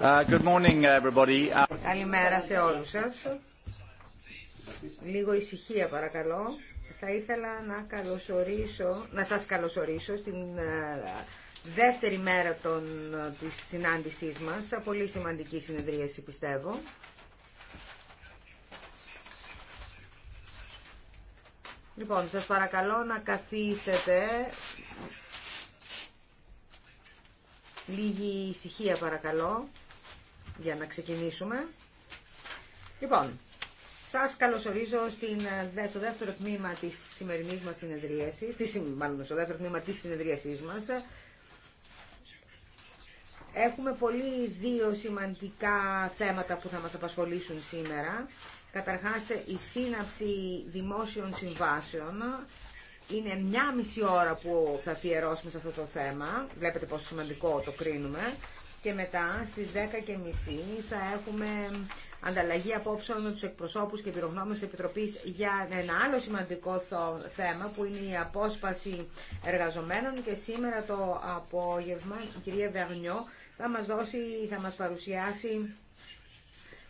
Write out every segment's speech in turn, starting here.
Uh, Καλημέρα σε όλους σας. Λίγο ησυχία παρακαλώ. Θα ήθελα να, καλωσορίσω, να σας καλωσορίσω στην ε, δεύτερη μέρα των, ε, της συνάντησής μας. Πολύ σημαντική συνεδρίαση πιστεύω. Λοιπόν, σας παρακαλώ να καθίσετε Λίγη ησυχία παρακαλώ για να ξεκινήσουμε. Λοιπόν, σας καλωσορίζω στην, ε, στο δεύτερο τμήμα της σημερινής μας συνεδρίασης, της, μάλλον στο δεύτερο τμήμα της συνεδρίασής μας. Έχουμε πολύ δύο σημαντικά θέματα που θα μας απασχολήσουν σήμερα. Καταρχάς, η σύναψη δημόσιων συμβάσεων είναι μια μισή ώρα που θα αφιερώσουμε σε αυτό το θέμα. Βλέπετε πόσο σημαντικό το κρίνουμε και μετά στις 10.30 θα έχουμε ανταλλαγή απόψεων με τους εκπροσώπους και πυρογνώμες Επιτροπής για ένα άλλο σημαντικό θέμα που είναι η απόσπαση εργαζομένων και σήμερα το απόγευμα η κυρία Βερνιό θα μας, δώσει, θα μας παρουσιάσει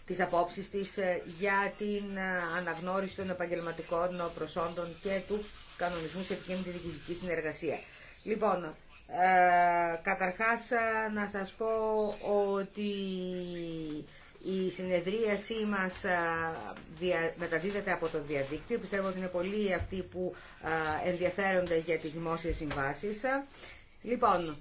τις απόψεις της ε, για την ε, αναγνώριση των επαγγελματικών προσόντων και του κανονισμού σε με διοικητική συνεργασία. Λοιπόν, ε, καταρχάς ε, να σας πω ότι η συνεδρίασή μας ε, μεταδίδεται από το διαδίκτυο. Πιστεύω ότι είναι πολλοί αυτοί που ενδιαφέρονται για τις δημόσιες συμβάσεις. Λοιπόν,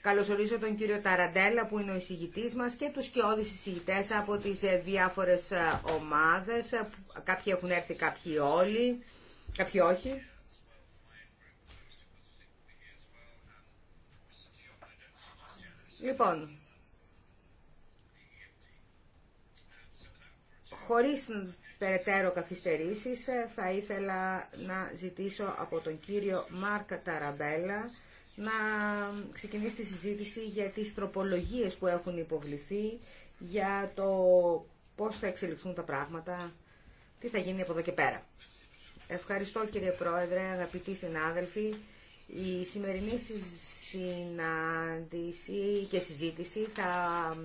καλωσορίζω τον κύριο Ταραντέλα που είναι ο εισηγητής μας και τους κοιόδης εισηγητές από τις διάφορες ομάδες. Κάποιοι έχουν έρθει, κάποιοι όλοι, κάποιοι όχι. Λοιπόν, χωρίς περαιτέρω καθυστερήσεις ε, θα ήθελα να ζητήσω από τον κύριο Μάρκα Ταραμπέλα να ξεκινήσει τη συζήτηση για τις τροπολογίες που έχουν υποβληθεί, για το πώς θα εξελιχθούν τα πράγματα, τι θα γίνει από εδώ και πέρα. Ευχαριστώ κύριε Πρόεδρε, αγαπητοί συνάδελφοι. Η σημερινή συνάντηση και συζήτηση θα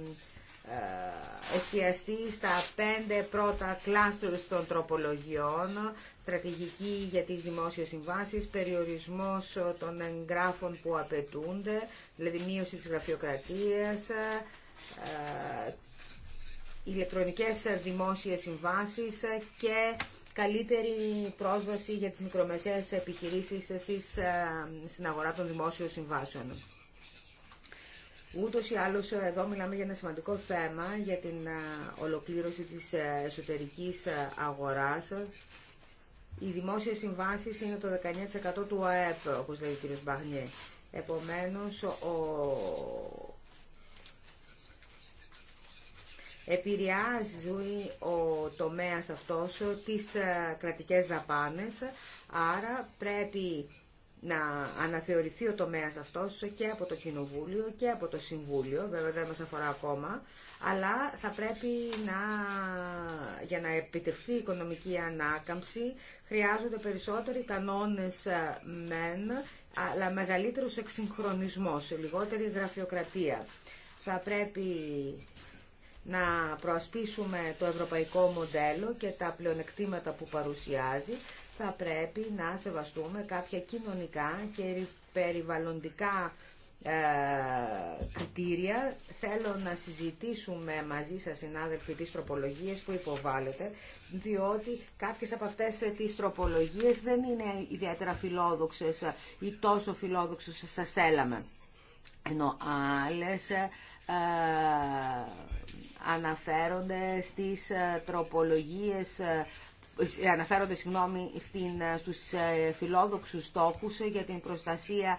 ε, εστιαστεί στα πέντε πρώτα κλάστορ των τροπολογιών, στρατηγική για τις δημόσιες συμβάσεις, περιορισμός των εγγράφων που απαιτούνται, δηλαδή μείωση της γραφειοκρατίας, ε, ηλεκτρονικές δημόσιες συμβάσεις και καλύτερη πρόσβαση για τις μικρομεσαίες επιχειρήσεις στις, ε, στην αγορά των δημόσιων συμβάσεων. Ούτως ή άλλως εδώ μιλάμε για ένα σημαντικό θέμα για την ε, ολοκλήρωση της ε, εσωτερικής αγοράς. Οι δημόσιες συμβάσεις είναι το 19% του ΑΕΠ, όπως λέει ο κ. Μπαχνιέ. Επομένως, επηρεάζει ο τομέας αυτός τις ε, κρατικές δαπάνες, άρα πρέπει να αναθεωρηθεί ο τομέας αυτός και από το Κοινοβούλιο και από το Συμβούλιο, βέβαια δεν μας αφορά ακόμα, αλλά θα πρέπει να, για να επιτευχθεί η οικονομική ανάκαμψη χρειάζονται περισσότεροι κανόνες ε, μεν, αλλά μεγαλύτερος εξυγχρονισμός, λιγότερη γραφειοκρατία. Θα πρέπει να προασπίσουμε το ευρωπαϊκό μοντέλο και τα πλεονεκτήματα που παρουσιάζει, θα πρέπει να σεβαστούμε κάποια κοινωνικά και περιβαλλοντικά ε, κριτήρια. Θέλω να συζητήσουμε μαζί σας, συνάδελφοι, τις τροπολογίες που υποβάλλετε, διότι κάποιες από αυτές ε, τις τροπολογίες δεν είναι ιδιαίτερα φιλόδοξες ε, ή τόσο φιλόδοξες σας θέλαμε. Ενώ άλλες αναφέρονται στις ε, τροπολογίες ε, ε, αναφέρονται συγγνώμη, στην, στους φιλόδοξους στόχους για την προστασία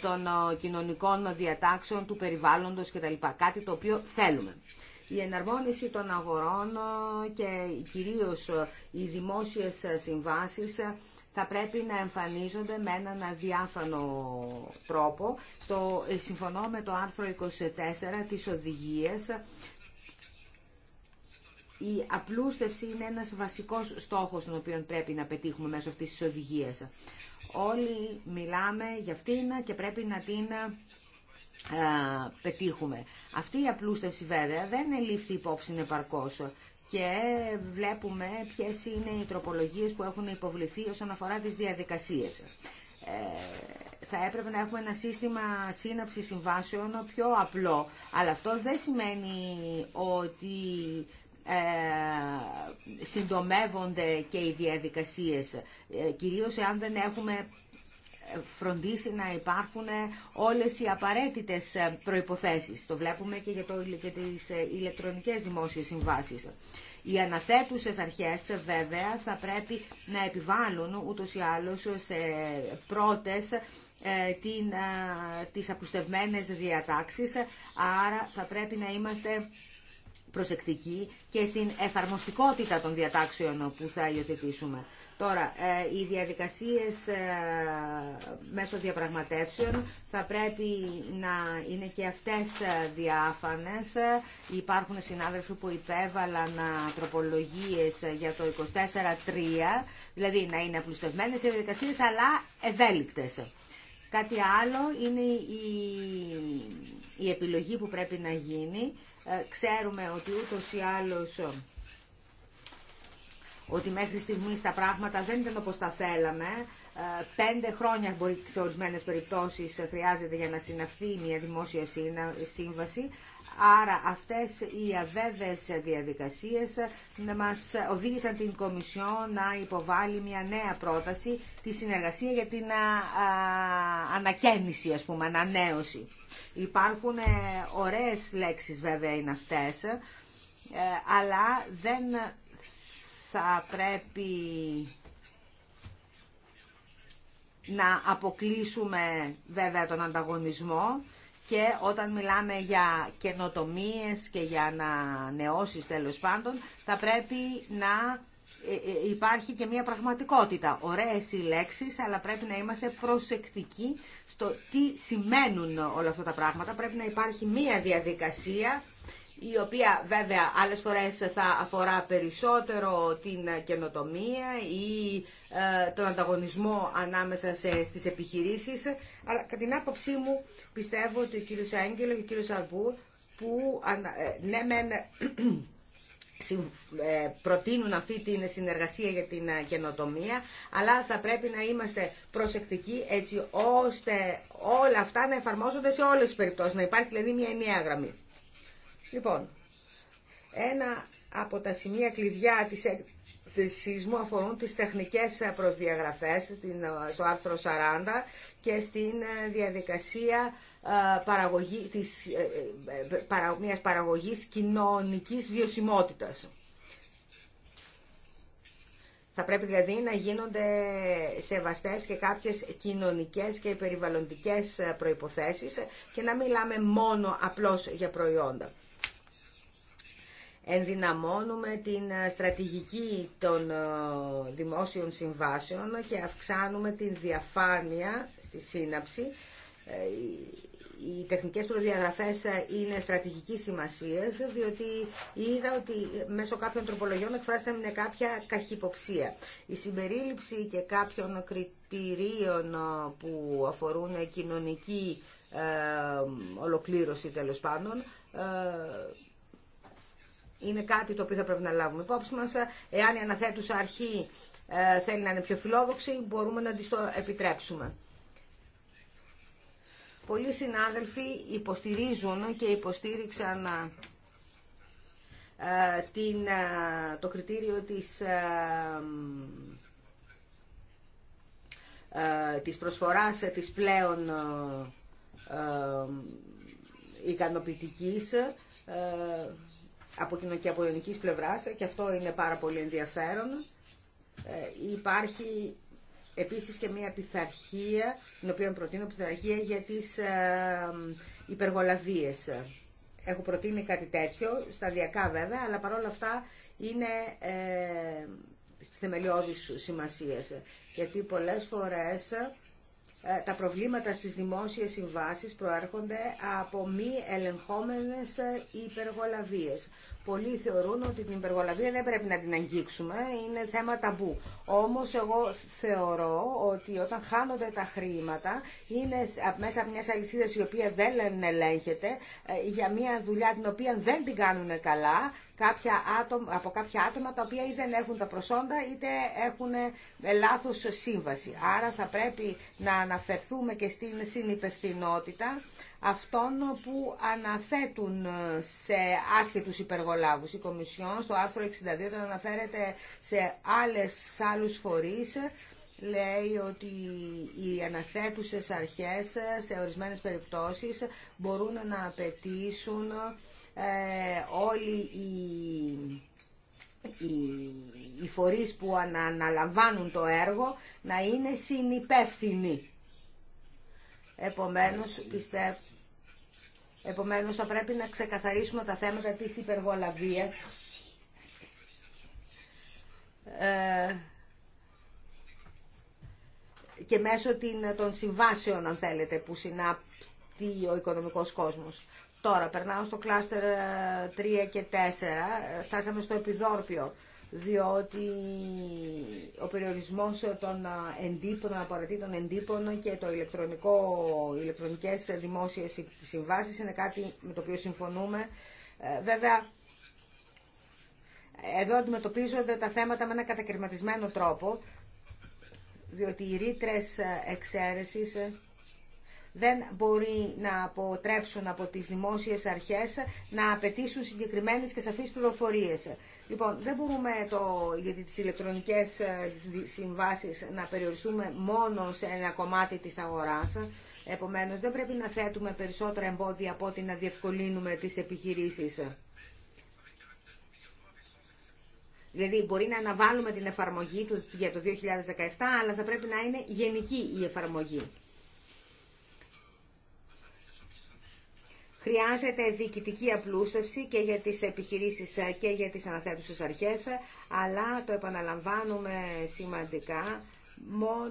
των κοινωνικών διατάξεων, του περιβάλλοντος κτλ. Κάτι το οποίο θέλουμε. Η εναρμόνιση των αγορών και κυρίως οι δημόσιες συμβάσεις θα πρέπει να εμφανίζονται με έναν αδιάφανο τρόπο. Το, συμφωνώ με το άρθρο 24 της οδηγίας η απλούστευση είναι ένας βασικός στόχος τον οποίο πρέπει να πετύχουμε μέσω αυτής της οδηγίας. Όλοι μιλάμε για αυτήν και πρέπει να την α, ε, πετύχουμε. Αυτή η απλούστευση βέβαια δεν ελήφθη υπόψη επαρκώς και βλέπουμε ποιες είναι οι τροπολογίες που έχουν υποβληθεί όσον αφορά τις διαδικασίες. Ε, θα έπρεπε να έχουμε ένα σύστημα σύναψη συμβάσεων πιο απλό, αλλά αυτό δεν σημαίνει ότι ε, συντομεύονται και οι διαδικασίες, ε, κυρίως αν δεν έχουμε φροντίσει να υπάρχουν όλες οι απαραίτητες ε, προϋποθέσεις. Το βλέπουμε και για, το, για τις ηλεκτρονικές δημόσιες συμβάσεις. Οι αναθέτουσες αρχές βέβαια θα πρέπει να επιβάλλουν ούτως ή άλλως σε πρώτες την, τις απουστευμένες διατάξεις, άρα θα πρέπει να είμαστε προσεκτική και στην εφαρμοστικότητα των διατάξεων που θα υιοθετήσουμε. Τώρα, ε, οι διαδικασίες ε, μέσω διαπραγματεύσεων θα πρέπει να είναι και αυτές ε, διάφανες. Υπάρχουν συνάδελφοι που υπέβαλαν τροπολογίες για το 24-3, δηλαδή να είναι απλουστευμένες οι διαδικασίες αλλά ευέλικτες. Κάτι άλλο είναι η, η επιλογή που πρέπει να γίνει ε, ξέρουμε ότι ούτως ή άλλως ε, ότι μέχρι στιγμής τα πράγματα δεν ήταν όπως τα θέλαμε. Ε, πέντε χρόνια μπορεί σε ορισμένες περιπτώσεις χρειάζεται για να συναυθεί μια δημόσια σύμβαση, Άρα αυτές οι αβέβαιες διαδικασίες μας οδήγησαν την Κομισιό να υποβάλει μια νέα πρόταση, τη συνεργασία για την ανακαίνιση, ας πούμε, ανανέωση. Υπάρχουν ε, ωραίες λέξεις βέβαια είναι αυτές, ε, αλλά δεν θα πρέπει να αποκλείσουμε βέβαια τον ανταγωνισμό και όταν μιλάμε για καινοτομίες και για ανανεώσεις τέλος πάντων, θα πρέπει να ε, ε, υπάρχει και μια πραγματικότητα. Ωραίες οι λέξεις, αλλά πρέπει να είμαστε προσεκτικοί στο τι σημαίνουν όλα αυτά τα πράγματα. Πρέπει να υπάρχει μια διαδικασία η οποία βέβαια άλλες φορές θα αφορά περισσότερο την καινοτομία ή ε, τον ανταγωνισμό ανάμεσα σε, στις επιχειρήσεις. Αλλά κατά την άποψή μου πιστεύω ότι ο κύριος Άγγελο και ο κύριος Αρμπούρ που ε, ναι μεν ε, προτείνουν αυτή την συνεργασία για την καινοτομία, αλλά θα πρέπει να είμαστε προσεκτικοί έτσι ώστε όλα αυτά να εφαρμόζονται σε όλες τις περιπτώσεις, να υπάρχει δηλαδή μια ενιαία γραμμή. Λοιπόν, ένα από τα σημεία κλειδιά της, ερώτησή αφορούν τις τεχνικές προδιαγραφές στο άρθρο 40 και στην ε, διαδικασία ε, παραγωγή, της, ε, παρα, μιας παραγωγής κοινωνικής βιωσιμότητας. Θα πρέπει δηλαδή να γίνονται σεβαστές και κάποιες κοινωνικές και περιβαλλοντικές προϋποθέσεις και να μιλάμε μόνο απλώς για προϊόντα ενδυναμώνουμε την ε, στρατηγική των ε, δημόσιων συμβάσεων και αυξάνουμε την διαφάνεια στη σύναψη. Ε, οι τεχνικές προδιαγραφές είναι στρατηγικής σημασίας, διότι είδα ότι μέσω κάποιων τροπολογιών εκφράζεται με κάποια καχυποψία. Η συμπερίληψη και κάποιων κριτηρίων που αφορούν κοινωνική ολοκλήρωση τέλος πάντων, είναι κάτι το οποίο θα πρέπει να λάβουμε υπόψη μα. Εάν η αναθέτουσα αρχή ε, θέλει να είναι πιο φιλόδοξη, μπορούμε να τη το επιτρέψουμε. Πολλοί συνάδελφοι υποστηρίζουν και υποστήριξαν ε, την, ε, το κριτήριο της, της προσφοράς της πλέον ικανοποιητικής από την και από πλευράς ε, και αυτό είναι πάρα πολύ ενδιαφέρον. Ε, υπάρχει επίσης και μια πειθαρχία, την οποία προτείνω πειθαρχία για τις ε, υπεργολαβίες. Έχω προτείνει κάτι τέτοιο, σταδιακά βέβαια, αλλά παρόλα αυτά είναι ε, θεμελιώδης Γιατί πολλές φορές ε, τα προβλήματα στις δημόσιες συμβάσεις προέρχονται από μη ελεγχόμενες ε, υπεργολαβίες. Πολλοί θεωρούν ότι την υπεργολαβία δεν πρέπει να την αγγίξουμε, είναι θέμα ταμπού. Όμως εγώ θεωρώ ότι όταν χάνονται τα χρήματα είναι μέσα από μια αλυσίδα η οποία δεν ελέγχεται ε, για μια δουλειά την οποία δεν την κάνουν καλά κάποια άτομα, από κάποια άτομα τα οποία ή δεν έχουν τα προσόντα είτε έχουν ε, λάθος σύμβαση. Άρα θα πρέπει να αναφερθούμε και στην συνυπευθυνότητα αυτών που αναθέτουν ε, σε άσχετους υπεργολάβους. Η Κομισιόν στο άρθρο 62 αναφέρεται σε άλλες, άλλους φορείς λέει ότι οι αναθέτουσες αρχές σε ορισμένες περιπτώσεις μπορούν να απαιτήσουν ε, όλοι οι οι φορείς που αναλαμβάνουν το έργο να είναι συνυπεύθυνοι. Επομένως, πιστεύω, επομένως θα πρέπει να ξεκαθαρίσουμε τα θέματα της υπεργολαβίας. Ε, και μέσω των συμβάσεων, αν θέλετε, που συνάπτει ο οικονομικός κόσμος. Τώρα, περνάω στο κλάστερ 3 ε, και 4, φτάσαμε στο επιδόρπιο, διότι ο περιορισμός των ε, εντύπων, των απαραίτητων εντύπων και το ηλεκτρονικό, ηλεκτρονικές δημόσιες συμβάσεις είναι κάτι με το οποίο συμφωνούμε. Ε, βέβαια, εδώ αντιμετωπίζονται τα θέματα με ένα κατακριματισμένο τρόπο, διότι οι ρήτρε εξαίρεσης δεν μπορεί να αποτρέψουν από τις δημόσιες αρχές να απαιτήσουν συγκεκριμένες και σαφείς πληροφορίες. Λοιπόν, δεν μπορούμε το, γιατί τις ηλεκτρονικές ε, συμβάσεις να περιοριστούμε μόνο σε ένα κομμάτι της αγοράς. Επομένως, δεν πρέπει να θέτουμε περισσότερα εμπόδια από ότι να διευκολύνουμε τις επιχειρήσεις. Δηλαδή μπορεί να αναβάλουμε την εφαρμογή του για το 2017, αλλά θα πρέπει να είναι γενική η εφαρμογή. Χρειάζεται διοικητική απλούστευση και για τις επιχειρήσεις και για τις αναθέτουσες αρχές, αλλά το επαναλαμβάνουμε σημαντικά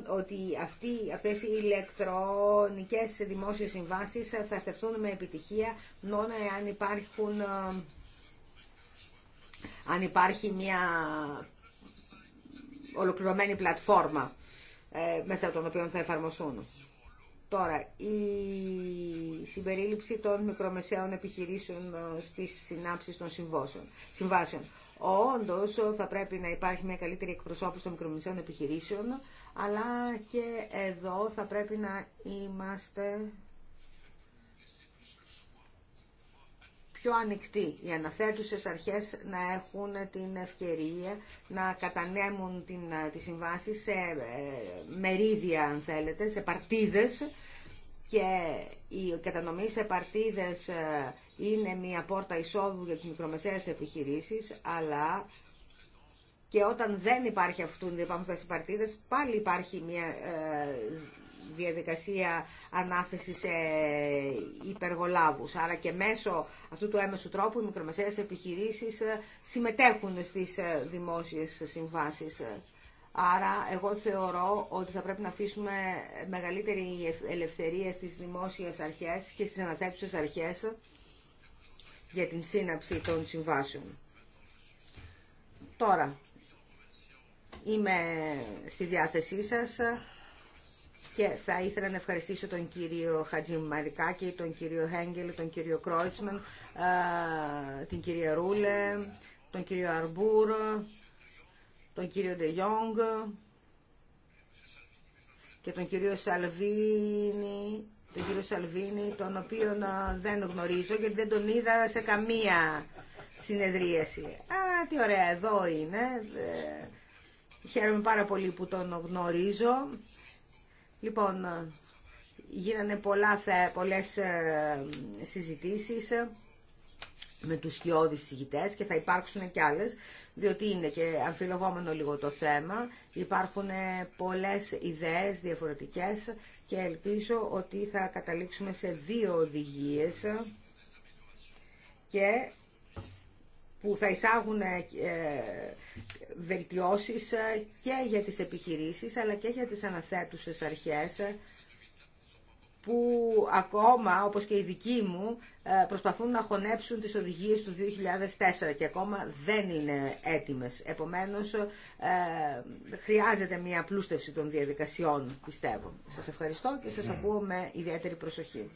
ότι αυτοί, αυτές οι ηλεκτρονικές δημόσιες συμβάσεις θα στεφθούν με επιτυχία μόνο εάν υπάρχουν αν υπάρχει μια ολοκληρωμένη πλατφόρμα ε, μέσα από τον οποίο θα εφαρμοστούν. Τώρα, η συμπερίληψη των μικρομεσαίων επιχειρήσεων ε, στις συνάψεις των συμβάσεων. Όντω ε, θα πρέπει να υπάρχει μια καλύτερη εκπροσώπηση των μικρομεσαίων επιχειρήσεων, αλλά και εδώ θα πρέπει να είμαστε πιο ανοιχτή οι αναθέτουσες αρχές να έχουν την ευκαιρία να κατανέμουν την, συμβάσει συμβάσεις σε ε, μερίδια, αν θέλετε, σε παρτίδες και η κατανομή σε παρτίδες ε, είναι μια πόρτα εισόδου για τις μικρομεσαίες επιχειρήσεις, αλλά και όταν δεν υπάρχει αυτού, δεν υπάρχουν αυτές οι παρτίδες, πάλι υπάρχει μια ε, διαδικασία ανάθεσης σε υπεργολάβους. Άρα και μέσω αυτού του έμεσου τρόπου οι μικρομεσαίες επιχειρήσεις ε, συμμετέχουν στις ε, δημόσιες συμβάσεις. Άρα εγώ θεωρώ ότι θα πρέπει να αφήσουμε μεγαλύτερη ελευθερία στις δημόσιες αρχές και στις ανατέψεις αρχές για την σύναψη των συμβάσεων. Τώρα, είμαι στη διάθεσή σας και θα ήθελα να ευχαριστήσω τον κύριο Χατζή Μαρικάκη, τον κύριο Χέγγελ, τον κύριο Κρόιτσμαν, την κυρία Ρούλε, τον κύριο Αρμπούρ, τον κύριο Ντε και τον κύριο Σαλβίνη, τον κύριο Σαλβίνη, τον οποίο δεν γνωρίζω γιατί δεν τον είδα σε καμία συνεδρίαση. Α, τι ωραία, εδώ είναι. Ε, χαίρομαι πάρα πολύ που τον γνωρίζω. Λοιπόν, ε, γίνανε πολλά, πολλές ε, συζητήσεις ε, με τους σκιώδεις συγητές και θα υπάρξουν και άλλες, διότι είναι και αμφιλογόμενο λίγο το θέμα. Υπάρχουν πολλές ιδέες διαφορετικές και ελπίζω ότι θα καταλήξουμε σε δύο οδηγίες και που θα εισάγουν ε, ε, βελτιώσεις ε, και για τις επιχειρήσεις αλλά και για τις αναθέτουσες αρχές που ακόμα, όπως και οι δικοί μου, προσπαθούν να χωνέψουν τις οδηγίες του 2004 και ακόμα δεν είναι έτοιμες. Επομένως, χρειάζεται μια πλούστευση των διαδικασιών, πιστεύω. Σας ευχαριστώ και σας ναι. ακούω με ιδιαίτερη προσοχή.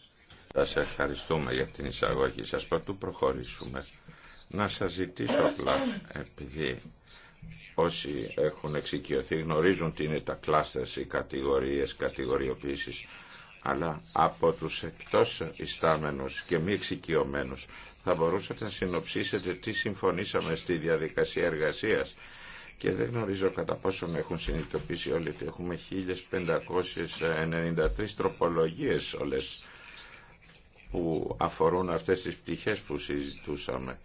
Σας ευχαριστούμε για την εισαγωγή σας. Πρωτού προχωρήσουμε. Να σας ζητήσω απλά, επειδή όσοι έχουν εξοικειωθεί γνωρίζουν τι είναι τα κλάστερς, οι κατηγορίες, κατηγοριοποίησεις, αλλά από τους εκτός ιστάμενους και μη εξοικειωμένους θα μπορούσατε να συνοψίσετε τι συμφωνήσαμε στη διαδικασία εργασίας και δεν γνωρίζω κατά πόσο έχουν συνειδητοποιήσει όλοι ότι έχουμε 1593 τροπολογίες όλες που αφορούν αυτές τις πτυχές που συζητούσαμε.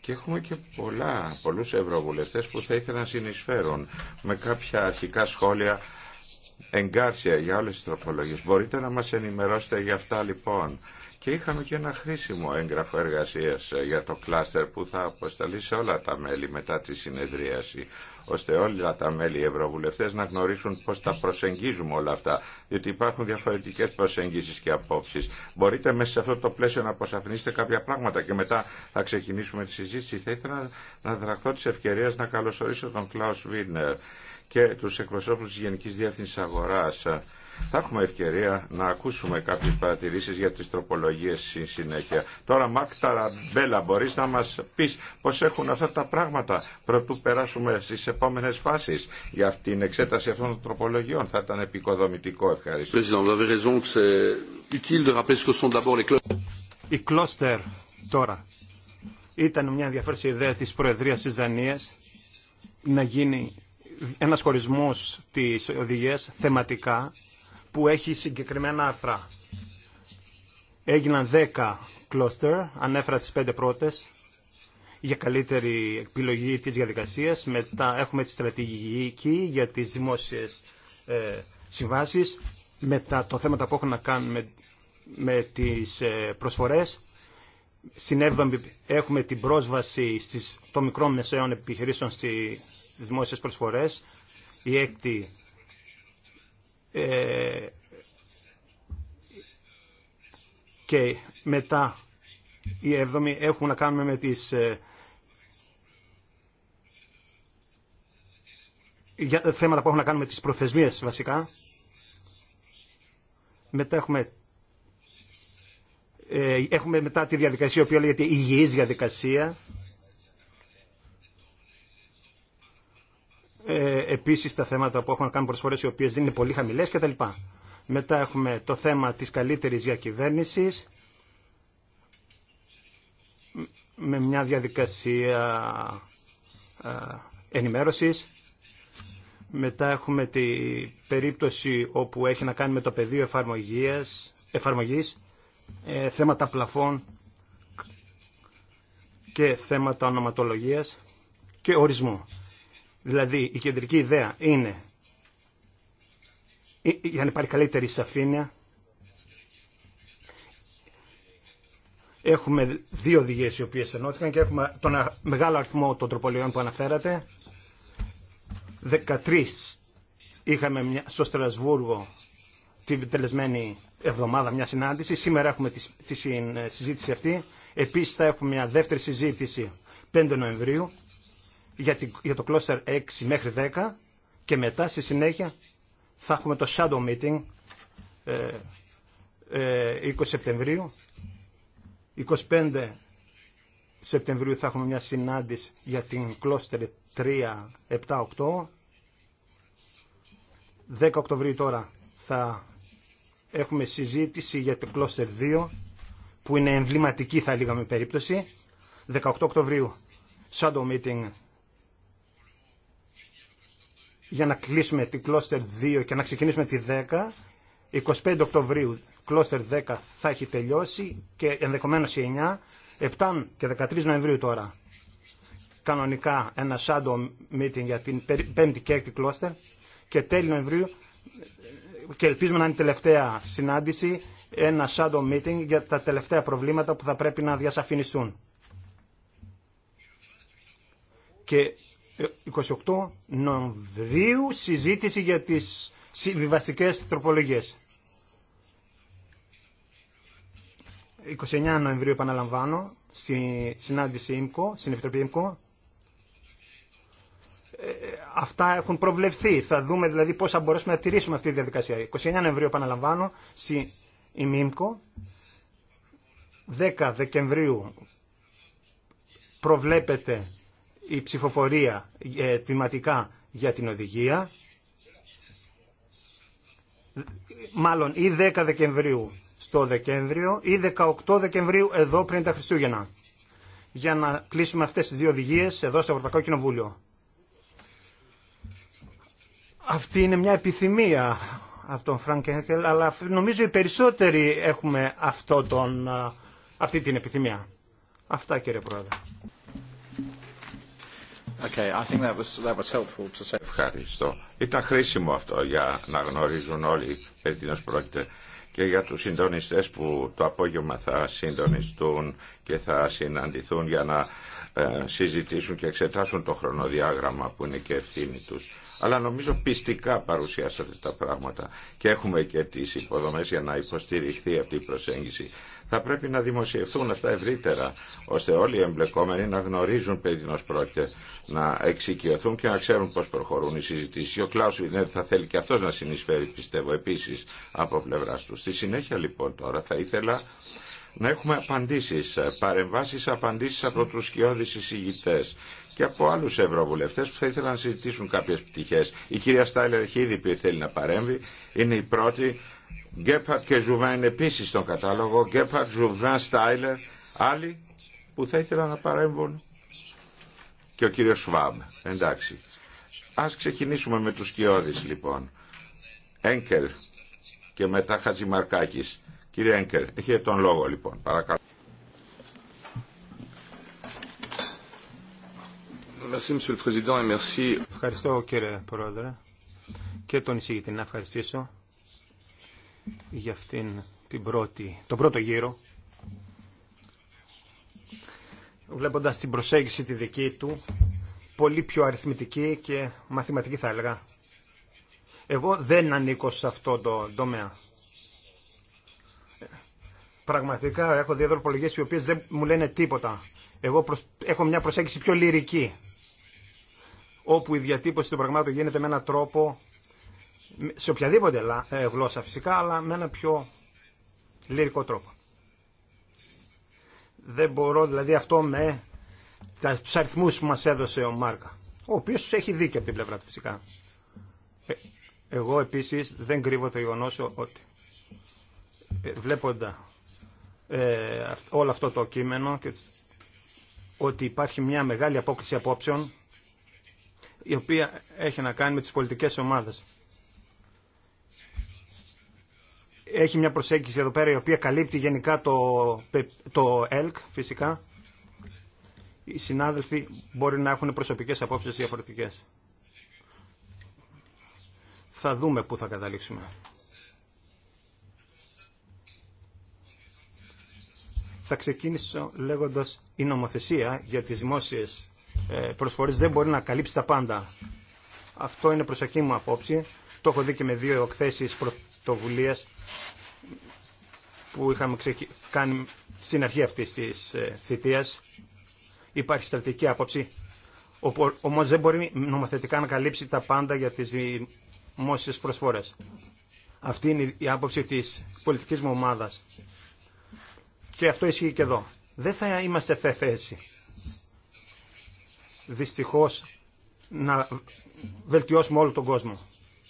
Και έχουμε και πολλά, πολλούς ευρωβουλευτές που θα ήθελαν να συνεισφέρουν με κάποια αρχικά σχόλια εγκάρσια για όλες τις τροπολογίες. Μπορείτε να μας ενημερώσετε για αυτά λοιπόν. Και είχαμε και ένα χρήσιμο έγγραφο εργασίας για το κλάστερ που θα αποσταλεί σε όλα τα μέλη μετά τη συνεδρίαση ώστε όλα τα μέλη οι ευρωβουλευτές να γνωρίσουν πώς τα προσεγγίζουμε όλα αυτά, διότι υπάρχουν διαφορετικές προσεγγίσεις και απόψεις. Μπορείτε μέσα σε αυτό το πλαίσιο να αποσαφηνίσετε κάποια πράγματα και μετά θα ξεκινήσουμε τη συζήτηση. Θα ήθελα να δραχθώ τη ευκαιρία να καλωσορίσω τον Κλάους Βίνερ και τους εκπροσώπους της Γενικής Διεύθυνσης Αγοράς θα έχουμε ευκαιρία να ακούσουμε κάποιες παρατηρήσεις για τις τροπολογίες στη συνέχεια. Τώρα Μακ Ταραμπέλα μπορείς να μας πεις πώς έχουν αυτά τα πράγματα προτού περάσουμε στις επόμενες φάσεις για την εξέταση αυτών των τροπολογιών. Θα ήταν επικοδομητικό ευχαριστώ. Οι κλώστερ τώρα ήταν μια ενδιαφέρουσα ιδέα της Προεδρίας της Δανίας να γίνει ένας χωρισμός της οδηγίας θεματικά που έχει συγκεκριμένα άρθρα. Έγιναν 10 κλώστερ, ανέφερα τις 5 πρώτες για καλύτερη επιλογή της διαδικασίας. Μετά έχουμε τη στρατηγική για τις δημόσιες ε, συμβάσεις. Μετά το θέμα που έχουν να κάνουν με, με τις ε, προσφορές. Στην 7 έχουμε την πρόσβαση στις, των μικρών μεσαίων επιχειρήσεων στις δημόσιες προσφορές. Η έκτη ε, και μετά οι έβδομοι έχουν να κάνουμε με τις ε, για, θέματα που έχουν να κάνουν με τις προθεσμίες βασικά. Μετά έχουμε, ε, έχουμε μετά τη διαδικασία η οποία λέγεται υγιής διαδικασία ε, επίσης τα θέματα που έχουν να κάνουν προσφορές οι οποίες δεν είναι πολύ χαμηλές κτλ. Μετά έχουμε το θέμα της καλύτερης διακυβέρνηση με μια διαδικασία ενημέρωσης. Μετά έχουμε την περίπτωση όπου έχει να κάνει με το πεδίο εφαρμογής, εφαρμογής ε, θέματα πλαφών και θέματα ονοματολογίας και ορισμού. Δηλαδή η κεντρική ιδέα είναι ε, για να υπάρχει καλύτερη σαφήνεια έχουμε δύο οδηγίε οι οποίε ενώθηκαν και έχουμε τον μεγάλο αριθμό των τροπολιών που αναφέρατε. 13 είχαμε στο Στρασβούργο την τελεσμένη εβδομάδα μια συνάντηση. Σήμερα έχουμε τη, τη ε, συζήτηση αυτή. Επίσης θα έχουμε μια δεύτερη συζήτηση 5 Νοεμβρίου για το cluster 6 μέχρι 10 και μετά στη συνέχεια θα έχουμε το shadow meeting 20 ε, ε, Σεπτεμβρίου. 25 Σεπτεμβρίου θα έχουμε μια συνάντηση για την κλώστερ 3, 7, 8. 10 Οκτωβρίου τώρα θα έχουμε συζήτηση για το κλώστερ 2 που είναι εμβληματική θα λέγαμε περίπτωση. 18 Οκτωβρίου shadow meeting για να κλείσουμε την Cluster 2 και να ξεκινήσουμε τη 10. 25 Οκτωβρίου Cluster 10 θα έχει τελειώσει και ενδεχομένω η 9. 7 και 13 Νοεμβρίου τώρα κανονικά ένα shadow meeting για την 5η και 6η Cluster και τέλη Νοεμβρίου και ελπίζουμε να είναι η τελευταία συνάντηση ένα shadow meeting για τα τελευταία προβλήματα που θα πρέπει να διασαφινιστούν. Και 28 Νοεμβρίου συζήτηση για τις συμβιβαστικές τροπολογίες. 29 Νοεμβρίου επαναλαμβάνω, στη συνάντηση ΙΜΚΟ, στην Επιτροπή ΙΜΚΟ. Ε, ε, αυτά έχουν προβλεφθεί. Θα δούμε δηλαδή πώς θα μπορέσουμε να τηρήσουμε αυτή τη διαδικασία. 29 Νοεμβρίου επαναλαμβάνω, στη ΙΜΚΟ. 10 Δεκεμβρίου προβλέπεται η ψηφοφορία ε, τμηματικά για την οδηγία, μάλλον ή 10 Δεκεμβρίου στο Δεκέμβριο ή 18 Δεκεμβρίου εδώ πριν τα Χριστούγεννα, για να κλείσουμε αυτές τις δύο οδηγίες εδώ στο Ευρωπαϊκό Κοινοβούλιο. Αυτή είναι μια επιθυμία από τον Φρανκ Ένκελ, αλλά νομίζω οι περισσότεροι έχουμε αυτό τον, αυτή την επιθυμία. Αυτά κύριε Πρόεδρε. Ευχαριστώ. Ήταν χρήσιμο αυτό για να γνωρίζουν όλοι περί τίνο πρόκειται και για τους συντονιστές που το απόγευμα θα συντονιστούν και θα συναντηθούν για να ε, συζητήσουν και εξετάσουν το χρονοδιάγραμμα που είναι και ευθύνη τους. Αλλά νομίζω πιστικά παρουσιάσατε τα πράγματα και έχουμε και τις υποδομές για να υποστηριχθεί αυτή η προσέγγιση. Θα πρέπει να δημοσιευθούν αυτά ευρύτερα, ώστε όλοι οι εμπλεκόμενοι να γνωρίζουν περί πρόκειται, να εξοικειωθούν και να ξέρουν πώς προχωρούν οι συζητήσει. Ο Κλάου Βινέρ θα θέλει και αυτός να συνεισφέρει, πιστεύω, επίση από πλευρά του. Στη συνέχεια, λοιπόν, τώρα θα ήθελα να έχουμε απαντήσεις, ε, παρεμβάσεις απαντήσεις από τους σκιώδεις εισηγητές και από άλλους ευρωβουλευτές που θα ήθελαν να συζητήσουν κάποιες πτυχές. Η κυρία Στάιλερ έχει ήδη πει θέλει να παρέμβει, είναι η πρώτη. Γκέπαρτ και Ζουβά είναι επίσης στον κατάλογο. Γκέπαρτ, Ζουβά, Στάιλερ, άλλοι που θα ήθελαν να παρέμβουν. Και ο κύριος Σβάμπ, εντάξει. Ας ξεκινήσουμε με τους σκιώδεις λοιπόν. Έγκελ και μετά Χατζημαρκάκης. Κύριε Έγκερ, έχετε τον λόγο λοιπόν. Παρακαλώ. Ευχαριστώ κύριε Πρόεδρε και τον εισηγητή να ευχαριστήσω για αυτήν την πρώτη, τον πρώτο γύρο. Βλέποντας την προσέγγιση τη δική του, πολύ πιο αριθμητική και μαθηματική θα έλεγα. Εγώ δεν ανήκω σε αυτό το τομέα πραγματικά έχω δύο οι οποίες δεν μου λένε τίποτα. Εγώ έχω μια προσέγγιση πιο λυρική, όπου η διατύπωση των πραγμάτων γίνεται με έναν τρόπο, σε οποιαδήποτε ε, γλώσσα φυσικά, αλλά με ένα πιο λυρικό τρόπο. Δεν μπορώ δηλαδή αυτό με τους αριθμούς που μας έδωσε ο Μάρκα, ο οποίος έχει δίκιο από την πλευρά του φυσικά. Ε, εγώ επίσης δεν κρύβω το γεγονό ότι ε, βλέποντα ε, όλο αυτό το κείμενο και ότι υπάρχει μια μεγάλη απόκληση απόψεων η οποία έχει να κάνει με τις πολιτικές ομάδες. Έχει μια προσέγγιση εδώ πέρα η οποία καλύπτει γενικά το, το ΕΛΚ φυσικά. Οι συνάδελφοι μπορεί να έχουν προσωπικές απόψεις διαφορετικές. Θα δούμε πού θα καταλήξουμε. Θα ξεκίνησω λέγοντας η νομοθεσία για τις δημόσιες ε, προσφορές δεν μπορεί να καλύψει τα πάντα. Αυτό είναι εκεί μου απόψη. Το έχω δει και με δύο εκθέσεις πρωτοβουλία που είχαμε κάνει στην αρχή αυτής της ε, θητείας. Υπάρχει στρατηγική άποψη. Όμως δεν μπορεί νομοθετικά να καλύψει τα πάντα για τις δημόσιες προσφορές. Αυτή είναι η άποψη της πολιτικής μου ομάδας. Και αυτό ισχύει και εδώ. Δεν θα είμαστε σε θέση δυστυχώς να βελτιώσουμε όλο τον κόσμο.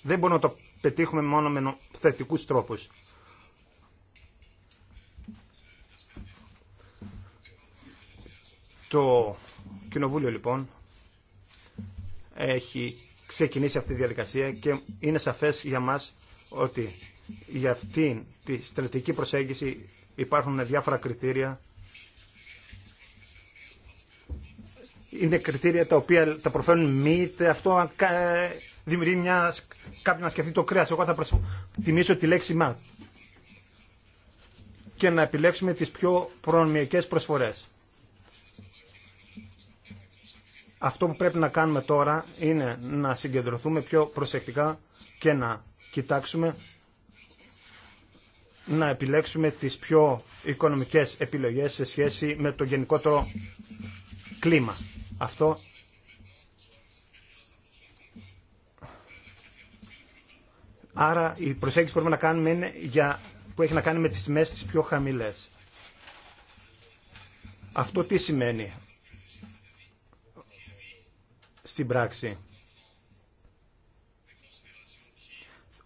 Δεν μπορούμε να το πετύχουμε μόνο με θετικούς τρόπους. Το Κοινοβούλιο λοιπόν έχει ξεκινήσει αυτή τη διαδικασία και είναι σαφές για μας ότι για αυτή τη στρατηγική προσέγγιση Υπάρχουν διάφορα κριτήρια. Είναι κριτήρια τα οποία τα προφέρουν μη. Αυτό δημιουργεί μια, κάποιον να σκεφτεί το κρέας. Εγώ θα τιμήσω τη λέξη μα και να επιλέξουμε τις πιο προνομιακές προσφορές. Αυτό που πρέπει να κάνουμε τώρα είναι να συγκεντρωθούμε πιο προσεκτικά και να κοιτάξουμε να επιλέξουμε τις πιο οικονομικές επιλογές σε σχέση με το γενικότερο κλίμα. Αυτό Άρα η προσέγγιση που να κάνουμε είναι για, που έχει να κάνει με τις τιμές τις πιο χαμηλές. Αυτό τι σημαίνει στην πράξη.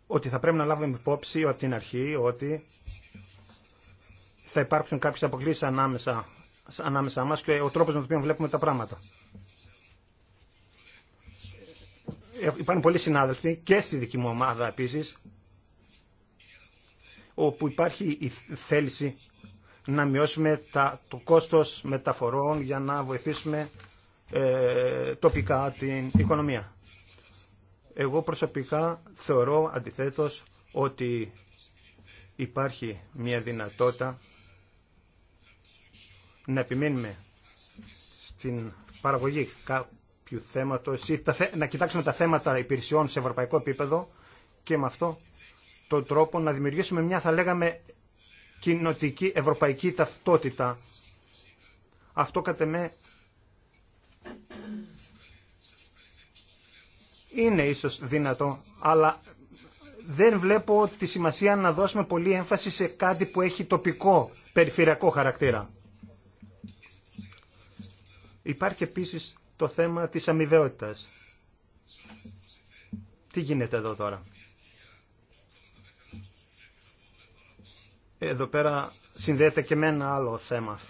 ότι θα πρέπει να λάβουμε υπόψη από την αρχή ότι θα υπάρξουν κάποιες αποκλήσεις ανάμεσα, ανάμεσα μας και ο τρόπος με τον οποίο βλέπουμε τα πράγματα. Ε, υπάρχουν πολλοί συνάδελφοι και στη δική μου ομάδα επίσης όπου υπάρχει η θέληση να μειώσουμε τα, το κόστος μεταφορών για να βοηθήσουμε ε, τοπικά την οικονομία. Εγώ προσωπικά θεωρώ αντιθέτως ότι υπάρχει μια δυνατότητα να επιμείνουμε στην παραγωγή κάποιου θέματος ή να κοιτάξουμε τα θέματα υπηρεσιών σε ευρωπαϊκό επίπεδο και με αυτό τον τρόπο να δημιουργήσουμε μια θα λέγαμε κοινοτική ευρωπαϊκή ταυτότητα. Αυτό κατά με είναι ίσως δυνατό, αλλά δεν βλέπω τη σημασία να δώσουμε πολύ έμφαση σε κάτι που έχει τοπικό, περιφερειακό χαρακτήρα. Υπάρχει επίσης το θέμα της αμοιβαιότητα. Τι γίνεται εδώ τώρα. Εδώ πέρα συνδέεται και με ένα άλλο θέμα.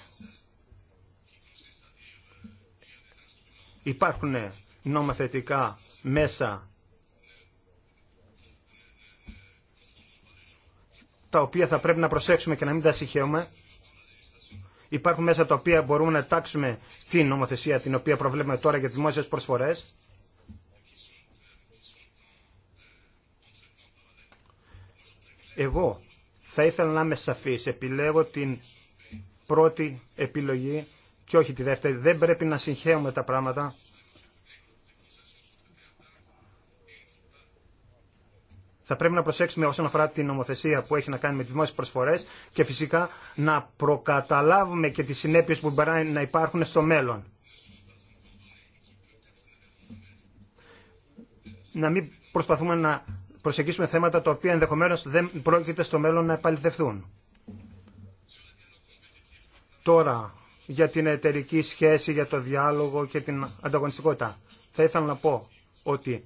Υπάρχουν νομοθετικά μέσα τα οποία θα πρέπει να προσέξουμε και να μην τα συγχαίουμε. Υπάρχουν μέσα τα οποία μπορούμε να τάξουμε στην νομοθεσία την οποία προβλέπουμε τώρα για τις δημόσιες προσφορές. Εγώ θα ήθελα να είμαι σαφής. Επιλέγω την πρώτη επιλογή και όχι τη δεύτερη. Δεν πρέπει να συγχαίουμε τα πράγματα. Θα πρέπει να προσέξουμε όσον αφορά την νομοθεσία που έχει να κάνει με τι δημόσιε προσφορέ και φυσικά να προκαταλάβουμε και τι συνέπειε που μπορεί να υπάρχουν στο μέλλον. Να μην προσπαθούμε να προσεγγίσουμε θέματα τα οποία ενδεχομένως δεν πρόκειται στο μέλλον να επαληθευτούν. Τώρα, για την εταιρική σχέση, για το διάλογο και την ανταγωνιστικότητα. Θα ήθελα να πω ότι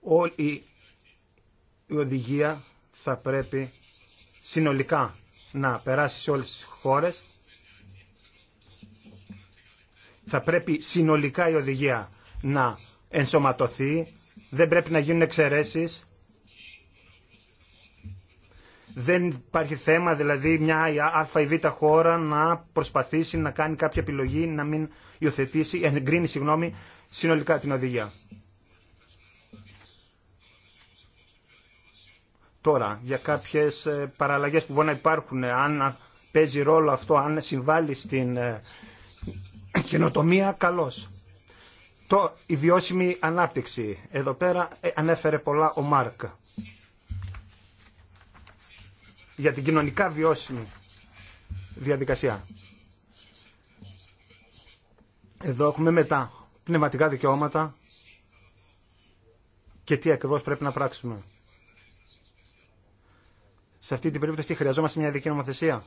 όλοι η οδηγία θα πρέπει συνολικά να περάσει σε όλες τις χώρες. Θα πρέπει συνολικά η οδηγία να ενσωματωθεί. Δεν πρέπει να γίνουν εξαιρέσεις. Δεν υπάρχει θέμα, δηλαδή, μια α ή β χώρα να προσπαθήσει να κάνει κάποια επιλογή, να μην υιοθετήσει, εγκρίνει, συγγνώμη, συνολικά την οδηγία. τώρα για κάποιες ε, παραλλαγές που μπορεί να υπάρχουν, αν παίζει ρόλο αυτό, αν συμβάλλει στην ε, καινοτομία, καλώς. Το, η βιώσιμη ανάπτυξη. Εδώ πέρα ε, ανέφερε πολλά ο Μάρκ. Για την κοινωνικά βιώσιμη διαδικασία. Εδώ έχουμε μετά πνευματικά δικαιώματα και τι ακριβώς πρέπει να πράξουμε. Σε αυτή την περίπτωση χρειαζόμαστε μια ειδική νομοθεσία.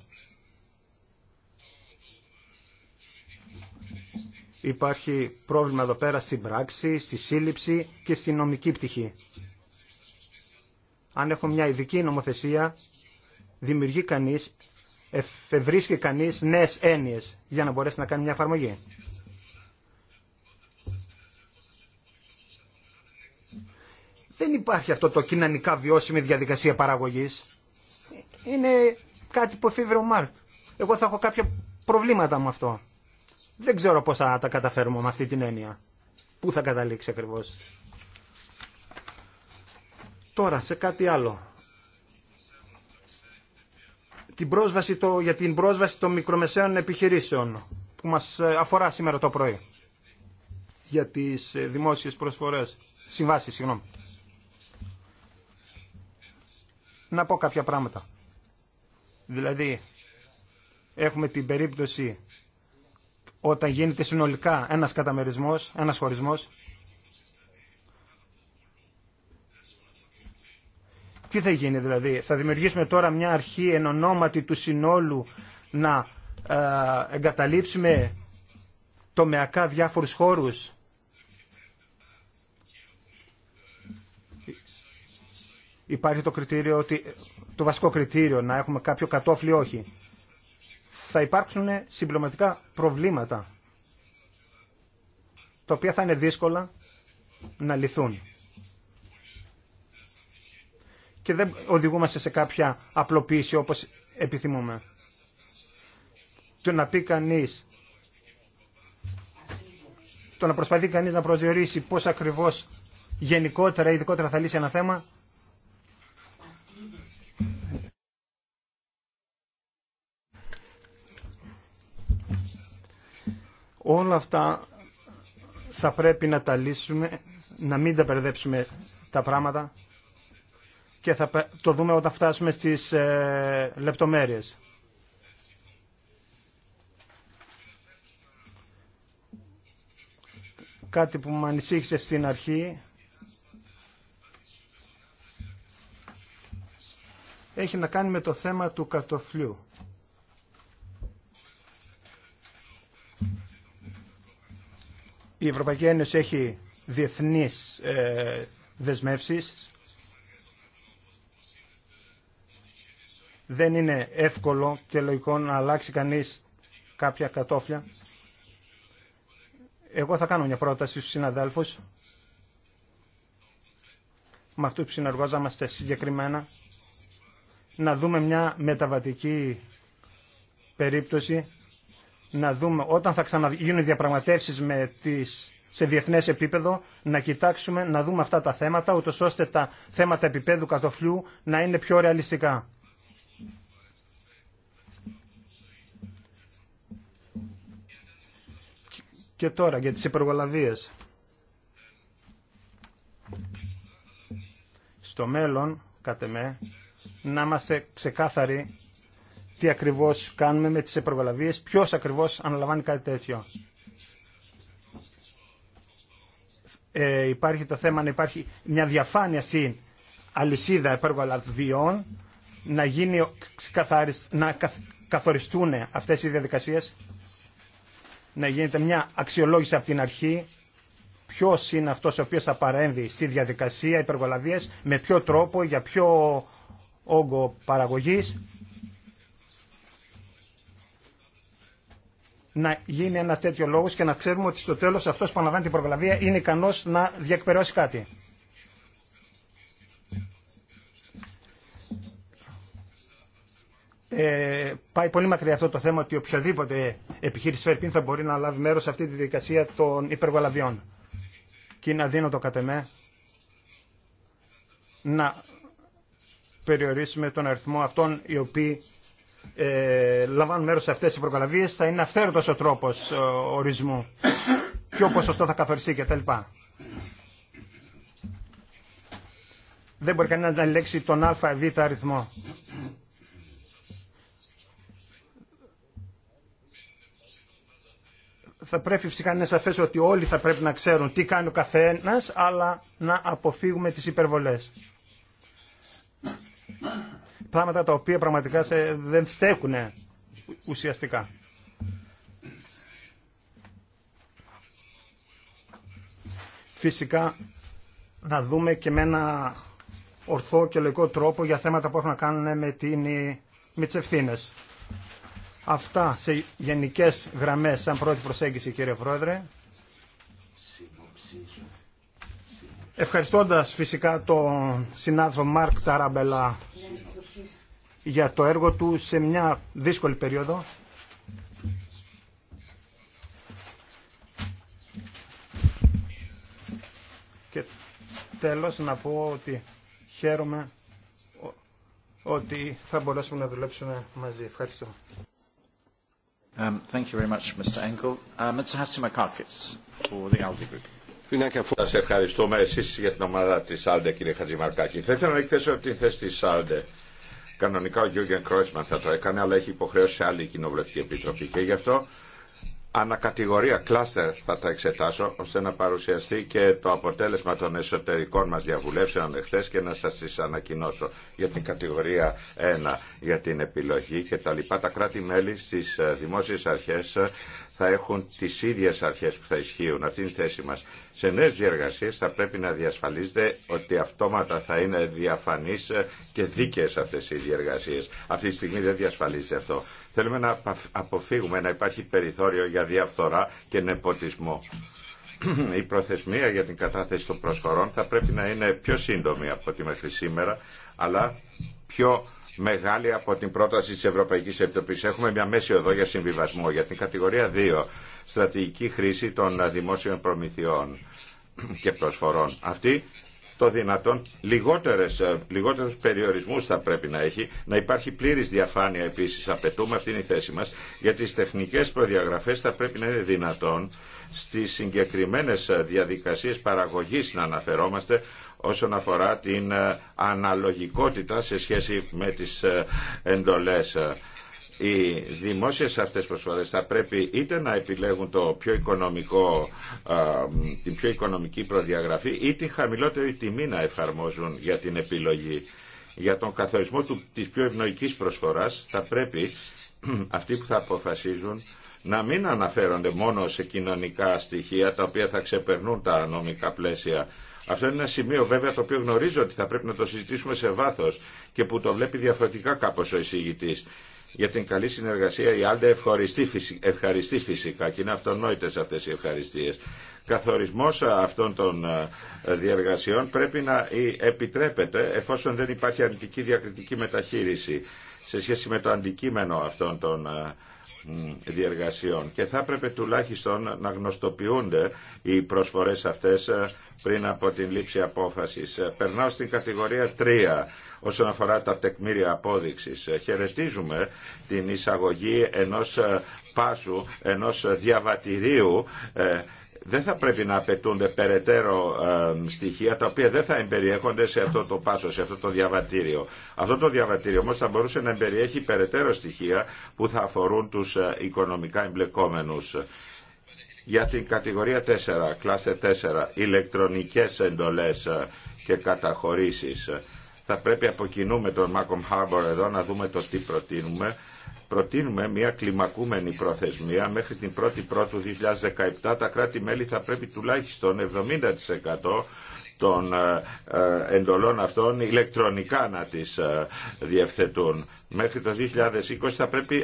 Υπάρχει πρόβλημα εδώ πέρα στην πράξη, στη σύλληψη και στη νομική πτυχή. Αν έχουμε μια ειδική νομοθεσία, δημιουργεί κανείς, ευρίσκει κανείς νέες έννοιες για να μπορέσει να κάνει μια εφαρμογή. Δεν υπάρχει αυτό το κοινωνικά βιώσιμη διαδικασία παραγωγής είναι κάτι που εφήβρε ο Μάρκ. Εγώ θα έχω κάποια προβλήματα με αυτό. Δεν ξέρω πώς θα τα καταφέρουμε με αυτή την έννοια. Πού θα καταλήξει ακριβώς. Τώρα, σε κάτι άλλο. Την πρόσβαση το, για την πρόσβαση των μικρομεσαίων επιχειρήσεων που μας ε, αφορά σήμερα το πρωί για τις ε, δημόσιες προσφορές. Συμβάσεις, συγγνώμη. Να πω κάποια πράγματα. Δηλαδή, έχουμε την περίπτωση όταν γίνεται συνολικά ένας καταμερισμός, ένας χωρισμός, Τι θα γίνει δηλαδή, θα δημιουργήσουμε τώρα μια αρχή εν ονόματι του συνόλου να ε, εγκαταλείψουμε τομεακά διάφορους χώρους. Υπάρχει το κριτήριο ότι το βασικό κριτήριο, να έχουμε κάποιο κατόφλι όχι. Θα υπάρξουν συμπληρωματικά προβλήματα, τα οποία θα είναι δύσκολα να λυθούν. Και δεν οδηγούμαστε σε κάποια απλοποίηση όπως επιθυμούμε. Το να πει κανείς, το να προσπαθεί κανείς να προσδιορίσει πώς ακριβώς γενικότερα ή ειδικότερα θα λύσει ένα θέμα, Όλα αυτά θα πρέπει να τα λύσουμε, να μην τα περδέψουμε τα πράγματα και θα το δούμε όταν φτάσουμε στις ε, λεπτομέρειες. Κάτι που με ανησύχησε στην αρχή έχει να κάνει με το θέμα του κατοφλιού. Η Ευρωπαϊκή Ένωση έχει διεθνείς ε, δεσμεύσεις. Δεν είναι εύκολο και λογικό να αλλάξει κανείς κάποια κατόφλια. Εγώ θα κάνω μια πρόταση στους συναδέλφους. Με αυτούς που συνεργάζομαστε συγκεκριμένα. Να δούμε μια μεταβατική περίπτωση να δούμε όταν θα ξαναγίνουν διαπραγματεύσεις με τις, σε διεθνές επίπεδο να κοιτάξουμε, να δούμε αυτά τα θέματα ούτως ώστε τα θέματα επίπεδου κατοφλού να είναι πιο ρεαλιστικά. Και τώρα για τις υπεργολαβίες. Στο μέλλον, κατεμέ να είμαστε ξεκάθαροι τι ακριβώς κάνουμε με τις επροβολαβίες, ποιο ακριβώς αναλαμβάνει κάτι τέτοιο. Ε, υπάρχει το θέμα να υπάρχει μια διαφάνεια στην αλυσίδα υπεργολαβιών, να, γίνει, να καθοριστούν αυτές οι διαδικασίε, να γίνεται μια αξιολόγηση από την αρχή, ποιο είναι αυτό ο οποίο θα παρέμβει στη διαδικασία υπεργολαβίας, με ποιο τρόπο, για ποιο όγκο παραγωγής να γίνει ένα τέτοιο λόγο και να ξέρουμε ότι στο τέλο αυτό που αναλαμβάνει την υπεργολαβία είναι ικανό να διεκπαιρεώσει κάτι. Ε, πάει πολύ μακριά αυτό το θέμα ότι οποιαδήποτε επιχείρηση Φερπίν θα μπορεί να λάβει μέρος σε αυτή τη διαδικασία των υπεργολαβιών. Και είναι αδύνατο κατ' εμέ να περιορίσουμε τον αριθμό αυτών οι οποίοι ε, λαμβάνουν μέρος σε αυτές τις προκαλαβίες θα είναι αυθαίρετος ο τρόπος ε, ορισμού. Ποιο ποσοστό θα καθοριστεί κτλ. Δεν μπορεί κανένα να ελέγξει τον α, β αριθμό. Θα πρέπει φυσικά να είναι σαφές ότι όλοι θα πρέπει να ξέρουν τι κάνει ο καθένας, αλλά να αποφύγουμε τις υπερβολές πράγματα τα οποία πραγματικά δεν φταίχουν ουσιαστικά. Φυσικά να δούμε και με ένα ορθό και λογικό τρόπο για θέματα που έχουν να κάνουν με, την, με τις Αυτά σε γενικές γραμμές σαν πρώτη προσέγγιση κύριε Πρόεδρε. Ευχαριστώντας φυσικά τον συνάδελφο Μάρκ Ταραμπελά για το έργο του σε μια δύσκολη περίοδο. Και τέλος να πω ότι χαίρομαι ότι θα μπορέσουμε να δουλέψουμε μαζί. Ευχαριστώ. Um, thank you very much, Mr. Um, for the Group. Σα ευχαριστούμε εσεί για την ομάδα τη Άλντε, κύριε Χατζημαρκάκη. Θα ήθελα να εκθέσω την θέση τη Άλντε Κανονικά ο Γιούργεν Κρόισμαν θα το έκανε, αλλά έχει υποχρέωση σε άλλη κοινοβουλευτική επιτροπή. Και γι' αυτό ανακατηγορία κλάστερ θα τα εξετάσω ώστε να παρουσιαστεί και το αποτέλεσμα των εσωτερικών μας διαβουλεύσεων εχθέ και να σας τις ανακοινώσω για την κατηγορία 1 για την επιλογή και τα τα κράτη-μέλη στις ε, δημόσιες αρχές θα έχουν τις ίδιες αρχές που θα ισχύουν. Αυτή είναι η θέση μας. Σε νέε διεργασίες θα πρέπει να διασφαλίζεται ότι αυτόματα θα είναι διαφανεί και δίκαιες αυτές οι διεργασίες. Αυτή τη στιγμή δεν διασφαλίζεται αυτό. Θέλουμε να αποφύγουμε να υπάρχει περιθώριο για διαφθορά και νεποτισμό η προθεσμία για την κατάθεση των προσφορών θα πρέπει να είναι πιο σύντομη από ό,τι μέχρι σήμερα, αλλά πιο μεγάλη από την πρόταση της Ευρωπαϊκής Επιτροπής. Έχουμε μια μέση οδό για συμβιβασμό για την κατηγορία 2, στρατηγική χρήση των δημόσιων προμηθειών και προσφορών. Αυτή το δυνατόν λιγότερες, περιορισμού περιορισμούς θα πρέπει να έχει, να υπάρχει πλήρης διαφάνεια επίσης, απαιτούμε αυτή είναι η θέση μας, για τι τεχνικές προδιαγραφές θα πρέπει να είναι δυνατόν στις συγκεκριμένες διαδικασίες παραγωγής να αναφερόμαστε, όσον αφορά την ε, αναλογικότητα σε σχέση με τις ε, εντολές. Ε, οι δημόσιες αυτές προσφορές θα πρέπει είτε να επιλέγουν το πιο οικονομικό, την πιο οικονομική προδιαγραφή ή την χαμηλότερη τιμή να εφαρμόζουν για την επιλογή. Για τον καθορισμό του, της πιο ευνοϊκής προσφοράς θα πρέπει αυτοί που θα αποφασίζουν να μην αναφέρονται μόνο σε κοινωνικά στοιχεία τα οποία θα ξεπερνούν τα νομικά πλαίσια αυτό είναι ένα σημείο βέβαια το οποίο γνωρίζω ότι θα πρέπει να το συζητήσουμε σε βάθος και που το βλέπει διαφορετικά κάπω ο εισηγητή. Για την καλή συνεργασία η Άλντα ευχαριστεί φυσικά και είναι αυτονόητε αυτέ οι ευχαριστίες Καθορισμό αυτών των ε, διεργασιών πρέπει να ε, επιτρέπεται εφόσον δεν υπάρχει αρνητική διακριτική μεταχείριση σε σχέση με το αντικείμενο αυτών των ε, διεργασιών και θα έπρεπε τουλάχιστον να γνωστοποιούνται οι προσφορές αυτές ε, πριν από την λήψη απόφασης. Ε, περνάω στην κατηγορία 3 όσον αφορά τα τεκμήρια απόδειξης. Χαιρετίζουμε την εισαγωγή ενός πάσου, ενός διαβατηρίου δεν θα πρέπει να απαιτούνται περαιτέρω ε, στοιχεία τα οποία δεν θα εμπεριέχονται σε αυτό το πάσο, σε αυτό το διαβατήριο. Αυτό το διαβατήριο όμω θα μπορούσε να εμπεριέχει περαιτέρω στοιχεία που θα αφορούν του ε, οικονομικά εμπλεκόμενου. Για την κατηγορία 4, κλάστε 4, ηλεκτρονικές εντολές ε, και καταχωρήσεις. Θα πρέπει από κοινού με τον Μάκομ Χάρμπορ εδώ να δούμε το τι προτείνουμε προτείνουμε μια κλιμακούμενη προθεσμία. Μέχρι την 1η Πρώτου 2017 τα κράτη-μέλη θα πρέπει τουλάχιστον 70% των ε, ε, εντολών αυτών ηλεκτρονικά να τις ε, διευθετούν. Μέχρι το 2020 θα πρέπει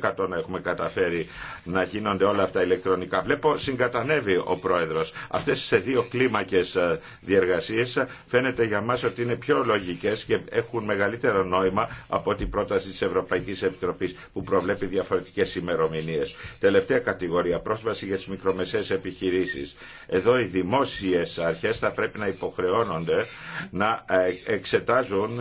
100% να έχουμε καταφέρει να γίνονται όλα αυτά ηλεκτρονικά. Βλέπω συγκατανεύει ο Πρόεδρος. Αυτές σε δύο κλίμακες διεργασίες φαίνεται για μας ότι είναι πιο λογικές και έχουν μεγαλύτερο νόημα από την πρόταση της Ευρωπαϊκής Επιτροπής που προβλέπει διαφορετικές ημερομηνίες. Τελευταία κατηγορία, πρόσβαση για τις μικρομεσαίες επιχειρήσεις. Εδώ οι δημόσιες αρχές θα πρέπει να υποχρεώνονται να ε, εξετάζουν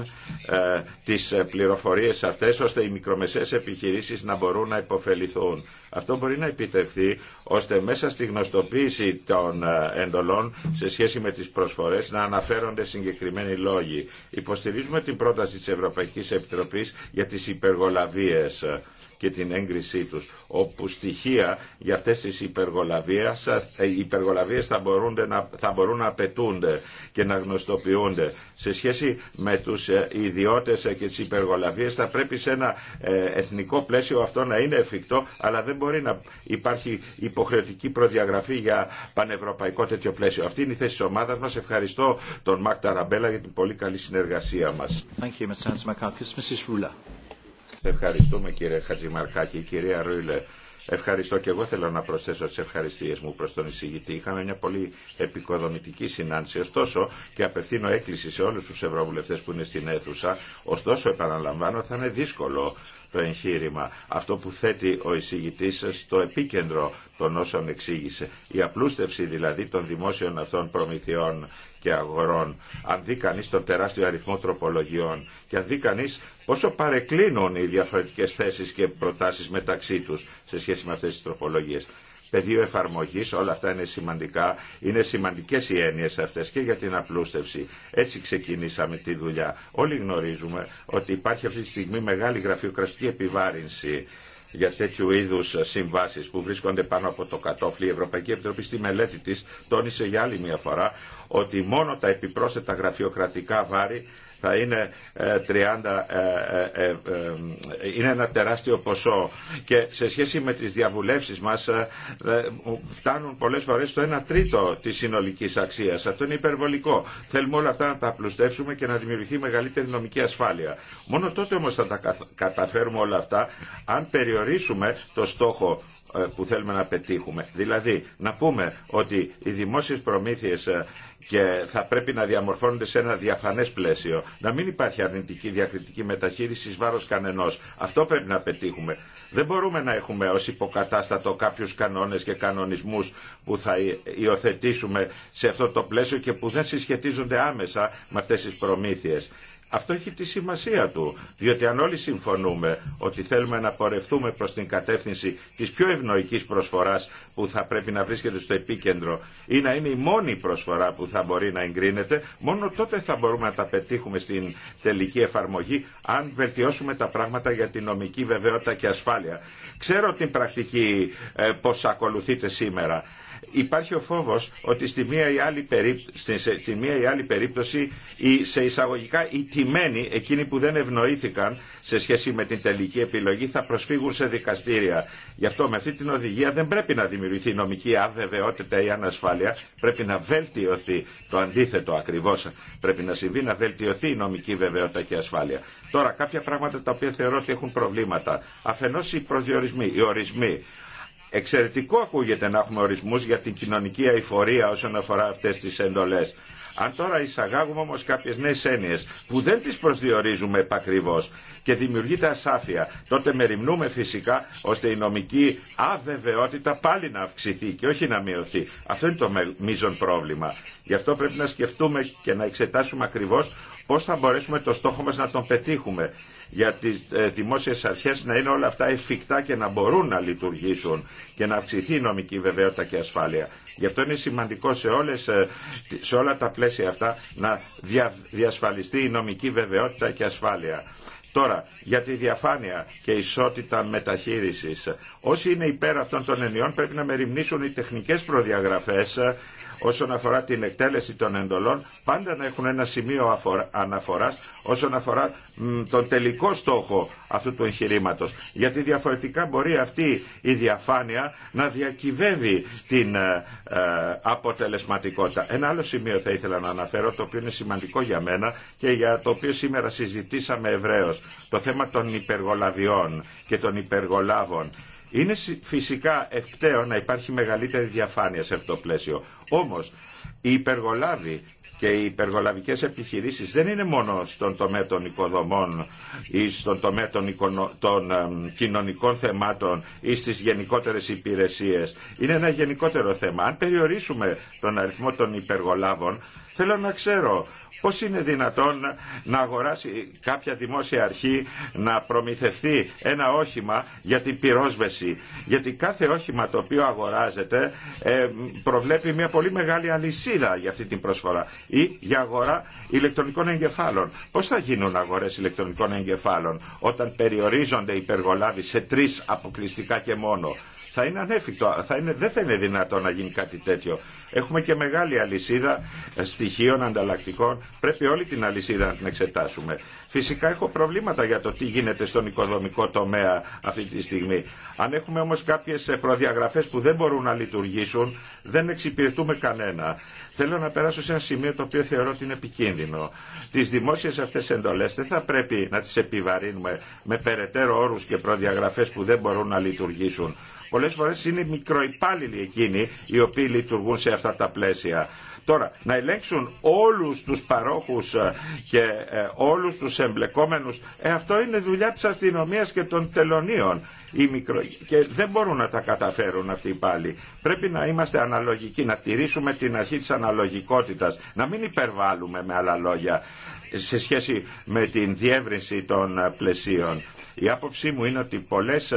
ε, τις ε, πληροφορίες αυτές ώστε οι μικρομεσαίες επιχειρήσεις να μπορούν να υποφεληθούν. Αυτό μπορεί να επιτευχθεί ώστε μέσα στη γνωστοποίηση των εντολών σε σχέση με τις προσφορές να αναφέρονται συγκεκριμένοι λόγοι. Υποστηρίζουμε την πρόταση της Ευρωπαϊκής Επιτροπής για τις υπεργολαβίες και την έγκρισή τους, όπου στοιχεία για αυτές τις ε, υπεργολαβίες, θα, μπορούν να, θα μπορούν να απαιτούνται και να γνωστοποιούνται. Σε σχέση με τους ε, ιδιώτες ε, και τις υπεργολαβίες θα πρέπει σε ένα εθνικό πλαίσιο αυτό να είναι εφικτό, αλλά δεν μπορεί να υπάρχει υποχρεωτική προδιαγραφή για πανευρωπαϊκό τέτοιο πλαίσιο. Αυτή είναι η θέση της ομάδας μας. Ευχαριστώ τον Μάκ Ταραμπέλα για την πολύ καλή συνεργασία μας. Thank you, Ευχαριστούμε κύριε Χατζημαρκάκη, κυρία Ρούιλε. Ευχαριστώ και εγώ θέλω να προσθέσω τι ευχαριστίε μου προ τον εισηγητή. Είχαμε μια πολύ επικοδομητική συνάντηση. Ωστόσο, και απευθύνω έκκληση σε όλου του ευρωβουλευτέ που είναι στην αίθουσα, ωστόσο, επαναλαμβάνω, θα είναι δύσκολο το εγχείρημα. Αυτό που θέτει ο εισηγητή στο επίκεντρο των όσων εξήγησε. Η απλούστευση δηλαδή των δημόσιων αυτών προμηθειών και αγορών. Αν δει κανεί τον τεράστιο αριθμό τροπολογιών και αν δει κανεί πόσο παρεκκλίνουν οι διαφορετικέ θέσει και προτάσει μεταξύ του σε σχέση με αυτέ τι τροπολογίε πεδίο εφαρμογή, όλα αυτά είναι σημαντικά. Είναι σημαντικέ οι έννοιε αυτέ και για την απλούστευση. Έτσι ξεκινήσαμε τη δουλειά. Όλοι γνωρίζουμε ότι υπάρχει αυτή τη στιγμή μεγάλη γραφειοκρατική επιβάρυνση για τέτοιου είδου συμβάσει που βρίσκονται πάνω από το κατόφλι. Η Ευρωπαϊκή Επιτροπή στη μελέτη τη τόνισε για άλλη μια φορά ότι μόνο τα επιπρόσθετα γραφειοκρατικά βάρη θα είναι 30, ε, ε, ε, είναι ένα τεράστιο ποσό και σε σχέση με τις διαβουλεύσεις μας φτάνουν πολλές φορές στο 1 τρίτο της συνολικής αξίας. Αυτό είναι υπερβολικό. Θέλουμε όλα αυτά να τα απλουστεύσουμε και να δημιουργηθεί μεγαλύτερη νομική ασφάλεια. Μόνο τότε όμως θα τα καταφέρουμε όλα αυτά αν περιορίσουμε το στόχο που θέλουμε να πετύχουμε. Δηλαδή να πούμε ότι οι δημόσιες προμήθειες και θα πρέπει να διαμορφώνονται σε ένα διαφανές πλαίσιο. Να μην υπάρχει αρνητική διακριτική μεταχείριση εις βάρος κανενός. Αυτό πρέπει να πετύχουμε. Δεν μπορούμε να έχουμε ως υποκατάστατο κάποιους κανόνες και κανονισμούς που θα υιοθετήσουμε σε αυτό το πλαίσιο και που δεν συσχετίζονται άμεσα με αυτές τις προμήθειες. Αυτό έχει τη σημασία του, διότι αν όλοι συμφωνούμε ότι θέλουμε να πορευτούμε προς την κατεύθυνση της πιο ευνοϊκής προσφοράς που θα πρέπει να βρίσκεται στο επίκεντρο ή να είναι η μόνη προσφορά που θα μπορεί να εγκρίνεται, μόνο τότε θα μπορούμε να τα πετύχουμε στην τελική εφαρμογή αν βελτιώσουμε τα πράγματα για την νομική βεβαιότητα και ασφάλεια. Ξέρω την πρακτική ε, πώς ακολουθείτε σήμερα υπάρχει ο φόβος ότι στη μία ή άλλη περίπτωση, στη μία ή άλλη περίπτωση σε εισαγωγικά οι τιμένοι, εκείνοι που δεν ευνοήθηκαν σε σχέση με την τελική επιλογή, θα προσφύγουν σε δικαστήρια. Γι' αυτό με αυτή την οδηγία δεν πρέπει να δημιουργηθεί νομική αβεβαιότητα ή ανασφάλεια. Πρέπει να βελτιωθεί το αντίθετο ακριβώ. Πρέπει να συμβεί να βελτιωθεί η νομική βεβαιότητα και ασφάλεια. Τώρα, κάποια πράγματα τα οποία θεωρώ ότι έχουν προβλήματα. Αφενό οι προσδιορισμοί, οι ορισμοί. Εξαιρετικό ακούγεται να έχουμε ορισμού για την κοινωνική αηφορία όσον αφορά αυτέ τι εντολέ. Αν τώρα εισαγάγουμε όμω κάποιε νέε έννοιε που δεν τι προσδιορίζουμε επακριβώ και δημιουργείται ασάφεια, τότε μεριμνούμε φυσικά ώστε η νομική αβεβαιότητα πάλι να αυξηθεί και όχι να μειωθεί. Αυτό είναι το μείζον πρόβλημα. Γι' αυτό πρέπει να σκεφτούμε και να εξετάσουμε ακριβώ πώ θα μπορέσουμε το στόχο μα να τον πετύχουμε. Για τι ε, δημόσιε αρχέ να είναι όλα αυτά εφικτά και να μπορούν να λειτουργήσουν και να αυξηθεί η νομική βεβαιότητα και ασφάλεια. Γι' αυτό είναι σημαντικό σε, όλες, ε, σε όλα τα πλαίσια αυτά να διασφαλιστεί η νομική βεβαιότητα και ασφάλεια. Τώρα, για τη διαφάνεια και ισότητα μεταχείρισης. Όσοι είναι υπέρ αυτών των ενιών πρέπει να μεριμνήσουν οι τεχνικές προδιαγραφές όσον αφορά την εκτέλεση των εντολών πάντα να έχουν ένα σημείο αναφοράς όσον αφορά τον τελικό στόχο αυτού του εγχειρήματο. Γιατί διαφορετικά μπορεί αυτή η διαφάνεια να διακυβεύει την ε, ε, αποτελεσματικότητα. Ένα άλλο σημείο θα ήθελα να αναφέρω, το οποίο είναι σημαντικό για μένα και για το οποίο σήμερα συζητήσαμε ευρέω. το θέμα των υπεργολαβιών και των υπεργολάβων είναι φυσικά ευκταίο να υπάρχει μεγαλύτερη διαφάνεια σε αυτό το πλαίσιο. Όμως, οι υπεργολάβοι και οι υπεργολαβικέ επιχειρήσεις δεν είναι μόνο στον τομέα των οικοδομών ή στον τομέα των, κοινωνικών θεμάτων ή στι γενικότερες υπηρεσίες. Είναι ένα γενικότερο θέμα. Αν περιορίσουμε τον αριθμό των υπεργολάβων, θέλω να ξέρω Πώς είναι δυνατόν να αγοράσει κάποια δημόσια αρχή να προμηθευτεί ένα όχημα για την πυρόσβεση. Γιατί κάθε όχημα το οποίο αγοράζεται ε, προβλέπει μια πολύ μεγάλη αλυσίδα για αυτή την προσφορά ή για αγορά ηλεκτρονικών εγκεφάλων. Πώς θα γίνουν αγορές ηλεκτρονικών εγκεφάλων όταν περιορίζονται οι υπεργολάβοι σε τρεις αποκλειστικά και μόνο. Θα είναι ανέφικτο, θα είναι, δεν θα είναι δυνατό να γίνει κάτι τέτοιο. Έχουμε και μεγάλη αλυσίδα ε, στοιχείων ανταλλακτικών. Πρέπει όλη την αλυσίδα να την εξετάσουμε. Φυσικά έχω προβλήματα για το τι γίνεται στον οικοδομικό τομέα αυτή τη στιγμή. Αν έχουμε όμως κάποιες ε, προδιαγραφές που δεν μπορούν να λειτουργήσουν, δεν εξυπηρετούμε κανένα. Θέλω να περάσω σε ένα σημείο το οποίο θεωρώ ότι είναι επικίνδυνο. Τις δημόσιες αυτές εντολές δεν θα πρέπει να τις επιβαρύνουμε με περαιτέρω όρους και προδιαγραφές που δεν μπορούν να λειτουργήσουν πολλέ φορέ είναι μικροϊπάλληλοι εκείνοι οι οποίοι λειτουργούν σε αυτά τα πλαίσια. Τώρα, να ελέγξουν όλους τους παρόχους ε, και ε, όλους τους εμπλεκόμενους, ε, αυτό είναι δουλειά της αστυνομίας και των τελωνίων. Οι μικρο... Και δεν μπορούν να τα καταφέρουν αυτοί πάλι. Πρέπει να είμαστε αναλογικοί, να τηρήσουμε την αρχή της αναλογικότητας, να μην υπερβάλλουμε με άλλα λόγια σε σχέση με την διεύρυνση των πλαισίων. Η άποψή μου είναι ότι πολλές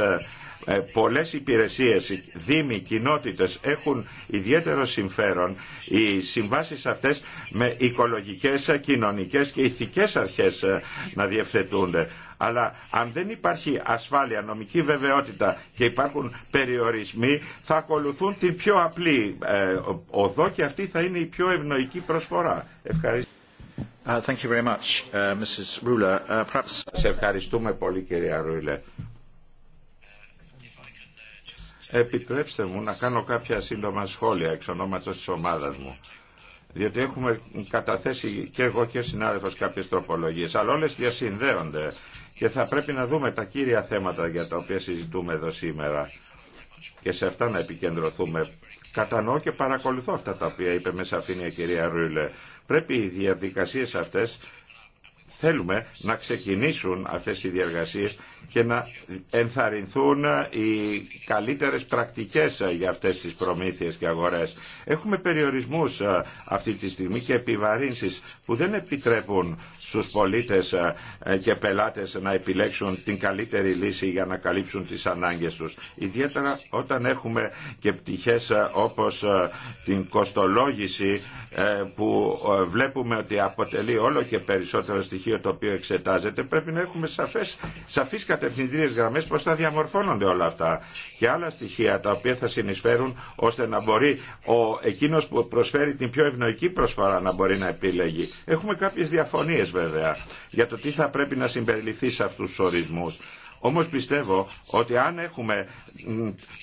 ε, πολλές υπηρεσίες, δήμοι, κοινότητες έχουν ιδιαίτερο συμφέρον οι συμβάσεις αυτές με οικολογικές, κοινωνικές και ηθικές αρχές ε, να διευθετούνται. Αλλά αν δεν υπάρχει ασφάλεια, νομική βεβαιότητα και υπάρχουν περιορισμοί, θα ακολουθούν την πιο απλή ε, οδό και αυτή θα είναι η πιο ευνοϊκή προσφορά. Ευχαριστώ. Uh, thank you uh, uh, ευχαριστούμε πολύ κυρία Ρούιλε. Επιτρέψτε μου να κάνω κάποια σύντομα σχόλια εξ ονόματος της ομάδας μου. Διότι έχουμε καταθέσει και εγώ και ο συνάδελφος κάποιες τροπολογίες, αλλά όλες διασυνδέονται και θα πρέπει να δούμε τα κύρια θέματα για τα οποία συζητούμε εδώ σήμερα και σε αυτά να επικεντρωθούμε. Κατανοώ και παρακολουθώ αυτά τα οποία είπε με σαφήνεια η κυρία Ρούλε. Πρέπει οι διαδικασίες αυτές θέλουμε να ξεκινήσουν αυτές οι διαργασίες και να ενθαρρυνθούν οι καλύτερες πρακτικές για αυτές τις προμήθειες και αγορές. Έχουμε περιορισμούς ε, αυτή τη στιγμή και επιβαρύνσεις που δεν επιτρέπουν στους πολίτες ε, και πελάτες να επιλέξουν την καλύτερη λύση για να καλύψουν τις ανάγκες τους. Ιδιαίτερα όταν έχουμε και πτυχές ε, όπως την κοστολόγηση που βλέπουμε ότι αποτελεί όλο και περισσότερο στοιχείο το οποίο εξετάζεται πρέπει να έχουμε σαφές, κατευθυντήριε γραμμές πώ θα διαμορφώνονται όλα αυτά και άλλα στοιχεία τα οποία θα συνεισφέρουν ώστε να μπορεί ο εκείνος που προσφέρει την πιο ευνοϊκή προσφορά να μπορεί να επιλέγει. Έχουμε κάποιες διαφωνίε, βέβαια για το τι θα πρέπει να συμπεριληφθεί σε αυτούς τους ορισμούς. Όμως πιστεύω ότι αν έχουμε,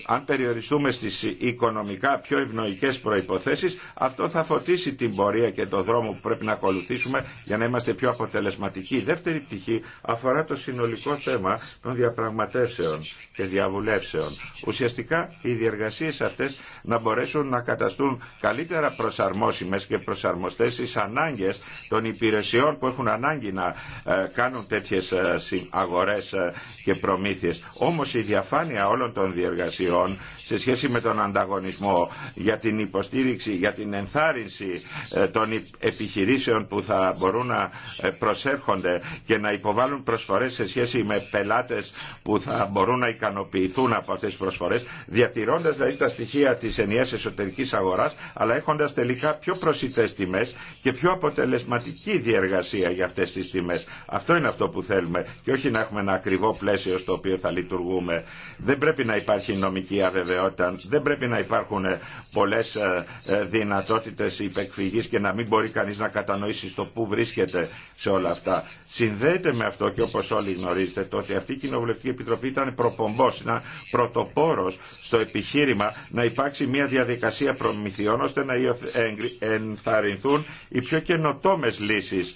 αν περιοριστούμε στις οικονομικά πιο ευνοϊκές προϋποθέσεις, αυτό θα φωτίσει την πορεία και τον δρόμο που πρέπει να ακολουθήσουμε για να είμαστε πιο αποτελεσματικοί. δεύτερη πτυχή αφορά το συνολικό θέμα των διαπραγματεύσεων και διαβουλεύσεων. Ουσιαστικά οι διεργασίες αυτές να μπορέσουν να καταστούν καλύτερα προσαρμόσιμες και προσαρμοστές στις ανάγκες των υπηρεσιών που έχουν ανάγκη να ε, κάνουν τέτοιες ε, αγορές ε, και και προμήθειες. Όμως η διαφάνεια όλων των διεργασιών σε σχέση με τον ανταγωνισμό για την υποστήριξη, για την ενθάρρυνση ε, των επιχειρήσεων που θα μπορούν να ε, προσέρχονται και να υποβάλουν προσφορές σε σχέση με πελάτες που θα μπορούν να ικανοποιηθούν από αυτές τις προσφορές, διατηρώντας δηλαδή τα στοιχεία της ενιαίας εσωτερικής αγοράς, αλλά έχοντας τελικά πιο προσιτές τιμές και πιο αποτελεσματική διεργασία για αυτές τις τιμές. Αυτό είναι αυτό που θέλουμε και όχι να έχουμε ένα ακριβό πλαίσιο πλαίσιο στο οποίο θα λειτουργούμε. Δεν πρέπει να υπάρχει νομική αβεβαιότητα, δεν πρέπει να υπάρχουν ε, πολλές ε, ε, δυνατότητες υπεκφυγής και να μην μπορεί κανείς να κατανοήσει στο πού βρίσκεται σε όλα αυτά. Συνδέεται με αυτό και όπως όλοι γνωρίζετε το ότι αυτή η Κοινοβουλευτική Επιτροπή ήταν προπομπός, ήταν πρωτοπόρο στο επιχείρημα να υπάρξει μια διαδικασία προμηθειών ώστε να ενθαρρυνθούν οι πιο καινοτόμε λύσεις.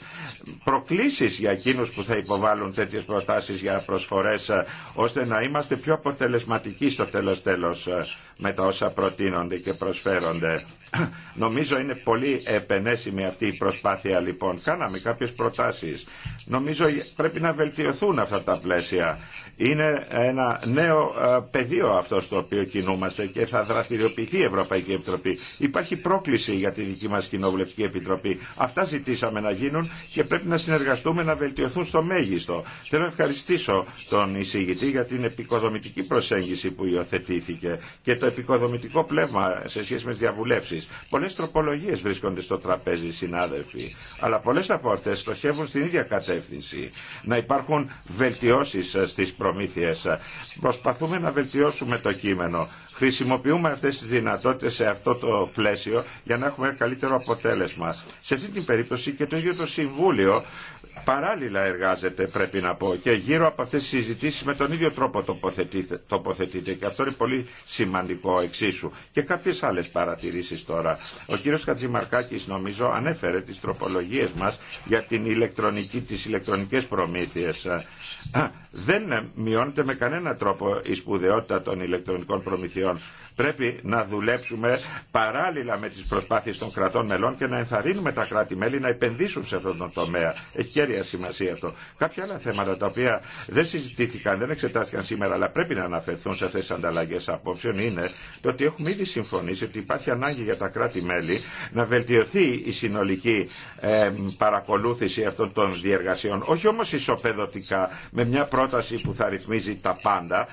Προκλήσεις για εκείνου που θα υποβάλουν τέτοιες προτάσεις για προσφορέ. Ε, ώστε να είμαστε πιο αποτελεσματικοί στο τέλος τέλος ε, με τα όσα προτείνονται και προσφέρονται. Νομίζω είναι πολύ επενέσιμη αυτή η προσπάθεια λοιπόν. Κάναμε κάποιες προτάσεις. Νομίζω πρέπει να βελτιωθούν αυτά τα πλαίσια. Είναι ένα νέο ε, πεδίο αυτό στο οποίο κινούμαστε και θα δραστηριοποιηθεί η Ευρωπαϊκή Επιτροπή. Υπάρχει πρόκληση για τη δική μα Κοινοβουλευτική Επιτροπή. Αυτά ζητήσαμε να γίνουν και πρέπει να συνεργαστούμε να βελτιωθούν στο μέγιστο. Θέλω να ευχαριστήσω τον εισηγητή για την επικοδομητική προσέγγιση που υιοθετήθηκε και το επικοδομητικό πλέγμα σε σχέση με τι διαβουλεύσει. Πολλέ τροπολογίε βρίσκονται στο τραπέζι, συνάδελφοι, αλλά πολλέ από αυτέ στοχεύουν στην ίδια κατεύθυνση. Να υπάρχουν βελτιώσει ε, στι Προσπαθούμε να βελτιώσουμε το κείμενο. Χρησιμοποιούμε αυτές τις δυνατότητες σε αυτό το πλαίσιο για να έχουμε καλύτερο αποτέλεσμα. Σε αυτή την περίπτωση και το ίδιο το Συμβούλιο παράλληλα εργάζεται πρέπει να πω και γύρω από αυτές τις συζητήσεις με τον ίδιο τρόπο τοποθετείται, και αυτό είναι πολύ σημαντικό εξίσου και κάποιες άλλες παρατηρήσεις τώρα ο κύριος Κατζημαρκάκης νομίζω ανέφερε τις τροπολογίες μας για την ηλεκτρονική, τις ηλεκτρονικές δεν μειώνεται με κανένα τρόπο η σπουδαιότητα των ηλεκτρονικών προμηθειών. Πρέπει να δουλέψουμε παράλληλα με τις προσπάθειες των κρατών μελών και να ενθαρρύνουμε τα κράτη-μέλη να επενδύσουν σε αυτόν τον τομέα. Έχει κέρια σημασία αυτό. Κάποια άλλα θέματα τα οποία δεν συζητήθηκαν, δεν εξετάστηκαν σήμερα, αλλά πρέπει να αναφερθούν σε αυτές τις ανταλλαγές απόψεων είναι το ότι έχουμε ήδη συμφωνήσει ότι υπάρχει ανάγκη για τα κράτη-μέλη να βελτιωθεί η συνολική ε, παρακολούθηση αυτών των διεργασιών. Όχι όμως ισοπεδωτικά με μια πρόταση που θα ρυθμίζει τα πάντα.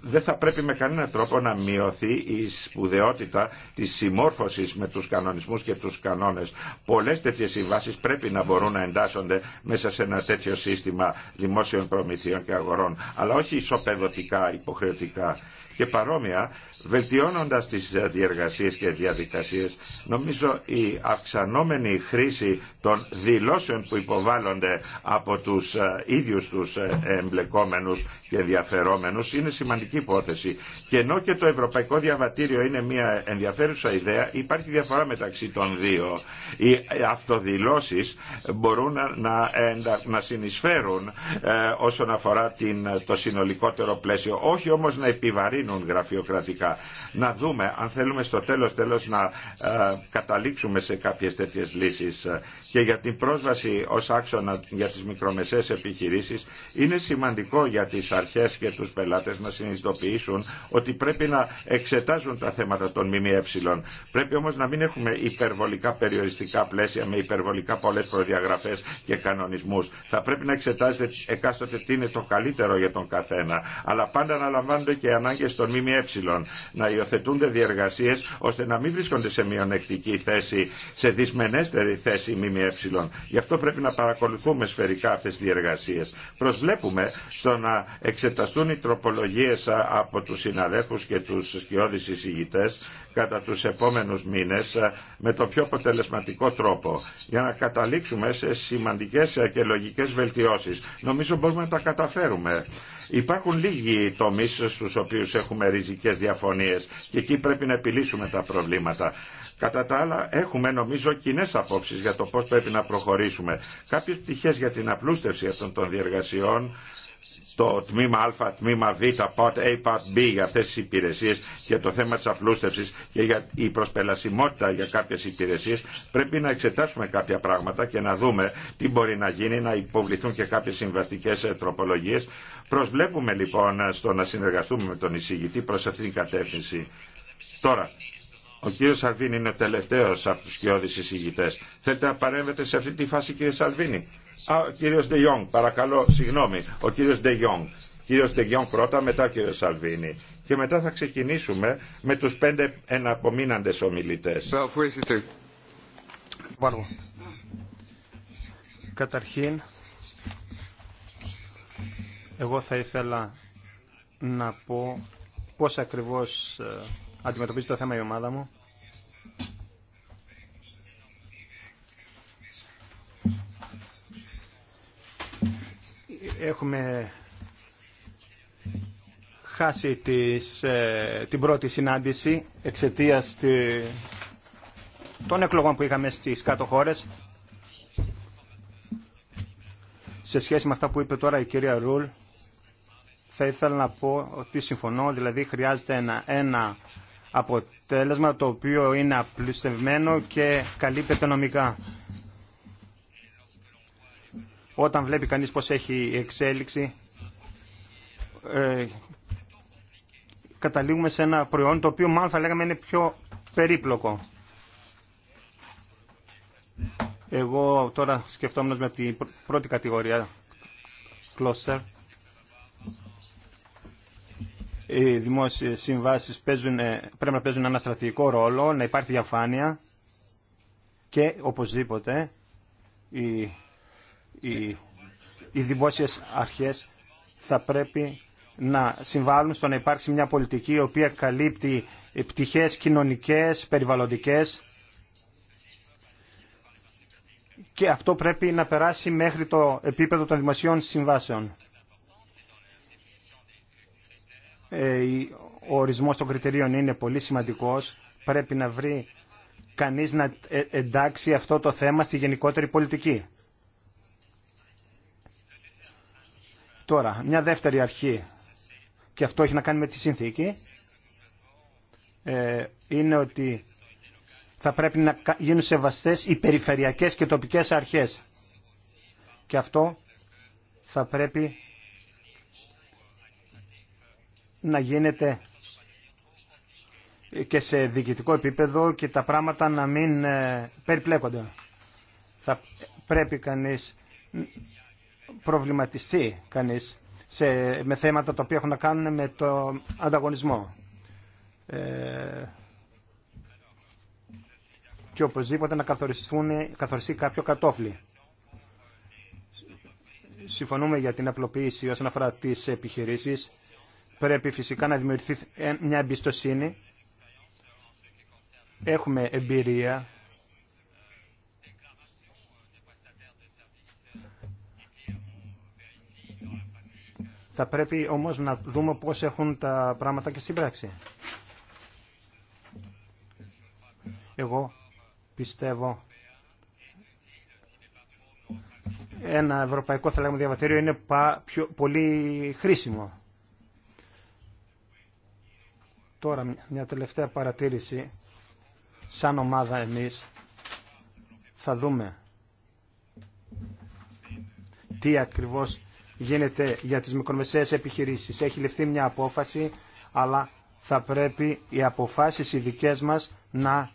Δεν θα πρέπει με κανένα τρόπο να μειωθεί η σπουδαιότητα τη συμμόρφωσης με του κανονισμού και του κανόνε. Πολλέ τέτοιε συμβάσει πρέπει να μπορούν να εντάσσονται μέσα σε ένα τέτοιο σύστημα δημόσιων προμηθειών και αγορών, αλλά όχι ισοπεδωτικά, υποχρεωτικά. Και παρόμοια, βελτιώνοντας τις διεργασίες και διαδικασίες, νομίζω η αυξανόμενη χρήση των δηλώσεων που υποβάλλονται από τους ε, ίδιους τους ε, εμπλεκόμενους και ενδιαφερόμενου, είναι σημαντική υπόθεση. Και ενώ και το Ευρωπαϊκό διαβατήριο είναι μια ενδιαφέρουσα ιδέα, υπάρχει διαφορά μεταξύ των δύο. Οι αυτοδηλώσεις μπορούν να, να συνεισφέρουν ε, όσον αφορά την, το συνολικότερο πλαίσιο, όχι όμως να επιβαρύνουν γραφειοκρατικά. Να δούμε αν θέλουμε στο τέλος τέλος να ε, καταλήξουμε σε κάποιες τέτοιες λύσεις. Και για την πρόσβαση ως άξονα για τις μικρομεσαίες επιχειρήσεις είναι σημαντικό για τις αρχές και τους πελάτες να συνειδητοποιήσουν ότι πρέπει να εξετάσουν εξετάζουν τα θέματα των ΜΜΕ. Πρέπει όμω να μην έχουμε υπερβολικά περιοριστικά πλαίσια με υπερβολικά πολλέ προδιαγραφέ και κανονισμού. Θα πρέπει να εξετάζετε εκάστοτε τι είναι το καλύτερο για τον καθένα. Αλλά πάντα να λαμβάνονται και οι ανάγκε των ΜΜΕ. Να υιοθετούνται διεργασίε ώστε να μην βρίσκονται σε μειονεκτική θέση, σε δυσμενέστερη θέση ΜΜΕ. Γι' αυτό πρέπει να παρακολουθούμε σφαιρικά αυτέ τι διεργασίε. Προσβλέπουμε στο να εξεταστούν οι τροπολογίε από του συναδέλφους και του σκιώδη οι κατά τους επόμενους μήνες ε, με το πιο αποτελεσματικό τρόπο για να καταλήξουμε σε σημαντικές ε, και λογικές βελτιώσεις. Νομίζω μπορούμε να τα καταφέρουμε. Υπάρχουν λίγοι τομεί στους οποίους έχουμε ριζικές διαφωνίες και εκεί πρέπει να επιλύσουμε τα προβλήματα. Κατά τα άλλα έχουμε νομίζω κοινέ απόψεις για το πώς πρέπει να προχωρήσουμε. Κάποιες πτυχές για την απλούστευση αυτών των διεργασιών το τμήμα Α, τμήμα Β, part A, part B για αυτές τις υπηρεσίες και το θέμα της απλούστευσης και για η προσπελασιμότητα για κάποιες υπηρεσίες πρέπει να εξετάσουμε κάποια πράγματα και να δούμε τι μπορεί να γίνει, να υποβληθούν και κάποιες συμβαστικές ε, τροπολογίες. Προσβλέπουμε λοιπόν στο να συνεργαστούμε με τον εισηγητή προς αυτήν την κατεύθυνση. Τώρα, ο κύριο Σαλβίνη είναι ο τελευταίο από του κοιόδη εισηγητέ. Θέλετε να παρέμβετε σε αυτή τη φάση, κύριε Σαλβίνη. Α, ο κύριο Ντε παρακαλώ, συγγνώμη. Ο κύριο Ντε Κύριο Ντε πρώτα, μετά ο κύριο Σαλβίνη. Και μετά θα ξεκινήσουμε με του πέντε εναπομείναντε ομιλητέ. Καταρχήν, εγώ θα ήθελα να πω πώς ακριβώς ε, αντιμετωπίζει το θέμα η ομάδα μου. Έχουμε χάσει τις, ε, την πρώτη συνάντηση εξαιτίας των εκλογών που είχαμε στις κάτω χώρες. Σε σχέση με αυτά που είπε τώρα η κυρία Ρουλ, θα ήθελα να πω ότι συμφωνώ, δηλαδή χρειάζεται ένα, ένα αποτέλεσμα το οποίο είναι απλουστευμένο και καλύπτεται νομικά. Όταν βλέπει κανείς πως έχει εξέλιξη, ε, καταλήγουμε σε ένα προϊόν το οποίο μάλλον θα λέγαμε είναι πιο περίπλοκο. Εγώ τώρα σκεφτόμουν με την πρώτη κατηγορία, Closer, οι δημόσιες συμβάσεις ε, πρέπει να παίζουν ένα στρατηγικό ρόλο, να υπάρχει διαφάνεια και οπωσδήποτε οι, οι, οι δημόσιες αρχές θα πρέπει να συμβάλλουν στο να υπάρξει μια πολιτική η οποία καλύπτει πτυχές κοινωνικές, περιβαλλοντικές και αυτό πρέπει να περάσει μέχρι το επίπεδο των δημοσίων συμβάσεων. Ε, ο ορισμός των κριτηρίων είναι πολύ σημαντικός. Πρέπει να βρει κανείς να ε, εντάξει αυτό το θέμα στη γενικότερη πολιτική. Τώρα, μια δεύτερη αρχή, και αυτό έχει να κάνει με τη συνθήκη, ε, είναι ότι θα πρέπει να γίνουν σεβαστές οι περιφερειακές και τοπικές αρχές. Και αυτό θα πρέπει να γίνεται και σε διοικητικό επίπεδο και τα πράγματα να μην ε, περιπλέκονται. Θα πρέπει κανείς προβληματιστεί κανείς σε, με θέματα τα οποία έχουν να κάνουν με το ανταγωνισμό. Ε, και οπωσδήποτε να καθοριστούν, καθοριστεί κάποιο κατόφλι. Συμφωνούμε για την απλοποίηση όσον αφορά τις επιχειρήσεις πρέπει φυσικά να δημιουργηθεί μια εμπιστοσύνη. Έχουμε εμπειρία. Θα πρέπει όμως να δούμε πώς έχουν τα πράγματα και στην πράξη. Εγώ πιστεύω ένα ευρωπαϊκό θα λέγαμε διαβατήριο είναι πιο, πολύ χρήσιμο. Τώρα μια τελευταία παρατήρηση. Σαν ομάδα εμείς θα δούμε τι ακριβώς γίνεται για τις μικρομεσαίες επιχειρήσεις. Έχει ληφθεί μια απόφαση, αλλά θα πρέπει οι αποφάσεις οι δικές μας να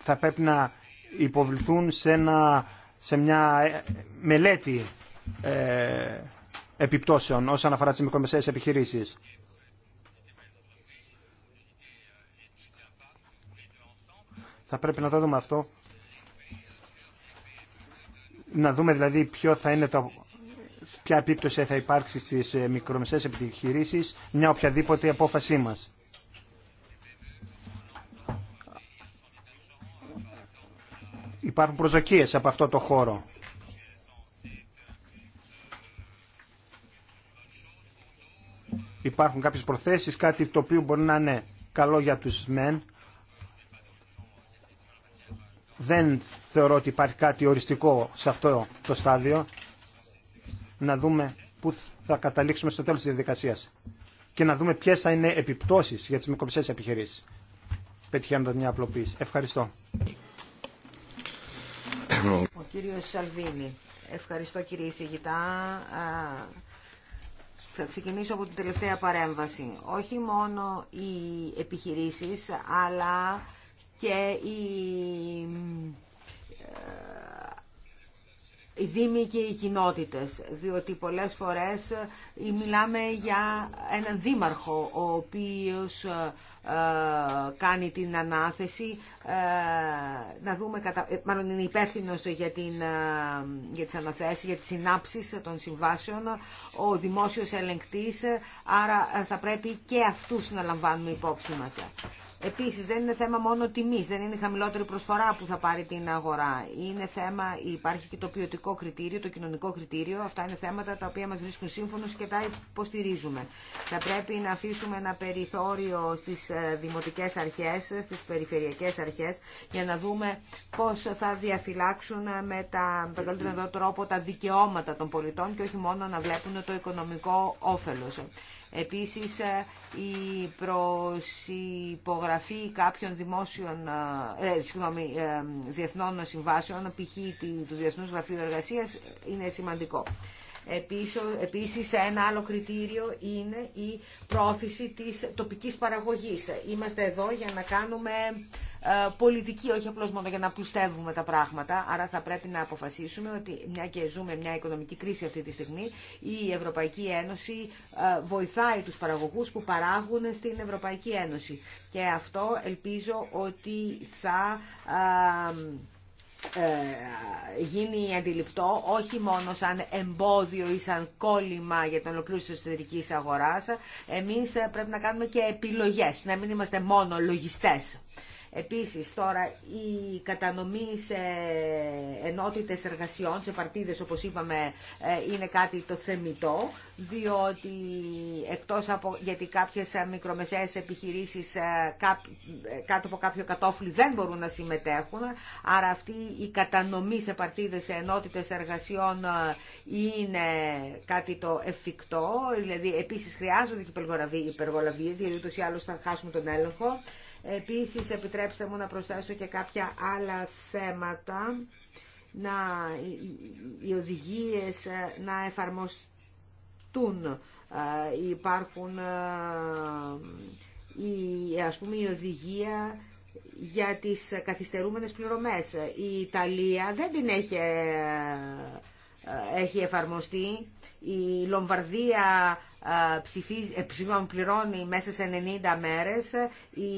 θα πρέπει να υποβληθούν σε, μια ε, μελέτη ε, επιπτώσεων όσον αφορά τις μικρομεσαίες επιχειρήσεις. Θα πρέπει να το δούμε αυτό. Να δούμε δηλαδή ποιο θα είναι το, ποια επίπτωση θα υπάρξει στις ε, μικρομεσαίες επιχειρήσεις μια οποιαδήποτε απόφασή μας. Υπάρχουν προσδοκίες από αυτό το χώρο. υπάρχουν κάποιες προθέσεις, κάτι το οποίο μπορεί να είναι καλό για τους μεν. Δεν θεωρώ ότι υπάρχει κάτι οριστικό σε αυτό το στάδιο. Να δούμε πού θα καταλήξουμε στο τέλος της διαδικασίας και να δούμε ποιες θα είναι επιπτώσεις για τις μικροπιστές επιχειρήσεις. Πετυχαίνοντα μια απλοποίηση. Ευχαριστώ. Ο κύριος Σαλβίνη. Ευχαριστώ κύριε θα ξεκινήσω από την τελευταία παρέμβαση. Όχι μόνο οι επιχειρήσεις, αλλά και οι ε, οι δήμοι και οι κοινότητες, διότι πολλές φορές ε, μιλάμε για έναν δήμαρχο ο οποίος ε, ε, κάνει την ανάθεση, να δούμε, κατα... μάλλον είναι υπεύθυνο για, την, για τις αναθέσεις, για τις συνάψεις των συμβάσεων, ο δημόσιος ελεγκτής, άρα θα πρέπει και αυτούς να λαμβάνουμε υπόψη μας. Επίσης δεν είναι θέμα μόνο τιμής, δεν είναι χαμηλότερη προσφορά που θα πάρει την αγορά. Είναι θέμα, υπάρχει και το ποιοτικό κριτήριο, το κοινωνικό κριτήριο. Αυτά είναι θέματα τα οποία μας βρίσκουν σύμφωνο και τα υποστηρίζουμε. Θα πρέπει να αφήσουμε ένα περιθώριο στις ε, δημοτικές αρχές, στις περιφερειακέ αρχέ, για να δούμε πώ θα διαφυλάξουν με, τα, τον καλύτερο τρόπο τα δικαιώματα των πολιτών και όχι μόνο να βλέπουν το οικονομικό όφελο. Επίσης, ε, η προσυπογραφή κάποιων δημόσιων, ε, ε, συγγνώμη, ε, διεθνών συμβάσεων, π.χ. του Διεθνούς Γραφείου Εργασίας, είναι σημαντικό. Επίσης ένα άλλο κριτήριο είναι η πρόθεση της τοπικής παραγωγής. Είμαστε εδώ για να κάνουμε ε, πολιτική, όχι απλώς μόνο για να πλουστεύουμε τα πράγματα, άρα θα πρέπει να αποφασίσουμε ότι μια και ζούμε μια οικονομική κρίση αυτή τη στιγμή, η Ευρωπαϊκή Ένωση ε, βοηθάει τους παραγωγούς που παράγουν στην Ευρωπαϊκή Ένωση. Και αυτό ελπίζω ότι θα ε, ε, γίνει αντιληπτό όχι μόνο σαν εμπόδιο ή σαν κόλλημα για την ολοκλήρωση της εσωτερικής αγοράς. Εμείς ε, πρέπει να κάνουμε και επιλογές, να μην είμαστε μόνο λογιστές. Επίσης τώρα η κατανομή σε ενότητες εργασιών, σε παρτίδες όπως είπαμε ε, είναι κάτι το θεμητό διότι εκτός από γιατί κάποιες ε, μικρομεσαίες επιχειρήσεις ε, κάτω από κάποιο κατόφλι δεν μπορούν να συμμετέχουν άρα αυτή η κατανομή σε παρτίδες σε ενότητες εργασιών είναι κάτι το εφικτό δηλαδή επίσης χρειάζονται και υπεργολαβίες διότι ούτως ή άλλως θα χάσουμε τον έλεγχο Επίσης, επιτρέψτε μου να προσθέσω και κάποια άλλα θέματα, να, οι οδηγίες ε, να εφαρμοστούν, ε, υπάρχουν ε, η, ας πούμε, η οδηγία για τις καθυστερούμενες πληρωμές. Η Ιταλία δεν την έχει, έχει εφαρμοστεί. Η Λομβαρδία ε, πληρώνει μέσα σε 90 μέρες η,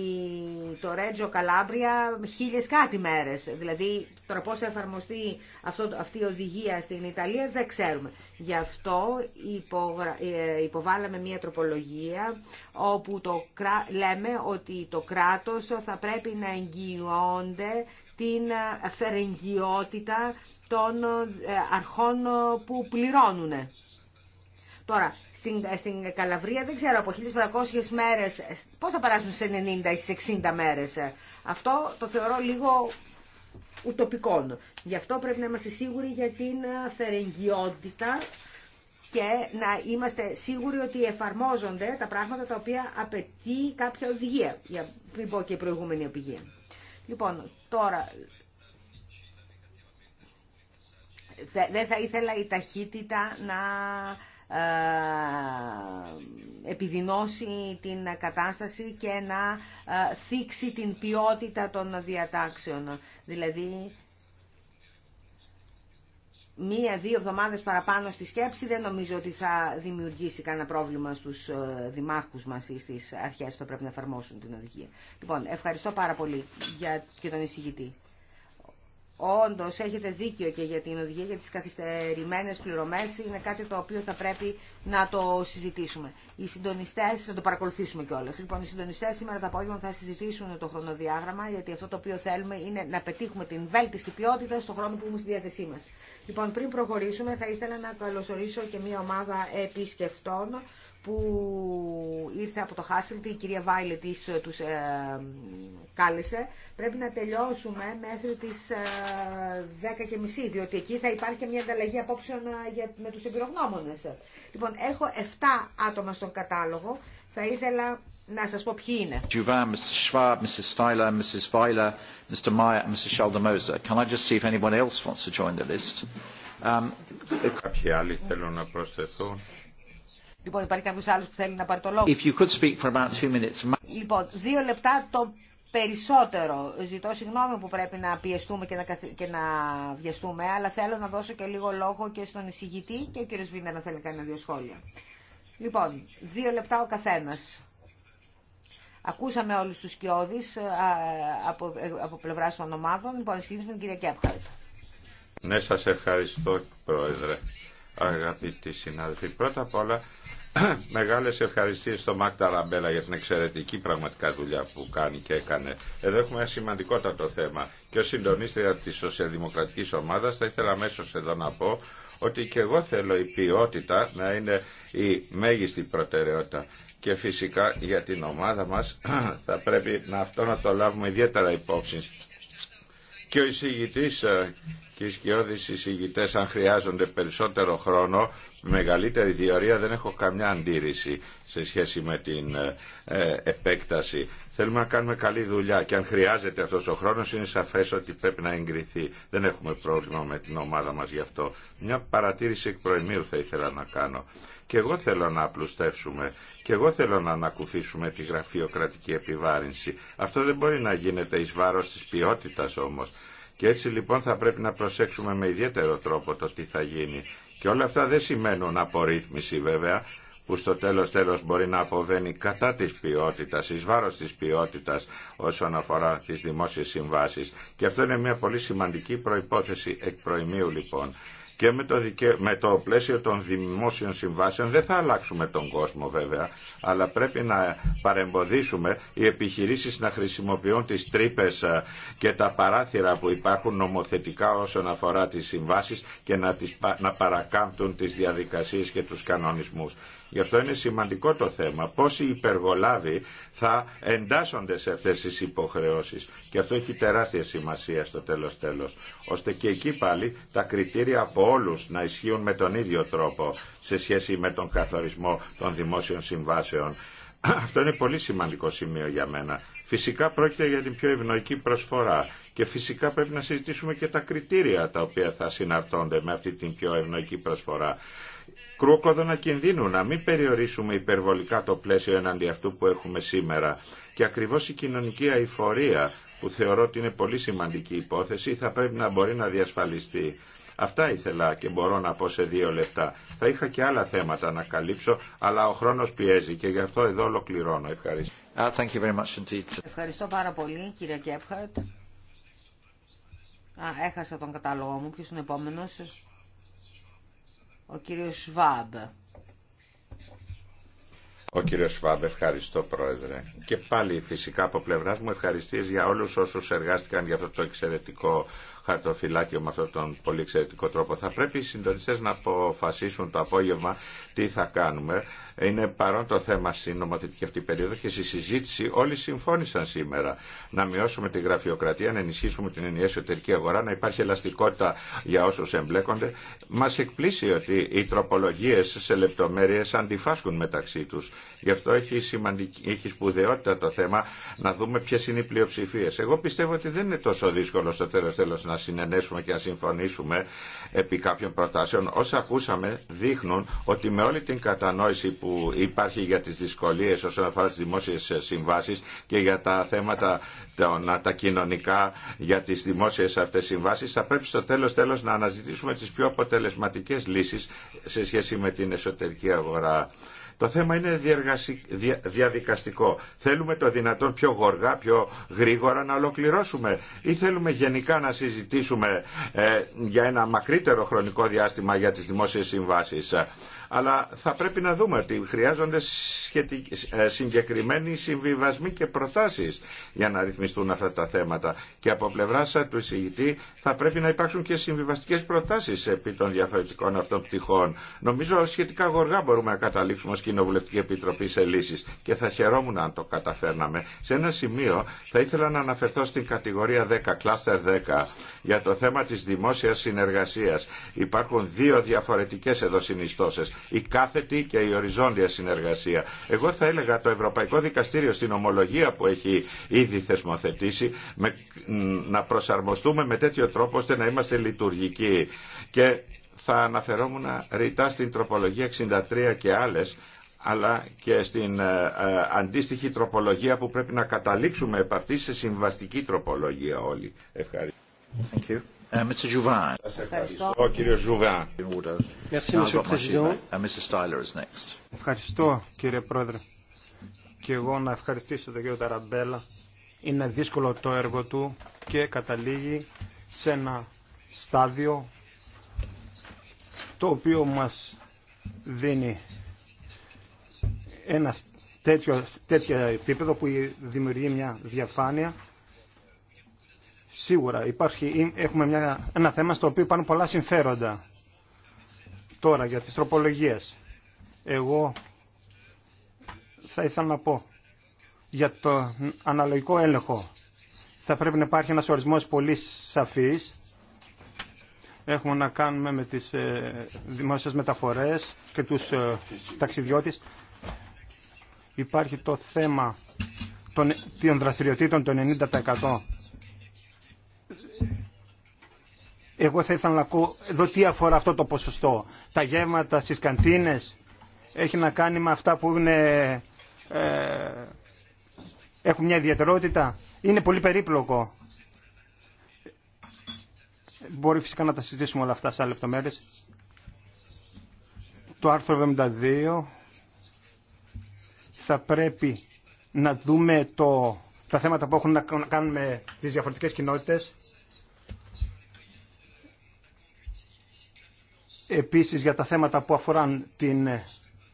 το Ρέτζο Καλάμπρια χίλιες κάτι μέρες. Δηλαδή τώρα πώς θα εφαρμοστεί αυτό, αυτή η οδηγία στην Ιταλία δεν ξέρουμε. Γι' αυτό ε, υποβάλαμε μια τροπολογία όπου το, λέμε ότι το κράτος θα πρέπει να εγγυώνται την φερεγγιότητα των ε, αρχών που πληρώνουν. Τώρα, στην, στην Καλαβρία δεν ξέρω από 1500 μέρες πώς θα περάσουν σε 90 ή σε 60 μέρες. Αυτό το θεωρώ λίγο ουτοπικό. Γι' αυτό πρέπει να είμαστε σίγουροι για την ε, φερεγγιότητα και να είμαστε σίγουροι ότι εφαρμόζονται τα πράγματα τα οποία απαιτεί κάποια οδηγία, για πριν πω και η προηγούμενη οδηγία. Λοιπόν, τώρα, δεν θα ήθελα η ταχύτητα να ε, επιδεινώσει την κατάσταση και να ε, θίξει την ποιότητα των διατάξεων. Δηλαδή, μία-δύο εβδομάδες παραπάνω στη σκέψη δεν νομίζω ότι θα δημιουργήσει κανένα πρόβλημα στους ε, δημάρχους μας ή στις αρχές που πρέπει να εφαρμόσουν την οδηγία. Λοιπόν, ευχαριστώ πάρα πολύ για και τον εισηγητή. Όντω έχετε δίκιο και για την οδηγία για τις καθυστερημένες πληρωμές είναι κάτι το οποίο θα πρέπει να το συζητήσουμε. Οι συντονιστές, να το παρακολουθήσουμε κιόλας. Λοιπόν, οι συντονιστές σήμερα το απόγευμα θα συζητήσουν το χρονοδιάγραμμα γιατί αυτό το οποίο θέλουμε είναι να πετύχουμε την βέλτιστη ποιότητα στον χρόνο που έχουμε στη διάθεσή μας. Λοιπόν, πριν προχωρήσουμε θα ήθελα να καλωσορίσω και μια ομάδα επισκεφτών που ήρθε από το Χάσιλτι, η κυρία Βάιλε της τους ε, κάλεσε. Πρέπει να τελειώσουμε μέχρι τις ε, 10.30, διότι εκεί θα υπάρχει και μια ανταλλαγή απόψεων ε, για, με τους εμπειρογνώμονες. Λοιπόν, έχω 7 άτομα στον κατάλογο. Θα ήθελα να σας πω ποιοι είναι. Juvan, Mr. Schwab, Mrs. Styler, Mrs. Weiler, Mr. Meyer, Mrs. Schaldemoser. Can I just see if anyone else wants to join the list? Um... Κάποιοι άλλοι θέλουν να προσθεθούν. Λοιπόν, υπάρχει κάποιο άλλο που θέλει να πάρει το λόγο. Λοιπόν, δύο λεπτά το περισσότερο. Ζητώ συγγνώμη που πρέπει να πιεστούμε και να, και να βιαστούμε, αλλά θέλω να δώσω και λίγο λόγο και στον εισηγητή και ο κύριο Βίνερ να θέλει να κάνει δύο σχόλια. Λοιπόν, δύο λεπτά ο καθένα. Ακούσαμε όλου του σκιώδεις ε, από, ε, από πλευράς των ομάδων. Λοιπόν, ασχολήσουμε την κυρία Κέπχαρτ. Ναι, σας ευχαριστώ, Πρόεδρε, αγαπητοί συνάδελφοι. Πρώτα απ' όλα, Μεγάλε ευχαριστίες στο Μάκτα Ραμπέλα για την εξαιρετική πραγματικά δουλειά που κάνει και έκανε. Εδώ έχουμε ένα σημαντικότατο θέμα και ω συντονίστρια της σοσιαλδημοκρατική Ομάδας θα ήθελα αμέσω εδώ να πω ότι και εγώ θέλω η ποιότητα να είναι η μέγιστη προτεραιότητα και φυσικά για την ομάδα μα θα πρέπει να αυτό να το λάβουμε ιδιαίτερα υπόψη. Και ο εισηγητής ε, και οι σκιώδεις εισηγητές αν χρειάζονται περισσότερο χρόνο, μεγαλύτερη διορία δεν έχω καμιά αντίρρηση σε σχέση με την ε, ε, επέκταση. Θέλουμε να κάνουμε καλή δουλειά και αν χρειάζεται αυτός ο χρόνος είναι σαφές ότι πρέπει να εγκριθεί. Δεν έχουμε πρόβλημα με την ομάδα μας γι' αυτό. Μια παρατήρηση εκ προημίου θα ήθελα να κάνω. Και εγώ θέλω να απλουστεύσουμε και εγώ θέλω να ανακουφίσουμε τη γραφειοκρατική επιβάρυνση. Αυτό δεν μπορεί να γίνεται εις βάρος της ποιότητας όμως. Και έτσι λοιπόν θα πρέπει να προσέξουμε με ιδιαίτερο τρόπο το τι θα γίνει. Και όλα αυτά δεν σημαίνουν απορρίθμιση βέβαια, που στο τέλος τέλος μπορεί να αποβαίνει κατά της ποιότητας, εις βάρος της ποιότητας όσον αφορά τις δημόσιες συμβάσεις. Και αυτό είναι μια πολύ σημαντική προϋπόθεση εκ προημίου λοιπόν και με το, με το πλαίσιο των δημόσιων συμβάσεων δεν θα αλλάξουμε τον κόσμο βέβαια, αλλά πρέπει να παρεμποδίσουμε οι επιχειρήσεις να χρησιμοποιούν τις τρύπε ε, και τα παράθυρα που υπάρχουν νομοθετικά όσον αφορά τις συμβάσεις και να, τις... να παρακάμπτουν τις διαδικασίες και τους κανονισμούς. Γι' αυτό είναι σημαντικό το θέμα. πόσοι υπεργολάβοι θα εντάσσονται σε αυτές τις υποχρεώσεις. Και αυτό έχει τεράστια σημασία στο τέλος τέλος. Ώστε και εκεί πάλι τα κριτήρια από όλους να ισχύουν με τον ίδιο τρόπο σε σχέση με τον καθορισμό των δημόσιων συμβάσεων. Αυτό είναι πολύ σημαντικό σημείο για μένα. Φυσικά πρόκειται για την πιο ευνοϊκή προσφορά και φυσικά πρέπει να συζητήσουμε και τα κριτήρια τα οποία θα συναρτώνται με αυτή την πιο ευνοϊκή προσφορά να κινδύνου, να μην περιορίσουμε υπερβολικά το πλαίσιο εναντί αυτού που έχουμε σήμερα. Και ακριβώς η κοινωνική αηφορία, που θεωρώ ότι είναι πολύ σημαντική υπόθεση, θα πρέπει να μπορεί να διασφαλιστεί. Αυτά ήθελα και μπορώ να πω σε δύο λεπτά. Θα είχα και άλλα θέματα να καλύψω, αλλά ο χρόνος πιέζει και γι' αυτό εδώ ολοκληρώνω. Ευχαριστώ. Ah, thank you very much Ευχαριστώ πάρα πολύ κύριε Κέφχαρτ. Α, έχασα τον κατάλογο μου. Ποιος είναι ο επόμενος. Ο κύριος Σβάμπ. Ο κύριος Σβάμπ, ευχαριστώ πρόεδρε. Και πάλι φυσικά από πλευράς μου ευχαριστήσεις για όλους όσους εργάστηκαν για αυτό το εξαιρετικό χαρτοφυλάκιο με αυτόν τον πολύ εξαιρετικό τρόπο. Θα πρέπει οι συντονιστέ να αποφασίσουν το απόγευμα τι θα κάνουμε. Είναι παρόν το θέμα στην νομοθετική αυτή περίοδο και στη συζήτηση όλοι συμφώνησαν σήμερα να μειώσουμε τη γραφειοκρατία, να ενισχύσουμε την ενιαία εσωτερική αγορά, να υπάρχει ελαστικότητα για όσου εμπλέκονται. Μα εκπλήσει ότι οι τροπολογίε σε λεπτομέρειε αντιφάσκουν μεταξύ του. Γι' αυτό έχει, σημαντική, έχει σπουδαιότητα το θέμα να δούμε ποιε είναι οι πλειοψηφίε. Εγώ πιστεύω ότι δεν είναι τόσο δύσκολο στο τέλο να συνενέσουμε και να συμφωνήσουμε επί κάποιων προτάσεων. Όσα ακούσαμε δείχνουν ότι με όλη την κατανόηση που υπάρχει για τις δυσκολίες όσον αφορά τις δημόσιες συμβάσεις και για τα θέματα τα κοινωνικά για τις δημόσιες αυτές συμβάσεις θα πρέπει στο τέλος τέλος να αναζητήσουμε τις πιο αποτελεσματικές λύσεις σε σχέση με την εσωτερική αγορά. Το θέμα είναι διαδικαστικό. Θέλουμε το δυνατόν πιο γοργά, πιο γρήγορα να ολοκληρώσουμε ή θέλουμε γενικά να συζητήσουμε ε, για ένα μακρύτερο χρονικό διάστημα για τις δημόσιες συμβάσεις αλλά θα πρέπει να δούμε ότι χρειάζονται ε, συγκεκριμένοι συμβιβασμοί και προτάσεις για να ρυθμιστούν αυτά τα θέματα. Και από πλευρά του εισηγητή θα πρέπει να υπάρξουν και συμβιβαστικές προτάσεις επί των διαφορετικών αυτών πτυχών. Νομίζω σχετικά γοργά μπορούμε να καταλήξουμε ως Κοινοβουλευτική Επιτροπή σε λύσεις και θα χαιρόμουν αν το καταφέρναμε. Σε ένα σημείο θα ήθελα να αναφερθώ στην κατηγορία 10, κλάστερ 10, για το θέμα της δημόσιας συνεργασίας. Υπάρχουν δύο διαφορετικές εδώ συνιστώσεις η κάθετη και η οριζόντια συνεργασία. Εγώ θα έλεγα το Ευρωπαϊκό Δικαστήριο στην ομολογία που έχει ήδη θεσμοθετήσει να προσαρμοστούμε με τέτοιο τρόπο ώστε να είμαστε λειτουργικοί. Και θα αναφερόμουν ρητά στην τροπολογία 63 και άλλες αλλά και στην ε, ε, αντίστοιχη τροπολογία που πρέπει να καταλήξουμε επ' αυτή σε συμβαστική τροπολογία όλοι. Ευχαριστώ. Uh, Ευχαριστώ, κύριε Ευχαριστώ, κύριε Πρόεδρε. Και εγώ να ευχαριστήσω τον κύριο Ταραμπέλα. Είναι δύσκολο το έργο του και καταλήγει σε ένα στάδιο το οποίο μας δίνει ένα τέτοιο, τέτοιο επίπεδο που δημιουργεί μια διαφάνεια Σίγουρα υπάρχει, έχουμε μια, ένα θέμα στο οποίο υπάρχουν πολλά συμφέροντα. Τώρα για τις τροπολογίες. Εγώ θα ήθελα να πω για το αναλογικό έλεγχο. Θα πρέπει να υπάρχει ένας ορισμός πολύ σαφής. Έχουμε να κάνουμε με τις ε, δημόσιες μεταφορές και τους ε, ταξιδιώτες. Υπάρχει το θέμα των, των δραστηριοτήτων των 90% Εγώ θα ήθελα να ακούω εδώ τι αφορά αυτό το ποσοστό. Τα γεύματα στις καντίνες έχει να κάνει με αυτά που είναι, ε, έχουν μια ιδιαιτερότητα. Είναι πολύ περίπλοκο. Μπορεί φυσικά να τα συζητήσουμε όλα αυτά σε άλλες λεπτομέρειες. Το άρθρο 72 θα πρέπει να δούμε το, τα θέματα που έχουν να κάνουν με τις διαφορετικές κοινότητες επίσης για τα θέματα που αφοράν την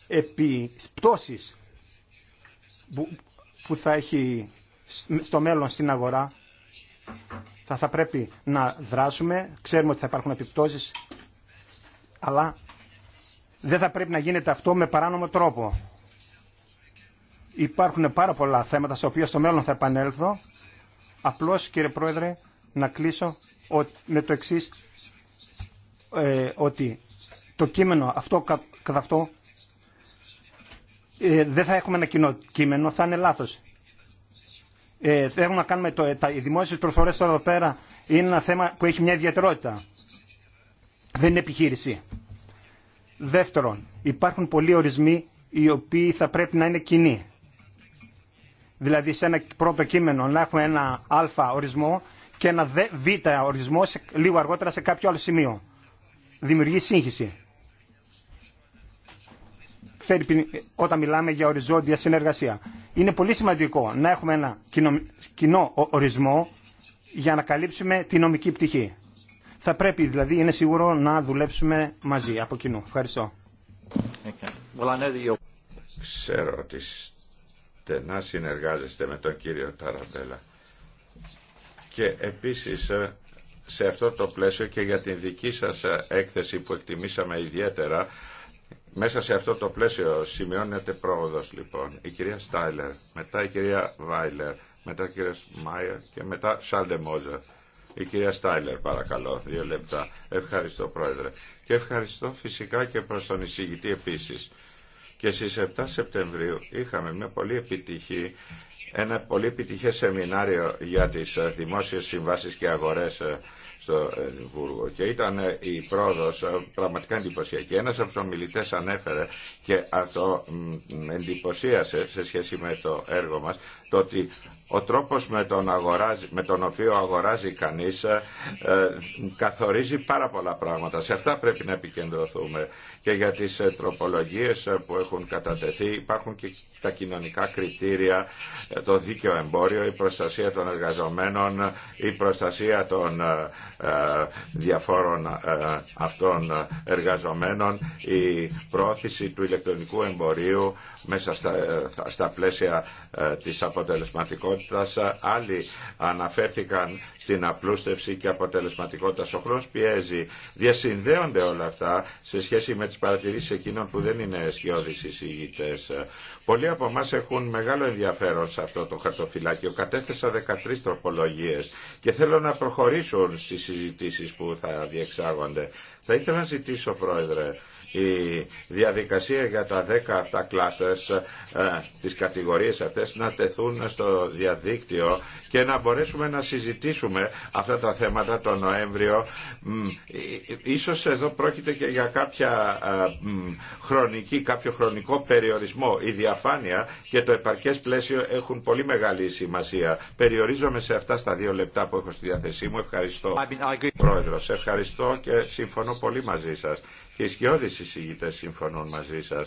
επιπτώσεις που θα έχει στο μέλλον στην αγορά θα, θα πρέπει να δράσουμε. Ξέρουμε ότι θα υπάρχουν επιπτώσεις, αλλά δεν θα πρέπει να γίνεται αυτό με παράνομο τρόπο. Υπάρχουν πάρα πολλά θέματα στα οποία στο μέλλον θα επανέλθω. Απλώς, κύριε Πρόεδρε, να κλείσω με το εξής ε, ότι το κείμενο αυτό κα, καθ' αυτό ε, δεν θα έχουμε ένα κοινό κείμενο, θα είναι λάθος. Ε, θέλουμε να κάνουμε το, τα, οι δημόσιες προσφορές τώρα εδώ πέρα είναι ένα θέμα που έχει μια ιδιαιτερότητα. Δεν είναι επιχείρηση. Δεύτερον, υπάρχουν πολλοί ορισμοί οι οποίοι θα πρέπει να είναι κοινοί. Δηλαδή σε ένα πρώτο κείμενο να έχουμε ένα α ορισμό και ένα β ορισμό λίγο αργότερα σε κάποιο άλλο σημείο δημιουργεί σύγχυση. Όταν μιλάμε για οριζόντια συνεργασία. Είναι πολύ σημαντικό να έχουμε ένα κοινό ορισμό για να καλύψουμε τη νομική πτυχή. Θα πρέπει δηλαδή, είναι σίγουρο, να δουλέψουμε μαζί, από κοινού. Ευχαριστώ. Okay. Ξέρω ότι στενά συνεργάζεστε με τον κύριο Ταραμπέλα. Και επίσης ε, σε αυτό το πλαίσιο και για την δική σας έκθεση που εκτιμήσαμε ιδιαίτερα. Μέσα σε αυτό το πλαίσιο σημειώνεται πρόοδος λοιπόν. Η κυρία Στάιλερ, μετά η κυρία Βάιλερ, μετά η κυρία Μάιερ και μετά Σάλτε Μόζερ. Η κυρία Στάιλερ παρακαλώ, δύο λεπτά. Ευχαριστώ πρόεδρε. Και ευχαριστώ φυσικά και προς τον εισηγητή επίσης. Και στις 7 Σεπτεμβρίου είχαμε με πολύ επιτυχή ένα πολύ επιτυχέ σεμινάριο για τις ε, δημόσιε συμβάσεις και αγορές ε, στο Βούργο και ήταν ε, η πρόοδο πραγματικά εντυπωσιακή. ένα από του ομιλητέ ανέφερε και αυτό εντυπωσίασε σε σχέση με το έργο μας το ότι ο τρόπος με τον, αγοράζει, οποίο αγοράζει κανείς ε, καθορίζει πάρα πολλά πράγματα. Σε αυτά πρέπει να επικεντρωθούμε. Και για τις ε, τροπολογίες ε, που έχουν κατατεθεί υπάρχουν και τα κοινωνικά κριτήρια, το δίκαιο εμπόριο, η προστασία των εργαζομένων, η προστασία των διαφόρων αυτών εργαζομένων, η πρόθεση του ηλεκτρονικού εμπορίου μέσα στα, στα πλαίσια της αποτελεσματικής αποτελεσματικότητα. Άλλοι αναφέρθηκαν στην απλούστευση και αποτελεσματικότητα. Ο χρόνο πιέζει. Διασυνδέονται όλα αυτά σε σχέση με τι παρατηρήσει εκείνων που δεν είναι αισιόδης εισηγητέ. Πολλοί από εμά έχουν μεγάλο ενδιαφέρον σε αυτό το χαρτοφυλάκιο. Κατέθεσα 13 τροπολογίε και θέλω να προχωρήσουν στι συζητήσει που θα διεξάγονται. Θα ήθελα να ζητήσω, Πρόεδρε, η διαδικασία για τα 10 αυτά κλάστερ, τι κατηγορίε αυτέ να τεθούν στο διαδίκτυο και να μπορέσουμε να συζητήσουμε αυτά τα θέματα το Νοέμβριο. Ε, ίσως εδώ πρόκειται και για κάποια ε, χρονική, κάποιο χρονικό περιορισμό. Η και το επαρκέ πλαίσιο έχουν πολύ μεγάλη σημασία. Περιορίζομαι σε αυτά στα δύο λεπτά που έχω στη διάθεσή μου. Ευχαριστώ. Πρόεδρο. ευχαριστώ και συμφωνώ πολύ μαζί σα. Και οι σκιώδεις συζητητέ συμφωνούν μαζί σα.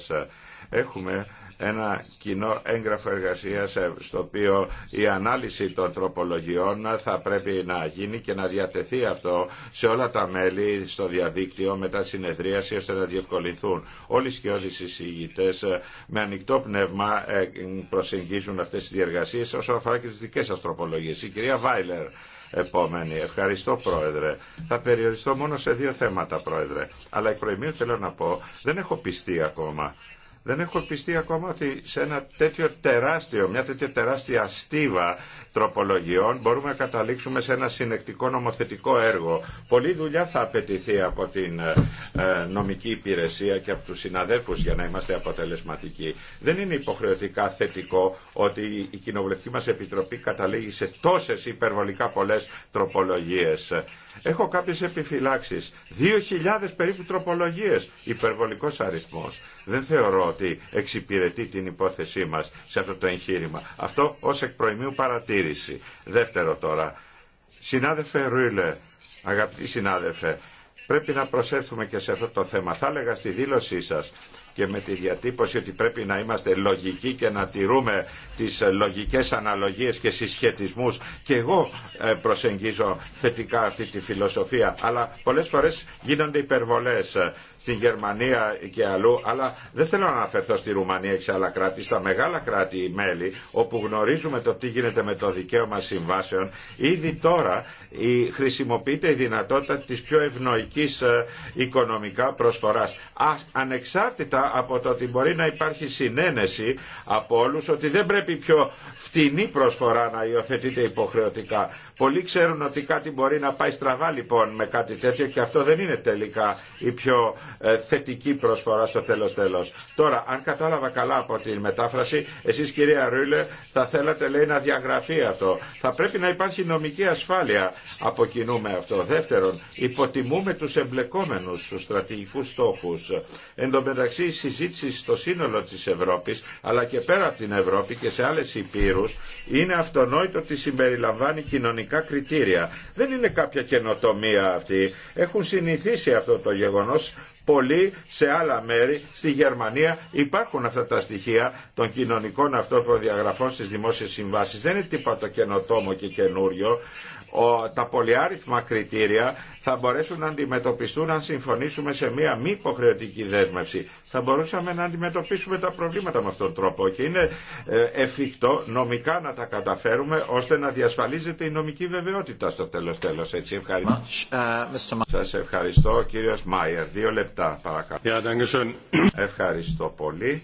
Έχουμε ένα κοινό έγγραφο εργασία, ε, στο οποίο η ανάλυση των τροπολογιών θα πρέπει να γίνει και να διατεθεί αυτό σε όλα τα μέλη στο διαδίκτυο μετά συνεδρίαση ώστε να διευκολυνθούν. Όλοι και όλοι οι σκιώδεις ε, με ανοιχτό πνεύμα ε, προσεγγίζουν αυτέ τι διεργασίε όσον αφορά και τι δικές σα τροπολογίε. Η κυρία Βάιλερ επόμενη. Ευχαριστώ, Πρόεδρε. Θα περιοριστώ μόνο σε δύο θέματα, Πρόεδρε. Αλλά εκ προημίου θέλω να πω, δεν έχω πιστεί ακόμα δεν έχω πιστεί ακόμα ότι σε ένα τέτοιο τεράστιο, μια τέτοια τεράστια στίβα τροπολογιών μπορούμε να καταλήξουμε σε ένα συνεκτικό νομοθετικό έργο. Πολλή δουλειά θα απαιτηθεί από την ε, ε, νομική υπηρεσία και από τους συναδέλφους για να είμαστε αποτελεσματικοί. Δεν είναι υποχρεωτικά θετικό ότι η κοινοβουλευτική μας επιτροπή καταλήγει σε τόσες υπερβολικά πολλές τροπολογίες. Έχω κάποιες επιφυλάξεις. 2.000 περίπου τροπολογίες. Υπερβολικό αριθμό. Δεν θεωρώ ότι εξυπηρετεί την υπόθεσή μας σε αυτό το εγχείρημα. Αυτό ως εκ παρατήρηση. Δεύτερο τώρα. Συνάδελφε Ρούιλε, αγαπητοί συνάδελφε, πρέπει να προσέλθουμε και σε αυτό το θέμα. Θα έλεγα στη δήλωσή σας και με τη διατύπωση ότι πρέπει να είμαστε λογικοί και να τηρούμε τις λογικές αναλογίες και συσχετισμούς και εγώ ε, προσεγγίζω θετικά αυτή τη φιλοσοφία αλλά πολλές φορές γίνονται υπερβολές ε, στην Γερμανία και αλλού αλλά δεν θέλω να αναφερθώ στη Ρουμανία και σε άλλα κράτη στα μεγάλα κράτη μέλη όπου γνωρίζουμε το τι γίνεται με το δικαίωμα συμβάσεων ήδη τώρα χρησιμοποιείται η δυνατότητα της πιο ευνοϊκής ε, οικονομικά προσφορά. ανεξάρτητα από το ότι μπορεί να υπάρχει συνένεση από όλους ότι δεν πρέπει πιο φτηνή προσφορά να υιοθετείται υποχρεωτικά. Πολλοί ξέρουν ότι κάτι μπορεί να πάει στραβά λοιπόν με κάτι τέτοιο και αυτό δεν είναι τελικά η πιο ε, θετική προσφορά στο τέλος τέλος. Τώρα, αν κατάλαβα καλά από τη μετάφραση, εσείς κυρία Ρούλε θα θέλατε λέει να διαγραφεί αυτό. Θα πρέπει να υπάρχει νομική ασφάλεια. από Αποκινούμε αυτό. Δεύτερον, υποτιμούμε τους εμπλεκόμενους στους στρατηγικούς στόχους. Εν τω μεταξύ η συζήτηση στο σύνολο της Ευρώπης, αλλά και πέρα από την Ευρώπη και σε άλλες υπήρους, είναι αυτονόητο ότι συμπεριλαμβάνει κοινωνική κριτήρια. Δεν είναι κάποια καινοτομία αυτή. Έχουν συνηθίσει αυτό το γεγονός πολλοί σε άλλα μέρη, στη Γερμανία υπάρχουν αυτά τα στοιχεία των κοινωνικών αυτών προδιαγραφών στις δημόσιες συμβάσεις. Δεν είναι τίποτα καινοτόμο και καινούριο ο τα πολυάριθμα κριτήρια θα μπορέσουν να αντιμετωπιστούν αν συμφωνήσουμε σε μία μη υποχρεωτική δέσμευση. Θα μπορούσαμε να αντιμετωπίσουμε τα προβλήματα με αυτόν τον τρόπο και είναι ε, εφικτό νομικά να τα καταφέρουμε ώστε να διασφαλίζεται η νομική βεβαιότητα στο τέλος τέλος. Έτσι, ευχαριστώ. Uh, Σας ευχαριστώ κύριος Μάιερ. Δύο λεπτά παρακαλώ. Ευχαριστώ πολύ.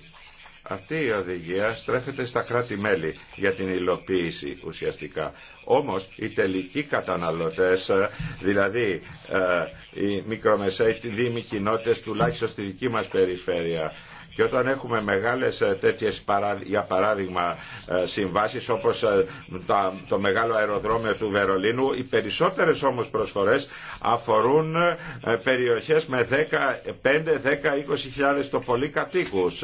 Αυτή η οδηγία στρέφεται στα κράτη-μέλη για την υλοποίηση ουσιαστικά. Όμως οι τελικοί καταναλωτές, ε, δηλαδή ε, οι μικρομεσαίοι δήμοι κοινότητες τουλάχιστον στη δική μας περιφέρεια, και όταν έχουμε μεγάλες ε, τέτοιες για παράδειγμα ε, συμβάσεις όπως ε, το μεγάλο αεροδρόμιο του Βερολίνου οι περισσότερες όμως προσφορές αφορούν περιοχές με 5, 10, 20.000 το πολύ κατοίκους.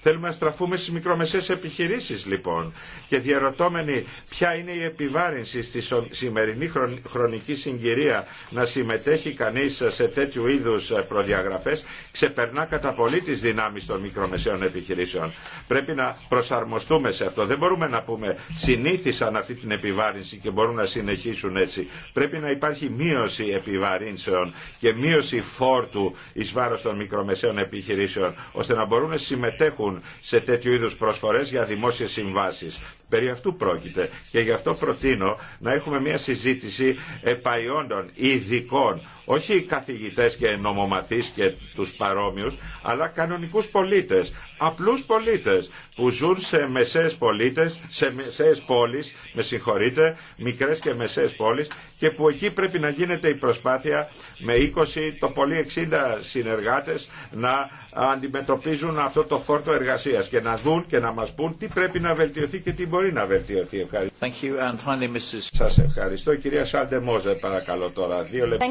Θέλουμε να στραφούμε στις μικρομεσαίες επιχειρήσεις λοιπόν και διαρωτώμενοι ποια είναι η επιβάρυνση στη σημερινή χρονική συγκυρία να συμμετέχει κανείς σε τέτοιου είδους προδιαγραφές ξεπερνά κατά πολύ τις δυνάμεις των μικρομεσαίων επιχειρήσεων. Πρέπει να προσαρμοστούμε σε αυτό. Δεν μπορούμε να πούμε συνήθισαν αυτή την επιβάρυνση και μπορούν να συνεχίσουν έτσι. Πρέπει να υπάρχει μείωση επιβαρύνσεων και μείωση φόρτου ει βάρο των μικρομεσαίων επιχειρήσεων, ώστε να μπορούν να συμμετέχουν σε τέτοιου είδου προσφορέ για δημόσιε συμβάσει. Περί αυτού πρόκειται και γι' αυτό προτείνω να έχουμε μια συζήτηση επαϊόντων, ειδικών, όχι καθηγητές και νομομαθείς και τους παρόμοιους, αλλά κανονικούς πολίτε πολίτες, απλούς πολίτες που ζουν σε μεσαίες, πολίτες, σε μεσαίες πόλεις, με συγχωρείτε, μικρές και μεσαίες πόλεις και που εκεί πρέπει να γίνεται η προσπάθεια με 20, το πολύ 60 συνεργάτες να αντιμετωπίζουν αυτό το φόρτο εργασίας και να δουν και να μας πούν τι πρέπει να βελτιωθεί και τι μπορεί να βελτιωθεί. Ευχαριστώ. ευχαριστώ. Κυρία Σάντε Μόζε, παρακαλώ τώρα. Δύο λεπτά.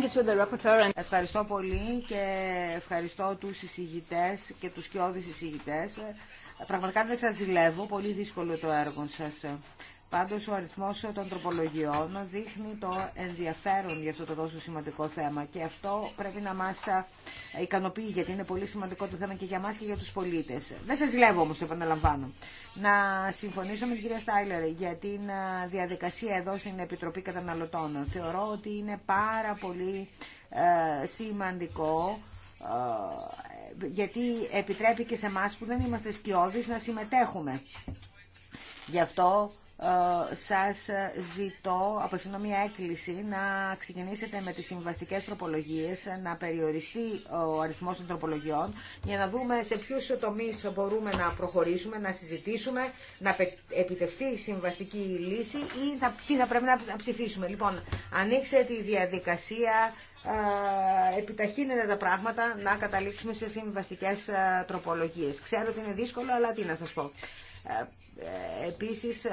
Ευχαριστώ πολύ και ευχαριστώ τους εισηγητές και τους κοιόδης εισηγητές. Πραγματικά δεν σας ζηλεύω, πολύ δύσκολο το έργο σας. Πάντως ο αριθμός των τροπολογιών δείχνει το ενδιαφέρον για αυτό το τόσο σημαντικό θέμα και αυτό πρέπει να μας ικανοποιεί γιατί είναι πολύ σημαντικό το θέμα και για μας και για τους πολίτες. Δεν σας ζηλεύω όμως, το επαναλαμβάνω. Να συμφωνήσω με την κυρία Στάιλερ για την διαδικασία εδώ στην Επιτροπή Καταναλωτών. Θεωρώ ότι είναι πάρα πολύ ε, σημαντικό ε, γιατί επιτρέπει και σε εμά που δεν είμαστε σκιώδεις να συμμετέχουμε. Γι' αυτό ε, σας ζητώ, απευθύνω μια έκκληση, να ξεκινήσετε με τις συμβαστικές τροπολογίες, να περιοριστεί ο αριθμός των τροπολογιών, για να δούμε σε ποιους τομείς μπορούμε να προχωρήσουμε, να συζητήσουμε, να επιτευχθεί η συμβαστική λύση ή θα, τι θα πρέπει να ψηφίσουμε. Λοιπόν, ανοίξτε τη διαδικασία, ε, επιταχύνετε τα πράγματα, να καταλήξουμε σε συμβαστικές ε, τροπολογίες. Ξέρω ότι είναι δύσκολο, αλλά τι να σας πω Επίσης,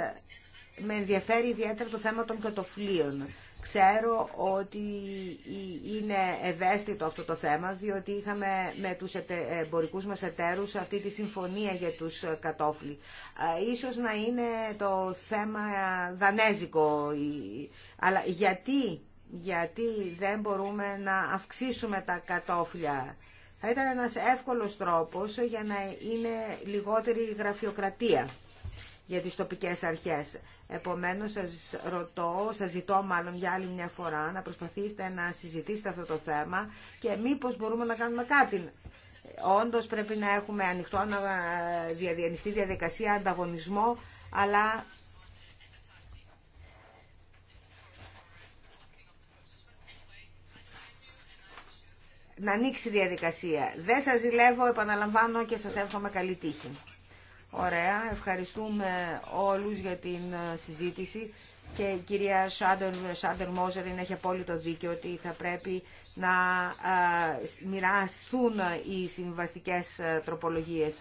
με ενδιαφέρει ιδιαίτερα το θέμα των κατοφλίων. Ξέρω ότι είναι ευαίσθητο αυτό το θέμα, διότι είχαμε με τους εμπορικούς μας εταίρους αυτή τη συμφωνία για τους κατόφλοι. Ίσως να είναι το θέμα δανέζικο, αλλά γιατί, γιατί δεν μπορούμε να αυξήσουμε τα κατόφλια. Θα ήταν ένας εύκολος τρόπος για να είναι λιγότερη γραφειοκρατία για τις τοπικές αρχές. Επομένως, σας ρωτώ, σας ζητώ μάλλον για άλλη μια φορά να προσπαθήσετε να συζητήσετε αυτό το θέμα και μήπως μπορούμε να κάνουμε κάτι. Όντως πρέπει να έχουμε ανοιχτό, ε, ανοιχτή διαδικασία, ανταγωνισμό, αλλά να ανοίξει η διαδικασία. Δεν σας ζηλεύω, επαναλαμβάνω και σας εύχομαι καλή τύχη. Ωραία, ευχαριστούμε όλους για την ε, συζήτηση και η κυρία Σάντερ, Σάντερ Μόζερ έχει απόλυτο δίκιο ότι θα πρέπει να ε, μοιραστούν οι συμβαστικές ε, τροπολογίες.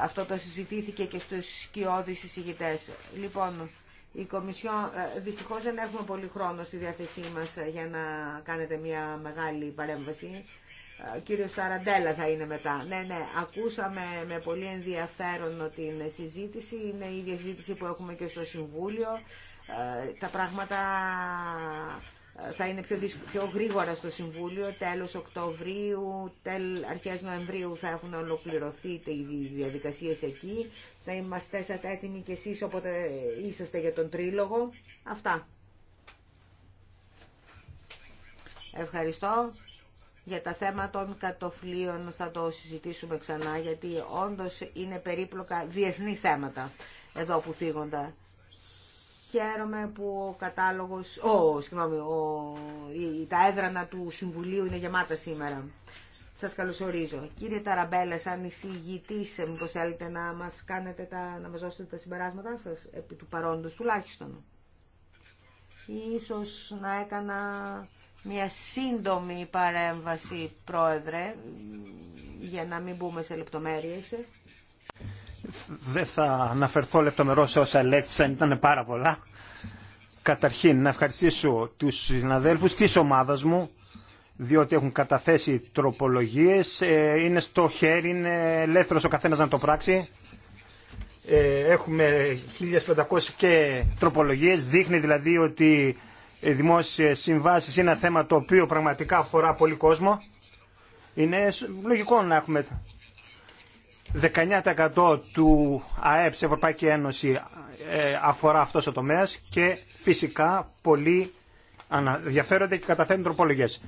Αυτό το συζητήθηκε και στους σκιώδεις συζητητές. Λοιπόν, η Κομισιόν, δυστυχώς δεν έχουμε πολύ χρόνο στη διάθεσή μας για να κάνετε μια μεγάλη παρέμβαση. Ε, ο κύριος Ταραντέλα θα είναι μετά. Ναι, ναι, ακούσαμε με πολύ ενδιαφέρον την συζήτηση. Είναι η ίδια συζήτηση που έχουμε και στο Συμβούλιο. Ε, τα πράγματα ε, θα είναι πιο, πιο γρήγορα στο Συμβούλιο. Τέλος Οκτωβρίου, τέλ, αρχές Νοεμβρίου θα έχουν ολοκληρωθεί οι διαδικασίες εκεί. Θα είμαστε έτοιμοι κι εσείς όποτε είσαστε για τον Τρίλογο. Αυτά. Ευχαριστώ. Για τα θέματα των κατοφλίων θα το συζητήσουμε ξανά, γιατί όντως είναι περίπλοκα διεθνή θέματα εδώ που θίγονται. Χαίρομαι που ο κατάλογος, ο, συγγνώμη, ο, τα έδρανα του Συμβουλίου είναι γεμάτα σήμερα. Σας καλωσορίζω. Κύριε Ταραμπέλα, σαν εισηγητής, μήπως θέλετε να μας, κάνετε τα, να μας δώσετε τα συμπεράσματά σας, επί του παρόντος τουλάχιστον. Ίσως να έκανα μια σύντομη παρέμβαση, Πρόεδρε, για να μην μπούμε σε λεπτομέρειες. Δεν θα αναφερθώ λεπτομερώς σε όσα ελέγχθησαν, ήταν πάρα πολλά. Καταρχήν, να ευχαριστήσω τους συναδέλφους της ομάδας μου, διότι έχουν καταθέσει τροπολογίες. Ε, είναι στο χέρι, είναι ελεύθερος ο καθένας να το πράξει. Ε, έχουμε 1500 και τροπολογίες, δείχνει δηλαδή ότι δημόσιες συμβάσεις είναι ένα θέμα το οποίο πραγματικά αφορά πολύ κόσμο. Είναι λογικό να έχουμε 19% του ΑΕΠ σε Ευρωπαϊκή Ένωση ε, αφορά αυτός ο τομέας και φυσικά πολλοί ενδιαφέρονται και καταθέτουν τροπολογίες.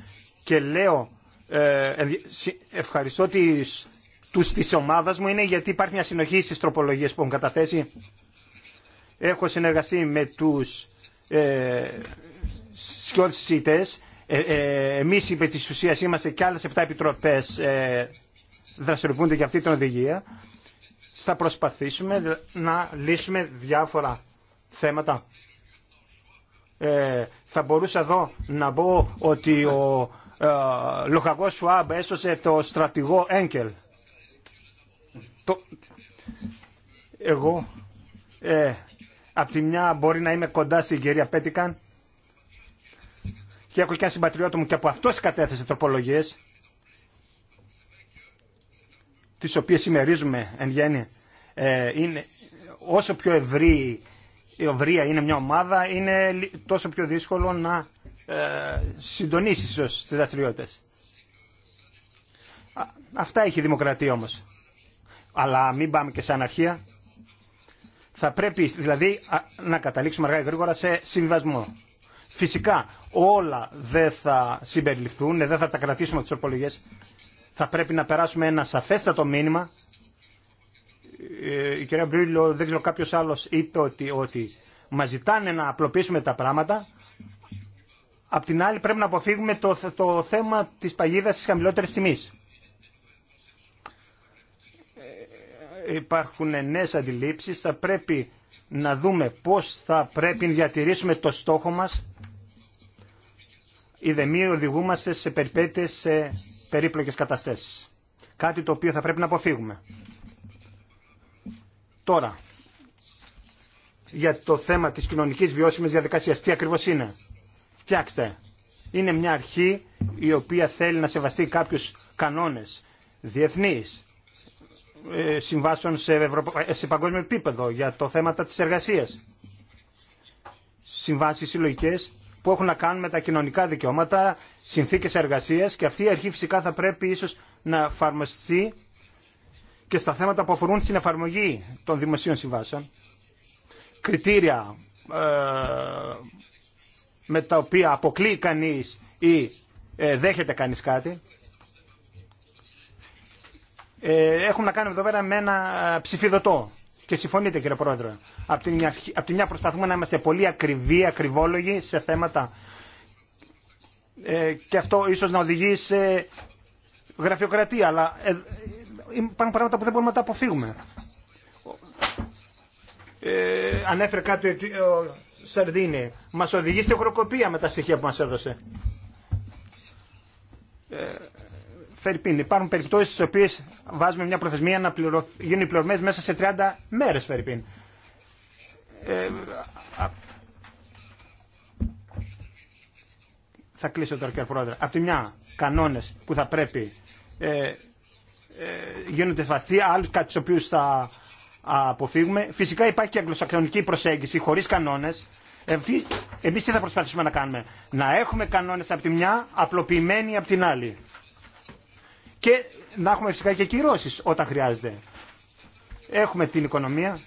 Και λέω ε, ευχαριστώ τις, τους της ομάδας μου είναι γιατί υπάρχει μια συνοχή στις τροπολογίες που έχουν καταθέσει. Έχω συνεργαστεί με τους ε, σκιώδεις συζητητές, ε, ε, εμείς υπε της ουσίας είμαστε και άλλες 7 επιτροπές ε, δραστηριοποιούνται για αυτή την οδηγία. Θα προσπαθήσουμε να λύσουμε διάφορα θέματα. Ε, θα μπορούσα εδώ να πω ότι ο ε, λοχαγός Σουάμπ έσωσε το στρατηγό Έγκελ. Το... Εγώ, ε, απ' τη μια μπορεί να είμαι κοντά στην κυρία Πέτικαν, και έχω και ένα συμπατριώτο μου και από αυτός κατέθεσε τροπολογίες τις οποίες συμμερίζουμε εν γέννη ε, είναι, όσο πιο ευρύ η ευρεία είναι μια ομάδα είναι τόσο πιο δύσκολο να ε, συντονίσει τι τις αυτά έχει η δημοκρατία όμως. Αλλά μην πάμε και σε αναρχία. Θα πρέπει δηλαδή να καταλήξουμε αργά ή γρήγορα σε συμβιβασμό. Φυσικά όλα δεν θα συμπεριληφθούν, δεν θα τα κρατήσουμε τις ορπολογίες. Θα πρέπει να περάσουμε ένα σαφέστατο μήνυμα. Ε, η κυρία Μπρίλιο, δεν ξέρω κάποιος άλλος, είπε ότι, ότι μας ζητάνε να απλοποιήσουμε τα πράγματα. Απ' την άλλη πρέπει να αποφύγουμε το, το θέμα της παγίδας της χαμηλότερης τιμής. Ε, ε, υπάρχουν νέες αντιλήψεις, θα πρέπει να δούμε πώς θα πρέπει να διατηρήσουμε το στόχο μας ή μη οδηγούμαστε σε περιπέτειες σε περίπλοκες καταστάσεις. Κάτι το οποίο θα πρέπει να αποφύγουμε. Τώρα, για το θέμα της κοινωνικής βιώσιμης διαδικασίας, τι ακριβώς είναι. Φτιάξτε. Είναι μια αρχή η οποία θέλει να σεβαστεί κάποιους κανόνες διεθνείς, ε, συμβάσεων σε, ε, σε παγκόσμιο επίπεδο για το θέμα της εργασίας. Συμβάσεις συλλογικέ που έχουν να κάνουν με τα κοινωνικά δικαιώματα, συνθήκες εργασίας και αυτή η αρχή φυσικά θα πρέπει ίσως να εφαρμοστεί και στα θέματα που αφορούν την εφαρμογή των δημοσίων συμβάσεων. Κριτήρια ε, με τα οποία αποκλεί κανείς ή δέχεται κανείς κάτι. Ε, έχουν να κάνουν εδώ πέρα με ένα ε, ψηφιδωτό. Και συμφωνείτε κύριε Πρόεδρε. Από τη, μια, τη μια προσπαθούμε να είμαστε πολύ ακριβοί, ακριβόλογοι σε θέματα ε, και αυτό ίσως να οδηγεί σε γραφειοκρατία, αλλά ε, υπάρχουν πράγματα που δεν μπορούμε να τα αποφύγουμε. ανέφερε κάτι ο Σαρδίνη. Μας οδηγεί σε χροκοπία με τα στοιχεία που μας έδωσε. Φερρυπίν, υπάρχουν περιπτώσει στι οποίε βάζουμε μια προθεσμία να πληρωθ... γίνουν οι πληρωμέ μέσα σε 30 μέρε, Φερρυπίν. Ε, θα κλείσω τώρα, κύριε Πρόεδρε. Απ' τη μια, κανόνε που θα πρέπει ε, ε, γίνονται σεβαστοί, άλλου κάτι του οποίου θα αποφύγουμε. Φυσικά υπάρχει και αγγλοσαξονική προσέγγιση χωρί κανόνε. Εμεί τι θα προσπαθήσουμε να κάνουμε, Να έχουμε κανόνε από τη μια, απλοποιημένοι από την άλλη και να έχουμε φυσικά και κυρώσει όταν χρειάζεται. Έχουμε την οικονομία,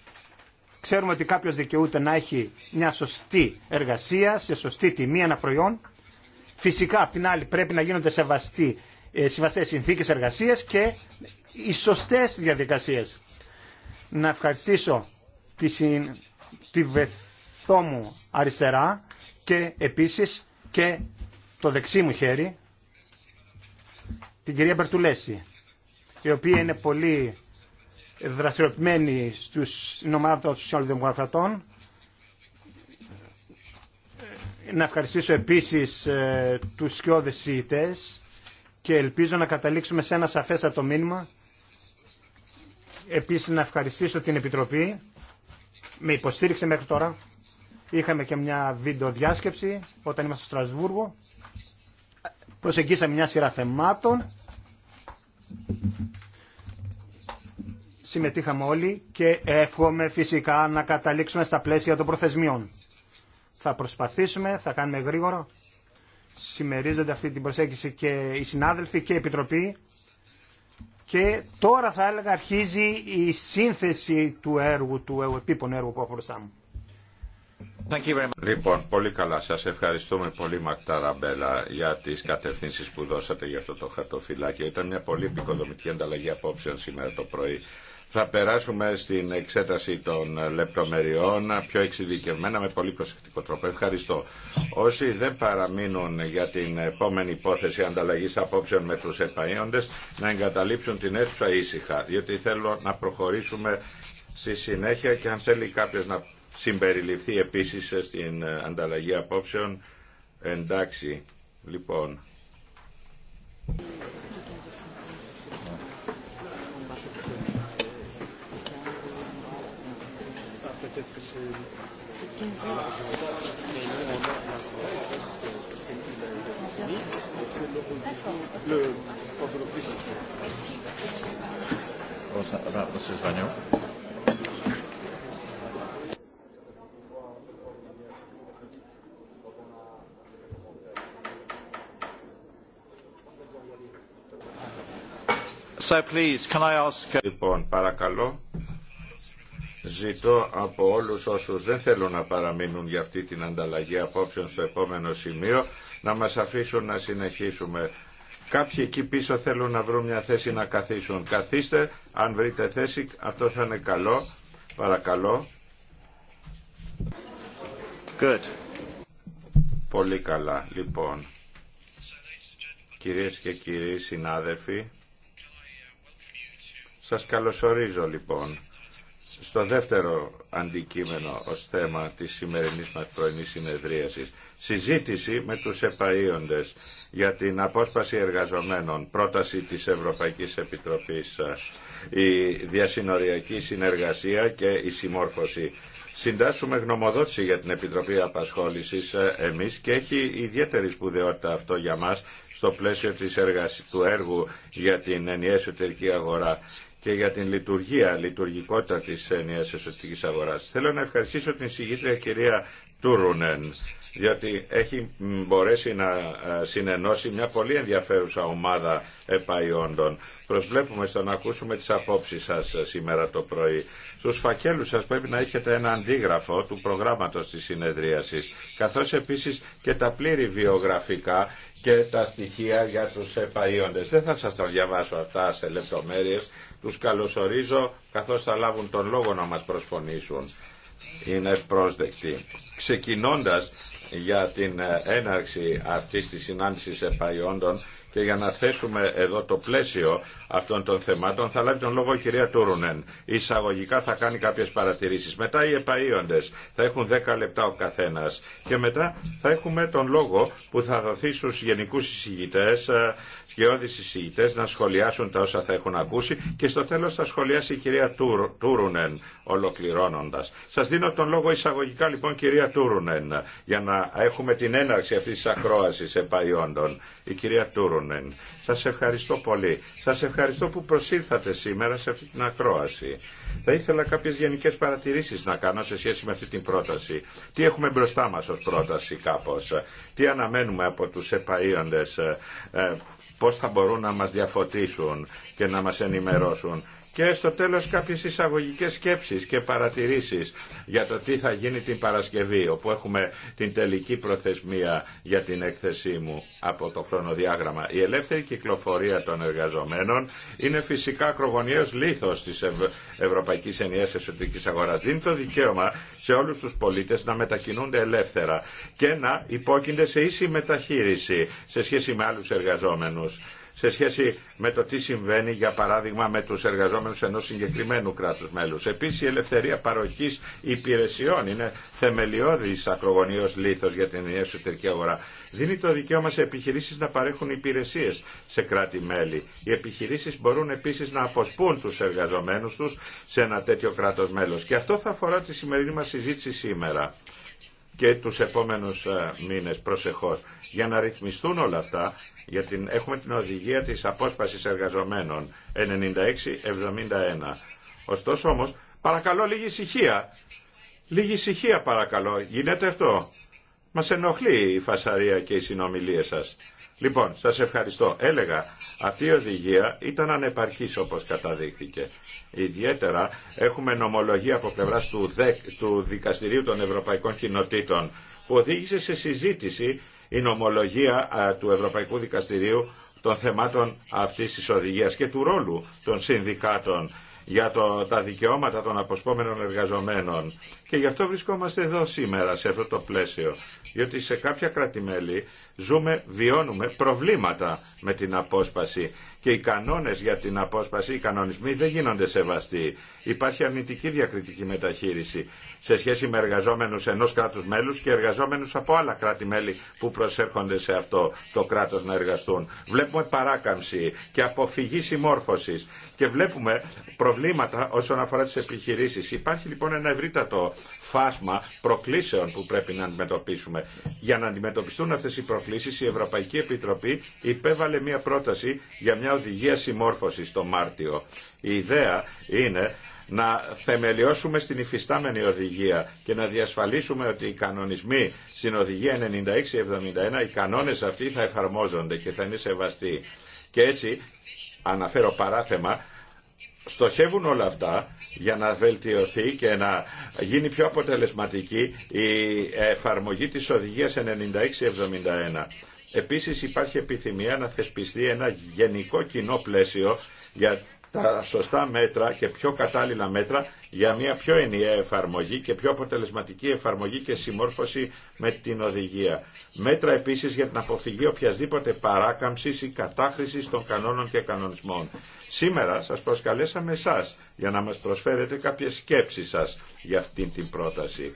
ξέρουμε ότι κάποιο δικαιούται να έχει μια σωστή εργασία, σε σωστή τιμή ένα προϊόν. Φυσικά, απ' την άλλη, πρέπει να γίνονται σεβαστοί, ε, σεβαστές συνθήκες εργασίας και οι σωστέ διαδικασίες. Να ευχαριστήσω τη, τη βεθό μου αριστερά και επίσης και το δεξί μου χέρι την κυρία Μπερτουλέση, η οποία είναι πολύ δραστηριοποιημένη στους ομάδα των Σοσιαλδημοκρατών. Ε, να ευχαριστήσω επίσης ε, τους σκιώδες και ελπίζω να καταλήξουμε σε ένα σαφέστατο μήνυμα. Επίσης να ευχαριστήσω την Επιτροπή. Με υποστήριξε μέχρι τώρα. Είχαμε και μια βίντεο διάσκεψη όταν είμαστε στο Στρασβούργο προσεγγίσαμε μια σειρά θεμάτων. Συμμετείχαμε όλοι και εύχομαι φυσικά να καταλήξουμε στα πλαίσια των προθεσμιών. Θα προσπαθήσουμε, θα κάνουμε γρήγορα. Συμμερίζονται αυτή την προσέγγιση και οι συνάδελφοι και η Επιτροπή. Και τώρα θα έλεγα αρχίζει η σύνθεση του έργου, του επίπονου έργου που έχω μπροστά Λοιπόν, πολύ καλά. σα ευχαριστούμε πολύ Μακταραμπέλα για τι κατευθύνσει που δώσατε για αυτό το χαρτοφυλάκιο. Ήταν μια πολύ επικοδομητική ανταλλαγή απόψεων σήμερα το πρωί. Θα περάσουμε στην εξέταση των λεπτομεριών πιο εξειδικευμένα με πολύ προσεκτικό τρόπο. Ευχαριστώ. Όσοι δεν παραμείνουν για την επόμενη υπόθεση ανταλλαγή απόψεων με του επαΐοντες να εγκαταλείψουν την αίθουσα ήσυχα, διότι θέλω να προχωρήσουμε στη συνέχεια και αν θέλει κάποιο να συμπεριληφθεί επίσης στην ανταλλαγή απόψεων. Εντάξει, λοιπόν. Le... Λοιπόν, παρακαλώ, ζητώ από όλους όσους δεν θέλουν να παραμείνουν για αυτή την ανταλλαγή απόψεων στο επόμενο σημείο να μας αφήσουν να συνεχίσουμε. Κάποιοι εκεί πίσω θέλουν να βρουν μια θέση να καθίσουν. Καθίστε, αν βρείτε θέση, αυτό θα είναι καλό. Παρακαλώ. Good. Πολύ καλά, λοιπόν. Κυρίες και κύριοι συνάδελφοι, σας καλωσορίζω λοιπόν στο δεύτερο αντικείμενο ως θέμα της σημερινής μας πρωινής συνεδρίασης. Συζήτηση με τους επαΐοντες για την απόσπαση εργαζομένων, πρόταση της Ευρωπαϊκής Επιτροπής, η διασυνοριακή συνεργασία και η συμμόρφωση. Συντάσσουμε γνωμοδότηση για την Επιτροπή Απασχόλησης ε, εμείς και έχει ιδιαίτερη σπουδαιότητα αυτό για μας στο πλαίσιο της του έργου για την ενιαία εσωτερική αγορά και για την λειτουργία, λειτουργικότητα της ενιαίας εσωτερική αγοράς. Θέλω να ευχαριστήσω την συγγήτρια κυρία Τούρουνεν, διότι έχει μπορέσει να ε, συνενώσει μια πολύ ενδιαφέρουσα ομάδα επαϊόντων. Προσβλέπουμε στο να ακούσουμε τις απόψεις σας σήμερα το πρωί. Στους φακέλους σας πρέπει να έχετε ένα αντίγραφο του προγράμματος της συνεδρίασης, καθώς επίσης και τα πλήρη βιογραφικά και τα στοιχεία για τους επαΐοντες. Δεν θα σας τα διαβάσω αυτά σε λεπτομέρειε. Τους καλωσορίζω καθώς θα λάβουν τον λόγο να μας προσφωνήσουν. Είναι ευπρόσδεκτοι. Ξεκινώντας για την ε, έναρξη αυτής της συνάντησης επαϊόντων και για να θέσουμε εδώ το πλαίσιο αυτών των θεμάτων. Θα λάβει τον λόγο η κυρία Τούρουνεν. Εισαγωγικά θα κάνει κάποιες παρατηρήσεις. Μετά οι επαΐοντες θα έχουν 10 λεπτά ο καθένας. Και μετά θα έχουμε τον λόγο που θα δοθεί στους γενικούς εισηγητές ε, και όλοι να σχολιάσουν τα όσα θα έχουν ακούσει και στο τέλος θα σχολιάσει η κυρία Τούρουνεν ολοκληρώνοντας. Σας δίνω τον λόγο εισαγωγικά λοιπόν κυρία Τούρουνεν για να έχουμε την έναρξη αυτής της ακρόασης επαϊόντων. Η κυρία Τούρουνεν. Σας ευχαριστώ πολύ. Σας ευχαριστώ που προσήλθατε σήμερα σε αυτή την ακρόαση. Θα ήθελα κάποιες γενικές παρατηρήσεις να κάνω σε σχέση με αυτή την πρόταση. Τι έχουμε μπροστά μας ως πρόταση κάπως. Τι αναμένουμε από τους επαΐοντες ε, πώς θα μπορούν να μας διαφωτίσουν και να μας ενημερώσουν και στο τέλος κάποιες εισαγωγικές σκέψεις και παρατηρήσεις για το τι θα γίνει την Παρασκευή, όπου έχουμε την τελική προθεσμία για την έκθεσή μου από το χρονοδιάγραμμα. Η ελεύθερη κυκλοφορία των εργαζομένων είναι φυσικά ακρογωνιαίος λίθος της Ευ... Ευρωπαϊκής Ενιαίας Εσωτικής Δίνει το δικαίωμα σε όλους τους πολίτες να μετακινούνται ελεύθερα και να υπόκεινται σε ίση μεταχείριση σε σχέση με άλλους εργαζόμενους σε σχέση με το τι συμβαίνει, για παράδειγμα, με του εργαζόμενου ενό συγκεκριμένου κράτου μέλου. Επίση, η ελευθερία παροχή υπηρεσιών είναι θεμελιώδη ακρογωνίω λήθο για την εσωτερική αγορά. Δίνει το δικαίωμα σε επιχειρήσει να παρέχουν υπηρεσίε σε κράτη-μέλη. Οι επιχειρήσει μπορούν επίση να αποσπούν του εργαζομένου του σε ένα τέτοιο κράτο μέλο. Και αυτό θα αφορά τη σημερινή μα συζήτηση σήμερα και τους επόμενους ε, μήνες προσεχώς. Για να ρυθμιστούν όλα αυτά για την, έχουμε την οδηγία της απόσπασης εργαζομένων 96-71. Ωστόσο όμως, παρακαλώ λίγη ησυχία. Λίγη ησυχία παρακαλώ. Γίνεται αυτό. Μας ενοχλεί η φασαρία και οι συνομιλίες σας. Λοιπόν, σας ευχαριστώ. Έλεγα, αυτή η οδηγία ήταν ανεπαρκής όπως καταδείχθηκε. Ιδιαίτερα έχουμε νομολογία από πλευράς του, του Δικαστηρίου των Ευρωπαϊκών Κοινοτήτων που οδήγησε σε συζήτηση η νομολογία του Ευρωπαϊκού Δικαστηρίου των θεμάτων αυτής της οδηγίας και του ρόλου των συνδικάτων για το, τα δικαιώματα των αποσπόμενων εργαζομένων. Και γι' αυτό βρισκόμαστε εδώ σήμερα, σε αυτό το πλαίσιο. Διότι σε κάποια κρατημέλη ζούμε, βιώνουμε προβλήματα με την απόσπαση και οι κανόνες για την απόσπαση, οι κανονισμοί δεν γίνονται σεβαστοί. Υπάρχει αρνητική διακριτική μεταχείριση σε σχέση με εργαζόμενους ενός κράτους μέλους και εργαζόμενους από άλλα κράτη-μέλη που προσέρχονται σε αυτό το κράτος να εργαστούν. Βλέπουμε παράκαμψη και αποφυγή συμμόρφωσης και βλέπουμε προβλήματα όσον αφορά τις επιχειρήσεις. Υπάρχει λοιπόν ένα ευρύτατο φάσμα προκλήσεων που πρέπει να αντιμετωπίσουμε. Για να αντιμετωπιστούν αυτές οι προκλήσεις η Ευρωπαϊκή Επιτροπή υπέβαλε μια πρόταση για μια οδηγία συμμόρφωσης το Μάρτιο. Η ιδέα είναι να θεμελιώσουμε στην υφιστάμενη οδηγία και να διασφαλίσουμε ότι οι κανονισμοί στην οδηγία 96-71, οι κανόνες αυτοί θα εφαρμόζονται και θα είναι σεβαστοί. Και έτσι, αναφέρω παράθεμα, στοχεύουν όλα αυτά για να βελτιωθεί και να γίνει πιο αποτελεσματική η εφαρμογή της οδηγίας 96-71. Επίσης υπάρχει επιθυμία να θεσπιστεί ένα γενικό κοινό πλαίσιο για τα σωστά μέτρα και πιο κατάλληλα μέτρα για μια πιο ενιαία εφαρμογή και πιο αποτελεσματική εφαρμογή και συμμόρφωση με την οδηγία. Μέτρα επίσης για την αποφυγή οποιασδήποτε παράκαμψης ή κατάχρησης των κανόνων και κανονισμών. Σήμερα σας προσκαλέσαμε εσά για να μας προσφέρετε κάποιες σκέψεις σας για αυτή την πρόταση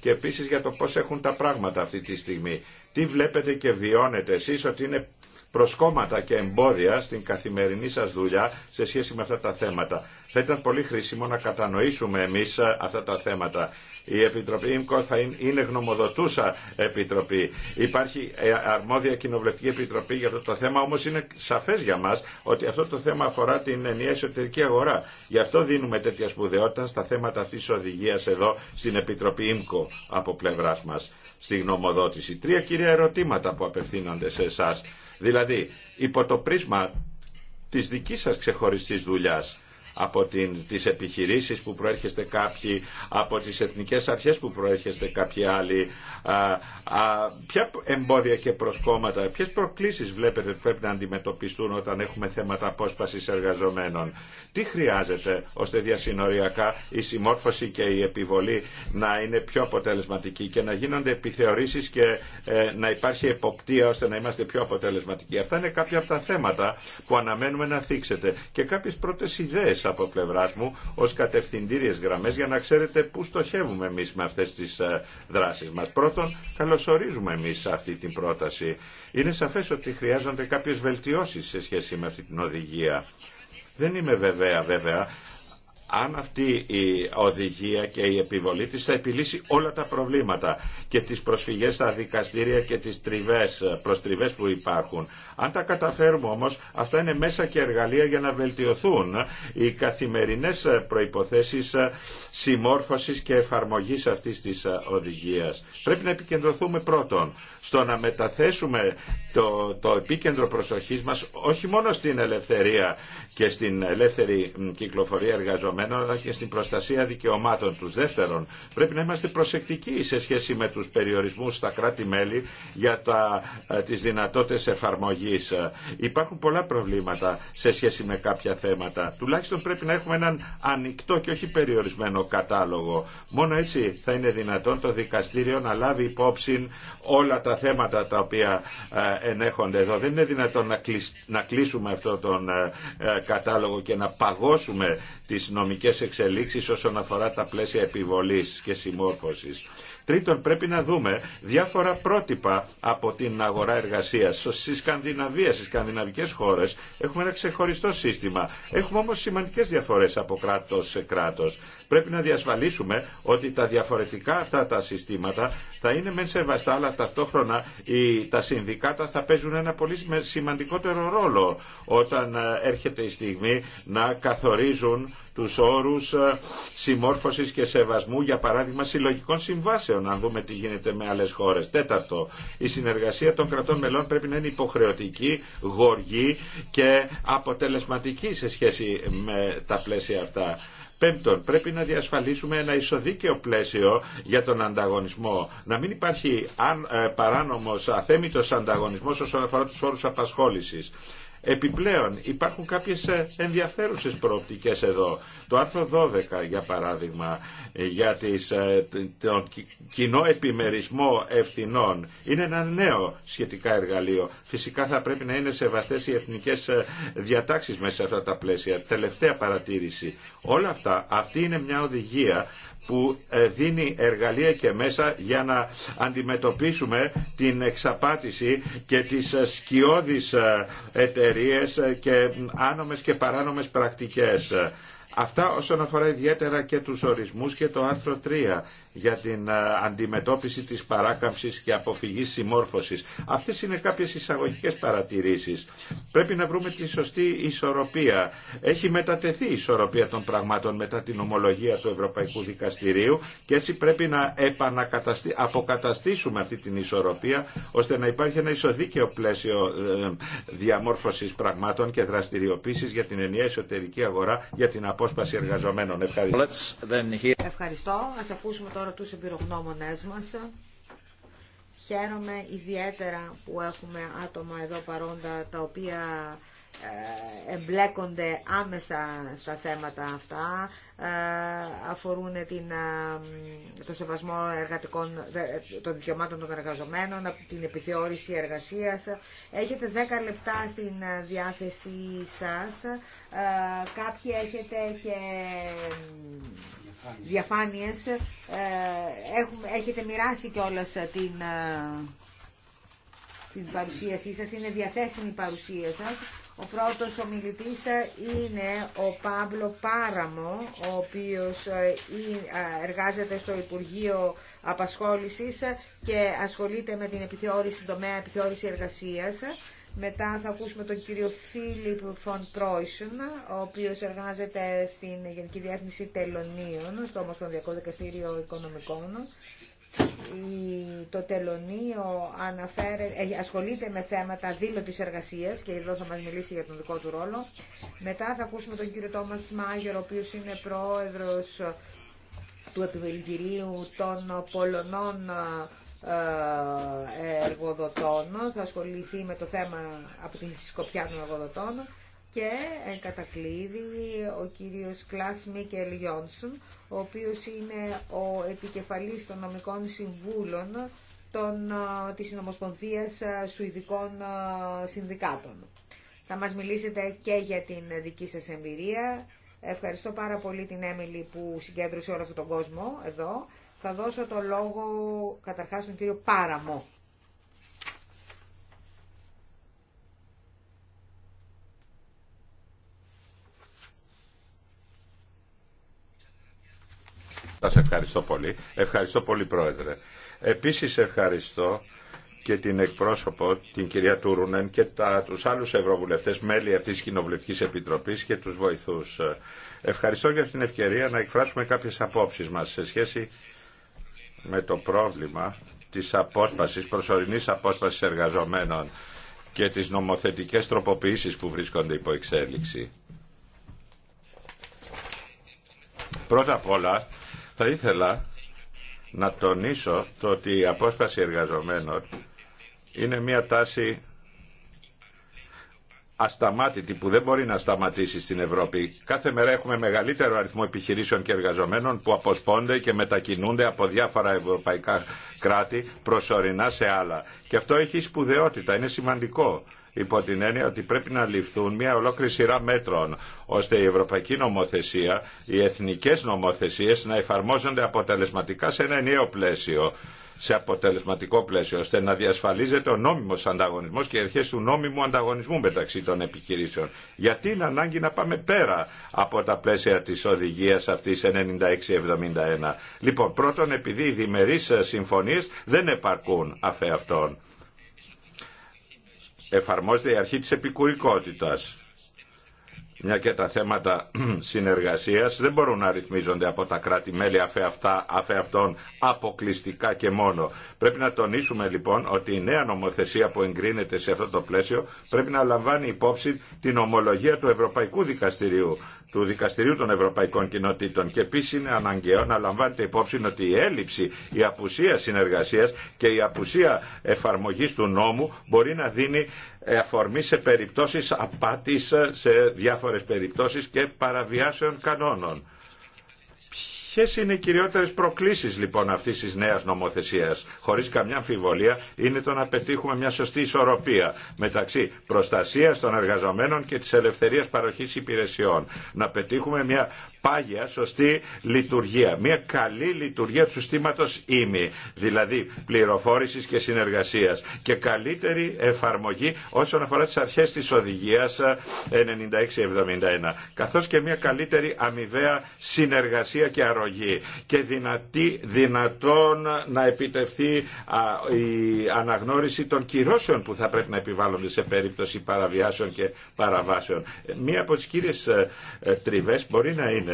και επίσης για το πώς έχουν τα πράγματα αυτή τη στιγμή τι βλέπετε και βιώνετε εσείς ότι είναι προσκόμματα και εμπόδια στην καθημερινή σας δουλειά σε σχέση με αυτά τα θέματα. Θα ήταν πολύ χρήσιμο να κατανοήσουμε εμείς ε, αυτά τα θέματα. Η Επιτροπή ΙΜΚΟ θα είναι γνωμοδοτούσα Επιτροπή. Υπάρχει ε, αρμόδια κοινοβουλευτική επιτροπή για αυτό το θέμα, όμως είναι σαφές για μας ότι αυτό το θέμα αφορά την ενιαία εσωτερική αγορά. Γι' αυτό δίνουμε τέτοια σπουδαιότητα στα θέματα αυτής της οδηγίας εδώ στην Επιτροπή ΙΜΚΟ από πλευράς μας στη γνωμοδότηση. Τρία κυρία ερωτήματα που απευθύνονται σε εσά. Δηλαδή, υπό το πρίσμα της δικής σας ξεχωριστής δουλειάς, από την, τις επιχειρήσεις που προέρχεστε κάποιοι, από τις εθνικές αρχές που προέρχεστε κάποιοι άλλοι. Α, α, ποια εμπόδια και προσκόμματα, ποιες προκλήσεις βλέπετε πρέπει να αντιμετωπιστούν όταν έχουμε θέματα απόσπασης εργαζομένων. Τι χρειάζεται ώστε διασυνοριακά η συμμόρφωση και η επιβολή να είναι πιο αποτελεσματική και να γίνονται επιθεωρήσεις και ε, να υπάρχει εποπτεία ώστε να είμαστε πιο αποτελεσματικοί. Αυτά είναι κάποια από τα θέματα που αναμένουμε να θίξετε και κάποιες πρώτες ιδέες από πλευράς μου ως κατευθυντήριες γραμμές για να ξέρετε πού στοχεύουμε εμείς με αυτές τις ε, δράσεις μας. Πρώτον, καλωσορίζουμε εμείς αυτή την πρόταση. Είναι σαφές ότι χρειάζονται κάποιες βελτιώσεις σε σχέση με αυτή την οδηγία. Δεν είμαι βεβαία βέβαια αν αυτή η οδηγία και η επιβολή της θα επιλύσει όλα τα προβλήματα και τις προσφυγές στα δικαστήρια και τις τριβές, προστριβές που υπάρχουν. Αν τα καταφέρουμε όμως, αυτά είναι μέσα και εργαλεία για να βελτιωθούν οι καθημερινές προϋποθέσεις συμμόρφωσης και εφαρμογής αυτής της οδηγίας. Πρέπει να επικεντρωθούμε πρώτον στο να μεταθέσουμε το, το επίκεντρο προσοχής μας όχι μόνο στην ελευθερία και στην ελεύθερη κυκλοφορία εργαζομένων, δεδομένων αλλά και στην προστασία δικαιωμάτων τους. Δεύτερον, πρέπει να είμαστε προσεκτικοί σε σχέση με τους περιορισμούς στα κράτη-μέλη για τα, ε, τις δυνατότητες εφαρμογής. Υπάρχουν πολλά προβλήματα σε σχέση με κάποια θέματα. Τουλάχιστον πρέπει να έχουμε έναν ανοιχτό και όχι περιορισμένο κατάλογο. Μόνο έτσι θα είναι δυνατόν το δικαστήριο να λάβει υπόψη όλα τα θέματα τα οποία ε, ενέχονται εδώ. Δεν είναι δυνατόν να κλείσουμε αυτό τον ε, κατάλογο και να παγώσουμε τις νομιμότητες οικονομικές εξελίξεις όσον αφορά τα πλαίσια επιβολής και συμμόρφωσης. Τρίτον, πρέπει να δούμε διάφορα πρότυπα από την αγορά εργασία. Στη Σκανδιναβία, στι σκανδιναβικέ χώρε, έχουμε ένα ξεχωριστό σύστημα. Έχουμε όμως σημαντικέ διαφορέ από κράτο σε κράτο. Πρέπει να διασφαλίσουμε ότι τα διαφορετικά αυτά τα συστήματα θα είναι μεν σεβαστά, αλλά ταυτόχρονα τα συνδικάτα θα παίζουν ένα πολύ σημαντικότερο ρόλο όταν ε, έρχεται η στιγμή να καθορίζουν τους όρους ε, συμμόρφωσης και σεβασμού, για παράδειγμα, συλλογικών συμβάσεων, αν δούμε τι γίνεται με άλλες χώρες. Τέταρτο, η συνεργασία των κρατών μελών πρέπει να είναι υποχρεωτική, γοργή και αποτελεσματική σε σχέση με τα πλαίσια αυτά. Πέμπτον, πρέπει να διασφαλίσουμε ένα ισοδίκαιο πλαίσιο για τον ανταγωνισμό. Να μην υπάρχει αν, ε, παράνομος, αθέμητος ανταγωνισμός όσον αφορά τους όρους απασχόλησης. Επιπλέον υπάρχουν κάποιες ε, ενδιαφέρουσες προοπτικές εδώ. Το άρθρο 12 για παράδειγμα ε, για τις, ε, τον κοινό επιμερισμό ευθυνών είναι ένα νέο σχετικά εργαλείο. Φυσικά θα πρέπει να είναι σεβαστές οι εθνικές διατάξεις μέσα σε αυτά τα πλαίσια. Τελευταία παρατήρηση. Όλα αυτά, αυτή είναι μια οδηγία που ε, δίνει εργαλεία και μέσα για να αντιμετωπίσουμε την εξαπάτηση και τις ε, σκιώδεις ε, εταιρείε και άνομες και παράνομες πρακτικές. Αυτά όσον αφορά ιδιαίτερα και τους ορισμούς και το άρθρο 3 για την ε, αντιμετώπιση της παράκαμψης και αποφυγής συμμόρφωσης. Αυτές είναι κάποιες εισαγωγικές παρατηρήσεις. Πρέπει να βρούμε τη σωστή ισορροπία. Έχει μετατεθεί η ισορροπία των πραγμάτων μετά την ομολογία του Ευρωπαϊκού Δικαστηρίου και έτσι πρέπει να αποκαταστήσουμε αυτή την ισορροπία ώστε να υπάρχει ένα ισοδίκαιο πλαίσιο ε, διαμόρφωσης πραγμάτων και δραστηριοποίησης για την ενιαία εσωτερική αγορά για την απόσπαση εργαζομένων. Ευχαριστώ. Ευχαριστώ. ακούσουμε τώρα τους εμπειρογνώμονές μας. Χαίρομαι ιδιαίτερα που έχουμε άτομα εδώ παρόντα τα οποία ε, εμπλέκονται άμεσα στα θέματα αυτά, ε, αφορούν την, ε, το σεβασμό εργατικών, των δικαιωμάτων των εργαζομένων, την επιθεώρηση εργασίας. Έχετε 10 λεπτά στην διάθεσή σας. Κάποιοι έχετε και διαφάνειες. Ε, Έχουμε, έχετε μοιράσει κιόλα ε, την, ε, την παρουσίασή σας, είναι διαθέσιμη η παρουσία σας. Ο πρώτος ομιλητής είναι ο Παύλο Πάραμο, ο οποίος εργάζεται στο Υπουργείο Απασχόλησης και ασχολείται με την επιθεώρηση, τομέα επιθεώρηση εργασίας μετά θα ακούσουμε τον κύριο Φίλιπ Φον Τρόισεν, ο οποίος εργάζεται στην Γενική Διεύθυνση Τελωνίων, στο Ομοσπονδιακό Δικαστήριο Οικονομικών. Το Τελωνίο αναφέρε, ε, ασχολείται με θέματα δήλωτης εργασίας και εδώ θα μας μιλήσει για τον δικό του ρόλο. Μετά θα ακούσουμε τον κύριο Τόμας Μάγερ, ο οποίος είναι πρόεδρος του επιμελητηρίου των Πολωνών ε, εργοδοτών, θα ασχοληθεί με το θέμα από την σκοπιά των εργοδοτών και κατακλείδη ο κύριος Κλάς Μίκελ Γιόνσον, ο οποίος είναι ο επικεφαλής των νομικών συμβούλων των, ε, της Συνομοσπονδίας ε, Σουηδικών Συνδικάτων. Θα μας μιλήσετε και για την δική σας εμπειρία. Ευχαριστώ πάρα πολύ την Έμιλη που συγκέντρωσε όλο αυτόν τον κόσμο εδώ. Θα δώσω το λόγο καταρχάς στον κύριο Πάραμο. Σας ευχαριστώ πολύ. Ευχαριστώ πολύ Πρόεδρε. Επίσης ευχαριστώ και την εκπρόσωπο, την κυρία Τούρουνεν και τα, τους άλλους ευρωβουλευτές, μέλη αυτής της Κοινοβουλευτικής Επιτροπής και τους βοηθούς. Ευχαριστώ για την ευκαιρία να εκφράσουμε κάποιες απόψεις μας σε σχέση με το πρόβλημα της απόσπασης, προσωρινής απόσπασης εργαζομένων και τις νομοθετικές τροποποιήσεις που βρίσκονται υπό εξέλιξη. Πρώτα απ' όλα θα ήθελα να τονίσω το ότι η απόσπαση εργαζομένων είναι μια τάση ασταμάτητη που δεν μπορεί να σταματήσει στην Ευρώπη. Κάθε μέρα έχουμε μεγαλύτερο αριθμό επιχειρήσεων και εργαζομένων που αποσπώνται και μετακινούνται από διάφορα ευρωπαϊκά κράτη προσωρινά σε άλλα. Και αυτό έχει σπουδαιότητα, είναι σημαντικό υπό την έννοια ότι πρέπει να ληφθούν μια ολόκληρη σειρά μέτρων ώστε η ευρωπαϊκή νομοθεσία, οι εθνικές νομοθεσίες να εφαρμόζονται αποτελεσματικά σε ένα ενιαίο πλαίσιο σε αποτελεσματικό πλαίσιο, ώστε να διασφαλίζεται ο νόμιμο ανταγωνισμό και οι αρχέ του νόμιμου ανταγωνισμού μεταξύ των επιχειρήσεων. Γιατί είναι ανάγκη να πάμε πέρα από τα πλαίσια τη οδηγία αυτή 96-71. Λοιπόν, πρώτον, επειδή οι διμερεί συμφωνίε δεν επαρκούν αφ' αυτών εφαρμόζεται η αρχή της επικουρικότητας μια και τα θέματα συνεργασίας δεν μπορούν να ρυθμίζονται από τα κράτη-μέλη αφ' αυτών αποκλειστικά και μόνο. Πρέπει να τονίσουμε λοιπόν ότι η νέα νομοθεσία που εγκρίνεται σε αυτό το πλαίσιο πρέπει να λαμβάνει υπόψη την ομολογία του Ευρωπαϊκού Δικαστηρίου, του Δικαστηρίου των Ευρωπαϊκών Κοινοτήτων και επίση είναι αναγκαίο να λαμβάνεται υπόψη ότι η έλλειψη, η απουσία συνεργασίας και η απουσία εφαρμογής του νόμου μπορεί να δίνει αφορμή σε περιπτώσεις απάτης, σε διάφορες περιπτώσεις και παραβιάσεων κανόνων. Ποιε είναι οι κυριότερε προκλήσει λοιπόν αυτή τη νέα νομοθεσία, χωρί καμιά αμφιβολία, είναι το να πετύχουμε μια σωστή ισορροπία μεταξύ προστασία των εργαζομένων και τη ελευθερία παροχή υπηρεσιών. Να πετύχουμε μια πάγια, σωστή λειτουργία. Μια καλή λειτουργία του συστήματος ΙΜΗ, δηλαδή πληροφόρησης και συνεργασία και καλύτερη εφαρμογή όσον αφορά τι αρχέ τη οδηγία 96 96-71, καθώς και μια καλύτερη αμοιβαία συνεργασία και αρρωγή και δυνατή, δυνατόν να επιτευχθεί η αναγνώριση των κυρώσεων που θα πρέπει να επιβάλλονται σε περίπτωση παραβιάσεων και παραβάσεων. Ε, μία από τι κύριε ε, τριβέ μπορεί να είναι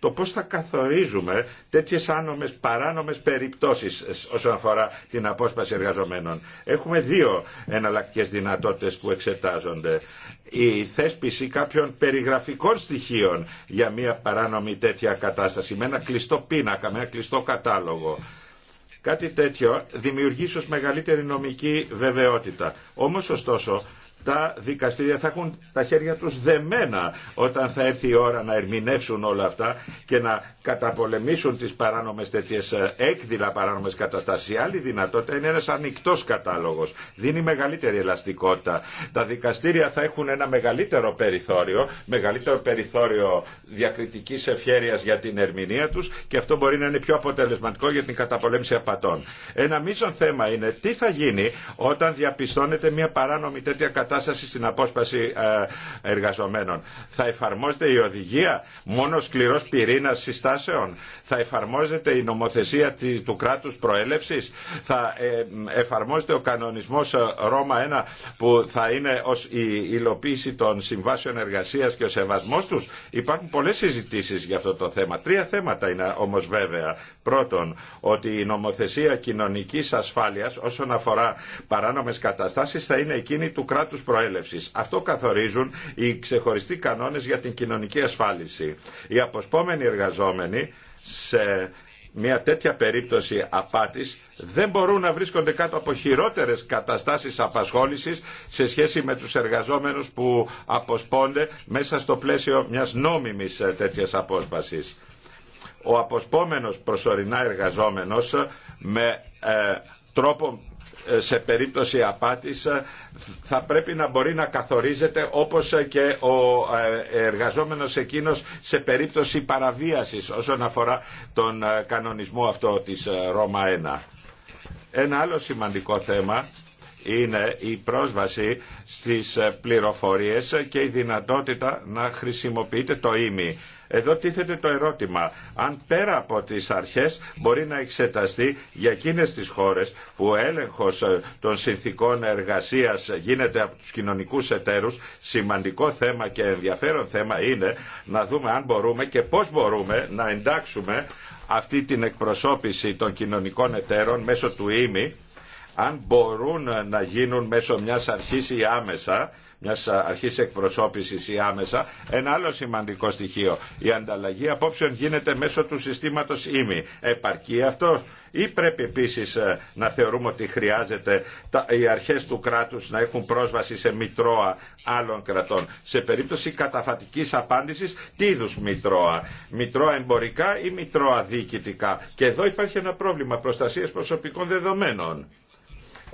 το πώς θα καθορίζουμε τέτοιες άνομες, παράνομες περιπτώσεις όσον αφορά την απόσπαση εργαζομένων. Έχουμε δύο εναλλακτικές δυνατότητες που εξετάζονται. Η θέσπιση κάποιων περιγραφικών στοιχείων για μια παράνομη τέτοια κατάσταση με ένα κλειστό πίνακα, με ένα κλειστό κατάλογο. Κάτι τέτοιο δημιουργεί ίσως μεγαλύτερη νομική βεβαιότητα. Όμως ωστόσο τα δικαστήρια θα έχουν τα χέρια τους δεμένα όταν θα έρθει η ώρα να ερμηνεύσουν όλα αυτά και να καταπολεμήσουν τις παράνομες τέτοιες ε, έκδηλα παράνομες καταστάσεις. Η άλλη δυνατότητα είναι ένας ανοιχτός κατάλογος. Δίνει μεγαλύτερη ελαστικότητα. Τα δικαστήρια θα έχουν ένα μεγαλύτερο περιθώριο, μεγαλύτερο περιθώριο διακριτικής ευχέρειας για την ερμηνεία τους και αυτό μπορεί να είναι πιο αποτελεσματικό για την καταπολέμηση απατών. Ένα μείζον θέμα είναι τι θα γίνει όταν διαπιστώνεται μια παράνομη τέτοια κατάσταση κατάσταση στην απόσπαση ε, εργαζομένων. Θα εφαρμόζεται η οδηγία μόνο σκληρό πυρήνα συστάσεων. Θα εφαρμόζεται η νομοθεσία του κράτου προέλευση. Θα ε, εφαρμόζεται ο κανονισμό ε, Ρώμα 1 που θα είναι ω η υλοποίηση των συμβάσεων εργασία και ο σεβασμό του. Υπάρχουν πολλέ συζητήσει για αυτό το θέμα. Τρία θέματα είναι όμω βέβαια. Πρώτον, ότι η νομοθεσία κοινωνική ασφάλεια όσον αφορά παράνομε καταστάσει θα είναι εκείνη του κράτου προέλευσης. Αυτό καθορίζουν οι ξεχωριστοί κανόνες για την κοινωνική ασφάλιση. Οι αποσπόμενοι εργαζόμενοι σε μια τέτοια περίπτωση απάτης δεν μπορούν να βρίσκονται κάτω από χειρότερες καταστάσεις απασχόλησης σε σχέση με τους εργαζόμενους που αποσπώνται μέσα στο πλαίσιο μιας νόμιμης τέτοιας απόσπασης. Ο αποσπόμενος προσωρινά εργαζόμενος με ε, τρόπο σε περίπτωση απάτης θα πρέπει να μπορεί να καθορίζεται όπως και ο ε, εργαζόμενος εκείνος σε περίπτωση παραβίασης όσον αφορά τον ε, κανονισμό αυτό της ε, Ρώμα 1. Ένα άλλο σημαντικό θέμα είναι η πρόσβαση στις πληροφορίες και η δυνατότητα να χρησιμοποιείται το ίμι. Εδώ τίθεται το ερώτημα αν πέρα από τις αρχές μπορεί να εξεταστεί για εκείνες τις χώρες που ο έλεγχος ε, των συνθήκων εργασίας γίνεται από τους κοινωνικούς εταίρους σημαντικό θέμα και ενδιαφέρον θέμα είναι να δούμε αν μπορούμε και πώς μπορούμε να εντάξουμε αυτή την εκπροσώπηση των κοινωνικών εταίρων μέσω του ΙΜΗ αν μπορούν να γίνουν μέσω μιας αρχής ή άμεσα μια αρχή εκπροσώπηση ή άμεσα ένα άλλο σημαντικό στοιχείο. Η ανταλλαγή απόψεων γίνεται μέσω του συστήματος ΙΜΗ. Επαρκεί αυτό ή πρέπει επίσης ε, να θεωρούμε ότι χρειάζεται οι αρχέ του κράτου να έχουν πρόσβαση σε μητρώα άλλων κρατών. Σε περίπτωση καταφατικής απάντησης, τι είδου μητρώα. Μητρώα εμπορικά ή μητρώα διοικητικά. Και εδώ υπάρχει ένα πρόβλημα προστασία προσωπικών δεδομένων.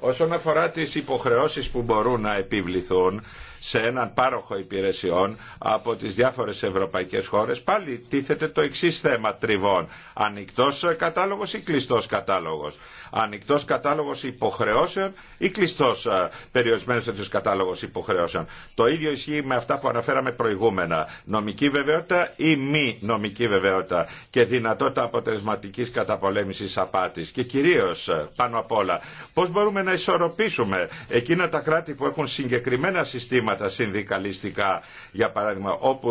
Όσον αφορά τις υποχρεώσεις που μπορούν να επιβληθούν, σε έναν πάροχο υπηρεσιών από τις διάφορες ευρωπαϊκές χώρες, πάλι τίθεται το εξή θέμα τριβών. Ανοιχτός κατάλογος ή κλειστός κατάλογος. Ανοιχτός κατάλογος υποχρεώσεων ή κλειστός ε, περιορισμένος τέτοιος κατάλογος υποχρεώσεων. Το ίδιο ισχύει με αυτά που αναφέραμε προηγούμενα. Νομική βεβαιότητα ή μη νομική βεβαιότητα και δυνατότητα αποτελεσματικής καταπολέμησης απάτης. Και κυρίως ε, πάνω απ' όλα, πώς μπορούμε να ισορροπήσουμε εκείνα τα κράτη που έχουν συγκεκριμένα συστήματα ζητήματα συνδικαλιστικά. Για παράδειγμα, όπου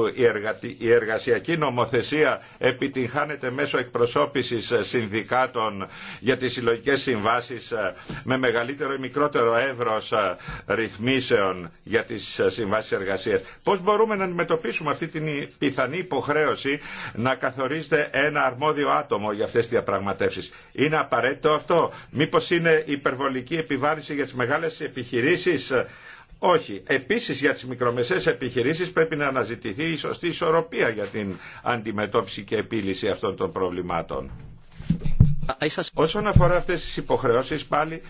η εργασιακή νομοθεσία επιτυγχάνεται μέσω εκπροσώπησης συνδικάτων για τις συλλογικέ συμβάσεις ε, με μεγαλύτερο ή μικρότερο εύρος ε, ρυθμίσεων για τις ε, συμβάσεις εργασίας. Πώς μπορούμε να αντιμετωπίσουμε αυτή την πιθανή υποχρέωση να καθορίζεται ένα αρμόδιο άτομο για αυτές τις διαπραγματεύσεις. Είναι απαραίτητο αυτό. Μήπως είναι υπερβολική επιβάρηση για τις μεγάλες επιχειρήσεις όχι. επίση για τις μικρομεσαίες επιχειρήσεις πρέπει να αναζητηθεί η σωστή ισορροπία για την αντιμετώπιση και επίλυση αυτών των προβλημάτων. Όσον αφορά αυτές τις υποχρεώσεις πάλι,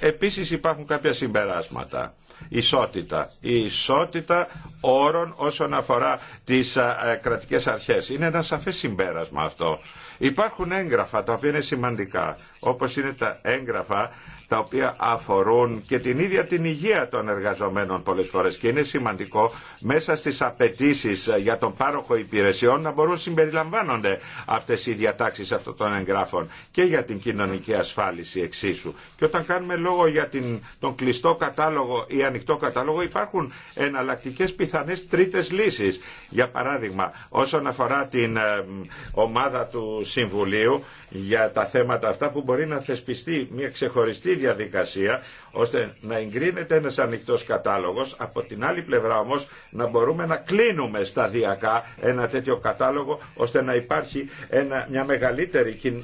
επίσης υπάρχουν κάποια συμπεράσματα. Ισότητα. Η ισότητα όρων όσον αφορά τις ε, κρατικές αρχές. Είναι ένα σαφές συμπέρασμα αυτό. Υπάρχουν έγγραφα τα οποία είναι σημαντικά, όπως είναι τα έγγραφα τα οποία αφορούν και την ίδια την υγεία των εργαζομένων πολλές φορές και είναι σημαντικό μέσα στις απαιτήσει για τον πάροχο υπηρεσιών να μπορούν συμπεριλαμβάνονται αυτές οι διατάξεις αυτών των εγγράφων και για την κοινωνική ασφάλιση εξίσου. Και όταν κάνουμε λόγο για την, τον κλειστό κατάλογο ή ανοιχτό κατάλογο υπάρχουν εναλλακτικέ πιθανές τρίτες λύσεις. Για παράδειγμα, όσον αφορά την ε, ομάδα του Συμβουλίου για τα θέματα αυτά που μπορεί να θεσπιστεί μια ξεχωριστή διαδικασία ώστε να εγκρίνεται ένας ανοιχτός κατάλογος, από την άλλη πλευρά όμως να μπορούμε να κλείνουμε σταδιακά ένα τέτοιο κατάλογο ώστε να υπάρχει ένα, μια μεγαλύτερη ε,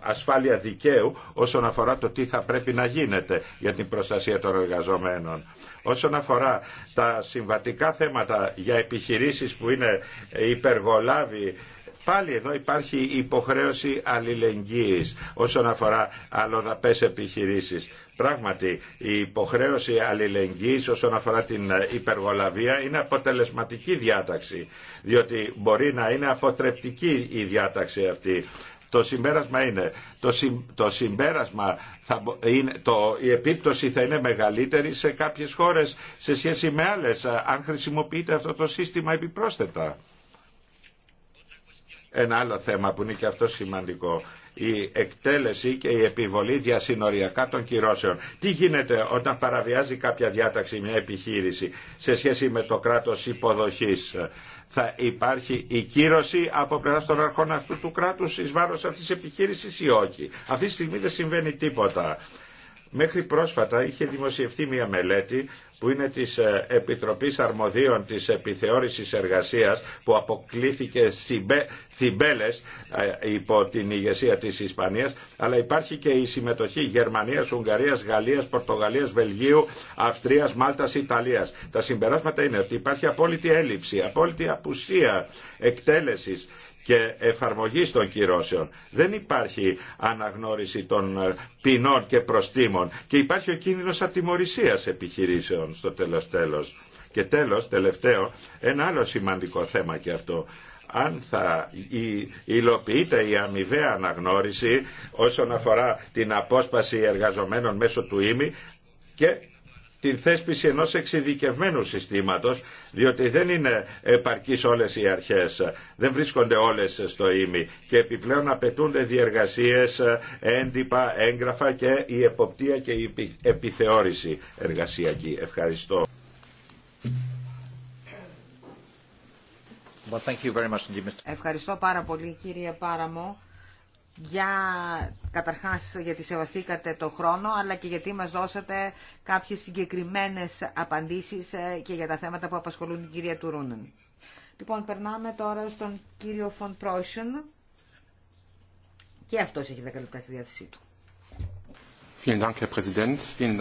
ασφάλεια δικαίου όσον αφορά το τι θα πρέπει να γίνεται για την προστασία των εργαζομένων. Όσον αφορά τα συμβατικά θέματα για επιχειρήσεις που είναι υπεργολάβοι Πάλι εδώ υπάρχει υποχρέωση αλληλεγγύης όσον αφορά αλλοδαπές επιχειρήσεις. Πράγματι, η υποχρέωση αλληλεγγύης όσον αφορά την υπεργολαβία είναι αποτελεσματική διάταξη, διότι μπορεί να είναι αποτρεπτική η διάταξη αυτή. Το συμπέρασμα είναι, το, συμπέρασμα θα, είναι, το, η επίπτωση θα είναι μεγαλύτερη σε κάποιες χώρες σε σχέση με άλλες, αν χρησιμοποιείται αυτό το σύστημα επιπρόσθετα ένα άλλο θέμα που είναι και αυτό σημαντικό η εκτέλεση και η επιβολή διασυνοριακά των κυρώσεων. Τι γίνεται όταν παραβιάζει κάποια διάταξη μια επιχείρηση σε σχέση με το κράτος υποδοχής. Θα υπάρχει η κύρωση από πλευρά των αρχών αυτού του κράτους εις βάρος αυτής της επιχείρησης ή όχι. Αυτή τη στιγμή δεν συμβαίνει τίποτα. Μέχρι πρόσφατα είχε δημοσιευθεί μια μελέτη που είναι της ε, Επιτροπής Αρμοδίων της Επιθεώρησης Εργασίας που αποκλήθηκε θυμπέλες ε, υπό την ηγεσία της Ισπανίας αλλά υπάρχει και η συμμετοχή Γερμανίας, Ουγγαρίας, Γαλλίας, Πορτογαλίας, Βελγίου, Αυστρίας, Μάλτας, Ιταλίας. Τα συμπεράσματα είναι ότι υπάρχει απόλυτη έλλειψη, απόλυτη απουσία εκτέλεσης και εφαρμογή των κυρώσεων. Δεν υπάρχει αναγνώριση των ε, ποινών και προστήμων και υπάρχει ο κίνδυνος ατιμορρησίας επιχειρήσεων στο τέλος τέλος. Και τέλος, τελευταίο, ένα άλλο σημαντικό θέμα και αυτό αν θα υλοποιείται η αμοιβαία αναγνώριση όσον αφορά την απόσπαση εργαζομένων μέσω του ΙΜΗ και την θέσπιση ενός εξειδικευμένου συστήματος διότι δεν είναι επαρκείς όλες οι αρχές, δεν βρίσκονται όλες στο ίμι και επιπλέον απαιτούνται διεργασίες, έντυπα, έγγραφα και η εποπτεία και η επιθεώρηση εργασιακή. Ευχαριστώ. thank you very much Mr. Ευχαριστώ πάρα πολύ κύριε Πάραμο για, καταρχάς γιατί σεβαστήκατε το χρόνο, αλλά και γιατί μας δώσατε κάποιες συγκεκριμένες απαντήσεις ε, και για τα θέματα που απασχολούν την κυρία Τουρούνεν. Λοιπόν, περνάμε τώρα στον κύριο Φον Πρόσιον και αυτός έχει 10 στη διάθεσή του.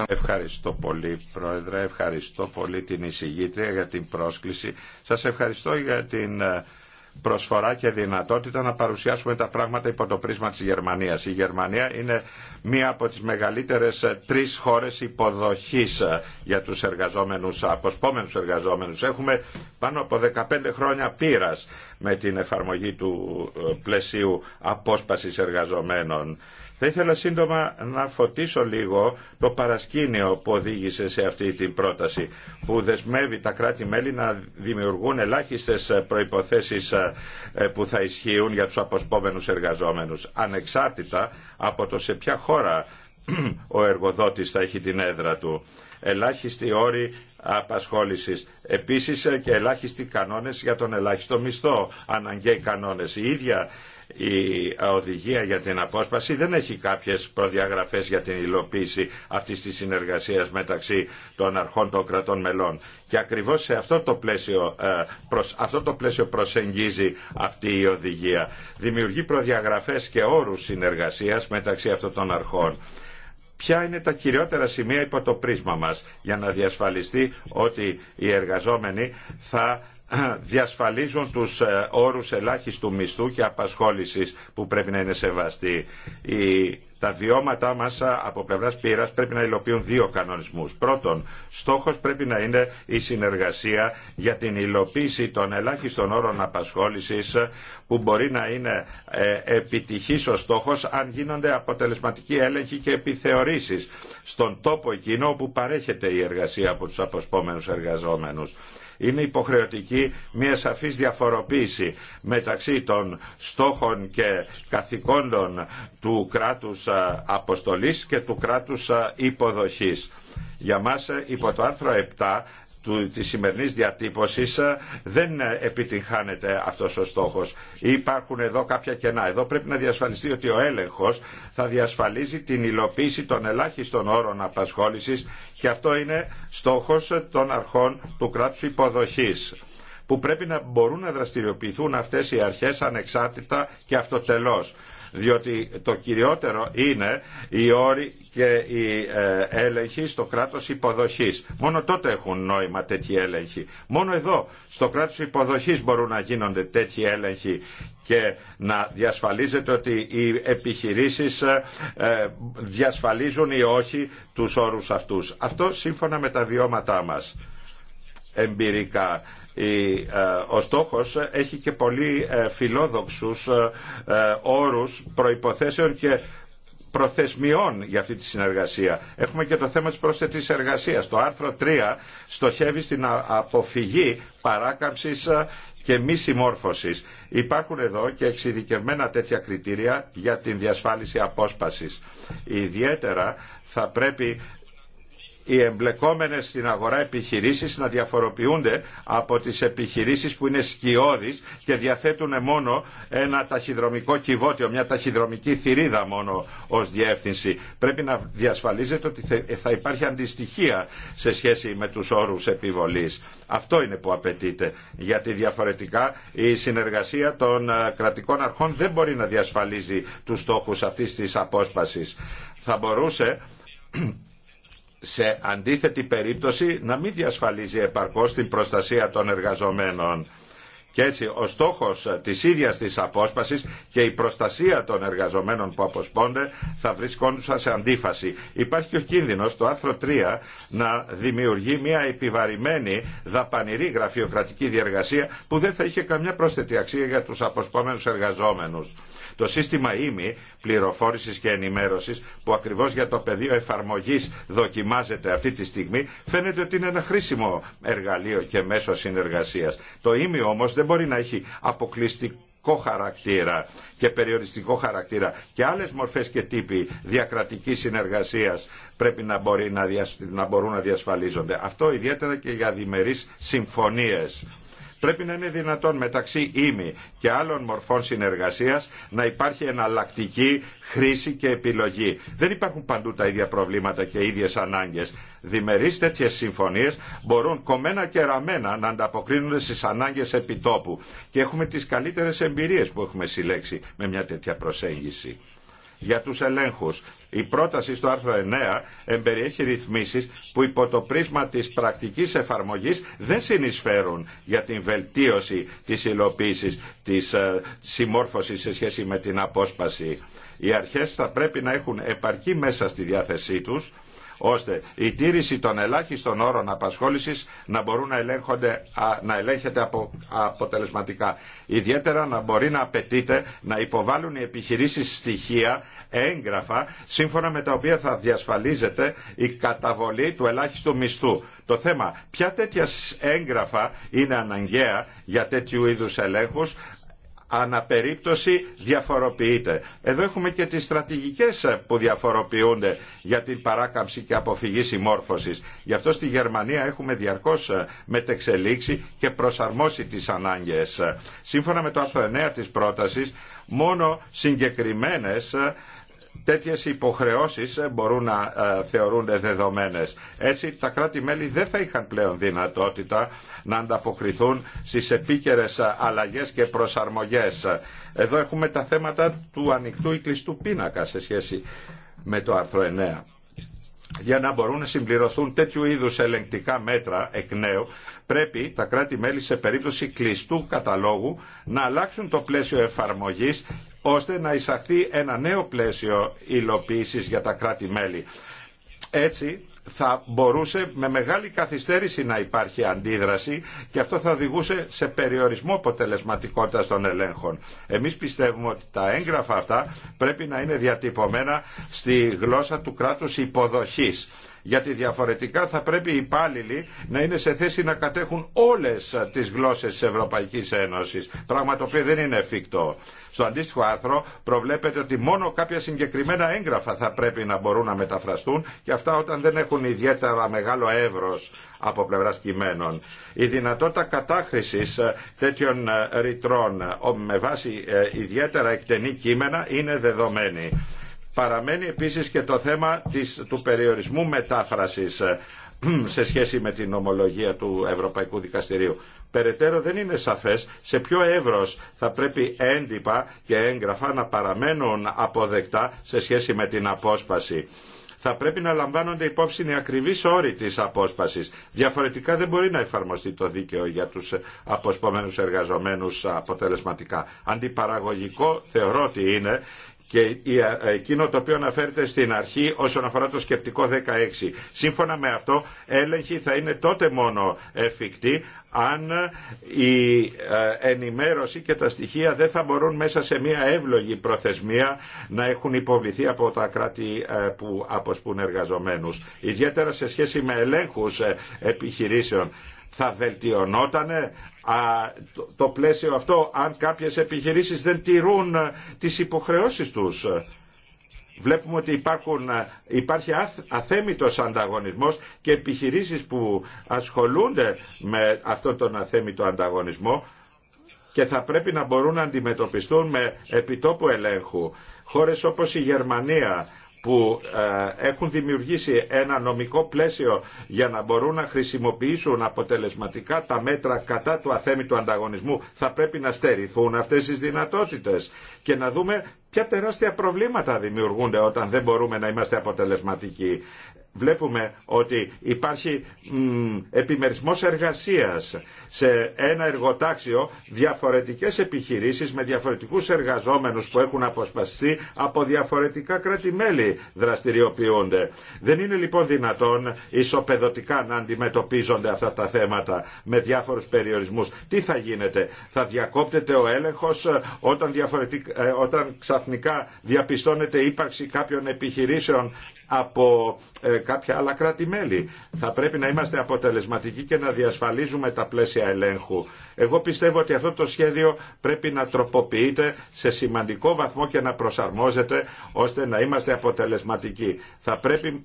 Ευχαριστώ πολύ Πρόεδρε, ευχαριστώ πολύ την εισηγήτρια για την πρόσκληση. Σας ευχαριστώ για την ε, προσφορά και δυνατότητα να παρουσιάσουμε τα πράγματα υπό το πρίσμα της Γερμανίας. Η Γερμανία είναι μία από τις μεγαλύτερες τρεις χώρες υποδοχής για τους εργαζόμενους, αποσπόμενους εργαζόμενους. Έχουμε πάνω από 15 χρόνια πείρας με την εφαρμογή του ε, πλαισίου απόσπασης εργαζομένων. Θα ήθελα σύντομα να φωτίσω λίγο το παρασκήνιο που οδήγησε σε αυτή την πρόταση που δεσμεύει τα κράτη-μέλη να δημιουργούν ελάχιστες προϋποθέσεις ε, που θα ισχύουν για τους αποσπόμενους εργαζόμενους ανεξάρτητα από το σε ποια χώρα ο εργοδότης θα έχει την έδρα του. Ελάχιστοι όροι απασχόλησης. Επίσης ε, και ελάχιστοι κανόνες για τον ελάχιστο μισθό, αναγκαίοι κανόνες. Η ίδια η οδηγία για την απόσπαση δεν έχει κάποιες προδιαγραφές για την υλοποίηση αυτής της συνεργασίας μεταξύ των αρχών των κρατών μελών. Και ακριβώς σε αυτό το πλαίσιο, ε, αυτό το πλαίσιο προσεγγίζει αυτή η οδηγία. Δημιουργεί προδιαγραφές και όρους συνεργασίας μεταξύ αυτών των αρχών. Ποια είναι τα κυριότερα σημεία υπό το πρίσμα μας για να διασφαλιστεί ότι οι εργαζόμενοι θα διασφαλίζουν τους ε, όρους ελάχιστου μισθού και απασχόλησης που πρέπει να είναι σεβαστοί. Τα βιώματά μα από πλευρά πείρα πρέπει να υλοποιούν δύο κανονισμού. Πρώτον, στόχο πρέπει να είναι η συνεργασία για την υλοποίηση των ελάχιστων όρων απασχόληση που μπορεί να είναι ε, επιτυχής ο στόχος αν γίνονται αποτελεσματικοί έλεγχοι και επιθεωρήσεις στον τόπο εκείνο όπου παρέχεται η εργασία από τους αποσπόμενους εργαζόμενους είναι υποχρεωτική μια σαφής διαφοροποίηση μεταξύ των στόχων και καθηκόντων του κράτους αποστολής και του κράτους υποδοχής. Για μας ε, υπό το άρθρο 7 του, της σημερινής διατύπωσης ε, δεν ε, επιτυγχάνεται αυτός ο στόχος. Υπάρχουν εδώ κάποια κενά. Εδώ πρέπει να διασφαλιστεί ότι ο έλεγχος θα διασφαλίζει την υλοποίηση των ελάχιστων όρων απασχόλησης και αυτό είναι στόχος των αρχών του κράτους υποδοχής που πρέπει να μπορούν να δραστηριοποιηθούν αυτές οι αρχές ανεξάρτητα και αυτοτελώς διότι το κυριότερο είναι οι όροι και οι ε, έλεγχοι στο κράτος υποδοχής. Μόνο τότε έχουν νόημα τέτοιοι έλεγχοι. Μόνο εδώ στο κράτος υποδοχής μπορούν να γίνονται τέτοιοι έλεγχοι και να διασφαλίζεται ότι οι επιχειρήσεις ε, ε, διασφαλίζουν ή όχι τους όρους αυτούς. Αυτό σύμφωνα με τα βιώματά μας εμπειρικά. Ε, ο στόχος έχει και πολύ ε, φιλόδοξους ε, όρους προϋποθέσεων και προθεσμιών για αυτή τη συνεργασία. Έχουμε και το θέμα της πρόσθετης εργασίας. Το άρθρο 3 στοχεύει στην αποφυγή παράκαμψης και μη συμμόρφωσης. Υπάρχουν εδώ και εξειδικευμένα τέτοια κριτήρια για την διασφάλιση απόσπασης. Ιδιαίτερα θα πρέπει οι εμπλεκόμενες στην αγορά επιχειρήσεις να διαφοροποιούνται από τις επιχειρήσεις που είναι σκιώδεις και διαθέτουν μόνο ένα ταχυδρομικό κυβότιο, μια ταχυδρομική θηρίδα μόνο ως διεύθυνση. Πρέπει να διασφαλίζεται ότι θα υπάρχει αντιστοιχεία σε σχέση με τους όρους επιβολής. Αυτό είναι που απαιτείται, γιατί διαφορετικά η συνεργασία των ε, κρατικών αρχών δεν μπορεί να διασφαλίζει τους στόχους αυτής της απόσπασης. Θα μπορούσε σε αντίθετη περίπτωση να μην διασφαλίζει επαρκώς την προστασία των εργαζομένων. Και έτσι ο στόχος της ίδιας της απόσπασης και η προστασία των εργαζομένων που αποσπώνται θα βρισκόντουσαν σε αντίφαση. Υπάρχει και ο κίνδυνος το άρθρο 3 να δημιουργεί μια επιβαρημένη δαπανηρή γραφειοκρατική διεργασία που δεν θα είχε καμιά πρόσθετη αξία για τους αποσπόμενου εργαζόμενους. Το σύστημα ΙΜΗ πληροφόρησης και ενημέρωσης που ακριβώς για το πεδίο εφαρμογής δοκιμάζεται αυτή τη στιγμή φαίνεται ότι είναι ένα χρήσιμο εργαλείο και μέσο συνεργασίας. Το ΙΜΗ όμως δεν μπορεί να έχει αποκλειστικό χαρακτήρα και περιοριστικό χαρακτήρα και άλλες μορφές και τύποι διακρατικής συνεργασίας πρέπει να, μπορεί να, να μπορούν να διασφαλίζονται. Αυτό ιδιαίτερα και για διμερείς συμφωνίες Πρέπει να είναι δυνατόν μεταξύ ήμι και άλλων μορφών συνεργασίας να υπάρχει εναλλακτική χρήση και επιλογή. Δεν υπάρχουν παντού τα ίδια προβλήματα και ίδιες ανάγκες. Διμερείς τέτοιες συμφωνίες μπορούν κομμένα και ραμμένα να ανταποκρίνονται στις ανάγκες επιτόπου και έχουμε τις καλύτερες εμπειρίες που έχουμε συλλέξει με μια τέτοια προσέγγιση για τους ελέγχους. Η πρόταση στο άρθρο 9 εμπεριέχει ρυθμίσεις που υπό το πρίσμα της πρακτικής εφαρμογής δεν συνεισφέρουν για την βελτίωση της υλοποίησης της ε, συμμόρφωσης σε σχέση με την απόσπαση. Οι αρχές θα πρέπει να έχουν επαρκή μέσα στη διάθεσή τους ώστε η τήρηση των ελάχιστων όρων απασχόληση να μπορούν να, ελέγχονται, να ελέγχεται απο, αποτελεσματικά. Ιδιαίτερα να μπορεί να απαιτείται να υποβάλουν οι επιχειρήσει στοιχεία, έγγραφα, σύμφωνα με τα οποία θα διασφαλίζεται η καταβολή του ελάχιστου μισθού. Το θέμα, ποια τέτοια έγγραφα είναι αναγκαία για τέτοιου είδους ελέγχους, αναπερίπτωση διαφοροποιείται. Εδώ έχουμε και τις στρατηγικές που διαφοροποιούνται για την παράκαμψη και αποφυγή συμμόρφωσης. Γι' αυτό στη Γερμανία έχουμε διαρκώς μετεξελίξει και προσαρμόσει τις ανάγκες. Σύμφωνα με το άρθρο 9 της πρότασης, μόνο συγκεκριμένες τέτοιες υποχρεώσεις ε, μπορούν να ε, θεωρούνται δεδομένες. Έτσι τα κράτη-μέλη δεν θα είχαν πλέον δυνατότητα να ανταποκριθούν στις επίκαιρες ε, αλλαγές και προσαρμογές. Εδώ έχουμε τα θέματα του ανοιχτού ή κλειστού πίνακα σε σχέση με το άρθρο 9 για να μπορούν να συμπληρωθούν τέτοιου είδους ελεγκτικά μέτρα εκ νέου, πρέπει τα κράτη-μέλη σε περίπτωση κλειστού καταλόγου να αλλάξουν το πλαίσιο εφαρμογής ώστε να εισαχθεί ένα νέο πλαίσιο υλοποίηση για τα κράτη-μέλη. Έτσι θα μπορούσε με μεγάλη καθυστέρηση να υπάρχει αντίδραση και αυτό θα οδηγούσε σε περιορισμό αποτελεσματικότητας των ελέγχων. Εμείς πιστεύουμε ότι τα έγγραφα αυτά πρέπει να είναι διατυπωμένα στη γλώσσα του κράτους υποδοχής γιατί διαφορετικά θα πρέπει οι υπάλληλοι να είναι σε θέση να κατέχουν όλες τις γλώσσες της Ευρωπαϊκής Ένωσης, πράγμα το οποίο δεν είναι εφικτό. Στο αντίστοιχο άρθρο προβλέπεται ότι μόνο κάποια συγκεκριμένα έγγραφα θα πρέπει να μπορούν να μεταφραστούν και αυτά όταν δεν έχουν ιδιαίτερα μεγάλο εύρος από πλευρά κειμένων. Η δυνατότητα κατάχρηση ε, τέτοιων ε, ρητρών ε, με βάση ιδιαίτερα εκτενή κείμενα είναι δεδομένη. Παραμένει επίσης και το θέμα της, του περιορισμού μετάφρασης ε, σε σχέση με την ομολογία του Ευρωπαϊκού Δικαστηρίου. Περαιτέρω δεν είναι σαφές σε ποιο εύρος θα πρέπει έντυπα και έγγραφα να παραμένουν αποδεκτά σε σχέση με την απόσπαση θα πρέπει να λαμβάνονται υπόψη οι ακριβείς όροι της απόσπασης. Διαφορετικά δεν μπορεί να εφαρμοστεί το δίκαιο για τους αποσπωμένους εργαζομένους αποτελεσματικά. Αντιπαραγωγικό θεωρώ ότι είναι και ε, εκείνο το οποίο αναφέρεται στην αρχή όσον αφορά το σκεπτικό 16. Σύμφωνα με αυτό, έλεγχοι θα είναι τότε μόνο εφικτοί αν η ε, ενημέρωση και τα στοιχεία δεν θα μπορούν μέσα σε μια εύλογη προθεσμία να έχουν υποβληθεί από τα κράτη ε, που αποσπούν εργαζομένους. Ιδιαίτερα σε σχέση με ελέγχους ε, επιχειρήσεων θα βελτιωνότανε το πλαίσιο αυτό αν κάποιες επιχειρήσεις δεν τηρούν τις υποχρεώσεις τους βλέπουμε ότι υπάρχουν, ε, υπάρχει αθέμητος ανταγωνισμός και επιχειρήσεις που ασχολούνται με αυτόν τον αθέμητο ανταγωνισμό και θα πρέπει να μπορούν να αντιμετωπιστούν με επιτόπου ελέγχου. Χώρες όπως η Γερμανία που ε, έχουν δημιουργήσει ένα νομικό πλαίσιο για να μπορούν να χρησιμοποιήσουν αποτελεσματικά τα μέτρα κατά του του ανταγωνισμού θα πρέπει να στερηθούν αυτές τις δυνατότητες και να δούμε ποια τεράστια προβλήματα δημιουργούνται όταν δεν μπορούμε να είμαστε αποτελεσματικοί βλέπουμε ότι υπάρχει μ, επιμερισμός εργασίας σε ένα εργοτάξιο διαφορετικές επιχειρήσεις με διαφορετικούς εργαζόμενους που έχουν αποσπαστεί από διαφορετικά κράτη-μέλη δραστηριοποιούνται. Δεν είναι λοιπόν δυνατόν ισοπεδωτικά να αντιμετωπίζονται αυτά τα θέματα με διάφορους περιορισμούς. Τι θα γίνεται, θα διακόπτεται ο έλεγχος ε, όταν, ε, όταν ξαφνικά διαπιστώνεται ύπαρξη κάποιων επιχειρήσεων από ε, κάποια άλλα κράτη-μέλη. Θα πρέπει να είμαστε αποτελεσματικοί και να διασφαλίζουμε τα πλαίσια ελέγχου εγώ πιστεύω ότι αυτό το σχέδιο πρέπει να τροποποιείται σε σημαντικό βαθμό και να προσαρμόζεται ώστε να είμαστε αποτελεσματικοί. Θα πρέπει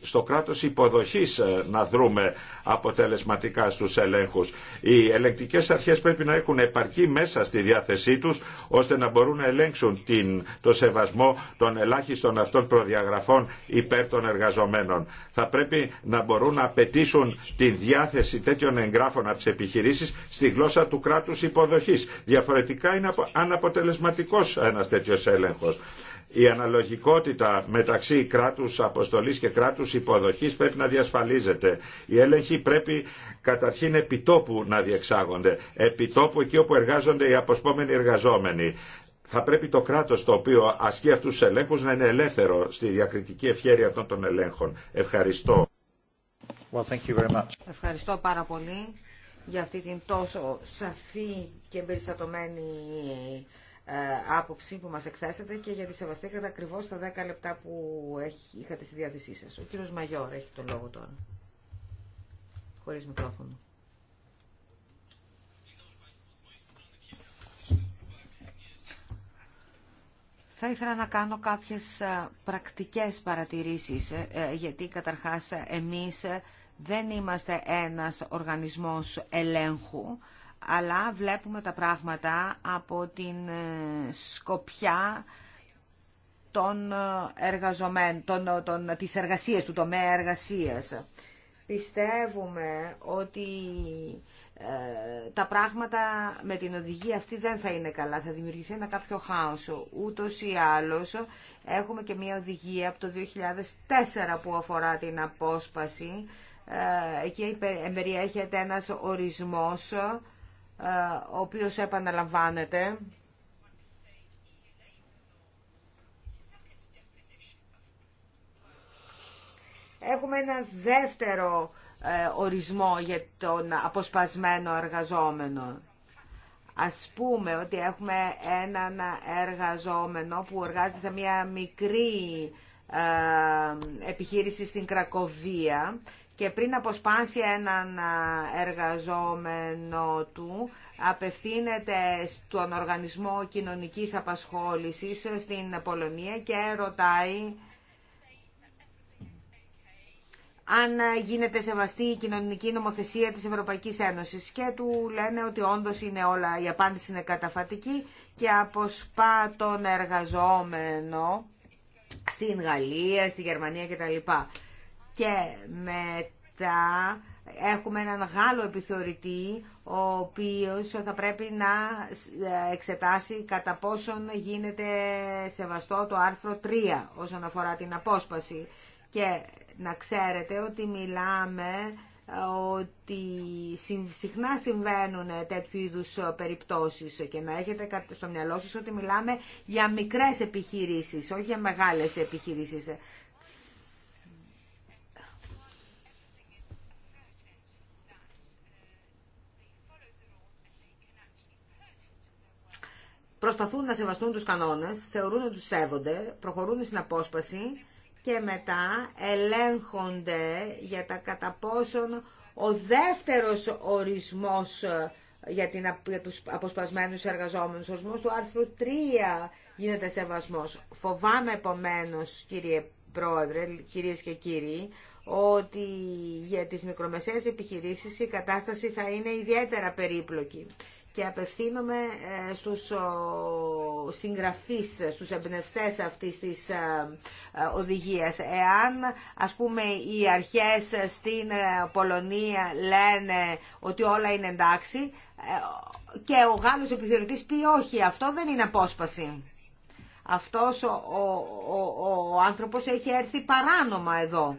στο κράτος υποδοχής ε, να δρούμε αποτελεσματικά στους ελέγχους. Οι ελεγκτικές αρχές πρέπει να έχουν επαρκή μέσα στη διάθεσή τους ώστε να μπορούν να ελέγξουν την, το σεβασμό των ελάχιστων αυτών προδιαγραφών υπέρ των εργαζομένων. Θα πρέπει να μπορούν να απαιτήσουν τη διάθεση τέτοιων εγγράφων από τις επιχειρήσεις στη γλώσσα του κράτους υποδοχής. Διαφορετικά είναι αναποτελεσματικός ένας τέτοιος έλεγχος. Η αναλογικότητα μεταξύ κράτους αποστολής και κράτους υποδοχής πρέπει να διασφαλίζεται. Οι έλεγχοι πρέπει καταρχήν επιτόπου να διεξάγονται. Επιτόπου εκεί όπου εργάζονται οι αποσπόμενοι εργαζόμενοι. Θα πρέπει το κράτος το οποίο ασκεί αυτούς τους ελέγχους να είναι ελεύθερο στη διακριτική ευχέρεια αυτών των ελέγχων. Ευχαριστώ. Well, thank you very much. Ευχαριστώ πάρα πολύ για αυτή την τόσο σαφή και εμπεριστατωμένη ε, άποψη που μας εκθέσατε και γιατί σεβαστήκατε ακριβώς τα 10 λεπτά που είχατε στη διάθεσή σας. Ο κύριος Μαγιόρ έχει τον λόγο τώρα. Χωρίς μικρόφωνο. Θα ήθελα να κάνω κάποιες ε, πρακτικές παρατηρήσεις, ε, γιατί καταρχάς εμείς δεν είμαστε ένας οργανισμός ελέγχου, αλλά βλέπουμε τα πράγματα από την ε, σκοπιά των ε, εργαζομένων, των, ε, της εργασίας, του τομέα εργασίας. Πιστεύουμε ότι τα πράγματα με την οδηγία αυτή δεν θα είναι καλά, θα δημιουργηθεί ένα κάποιο χάος. Ούτως ή άλλως έχουμε και μια οδηγία από το 2004 που αφορά την απόσπαση ε, εκεί εμπεριέχεται ένας ορισμός ε, ο οποίος επαναλαμβάνεται Έχουμε ένα δεύτερο ε, ορισμό για τον αποσπασμένο εργαζόμενο. Ας πούμε ότι έχουμε έναν εργαζόμενο που εργάζεται σε μια μικρή επιχείρηση στην Κρακοβία και πριν αποσπάσει έναν εργαζόμενο του, απευθύνεται στον Οργανισμό Κοινωνικής Απασχόλησης στην Πολωνία και ρωτάει αν γίνεται σεβαστή η κοινωνική νομοθεσία της Ευρωπαϊκής Ένωσης και του λένε ότι όντως είναι όλα, η απάντηση είναι καταφατική και αποσπά τον εργαζόμενο στην Γαλλία, στη Γερμανία κτλ. Και μετά έχουμε έναν Γάλλο επιθεωρητή, ο οποίος θα πρέπει να ε, εξετάσει κατά πόσον γίνεται σεβαστό το άρθρο 3 όσον αφορά την απόσπαση. Και να ξέρετε ότι μιλάμε ε, ότι συχνά συμβαίνουν τέτοιου είδους περιπτώσεις και να έχετε στο μυαλό σας ότι μιλάμε για μικρές επιχειρήσεις, όχι για μεγάλες επιχειρήσεις. προσπαθούν να σεβαστούν τους κανόνες, θεωρούν ότι τους σέβονται, προχωρούν στην απόσπαση και μετά ελέγχονται για τα κατά πόσον ο δεύτερος ορισμός ε, για, την, για τους αποσπασμένους εργαζόμενους, ορισμός του άρθρου 3 γίνεται σεβασμός. Φοβάμαι επομένω, κύριε Πρόεδρε, κυρίες και κύριοι, ότι για τις μικρομεσαίες επιχειρήσεις η κατάσταση θα είναι ιδιαίτερα περίπλοκη και απευθύνομαι ε, στους συγγραφείς, στους εμπνευστές αυτής της ε, ε, οδηγίας. Εάν, ας πούμε, οι αρχές στην Πολωνία λένε ότι όλα είναι εντάξει και ο Γάλλος επιθεωρητής πει όχι, αυτό δεν είναι απόσπαση. Αυτός ο, ο, ο, άνθρωπος έχει έρθει παράνομα εδώ.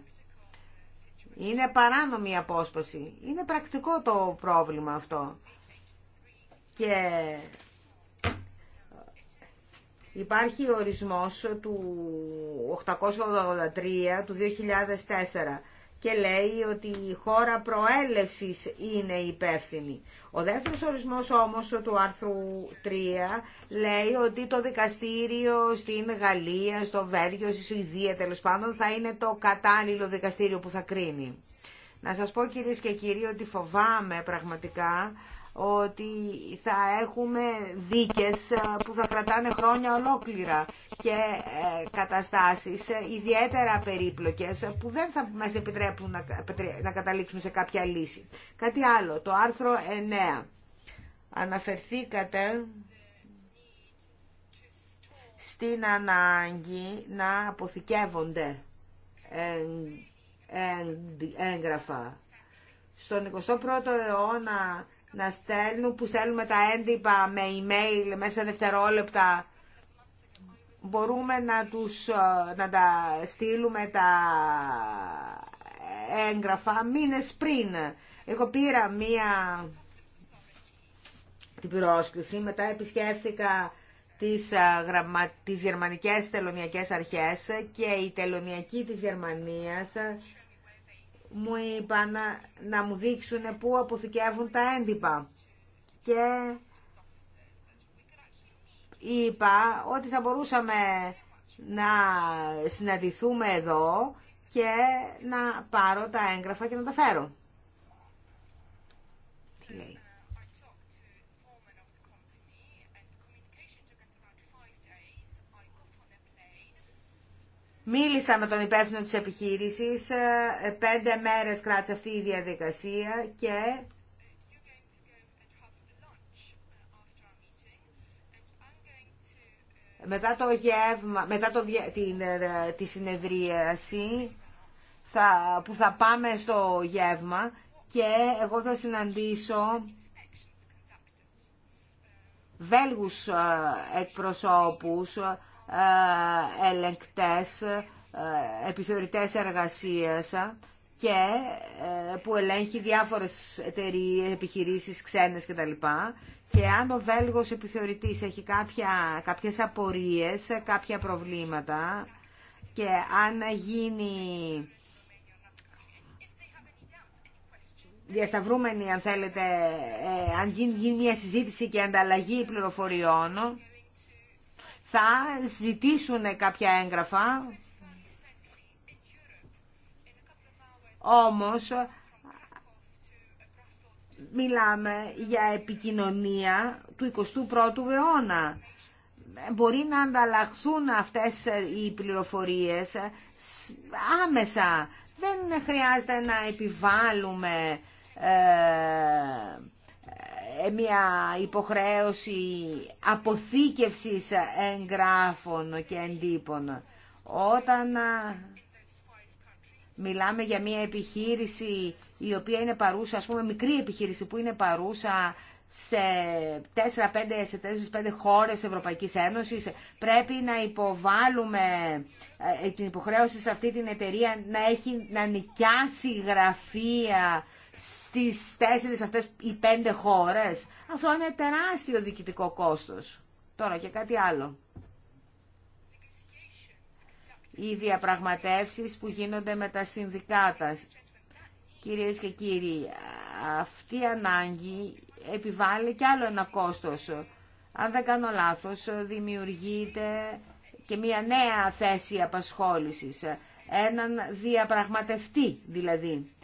Είναι παράνομη η απόσπαση. Είναι πρακτικό το πρόβλημα αυτό. Και υπάρχει ορισμός του 883 του 2004 και λέει ότι η χώρα προέλευσης είναι υπεύθυνη. Ο δεύτερος ορισμός όμως του άρθρου 3 λέει ότι το δικαστήριο στην Γαλλία, στο Βέλγιο, στη Σουηδία τέλος πάντων θα είναι το κατάλληλο δικαστήριο που θα κρίνει. Να σας πω κυρίες και κύριοι ότι φοβάμαι πραγματικά ότι θα έχουμε δίκες ε, που θα κρατάνε χρόνια ολόκληρα και ε, καταστάσεις ε, ιδιαίτερα περίπλοκες που δεν θα μας επιτρέπουν να καταλήξουμε σε κάποια λύση. Κάτι άλλο, το άρθρο 9. Αναφερθήκατε στην ανάγκη να αποθηκεύονται έγγραφα. Στον 21ο αιώνα να στέλνουν, που στέλνουμε τα έντυπα με email μέσα δευτερόλεπτα, μπορούμε να, τους, ε, να τα στείλουμε τα έγγραφα μήνες πριν. Εγώ πήρα μία την πρόσκληση, μετά επισκέφθηκα τις, ε, γραμμα... τις γερμανικές τελωνιακές αρχές και η τελωνιακή της Γερμανίας μου είπαν να, μου δείξουν πού αποθηκεύουν τα έντυπα. Και είπα ότι θα μπορούσαμε να συναντηθούμε εδώ και να πάρω τα έγγραφα και να τα φέρω. Μίλησα με τον υπεύθυνο της επιχείρησης, ε, πέντε μέρες κράτησε αυτή η διαδικασία και μετά το γεύμα, μετά το, ε, τη συνεδρίαση θα, που θα πάμε στο γεύμα και εγώ θα συναντήσω Βέλγους ε, εκπροσώπους ε, ελεγκτές, ε, επιθεωρητές εργασίας και ε, που ελέγχει διάφορες εταιρείε, επιχειρήσεις, ξένες κτλ. Και αν ο Βέλγος επιθεωρητής έχει κάποια, κάποιες απορίες, κάποια προβλήματα και αν γίνει διασταυρούμενη, αν θέλετε, αν γίνει μια συζήτηση και ανταλλαγή πληροφοριών, θα ζητήσουν κάποια έγγραφα, όμως μιλάμε για επικοινωνία του 21ου αιώνα. Μπορεί να ανταλλαχθούν αυτές οι πληροφορίες άμεσα. Δεν χρειάζεται να επιβάλλουμε ε, ε, μια υποχρέωση αποθήκευσης εγγράφων και εντύπων. Όταν μιλάμε για μια επιχείρηση η οποία είναι παρούσα, ας πούμε μικρή επιχείρηση που είναι παρούσα σε 4-5 σε 4-5 χώρες Ευρωπαϊκής Ένωσης πρέπει να υποβάλουμε ε, την υποχρέωση σε αυτή την εταιρεία να, έχει, να νοικιάσει γραφεία στις 4 αυτές οι 5 χώρες. Αυτό είναι τεράστιο διοικητικό κόστος. Τώρα και κάτι άλλο. Οι διαπραγματεύσεις που γίνονται με τα συνδικάτα. Κυρίες και κύριοι, αυτή η ανάγκη επιβάλλει κι άλλο ένα κόστος. Αν δεν κάνω λάθος, δημιουργείται και μια νέα θέση απασχόλησης, έναν διαπραγματευτή δηλαδή.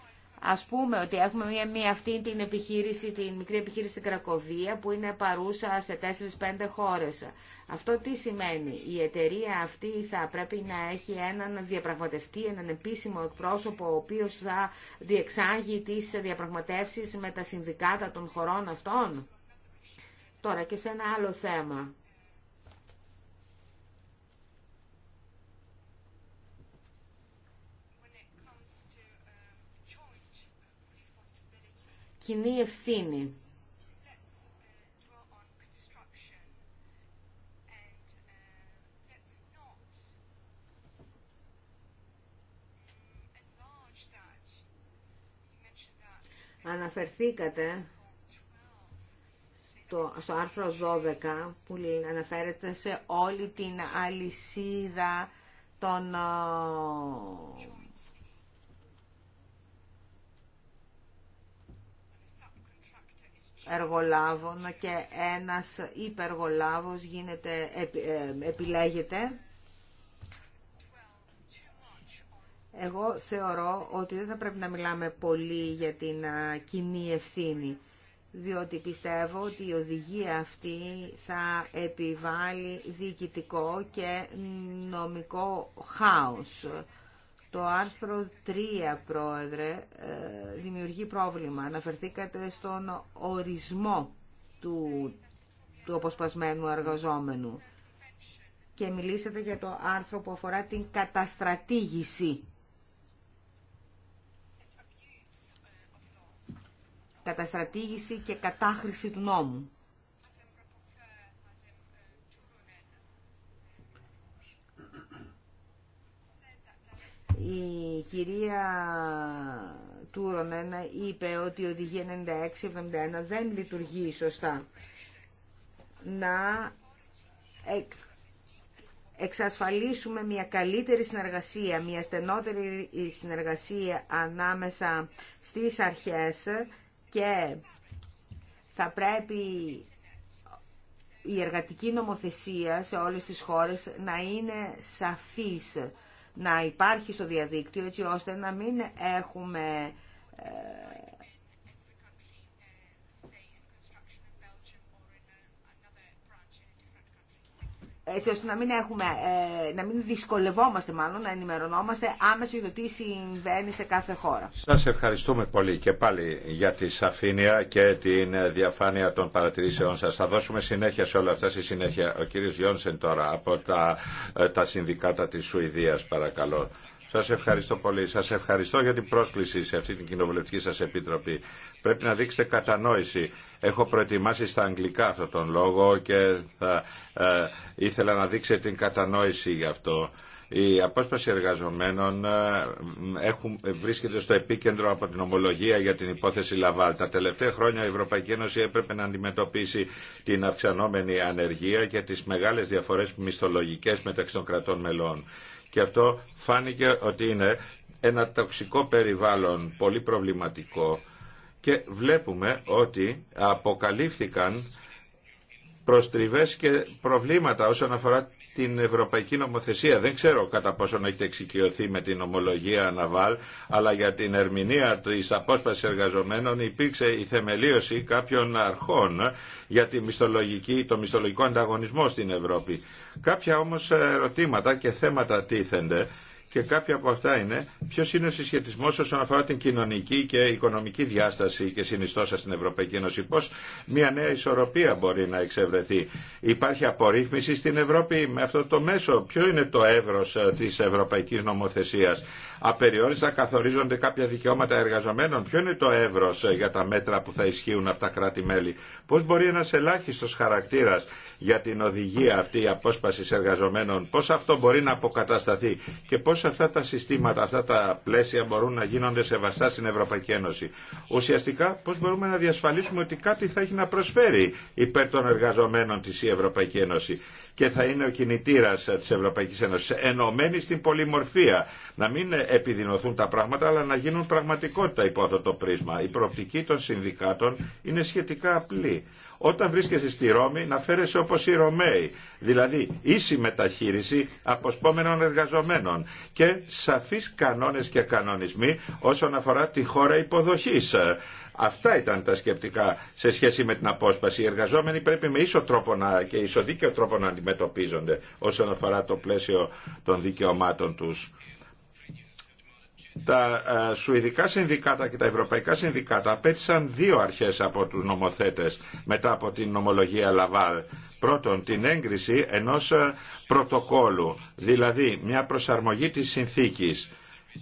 Ας πούμε ότι έχουμε μια, μια αυτή την επιχείρηση, την μικρή επιχείρηση στην Κρακοβία που είναι παρούσα σε 4-5 χώρε. Αυτό τι σημαίνει. Η εταιρεία αυτή θα πρέπει να έχει έναν διαπραγματευτή, έναν επίσημο εκπρόσωπο ο οποίο θα διεξάγει τις διαπραγματεύσεις με τα συνδικάτα των χωρών αυτών. Τώρα και σε ένα άλλο θέμα κοινή ευθύνη. Αναφερθήκατε στο, στο άρθρο 12 που αναφέρεστε σε όλη την αλυσίδα των εργολάβων και ένας υπεργολάβος γίνεται, ε, επιλέγεται. Εγώ θεωρώ ότι δεν θα πρέπει να μιλάμε πολύ για την κοινή ευθύνη, διότι πιστεύω ότι η οδηγία αυτή θα επιβάλλει διοικητικό και νομικό χάος το άρθρο 3, πρόεδρε, ε, δημιουργεί πρόβλημα. Αναφερθήκατε στον ορισμό του, του αποσπασμένου εργαζόμενου και μιλήσατε για το άρθρο που αφορά την καταστρατήγηση. Καταστρατήγηση και κατάχρηση του νόμου. Η κυρία Τούρονεν είπε ότι η οδηγία 96-71 δεν λειτουργεί σωστά. Να εξασφαλίσουμε μια καλύτερη συνεργασία, μια στενότερη συνεργασία ανάμεσα στις αρχές και θα πρέπει η εργατική νομοθεσία σε όλες τις χώρες να είναι σαφής να υπάρχει στο διαδίκτυο έτσι ώστε να μην έχουμε ε, έτσι ώστε να μην, έχουμε, ε, να μην δυσκολευόμαστε μάλλον να ενημερωνόμαστε άμεσα για το τι συμβαίνει σε κάθε χώρα. Σας ευχαριστούμε πολύ και πάλι για τη σαφήνεια και την διαφάνεια των παρατηρήσεών σας. Θα δώσουμε συνέχεια σε όλα αυτά στη συνέχεια. Ο κύριος Γιόνσεν τώρα από τα, ε, τα συνδικάτα της Σουηδίας παρακαλώ. Σα ευχαριστώ πολύ. σα ευχαριστώ για την πρόσκληση σε αυτή την κοινοβουλευτική σα επιτροπή. Πρέπει να δείξετε κατανόηση. Έχω προετοιμάσει στα αγγλικά αυτόν τον λόγο και θα ε, ήθελα να δείξετε την κατανόηση γι' αυτό. Η απόσπαση εργαζομένων ε, έχουν, βρίσκεται στο επίκεντρο από την ομολογία για την υπόθεση Λαβάλ. Τα τελευταία χρόνια η Ευρωπαϊκή Ένωση έπρεπε να αντιμετωπίσει την αυξανόμενη ανεργία και τις μεγάλες διαφορές μισθολογικές μεταξύ των κρατών μελών και αυτό φάνηκε ότι είναι ένα τοξικό περιβάλλον πολύ προβληματικό και βλέπουμε ότι αποκαλύφθηκαν προστριβές και προβλήματα όσον αφορά την ευρωπαϊκή νομοθεσία. Δεν ξέρω κατά να έχετε εξοικειωθεί με την ομολογία Ναβάλ, αλλά για την ερμηνεία τη απόσπαση εργαζομένων υπήρξε η θεμελίωση κάποιων αρχών για τη μισθολογική, το μισθολογικό ανταγωνισμό στην Ευρώπη. Κάποια όμω ερωτήματα και θέματα τίθενται και κάποια από αυτά είναι ποιο είναι ο συσχετισμό όσον αφορά την κοινωνική και οικονομική διάσταση και συνιστόσα στην Ευρωπαϊκή Ένωση. Πώ μια νέα ισορροπία μπορεί να εξευρεθεί. Υπάρχει απορρίθμιση στην Ευρώπη με αυτό το μέσο. Ποιο είναι το εύρο ε, τη ευρωπαϊκή νομοθεσία απεριόριστα καθορίζονται κάποια δικαιώματα εργαζομένων. Ποιο είναι το εύρο ε, για τα μέτρα που θα ισχύουν από τα κράτη-μέλη. Πώ μπορεί ένα ελάχιστο χαρακτήρα για την οδηγία αυτή η απόσπαση εργαζομένων, πώ αυτό μπορεί να αποκατασταθεί και πώ αυτά τα συστήματα, αυτά τα πλαίσια μπορούν να γίνονται σεβαστά στην Ευρωπαϊκή Ένωση. Ουσιαστικά, πώ μπορούμε να διασφαλίσουμε ότι κάτι θα έχει να προσφέρει υπέρ των εργαζομένων τη η Ευρωπαϊκή Ένωση και θα είναι ο κινητήρα ε, τη Ευρωπαϊκή Ένωση. Ενωμένη στην πολυμορφία. Να μην επιδεινωθούν τα πράγματα, αλλά να γίνουν πραγματικότητα υπό αυτό το πρίσμα. Η προοπτική των συνδικάτων είναι σχετικά απλή. Όταν βρίσκεσαι στη Ρώμη, να φέρεσαι όπω οι Ρωμαίοι. Δηλαδή, ίση μεταχείριση αποσπόμενων εργαζομένων και σαφείς κανόνε και κανονισμοί όσον αφορά τη χώρα υποδοχή. Αυτά ήταν τα σκεπτικά σε σχέση με την απόσπαση. Οι εργαζόμενοι πρέπει με ίσο τρόπο να, και ισοδίκαιο τρόπο να αντιμετωπίζονται όσον αφορά το πλαίσιο των δικαιωμάτων τους τα ε, σουηδικά συνδικάτα και τα ευρωπαϊκά συνδικάτα απέτησαν δύο αρχές από τους νομοθέτες μετά από την νομολογία Λαβάλ. Πρώτον, την έγκριση ενός ε, πρωτοκόλου, δηλαδή μια προσαρμογή της συνθήκης,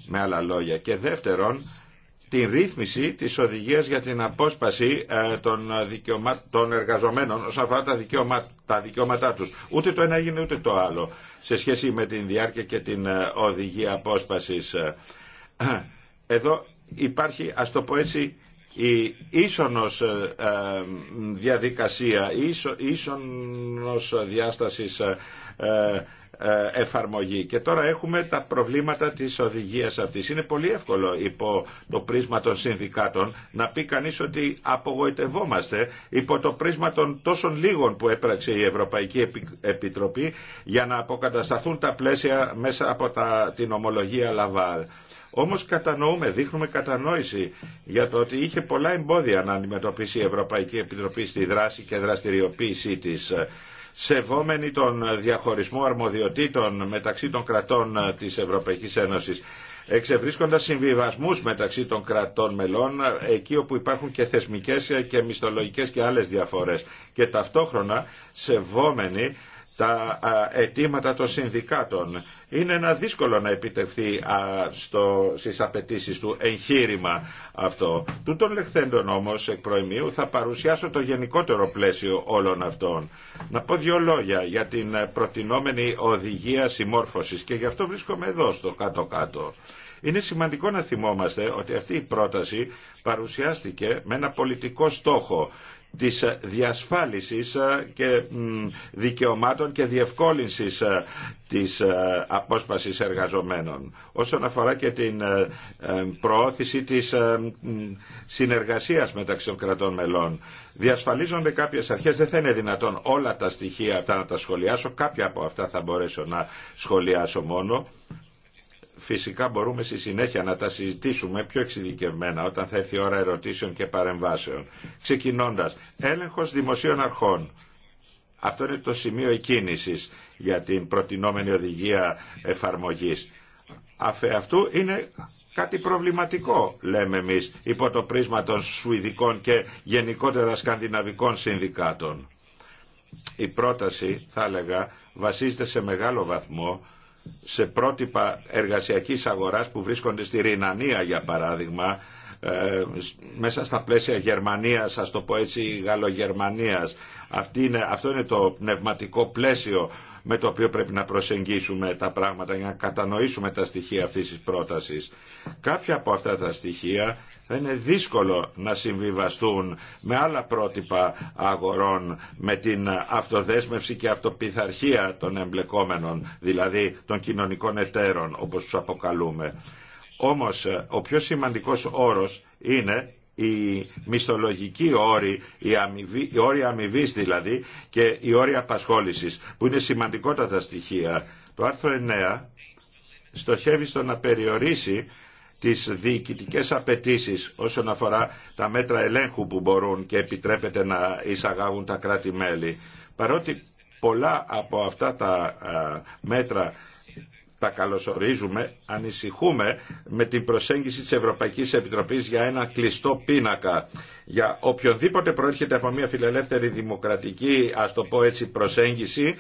με άλλα λόγια. Και δεύτερον, την ρύθμιση της οδηγίας για την απόσπαση ε, των, δικαιωμα... των εργαζομένων όσον αφορά τα, τα δικαιώματά τους. Ούτε το ένα έγινε ούτε το άλλο σε σχέση με την διάρκεια και την οδηγία απόσπασης. εδώ υπάρχει, ας το πω έτσι, η ίσονος ε, ε, διαδικασία, η ίσονος διάστασης ε, ε, εφαρμογή. Και τώρα έχουμε τα προβλήματα της οδηγίας αυτής. Είναι πολύ εύκολο υπό το πρίσμα των συνδικάτων να πει κανείς ότι απογοητευόμαστε υπό το πρίσμα των τόσων λίγων που έπραξε η Ευρωπαϊκή Επιτροπή για να αποκατασταθούν τα πλαίσια μέσα από την ομολογία Λαβάλ. Όμως κατανοούμε, δείχνουμε κατανόηση για το ότι είχε πολλά εμπόδια να αντιμετωπίσει η Ευρωπαϊκή Επιτροπή στη δράση και δραστηριοποίησή τη σεβόμενοι τον διαχωρισμό αρμοδιοτήτων μεταξύ των κρατών ε, της Ευρωπαϊκής Ένωσης εξευρίσκοντας συμβιβασμούς μεταξύ των κρατών μελών ε, εκεί όπου υπάρχουν και θεσμικές ε, και μισθολογικές και άλλες διαφορές και ταυτόχρονα σεβόμενοι τα αιτήματα των συνδικάτων. Είναι ένα δύσκολο να επιτευχθεί στο, στις απαιτήσει του εγχείρημα αυτό. Τούτων λεχθέντων όμως εκ προημίου θα παρουσιάσω το γενικότερο πλαίσιο όλων αυτών. Να πω δύο λόγια για την προτινόμενη οδηγία συμμόρφωσης και γι' αυτό βρίσκομαι εδώ στο κάτω-κάτω. Είναι σημαντικό να θυμόμαστε ότι αυτή η πρόταση παρουσιάστηκε με ένα πολιτικό στόχο της διασφάλισης ε, και δικαιωμάτων και διευκόλυνσης ε, της ε, απόσπασης εργαζομένων. Όσον αφορά και την προώθηση της συνεργασίας μεταξύ των κρατών μελών. Διασφαλίζονται κάποιες αρχές, δεν θα είναι δυνατόν όλα τα στοιχεία αυτά να τα σχολιάσω, κάποια από αυτά θα μπορέσω να σχολιάσω μόνο φυσικά μπορούμε στη συνέχεια να τα συζητήσουμε πιο εξειδικευμένα όταν θα έρθει η ώρα ερωτήσεων και παρεμβάσεων. ξεκινώντα έλεγχος δημοσίων αρχών. Αυτό είναι το σημείο εκκίνηση για την προτινόμενη οδηγία εφαρμογής. Αφε αυτού είναι κάτι προβληματικό, λέμε εμείς, υπό το πρίσμα των Σουηδικών και γενικότερα Σκανδιναβικών Συνδικάτων. Η πρόταση, θα έλεγα, βασίζεται σε μεγάλο βαθμό σε πρότυπα εργασιακής αγοράς που βρίσκονται στη Ρινανία για παράδειγμα ε, μέσα στα πλαίσια Γερμανίας, ας το πω έτσι, Γαλλογερμανίας. Αυτή αυτό είναι το πνευματικό πλαίσιο με το οποίο πρέπει να προσεγγίσουμε τα πράγματα για να κατανοήσουμε τα στοιχεία αυτής της πρότασης. Κάποια από αυτά τα στοιχεία θα είναι δύσκολο να συμβιβαστούν με άλλα πρότυπα αγορών με την αυτοδέσμευση και αυτοπιθαρχία των εμπλεκόμενων, δηλαδή των κοινωνικών εταίρων όπως τους αποκαλούμε. Όμως ο πιο σημαντικός όρος είναι η μισθολογική όρη η αμοιβή, οι αμοιβή δηλαδή και η όρια απασχόλησης που είναι σημαντικότατα στοιχεία. Το άρθρο 9 στοχεύει στο να περιορίσει τις διοικητικές απαιτήσει όσον αφορά τα μέτρα ελέγχου που μπορούν και επιτρέπεται να εισαγάγουν τα κράτη-μέλη. Παρότι πολλά από αυτά τα μέτρα τα καλωσορίζουμε, ανησυχούμε με την προσέγγιση της Ευρωπαϊκής Επιτροπής για ένα κλειστό πίνακα. Για οποιονδήποτε προέρχεται από μια φιλελεύθερη δημοκρατική, ας το πω προσέγγιση,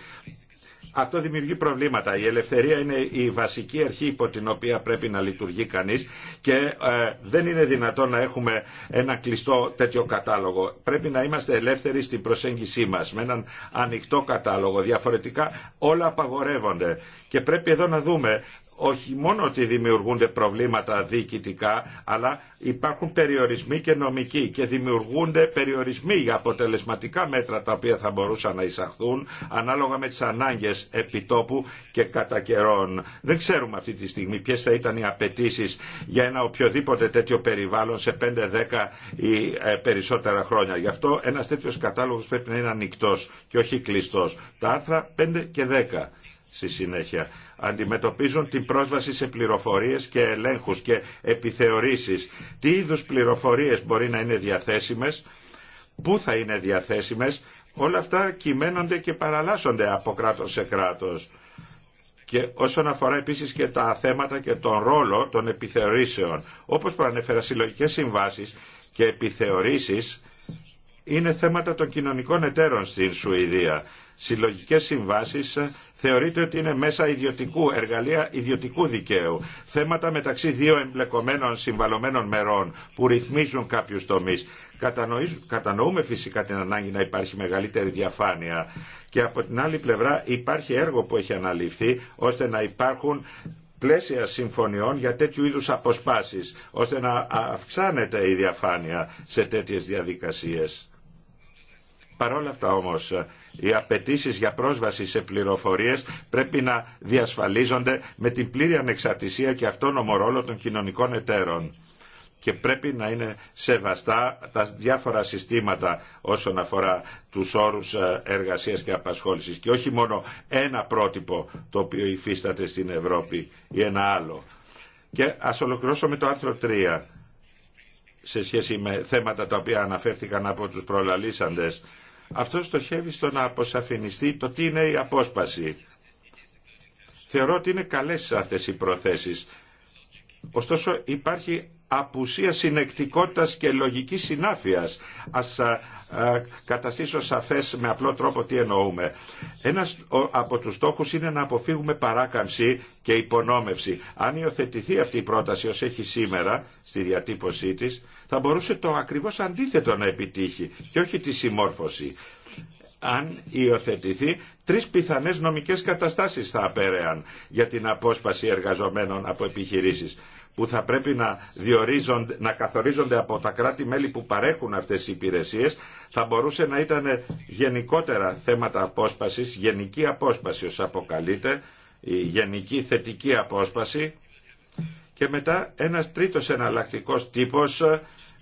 αυτό δημιουργεί προβλήματα. Η ελευθερία είναι η βασική αρχή υπό την οποία πρέπει να λειτουργεί κανείς και ε, δεν είναι δυνατόν να έχουμε ένα κλειστό τέτοιο κατάλογο. Πρέπει να είμαστε ελεύθεροι στην προσέγγιση μας με έναν ανοιχτό κατάλογο. Διαφορετικά όλα απαγορεύονται και πρέπει εδώ να δούμε όχι μόνο ότι δημιουργούνται προβλήματα διοικητικά αλλά υπάρχουν περιορισμοί και νομικοί και δημιουργούνται περιορισμοί για αποτελεσματικά μέτρα τα οποία θα μπορούσαν να εισαχθούν ανάλογα με τις ανάγκες επιτόπου και κατά καιρών. Δεν ξέρουμε αυτή τη στιγμή ποιε θα ήταν οι απαιτήσει για ένα οποιοδήποτε τέτοιο περιβάλλον σε 5, 10 ή ε, περισσότερα χρόνια. Γι' αυτό ένα τέτοιο κατάλογο πρέπει να είναι ανοιχτό και όχι κλειστό. Τα άρθρα 5 και 10 στη συνέχεια αντιμετωπίζουν την πρόσβαση σε πληροφορίες και ελέγχους και επιθεωρήσεις. Τι είδους πληροφορίες μπορεί να είναι διαθέσιμες, πού θα είναι διαθέσιμες όλα αυτά κυμαίνονται και παραλλάσσονται από κράτος σε κράτος. Και όσον αφορά επίσης και τα θέματα και τον ρόλο των επιθεωρήσεων. Όπως προανέφερα, συλλογικέ συμβάσεις και επιθεωρήσεις είναι θέματα των κοινωνικών εταίρων στην Σουηδία συλλογικές συμβάσεις ε, θεωρείται ότι είναι μέσα ιδιωτικού, εργαλεία ιδιωτικού δικαίου. Θέματα μεταξύ δύο εμπλεκομένων συμβαλωμένων μερών που ρυθμίζουν κάποιους τομείς. Κατανοούμε φυσικά την ανάγκη να υπάρχει μεγαλύτερη διαφάνεια και από την άλλη πλευρά υπάρχει έργο που έχει αναλυφθεί ώστε να υπάρχουν πλαίσια συμφωνιών για τέτοιου είδους αποσπάσεις, ώστε να αυξάνεται η διαφάνεια σε τέτοιες διαδικασίες. Παρ' όλα αυτά όμως οι απαιτήσει για πρόσβαση σε πληροφορίε πρέπει να διασφαλίζονται με την πλήρη ανεξαρτησία και αυτόνομο ρόλο των κοινωνικών εταίρων και πρέπει να είναι σεβαστά τα διάφορα συστήματα όσον αφορά τους όρους ε, εργασίας και απασχόλησης και όχι μόνο ένα πρότυπο το οποίο υφίσταται στην Ευρώπη ή ένα άλλο. Και α ολοκληρώσω με το άρθρο 3 σε σχέση με θέματα τα οποία αναφέρθηκαν από τους προλαλήσαντες αυτό στοχεύει στο να αποσαφινιστεί το τι είναι η απόσπαση. Θεωρώ ότι είναι καλές αυτές οι προθέσεις. Ωστόσο υπάρχει απουσία συνεκτικότητας και λογικής συνάφειας. Ας α, καταστήσω σαφές με απλό τρόπο τι εννοούμε. Ένας από τους στόχους είναι να αποφύγουμε παράκαμψη και υπονόμευση. Αν υιοθετηθεί αυτή η πρόταση ως έχει σήμερα στη διατύπωσή της, θα μπορούσε το ακριβώς αντίθετο να επιτύχει και όχι τη συμμόρφωση. Αν υιοθετηθεί, τρεις πιθανές νομικές καταστάσεις θα απέρεαν για την απόσπαση εργαζομένων από επιχειρήσεις που θα πρέπει να, διορίζονται, να καθορίζονται από τα κράτη-μέλη που παρέχουν αυτές οι υπηρεσίες θα μπορούσε να ήταν γενικότερα θέματα απόσπασης, γενική απόσπαση ως αποκαλείται, η γενική θετική απόσπαση και μετά ένας τρίτος εναλλακτικό τύπος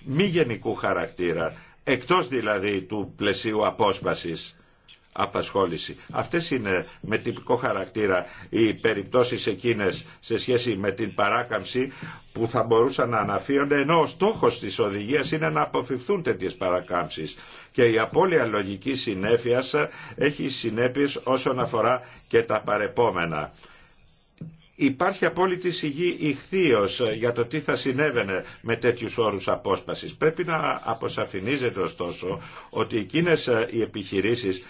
μη γενικού χαρακτήρα, εκτός δηλαδή του πλαισίου απόσπασης απασχόληση. Αυτές είναι με τυπικό χαρακτήρα οι περιπτώσεις εκείνες σε σχέση με την παράκαμψη που θα μπορούσαν να αναφύονται ενώ ο στόχος της οδηγίας είναι να αποφευθούν τέτοιες παρακάμψεις και η απώλεια λογική συνέφειας έχει συνέπειες όσον αφορά και τα παρεπόμενα. Υπάρχει απόλυτη σιγή ηχθείως για το τι θα συνέβαινε με τέτοιους όρους απόσπασης. Πρέπει να αποσαφηνίζεται ωστόσο ότι εκείνες οι επιχειρήσεις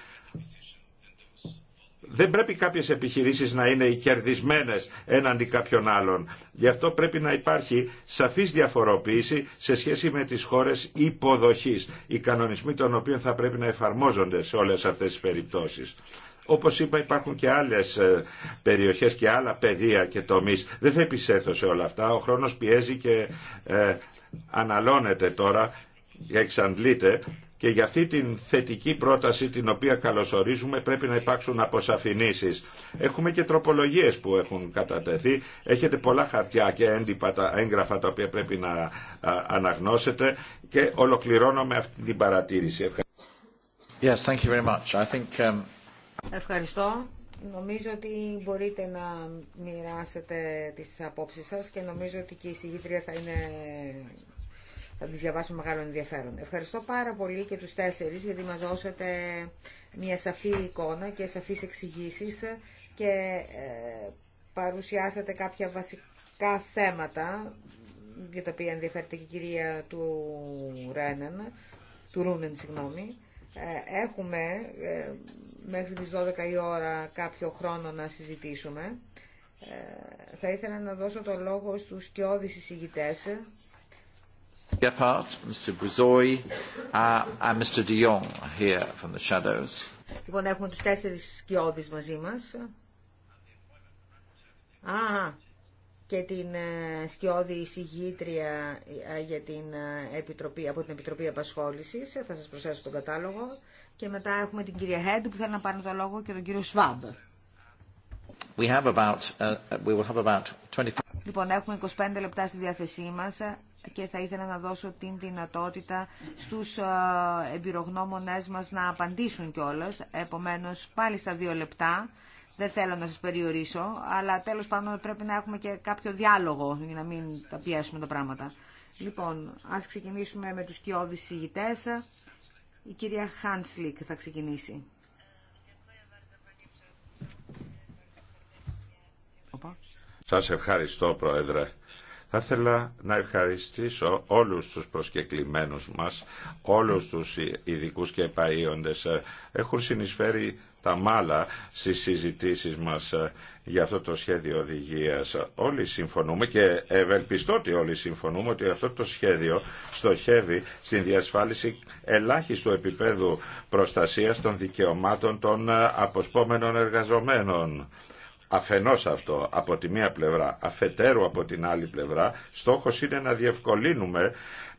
δεν πρέπει κάποιες επιχειρήσεις να είναι οι κερδισμένες έναντι κάποιων άλλων. Γι' αυτό πρέπει να υπάρχει σαφής διαφοροποίηση σε σχέση με τις χώρες υποδοχής, οι κανονισμοί των οποίων θα πρέπει να εφαρμόζονται σε όλες αυτές τις περιπτώσεις. Όπως είπα υπάρχουν και άλλες ε, περιοχές και άλλα πεδία και τομείς. Δεν θα επισέθω σε όλα αυτά. Ο χρόνος πιέζει και ε, αναλώνεται τώρα, εξαντλείται και για αυτή την θετική πρόταση την οποία καλωσορίζουμε πρέπει να υπάρξουν αποσαφηνήσεις. Έχουμε και τροπολογίες που έχουν κατατεθεί. Έχετε πολλά χαρτιά και έντυπα τα έγγραφα τα οποία πρέπει να αναγνώσετε και ολοκληρώνω με αυτή την παρατήρηση. Um, Ευχαριστώ. Νομίζω ότι μπορείτε να μοιράσετε τις απόψεις σας και νομίζω ότι και η συγγήτρια θα είναι θα τις διαβάσω μεγάλο ενδιαφέρον. Ευχαριστώ πάρα πολύ και τους τέσσερις γιατί μας δώσατε μια σαφή εικόνα και σαφείς εξηγήσει και ε, παρουσιάσατε κάποια βασικά θέματα για τα οποία ενδιαφέρεται και η κυρία του Ρένεν του Ρούνεν, συγγνώμη. Ε, έχουμε ε, μέχρι τις 12 η ώρα κάποιο χρόνο να συζητήσουμε. Θα ήθελα να δώσω το λόγο στους κοιόδης εισηγητές Λοιπόν, έχουμε τους τέσσερις σκιώδεις μαζί μας. Α, και την ε, σκιώδη εισηγήτρια ε, για την ε, επιτροπή, από την Επιτροπή Απασχόλησης. Θα σας προσθέσω τον κατάλογο. Και μετά έχουμε την κυρία Χέντου που θέλει να πάρει το λόγο και τον κύριο Σβάμπ. Uh, λοιπόν, έχουμε 25 λεπτά στη διάθεσή μας και θα ήθελα να δώσω την δυνατότητα στους ε, εμπειρογνώμονές μας να απαντήσουν κιόλας. Επομένως, πάλι στα δύο λεπτά, δεν θέλω να σας περιορίσω, αλλά τέλος πάντων πρέπει να έχουμε και κάποιο διάλογο για να μην τα πιέσουμε τα πράγματα. Λοιπόν, ας ξεκινήσουμε με τους κοιόδης συγητές. Η κυρία Χάνσλικ θα ξεκινήσει. Σας ευχαριστώ, Πρόεδρε. Θα ήθελα να ευχαριστήσω όλους τους προσκεκλημένους μας, όλους τους ειδικού και επαΐοντες. Έχουν συνεισφέρει τα μάλα στις συζητήσεις μας ε, για αυτό το σχέδιο οδηγίας. Όλοι συμφωνούμε και ευελπιστώ ότι όλοι συμφωνούμε ότι αυτό το σχέδιο στοχεύει στην διασφάλιση ελάχιστου επίπεδου προστασίας των δικαιωμάτων των ε, αποσπόμενων εργαζομένων. Αφενός αυτό από τη μία πλευρά, αφετέρου από την άλλη πλευρά, στόχος είναι να διευκολύνουμε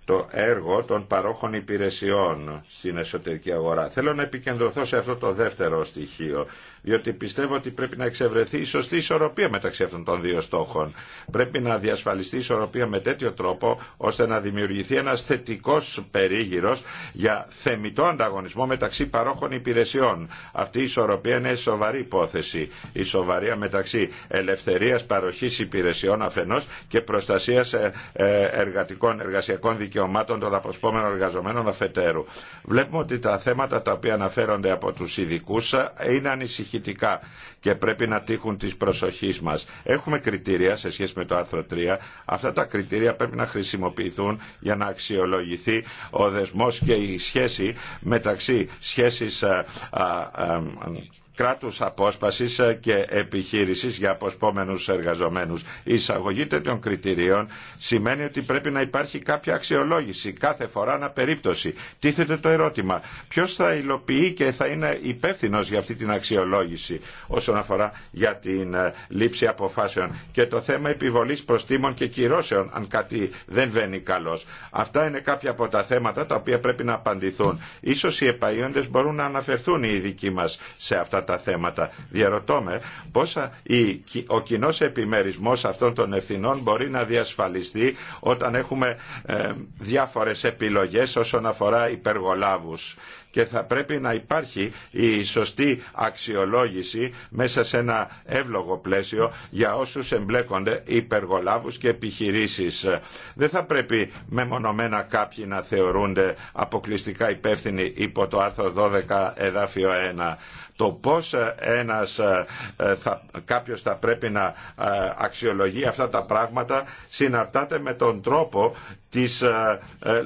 το έργο των παρόχων υπηρεσιών στην εσωτερική αγορά. Θέλω να επικεντρωθώ σε αυτό το δεύτερο στοιχείο, διότι πιστεύω ότι πρέπει να εξευρεθεί η σωστή ισορροπία μεταξύ αυτών των δύο στόχων. Πρέπει να διασφαλιστεί η ισορροπία με τέτοιο τρόπο ώστε να δημιουργηθεί ένα θετικό περίγυρο για θεμητό ανταγωνισμό μεταξύ παρόχων υπηρεσιών. Αυτή η ισορροπία είναι σοβαρή υπόθεση. Η σοβαρία μεταξύ ελευθερία παροχή υπηρεσιών αφενό και προστασία ε, ε, εργατικών, εργασιακών δικαιωμάτων των αποσπόμενων εργαζομένων αφετέρου. Βλέπουμε ότι τα θέματα τα οποία αναφέρονται από του ειδικού ε, είναι ανησυχητικά και πρέπει να τύχουν τη προσοχή μα. Έχουμε κριτήρια σε σχέση με το άρθρο 3. Αυτά τα κριτήρια πρέπει να χρησιμοποιηθούν για να αξιολογηθεί ο δεσμό και η σχέση μεταξύ σχέση κράτους απόσπασης ε, και επιχείρησης για αποσπόμενους εργαζομένους. Η εισαγωγή τέτοιων κριτηρίων σημαίνει ότι πρέπει να υπάρχει κάποια αξιολόγηση κάθε φορά ανά περίπτωση. Τίθεται το ερώτημα Ποιο θα υλοποιεί και θα είναι υπεύθυνο για αυτή την αξιολόγηση όσον αφορά για την ε, λήψη αποφάσεων και το θέμα επιβολής προστήμων και κυρώσεων αν κάτι δεν βαίνει καλώς. Αυτά είναι κάποια από τα θέματα τα οποία πρέπει να απαντηθούν. Ίσως οι επαΐοντες μπορούν να αναφερθούν οι ειδικοί μας σε αυτά τα θέματα. με ο κοινό επιμερισμός αυτών των ευθυνών μπορεί να διασφαλιστεί όταν έχουμε ε, διάφορες επιλογές όσον αφορά υπεργολάβους και θα πρέπει να υπάρχει η σωστή αξιολόγηση μέσα σε ένα εύλογο πλαίσιο για όσους εμπλέκονται υπεργολάβους και επιχειρήσεις. Δεν θα πρέπει μεμονωμένα κάποιοι να θεωρούνται αποκλειστικά υπεύθυνοι υπό το άρθρο 12 εδάφιο 1 το πώς ε, ένας, ε, ε, θα, κάποιος θα πρέπει να αξιολογεί αυτά τα πράγματα συναρτάται με τον τρόπο της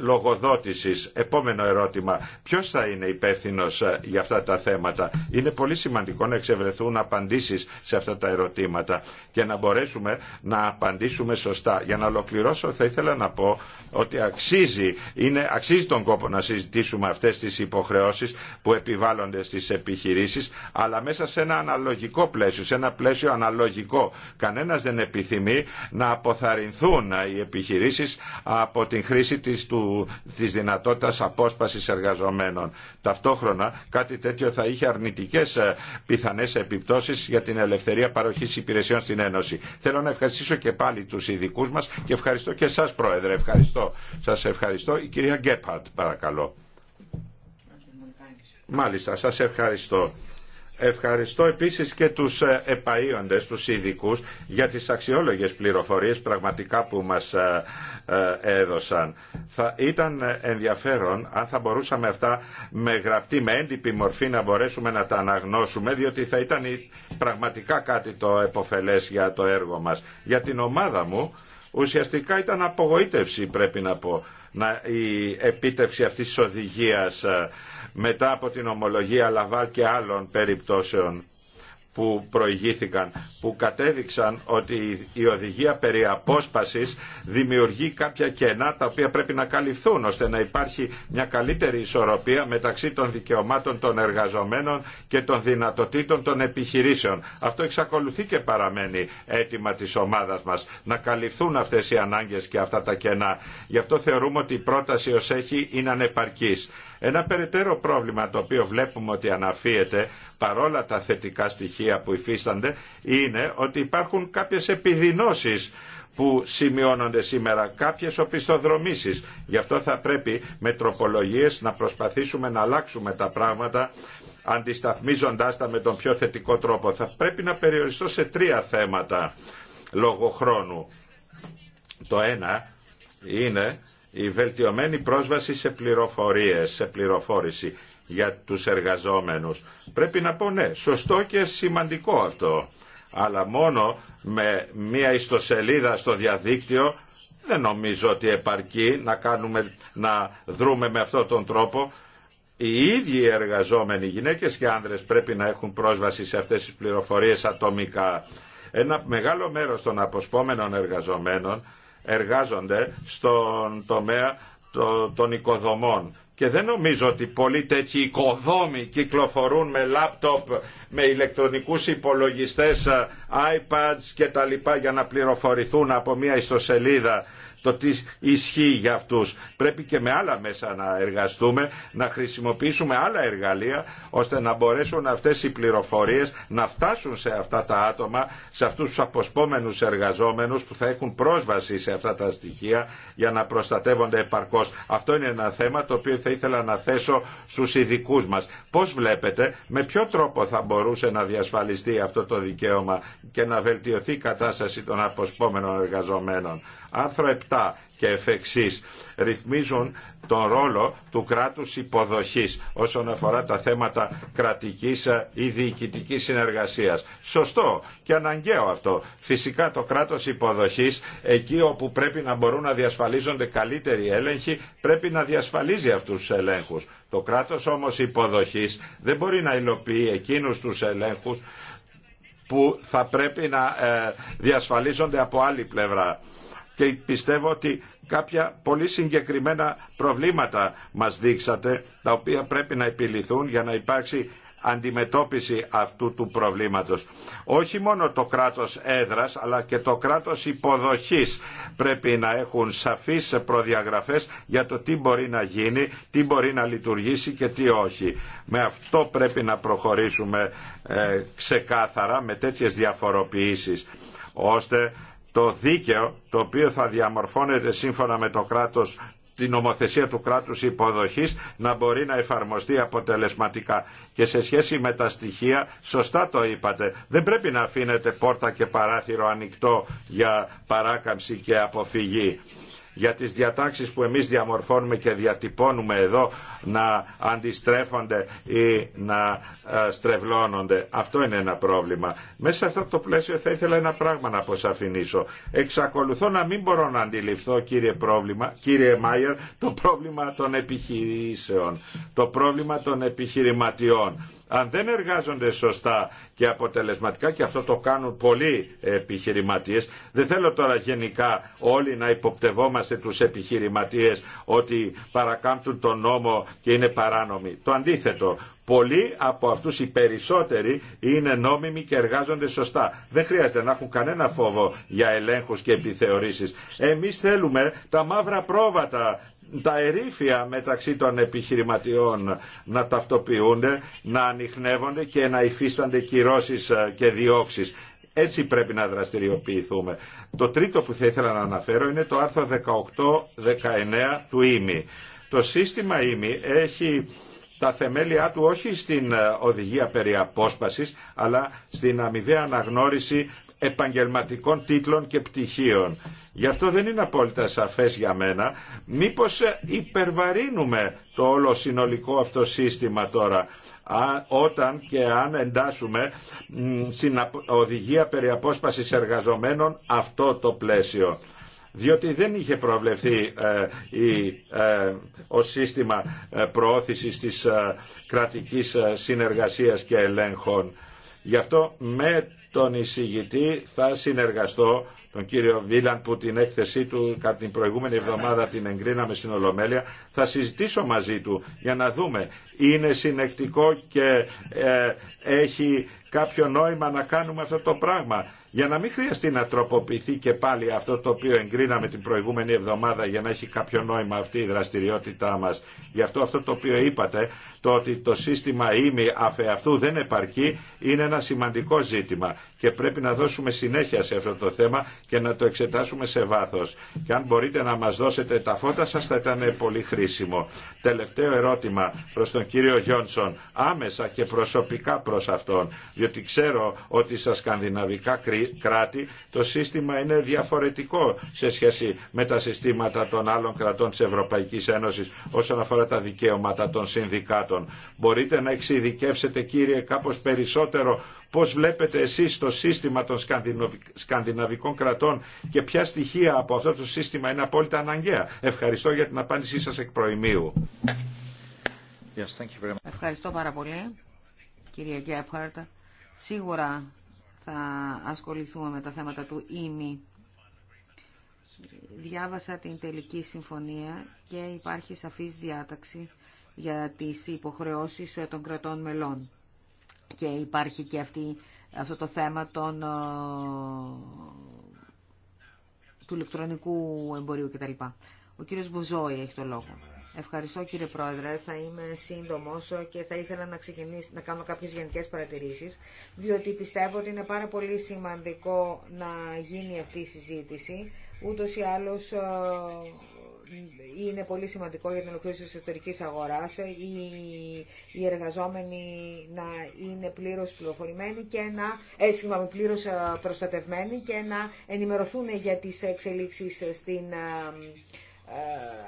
λογοδότησης. Επόμενο ερώτημα. Ποιος θα είναι υπεύθυνο για αυτά τα θέματα. Είναι πολύ σημαντικό να εξευρεθούν απαντήσεις σε αυτά τα ερωτήματα και να μπορέσουμε να απαντήσουμε σωστά. Για να ολοκληρώσω θα ήθελα να πω ότι αξίζει, είναι, αξίζει τον κόπο να συζητήσουμε αυτές τις υποχρεώσεις που επιβάλλονται στις επιχειρήσεις αλλά μέσα σε ένα αναλογικό πλαίσιο, σε ένα πλαίσιο αναλογικό. Κανένας δεν επιθυμεί να αποθαρρυνθούν οι επιχειρήσεις από την χρήση της, του, της δυνατότητας απόσπασης εργαζομένων. Ταυτόχρονα κάτι τέτοιο θα είχε αρνητικές ε, πιθανές επιπτώσεις για την ελευθερία παροχής υπηρεσιών στην Ένωση. Θέλω να ευχαριστήσω και πάλι τους ειδικού μας και ευχαριστώ και εσάς Πρόεδρε. Ευχαριστώ. Σας ευχαριστώ. Η κυρία Γκέπαρτ, παρακαλώ. Μάλιστα, σας ευχαριστώ. Ευχαριστώ επίσης και τους ε, επαΐοντες, τους ειδικού για τις αξιόλογες πληροφορίες πραγματικά που μας ε, ε, έδωσαν. Θα ήταν ενδιαφέρον αν θα μπορούσαμε αυτά με γραπτή, με έντυπη μορφή να μπορέσουμε να τα αναγνώσουμε διότι θα ήταν πραγματικά κάτι το εποφελές για το έργο μας. Για την ομάδα μου ουσιαστικά ήταν απογοήτευση πρέπει να πω να, η επίτευξη αυτής της οδηγίας μετά από την ομολογία Λαβάλ και άλλων περιπτώσεων που προηγήθηκαν, που κατέδειξαν ότι η οδηγία περί απόσπασης δημιουργεί κάποια κενά τα οποία πρέπει να καλυφθούν ώστε να υπάρχει μια καλύτερη ισορροπία μεταξύ των δικαιωμάτων των εργαζομένων και των δυνατοτήτων των επιχειρήσεων. Αυτό εξακολουθεί και παραμένει αίτημα της ομάδας μας να καλυφθούν αυτές οι ανάγκες και αυτά τα κενά. Γι' αυτό θεωρούμε ότι η πρόταση ως έχει είναι ανεπαρκής. Ένα περαιτέρω πρόβλημα το οποίο βλέπουμε ότι αναφύεται παρόλα τα θετικά στοιχεία που υφίστανται είναι ότι υπάρχουν κάποιες επιδεινώσεις που σημειώνονται σήμερα κάποιες οπισθοδρομήσεις. Γι' αυτό θα πρέπει με τροπολογίες να προσπαθήσουμε να αλλάξουμε τα πράγματα αντισταθμίζοντάς τα με τον πιο θετικό τρόπο. Θα πρέπει να περιοριστώ σε τρία θέματα λόγω χρόνου. Το ένα είναι η βελτιωμένη πρόσβαση σε πληροφορίες, σε πληροφόρηση για τους εργαζόμενους. Πρέπει να πω ναι, σωστό και σημαντικό αυτό. Αλλά μόνο με μία ιστοσελίδα στο διαδίκτυο δεν νομίζω ότι επαρκεί να, κάνουμε, να δρούμε με αυτόν τον τρόπο. Οι ίδιοι οι εργαζόμενοι, γυναίκες και άνδρες, πρέπει να έχουν πρόσβαση σε αυτές τις πληροφορίες ατομικά. Ένα μεγάλο μέρος των αποσπόμενων εργαζομένων εργάζονται στον τομέα των οικοδομών. Και δεν νομίζω ότι πολλοί τέτοιοι οικοδόμοι κυκλοφορούν με λάπτοπ, με ηλεκτρονικούς υπολογιστές, ε, iPads και τα λοιπά για να πληροφορηθούν από μια ιστοσελίδα το τι ισχύει για αυτούς. Πρέπει και με άλλα μέσα να εργαστούμε, να χρησιμοποιήσουμε άλλα εργαλεία ώστε να μπορέσουν αυτές οι πληροφορίες να φτάσουν σε αυτά τα άτομα, σε αυτούς τους αποσπόμενους εργαζόμενους που θα έχουν πρόσβαση σε αυτά τα στοιχεία για να προστατεύονται επαρκώς. Αυτό είναι ένα θέμα το οποίο θα ήθελα να θέσω στους ειδικού μας. Πώς βλέπετε, με ποιο τρόπο θα μπορούσε να διασφαλιστεί αυτό το δικαίωμα και να βελτιωθεί η κατάσταση των αποσπόμενων εργαζομένων. Άρθρο 7 και εφ' ρυθμίζουν τον ρόλο του κράτους υποδοχής όσον αφορά τα θέματα κρατικής ε, ή διοικητική συνεργασίας. Σωστό και αναγκαίο αυτό. Φυσικά το κράτος υποδοχής εκεί όπου πρέπει να μπορούν να διασφαλίζονται καλύτεροι έλεγχοι πρέπει να διασφαλίζει αυτούς τους ελέγχους. Το κράτος όμως υποδοχής δεν μπορεί να υλοποιεί εκείνους τους ελέγχους που θα πρέπει να ε, διασφαλίζονται από άλλη πλευρά και πιστεύω ότι κάποια πολύ συγκεκριμένα προβλήματα μας δείξατε τα οποία πρέπει να επιληθούν για να υπάρξει αντιμετώπιση αυτού του προβλήματος. Όχι μόνο το κράτος έδρας αλλά και το κράτος υποδοχής πρέπει να έχουν σαφείς προδιαγραφές για το τι μπορεί να γίνει, τι μπορεί να λειτουργήσει και τι όχι. Με αυτό πρέπει να προχωρήσουμε ε, ξεκάθαρα με τέτοιες διαφοροποιήσεις ώστε το δίκαιο το οποίο θα διαμορφώνεται σύμφωνα με το κράτος την νομοθεσία του κράτους υποδοχής να μπορεί να εφαρμοστεί αποτελεσματικά. Και σε σχέση με τα στοιχεία, σωστά το είπατε, δεν πρέπει να αφήνετε πόρτα και παράθυρο ανοιχτό για παράκαμψη και αποφυγή για τις διατάξεις που εμείς διαμορφώνουμε και διατυπώνουμε εδώ να αντιστρέφονται ή να ε, στρεβλώνονται. Αυτό είναι ένα πρόβλημα. Μέσα σε αυτό το πλαίσιο θα ήθελα ένα πράγμα να αποσαφηνίσω. Εξακολουθώ να μην μπορώ να αντιληφθώ κύριε, πρόβλημα, κύριε Μάιερ το πρόβλημα των επιχειρήσεων, το πρόβλημα των επιχειρηματιών αν δεν εργάζονται σωστά και αποτελεσματικά και αυτό το κάνουν πολλοί επιχειρηματίες δεν θέλω τώρα γενικά όλοι να υποπτευόμαστε τους επιχειρηματίες ότι παρακάμπτουν τον νόμο και είναι παράνομοι. Το αντίθετο, πολλοί από αυτούς οι περισσότεροι είναι νόμιμοι και εργάζονται σωστά. Δεν χρειάζεται να έχουν κανένα φόβο για ελέγχους και επιθεωρήσεις. Εμείς θέλουμε τα μαύρα πρόβατα τα ερήφια μεταξύ των επιχειρηματιών να ταυτοποιούνται, να ανοιχνεύονται και να υφίστανται κυρώσεις ε, και διώξεις. Έτσι πρέπει να δραστηριοποιηθούμε. Το τρίτο που θα ήθελα να αναφέρω είναι το άρθρο 18-19 του ΙΜΗ. Το σύστημα ΙΜΗ έχει ...τα θεμέλια του όχι στην ε, οδηγία περί απόσπασης, αλλά στην αμοιβαία αναγνώριση επαγγελματικών τίτλων και πτυχίων. Γι' αυτό δεν είναι απόλυτα σαφές για μένα. Μήπως ε, υπερβαρύνουμε το όλο συνολικό αυτό σύστημα τώρα όταν και αν εντάσσουμε στην οδηγία περί απόσπασης εργαζομένων αυτό το πλαίσιο διότι δεν είχε προβλεφθεί ε, ε, ο σύστημα ε, προώθησης της κρατικής συνεργασίας και ελέγχων. Γι' αυτό με τον εισηγητή θα συνεργαστώ τον κύριο Βίλαν που την έκθεσή του κατά την προηγούμενη εβδομάδα την εγκρίναμε στην Ολομέλεια. Θα συζητήσω μαζί του για να δούμε είναι συνεκτικό και έχει κάποιο νόημα να κάνουμε αυτό το πράγμα για να μην χρειαστεί να τροποποιηθεί και πάλι αυτό το οποίο εγκρίναμε την προηγούμενη εβδομάδα για να έχει κάποιο νόημα αυτή η δραστηριότητά μας. Γι' αυτό αυτό το οποίο είπατε το ότι το σύστημα ήμι αφεαυτού δεν επαρκεί είναι ένα σημαντικό ζήτημα και πρέπει να δώσουμε συνέχεια σε αυτό το θέμα και να το εξετάσουμε σε βάθος. Και αν μπορείτε να μας δώσετε τα φώτα σας θα ήταν πολύ χρήσιμο. Τελευταίο ερώτημα προς τον κύριο Γιόνσον, άμεσα και προσωπικά προς αυτόν, διότι ξέρω ότι στα σκανδιναβικά κράτη το σύστημα είναι διαφορετικό σε σχέση με τα συστήματα των άλλων κρατών της Ευρωπαϊκής Ένωσης όσον αφορά τα δικαιώματα των συνδικάτων Μπορείτε να εξειδικεύσετε κύριε κάπως περισσότερο πώς βλέπετε εσείς το σύστημα των σκανδιναβικών κρατών και ποια στοιχεία από αυτό το σύστημα είναι απόλυτα αναγκαία. Ευχαριστώ για την απάντησή σας εκ προημίου. Yes, Ευχαριστώ πάρα πολύ κύριε Γκέφχαρτ. Σίγουρα θα ασχοληθούμε με τα θέματα του ΙΜΗ. Διάβασα την τελική συμφωνία και υπάρχει σαφής διάταξη για τις υποχρεώσεις ε, των κρατών μελών. Και υπάρχει και αυτή, αυτό το θέμα των, ε, του ηλεκτρονικού εμπορίου κτλ. Ο κύριος Μποζόη έχει το λόγο. Ευχαριστώ κύριε Πρόεδρε. Θα είμαι σύντομο και θα ήθελα να, ξεκινήσω, να κάνω κάποιε γενικέ παρατηρήσει, διότι πιστεύω ότι είναι πάρα πολύ σημαντικό να γίνει αυτή η συζήτηση. Ούτω ή άλλω ε, είναι πολύ σημαντικό για την ολοκλήρωση της εσωτερικής αγοράς ε, οι, οι εργαζόμενοι να είναι πλήρως πληροφορημένοι και να, ε, πλήρως ε, προστατευμένοι και να ενημερωθούν για τις εξελίξεις στην ε,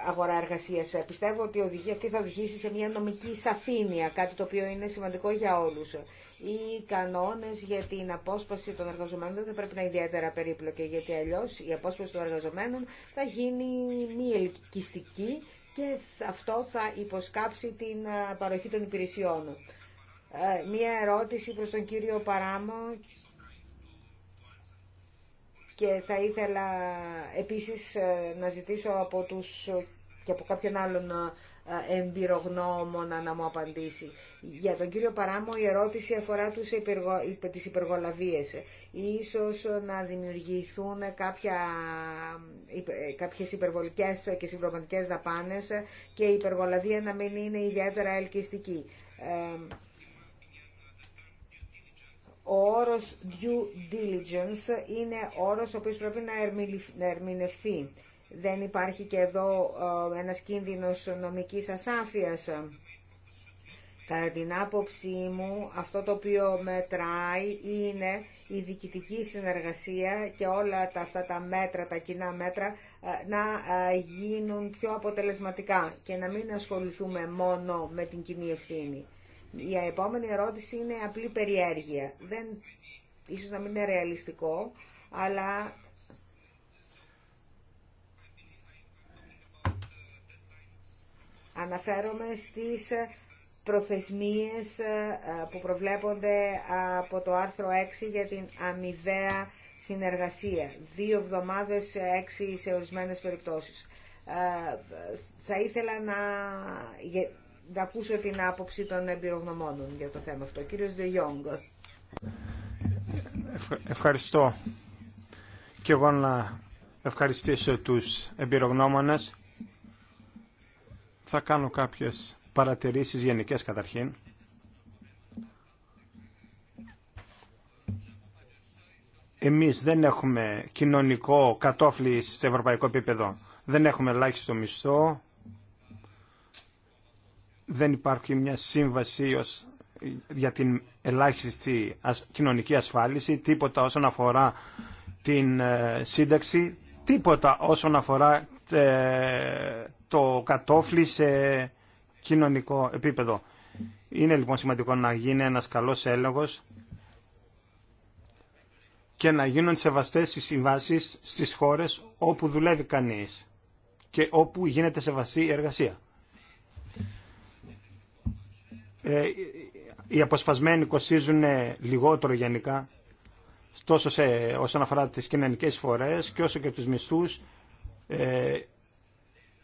αγορά εργασίας. Πιστεύω ότι η οδηγία αυτή θα οδηγήσει σε μια νομική σαφήνεια, κάτι το οποίο είναι σημαντικό για όλους οι κανόνες για την απόσπαση των εργαζομένων δεν θα πρέπει να είναι ιδιαίτερα περιπλοκή γιατί αλλιώ η απόσπαση των εργαζομένων θα γίνει μη ελκυστική και αυτό θα υποσκάψει την ε, παροχή των υπηρεσιών. Ε, μία ερώτηση προς τον κύριο Παράμο και θα ήθελα επίσης ε, να ζητήσω από τους και από κάποιον άλλον εμπειρογνώμονα να μου απαντήσει. Για τον κύριο Παράμο η ερώτηση αφορά τους υπεργο... τις υπεργολαβίες. Ίσως να δημιουργηθούν κάποια... κάποιες υπερβολικές και συμπροματικές δαπάνες και η υπεργολαβία να μην είναι ιδιαίτερα ελκυστική. Ο όρος due diligence είναι όρος ο οποίος πρέπει να ερμηνευθεί δεν υπάρχει και εδώ ένας κίνδυνος νομικής ασάφειας. Κατά την άποψή μου, αυτό το οποίο μετράει είναι η διοικητική συνεργασία και όλα τα, αυτά τα μέτρα, τα κοινά μέτρα, να γίνουν πιο αποτελεσματικά και να μην ασχοληθούμε μόνο με την κοινή ευθύνη. Η επόμενη ερώτηση είναι απλή περιέργεια. Δεν, ίσως να μην είναι ρεαλιστικό, αλλά Αναφέρομαι στις προθεσμίες ε, που προβλέπονται από το άρθρο 6 για την αμοιβαία συνεργασία. Δύο εβδομάδες, ε, έξι σε ορισμένες περιπτώσεις. Ε, θα ήθελα να, να ακούσω την άποψη των εμπειρογνωμόνων για το θέμα αυτό. Κύριος Δε Ευχαριστώ. Και εγώ να ευχαριστήσω τους εμπειρογνώμονες θα κάνω κάποιες παρατηρήσεις γενικές καταρχήν. Εμείς δεν έχουμε κοινωνικό κατόφλι σε ευρωπαϊκό επίπεδο. Δεν έχουμε ελάχιστο μισθό. Δεν υπάρχει μια σύμβαση για την ελάχιστη κοινωνική ασφάλιση, τίποτα όσον αφορά την ε, σύνταξη, τίποτα όσον αφορά ε, το κατόφλι σε κοινωνικό επίπεδο. Είναι λοιπόν σημαντικό να γίνει ένας καλός έλεγχος και να γίνουν σεβαστές οι συμβάσεις στις χώρες όπου δουλεύει κανείς και όπου γίνεται σεβαστή η εργασία. Ε, οι αποσπασμένοι κοστίζουν λιγότερο γενικά, τόσο σε, όσον αφορά τις κοινωνικές φορές και όσο και τους μισθούς ε,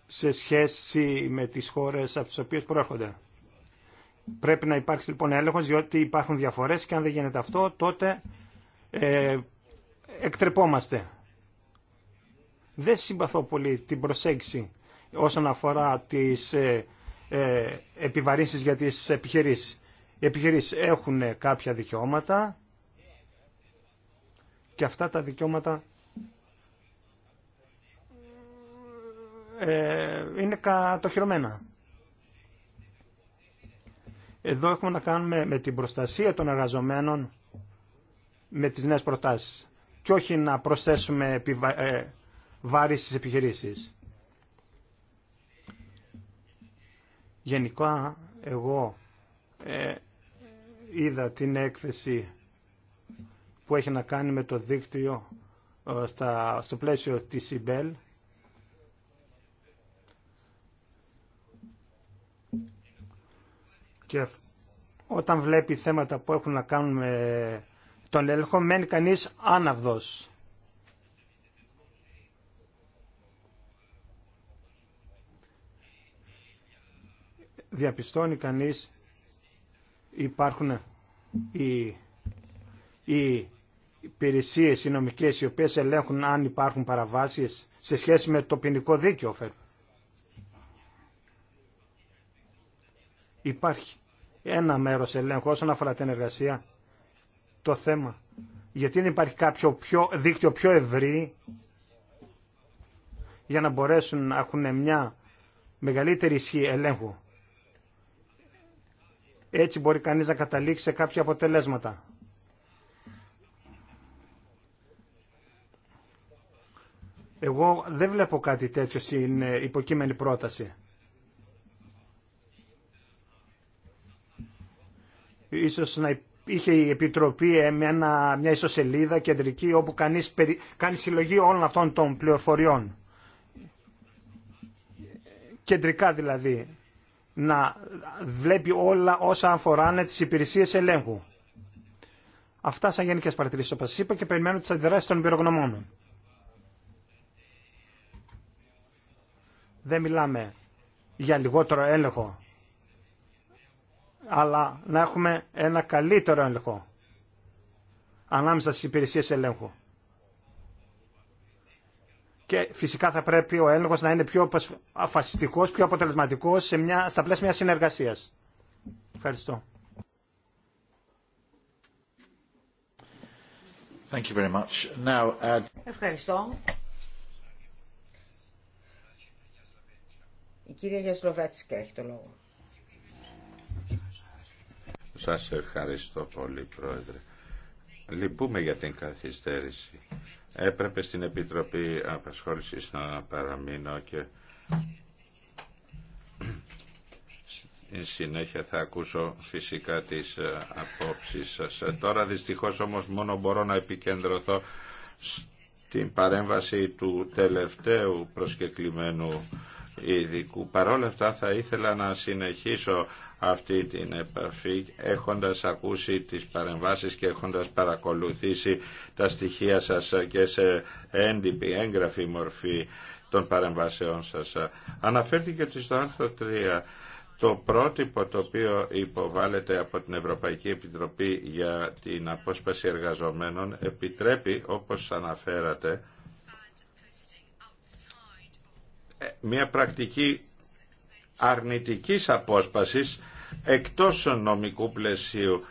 σε σχέση με τις χώρες από τις οποίες προέρχονται. Πρέπει να υπάρξει λοιπόν έλεγχος διότι υπάρχουν διαφορές και αν δεν γίνεται αυτό τότε ε, εκτρεπόμαστε. Δεν συμπαθώ πολύ την προσέγγιση όσον αφορά τις ε, ε, επιβαρύνσεις για τις επιχειρήσεις. Οι επιχειρήσεις έχουν κάποια δικαιώματα και αυτά τα δικαιώματα Ε, είναι κατοχυρωμένα. Εδώ έχουμε να κάνουμε με την προστασία των εργαζομένων με τις νέες προτάσεις και όχι να προσθέσουμε ε, βάρη στις επιχειρήσεις. Γενικά, εγώ ε, είδα την έκθεση που έχει να κάνει με το δίκτυο στα, στο πλαίσιο της ΙΜΠΕΛ Και όταν βλέπει θέματα που έχουν να κάνουν με τον έλεγχο, μένει κανείς άναυδος. Διαπιστώνει κανείς υπάρχουν οι, οι υπηρεσίε, οι νομικές, οι οποίες ελέγχουν αν υπάρχουν παραβάσεις σε σχέση με το ποινικό δίκαιο, υπάρχει ένα μέρος ελέγχου όσον αφορά την εργασία, το θέμα. Γιατί δεν υπάρχει κάποιο πιο, δίκτυο πιο ευρύ για να μπορέσουν να έχουν μια μεγαλύτερη ισχύ ελέγχου. Έτσι μπορεί κανείς να καταλήξει σε κάποια αποτελέσματα. Εγώ δεν βλέπω κάτι τέτοιο στην υποκείμενη πρόταση. ίσως να είχε η Επιτροπή μια, μια ισοσελίδα κεντρική όπου κανείς κάνει συλλογή όλων αυτών των πληροφοριών. Κεντρικά δηλαδή. Να βλέπει όλα όσα αφοράνε τις υπηρεσίες ελέγχου. Αυτά σαν γενικές παρατηρήσεις όπως σας είπα και περιμένω τις αντιδράσεις των πυρογνωμών. Δεν μιλάμε για λιγότερο έλεγχο αλλά να έχουμε ένα καλύτερο έλεγχο ανάμεσα στις υπηρεσίες ελέγχου. Και φυσικά θα πρέπει ο έλεγχος να είναι πιο αφασιστικός, πιο αποτελεσματικός σε μια, στα πλαίσια μια συνεργασίας. Ευχαριστώ. Thank you very much. Now, uh, Ευχαριστώ. Η κυρία Γιασλοβέτσικα έχει το λόγο. Σας ευχαριστώ πολύ Πρόεδρε. Λυπούμε για την καθυστέρηση. Έπρεπε στην Επιτροπή Απασχόλησης να παραμείνω και στην συνέχεια θα ακούσω φυσικά τις απόψεις σας. Τώρα δυστυχώς όμως μόνο μπορώ να επικεντρωθώ στην παρέμβαση του τελευταίου προσκεκλημένου ειδικού. Παρόλα αυτά θα ήθελα να συνεχίσω αυτή την επαφή έχοντας ακούσει τις παρεμβάσεις και έχοντας παρακολουθήσει τα στοιχεία σας και σε έντυπη, έγγραφη μορφή των παρεμβάσεών σας. Αναφέρθηκε ότι στο άρθρο 3 το πρότυπο το οποίο υποβάλλεται από την Ευρωπαϊκή Επιτροπή για την απόσπαση εργαζομένων επιτρέπει, όπως αναφέρατε, ε, μια πρακτική αρνητικής απόσπασης εκτός νομικού πλαισίου.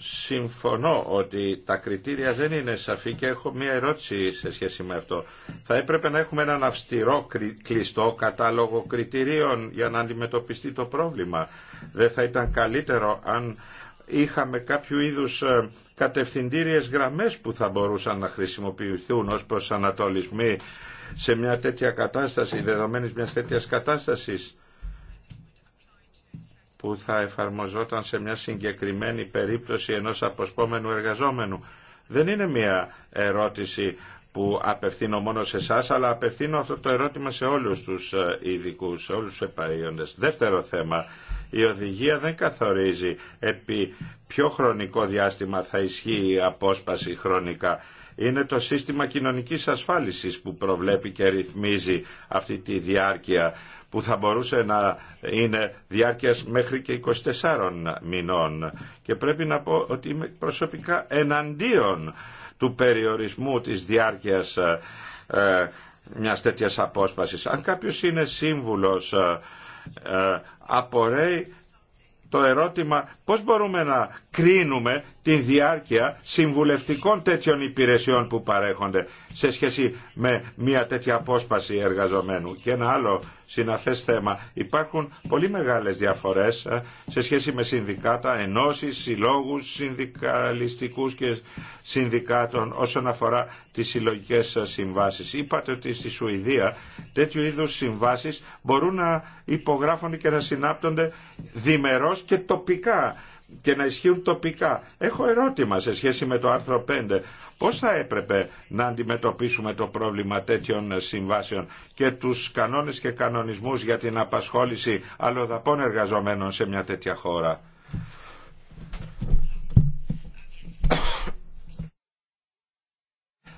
Συμφωνώ ότι τα κριτήρια δεν είναι σαφή και έχω μία ερώτηση σε σχέση με αυτό. Θα έπρεπε να έχουμε έναν αυστηρό κλειστό κατάλογο κριτηρίων για να αντιμετωπιστεί το πρόβλημα. Δεν θα ήταν καλύτερο αν είχαμε κάποιο είδους ε, κατευθυντήριες γραμμές που θα μπορούσαν να χρησιμοποιηθούν ως προς σε μια τέτοια κατάσταση, δεδομένης μιας τέτοιας κατάστασης που θα εφαρμοζόταν σε μια συγκεκριμένη περίπτωση ενός αποσπόμενου εργαζόμενου. Δεν είναι μια ερώτηση που απευθύνω μόνο σε εσά, αλλά απευθύνω αυτό το ερώτημα σε όλους τους ε, ειδικού, σε όλους τους Δεύτερο θέμα, η οδηγία δεν καθορίζει επί ποιο χρονικό διάστημα θα ισχύει η απόσπαση χρονικά. Είναι το σύστημα κοινωνικής ασφάλισης που προβλέπει και ρυθμίζει αυτή τη διάρκεια που θα μπορούσε να είναι διάρκειας μέχρι και 24 μηνών. Και πρέπει να πω ότι είμαι προσωπικά εναντίον του περιορισμού της διάρκειας μια ε, ε, μιας τέτοιας απόσπασης. Αν κάποιος είναι σύμβουλος ε, ε απορρέει το ερώτημα πώς μπορούμε να κρίνουμε τη διάρκεια συμβουλευτικών τέτοιων υπηρεσιών που παρέχονται σε σχέση με μια τέτοια απόσπαση εργαζομένου. Και ένα άλλο συναφές θέμα. Υπάρχουν πολύ μεγάλες διαφορές ε, σε σχέση με συνδικάτα, ενώσεις, συλλόγους, συνδικαλιστικούς και συνδικάτων όσον αφορά τις συλλογικές ε, συμβάσεις. Είπατε ότι στη Σουηδία τέτοιου είδους συμβάσεις μπορούν να υπογράφονται και να συνάπτονται διμερώς και τοπικά και να ισχύουν τοπικά. Έχω ερώτημα σε σχέση με το άρθρο 5. Πώς θα έπρεπε να αντιμετωπίσουμε το πρόβλημα τέτοιων συμβάσεων και τους κανόνες και κανονισμούς για την απασχόληση αλλοδαπών εργαζομένων σε μια τέτοια χώρα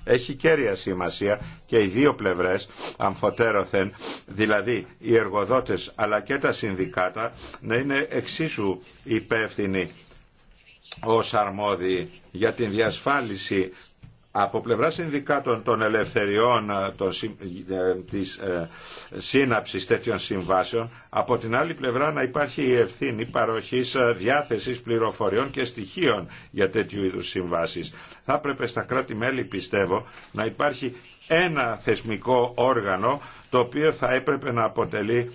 έχει κέρια σημασία και οι δύο πλευρές αμφωτέρωθεν, δηλαδή οι εργοδότες αλλά και τα συνδικάτα να είναι εξίσου υπεύθυνοι ως αρμόδιοι για την διασφάλιση από πλευρά συνδικάτων των ελευθεριών ε, των, ε, της ε, σύναψης τέτοιων συμβάσεων, από την άλλη πλευρά να υπάρχει η ευθύνη παροχής διάθεσης πληροφοριών και στοιχείων για τέτοιου είδους συμβάσεις. Θα έπρεπε στα κράτη-μέλη, πιστεύω, να υπάρχει ένα θεσμικό όργανο το οποίο θα έπρεπε να αποτελεί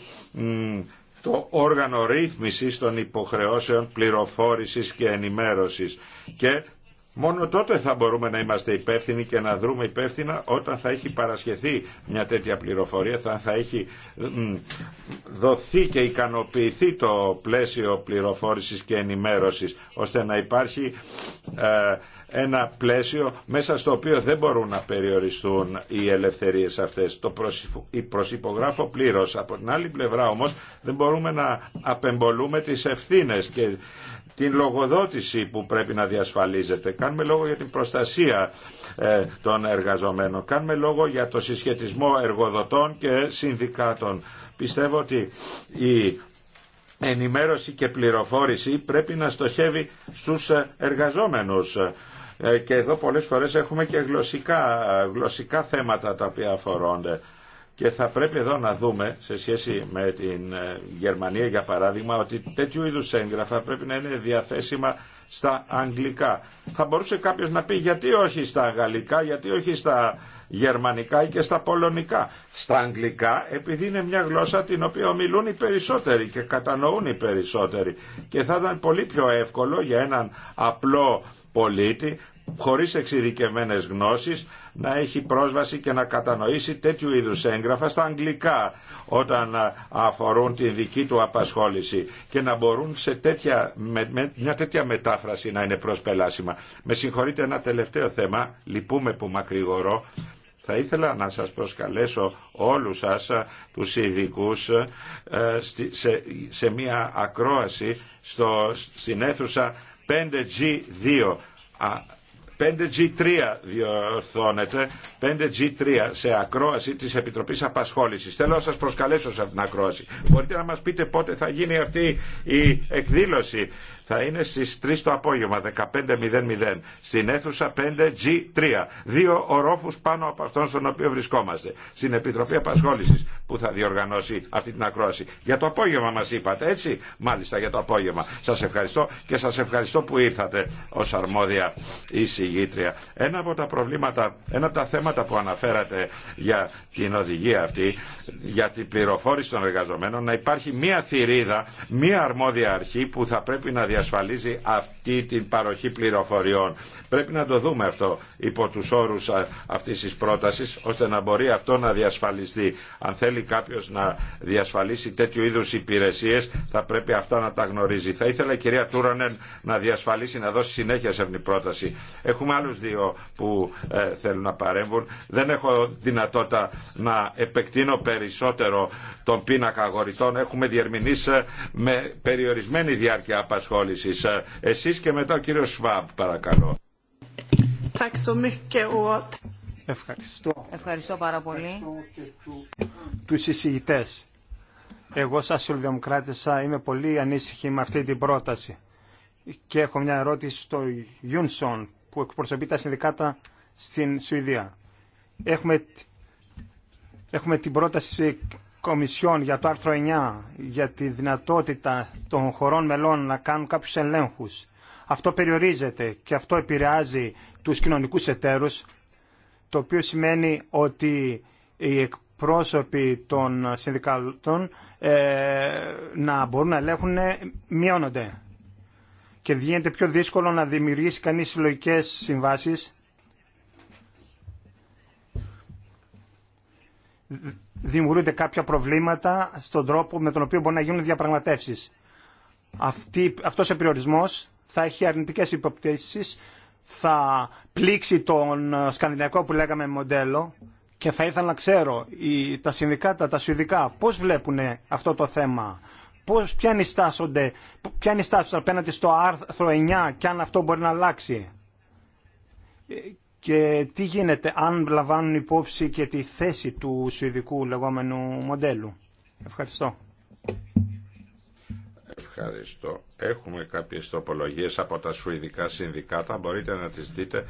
το όργανο ρύθμισης των υποχρεώσεων πληροφόρησης και ενημέρωσης και Μόνο τότε θα μπορούμε να είμαστε υπεύθυνοι και να δρούμε υπεύθυνα όταν θα έχει παρασχεθεί μια τέτοια πληροφορία, θα, θα έχει δοθεί και ικανοποιηθεί το πλαίσιο πληροφόρησης και ενημέρωσης, ώστε να υπάρχει ε, ένα πλαίσιο μέσα στο οποίο δεν μπορούν να περιοριστούν οι ελευθερίες αυτές. Το προσυπογράφω πλήρως. Από την άλλη πλευρά όμως δεν μπορούμε να απεμπολούμε τις ευθύνες και την λογοδότηση που πρέπει να διασφαλίζεται. Κάνουμε λόγο για την προστασία ε, των εργαζομένων. Κάνουμε λόγο για το συσχετισμό εργοδοτών και συνδικάτων. Πιστεύω ότι η ενημέρωση και πληροφόρηση πρέπει να στοχεύει στους ε, εργαζόμενους. Ε, και εδώ πολλές φορές έχουμε και γλωσσικά, γλωσσικά θέματα τα οποία αφορώνται. Και θα πρέπει εδώ να δούμε, σε σχέση με την ε, Γερμανία για παράδειγμα, ότι τέτοιου είδους έγγραφα πρέπει να είναι διαθέσιμα στα αγγλικά. Θα μπορούσε κάποιος να πει γιατί όχι στα γαλλικά, γιατί όχι στα γερμανικά και στα πολωνικά. Στα αγγλικά επειδή είναι μια γλώσσα την οποία μιλούν οι περισσότεροι και κατανοούν οι περισσότεροι. Και θα ήταν πολύ πιο εύκολο για έναν απλό πολίτη, χωρίς εξειδικευμένες γνώσεις, να έχει πρόσβαση και να κατανοήσει τέτοιου είδους έγγραφα στα αγγλικά όταν ε, αφορούν την δική του απασχόληση και να μπορούν σε τέτοια, μια τέτοια μετάφραση να είναι προσπελάσιμα. Με συγχωρείτε ένα τελευταίο θέμα, λυπούμε που μακρηγορώ, θα ήθελα να σας προσκαλέσω όλους σας ε, τους ειδικού ε, σε, μια ακρόαση στο, στην αίθουσα 5G2 5G3 διορθώνεται, 5G3 σε ακρόαση τη Επιτροπής Απασχόλησης. Θέλω να σας προσκαλέσω σε αυτήν την ακρόαση. Μπορείτε να μας πείτε πότε θα γίνει αυτή η εκδήλωση. Θα είναι στις 3 το απόγευμα, 15.00, στην αίθουσα 5G3. Δύο ορόφους πάνω από αυτόν στον οποίο βρισκόμαστε. Στην Επιτροπή Απασχόλησης που θα διοργανώσει αυτή την ακρόαση. Για το απόγευμα μας είπατε, έτσι, μάλιστα για το απόγευμα. Σας ευχαριστώ και σας ευχαριστώ που ήρθατε ω αρμόδια ένα από τα προβλήματα, ένα από τα θέματα που αναφέρατε για την οδηγία αυτή, για την πληροφόρηση των εργαζομένων, να υπάρχει μία θηρίδα, μία αρμόδια αρχή που θα πρέπει να διασφαλίζει αυτή την παροχή πληροφοριών. Πρέπει να το δούμε αυτό υπό του όρου αυτή τη πρόταση, ώστε να μπορεί αυτό να διασφαλιστεί. Αν θέλει κάποιο να διασφαλίσει τέτοιου είδου υπηρεσίε, θα πρέπει αυτά να τα γνωρίζει. Θα ήθελα η κυρία Τούρανεν να διασφαλίσει, να δώσει συνέχεια σε αυτήν την πρόταση. Έχουμε άλλους δύο που ε, θέλουν να παρέμβουν. Δεν έχω δυνατότητα να επεκτείνω περισσότερο τον πίνακα αγορητών. Έχουμε διερμηνήσει ε, με περιορισμένη διάρκεια απασχόλησης. Ε, εσείς και μετά ο κύριος Σβάμπ, παρακαλώ. Ευχαριστώ. Ευχαριστώ πάρα πολύ. Τους εισηγητές. Εγώ σας Σιλδημοκράτησα είμαι πολύ ανήσυχη με αυτή την πρόταση. Και έχω μια ερώτηση στο Γιούνσον που εκπροσωπεί τα συνδικάτα στην Σουηδία. Έχουμε, έχουμε την πρόταση Κομισιόν για το άρθρο 9 για τη δυνατότητα των χωρών μελών να κάνουν κάποιους ελέγχους. Αυτό περιορίζεται και αυτό επηρεάζει τους κοινωνικούς εταίρους, το οποίο σημαίνει ότι οι εκπρόσωποι των συνδικάτων ε, να μπορούν να ελέγχουν ναι, μειώνονται και γίνεται πιο δύσκολο να δημιουργήσει κανείς συλλογικέ συμβάσεις. Δημιουργούνται κάποια προβλήματα στον τρόπο με τον οποίο μπορεί να γίνουν διαπραγματεύσεις. Αυτή, αυτός ο περιορισμός θα έχει αρνητικές υποπτήσεις, θα πλήξει τον σκανδινακό που λέγαμε μοντέλο και θα ήθελα να ξέρω τα συνδικάτα, τα σουηδικά, πώς βλέπουν αυτό το θέμα πώς, ποια νιστάσονται, ποια στάση απέναντι στο άρθρο 9 και αν αυτό μπορεί να αλλάξει. Ε, και τι γίνεται αν λαμβάνουν υπόψη και τη θέση του σουηδικού λεγόμενου μοντέλου. Ευχαριστώ. Ευχαριστώ. Έχουμε κάποιες τοπολογίες από τα σουηδικά συνδικάτα. Μπορείτε να τις δείτε.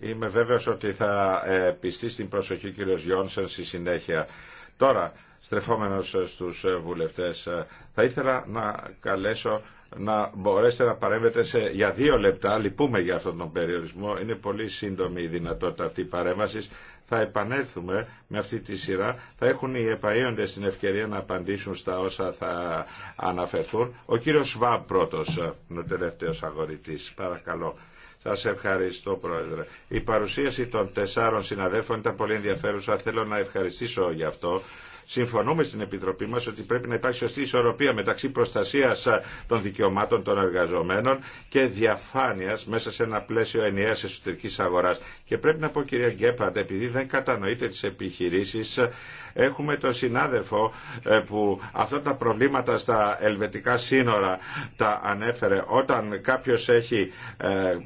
Είμαι βέβαιος ότι θα ε, πιστεί στην προσοχή κύριος Γιόνσεν στη συνέχεια. Τώρα, στρεφόμενος στους βουλευτές. Θα ήθελα να καλέσω να μπορέσετε να παρέμβετε για δύο λεπτά. Λυπούμε για αυτόν τον περιορισμό. Είναι πολύ σύντομη η δυνατότητα αυτή η παρέμβαση. Θα επανέλθουμε με αυτή τη σειρά. Θα έχουν οι επαίοντες την ευκαιρία να απαντήσουν στα όσα θα αναφερθούν. Ο κύριος Σβάμπ πρώτος, ο τελευταίος αγορητής. Παρακαλώ. Σας ευχαριστώ Πρόεδρε. Η παρουσίαση των τεσσάρων συναδέλφων ήταν πολύ ενδιαφέρουσα. Θέλω να ευχαριστήσω γι' αυτό συμφωνούμε στην Επιτροπή μας ότι πρέπει να υπάρχει σωστή ισορροπία μεταξύ προστασίας των δικαιωμάτων των εργαζομένων και διαφάνειας μέσα σε ένα πλαίσιο ενιαίας εσωτερικής αγοράς. Και πρέπει να πω κυρία Γκέπαντ, επειδή δεν κατανοείτε τις επιχειρήσεις, έχουμε τον συνάδελφο ε, που αυτά τα προβλήματα στα ελβετικά σύνορα τα ανέφερε. Όταν κάποιος έχει ε,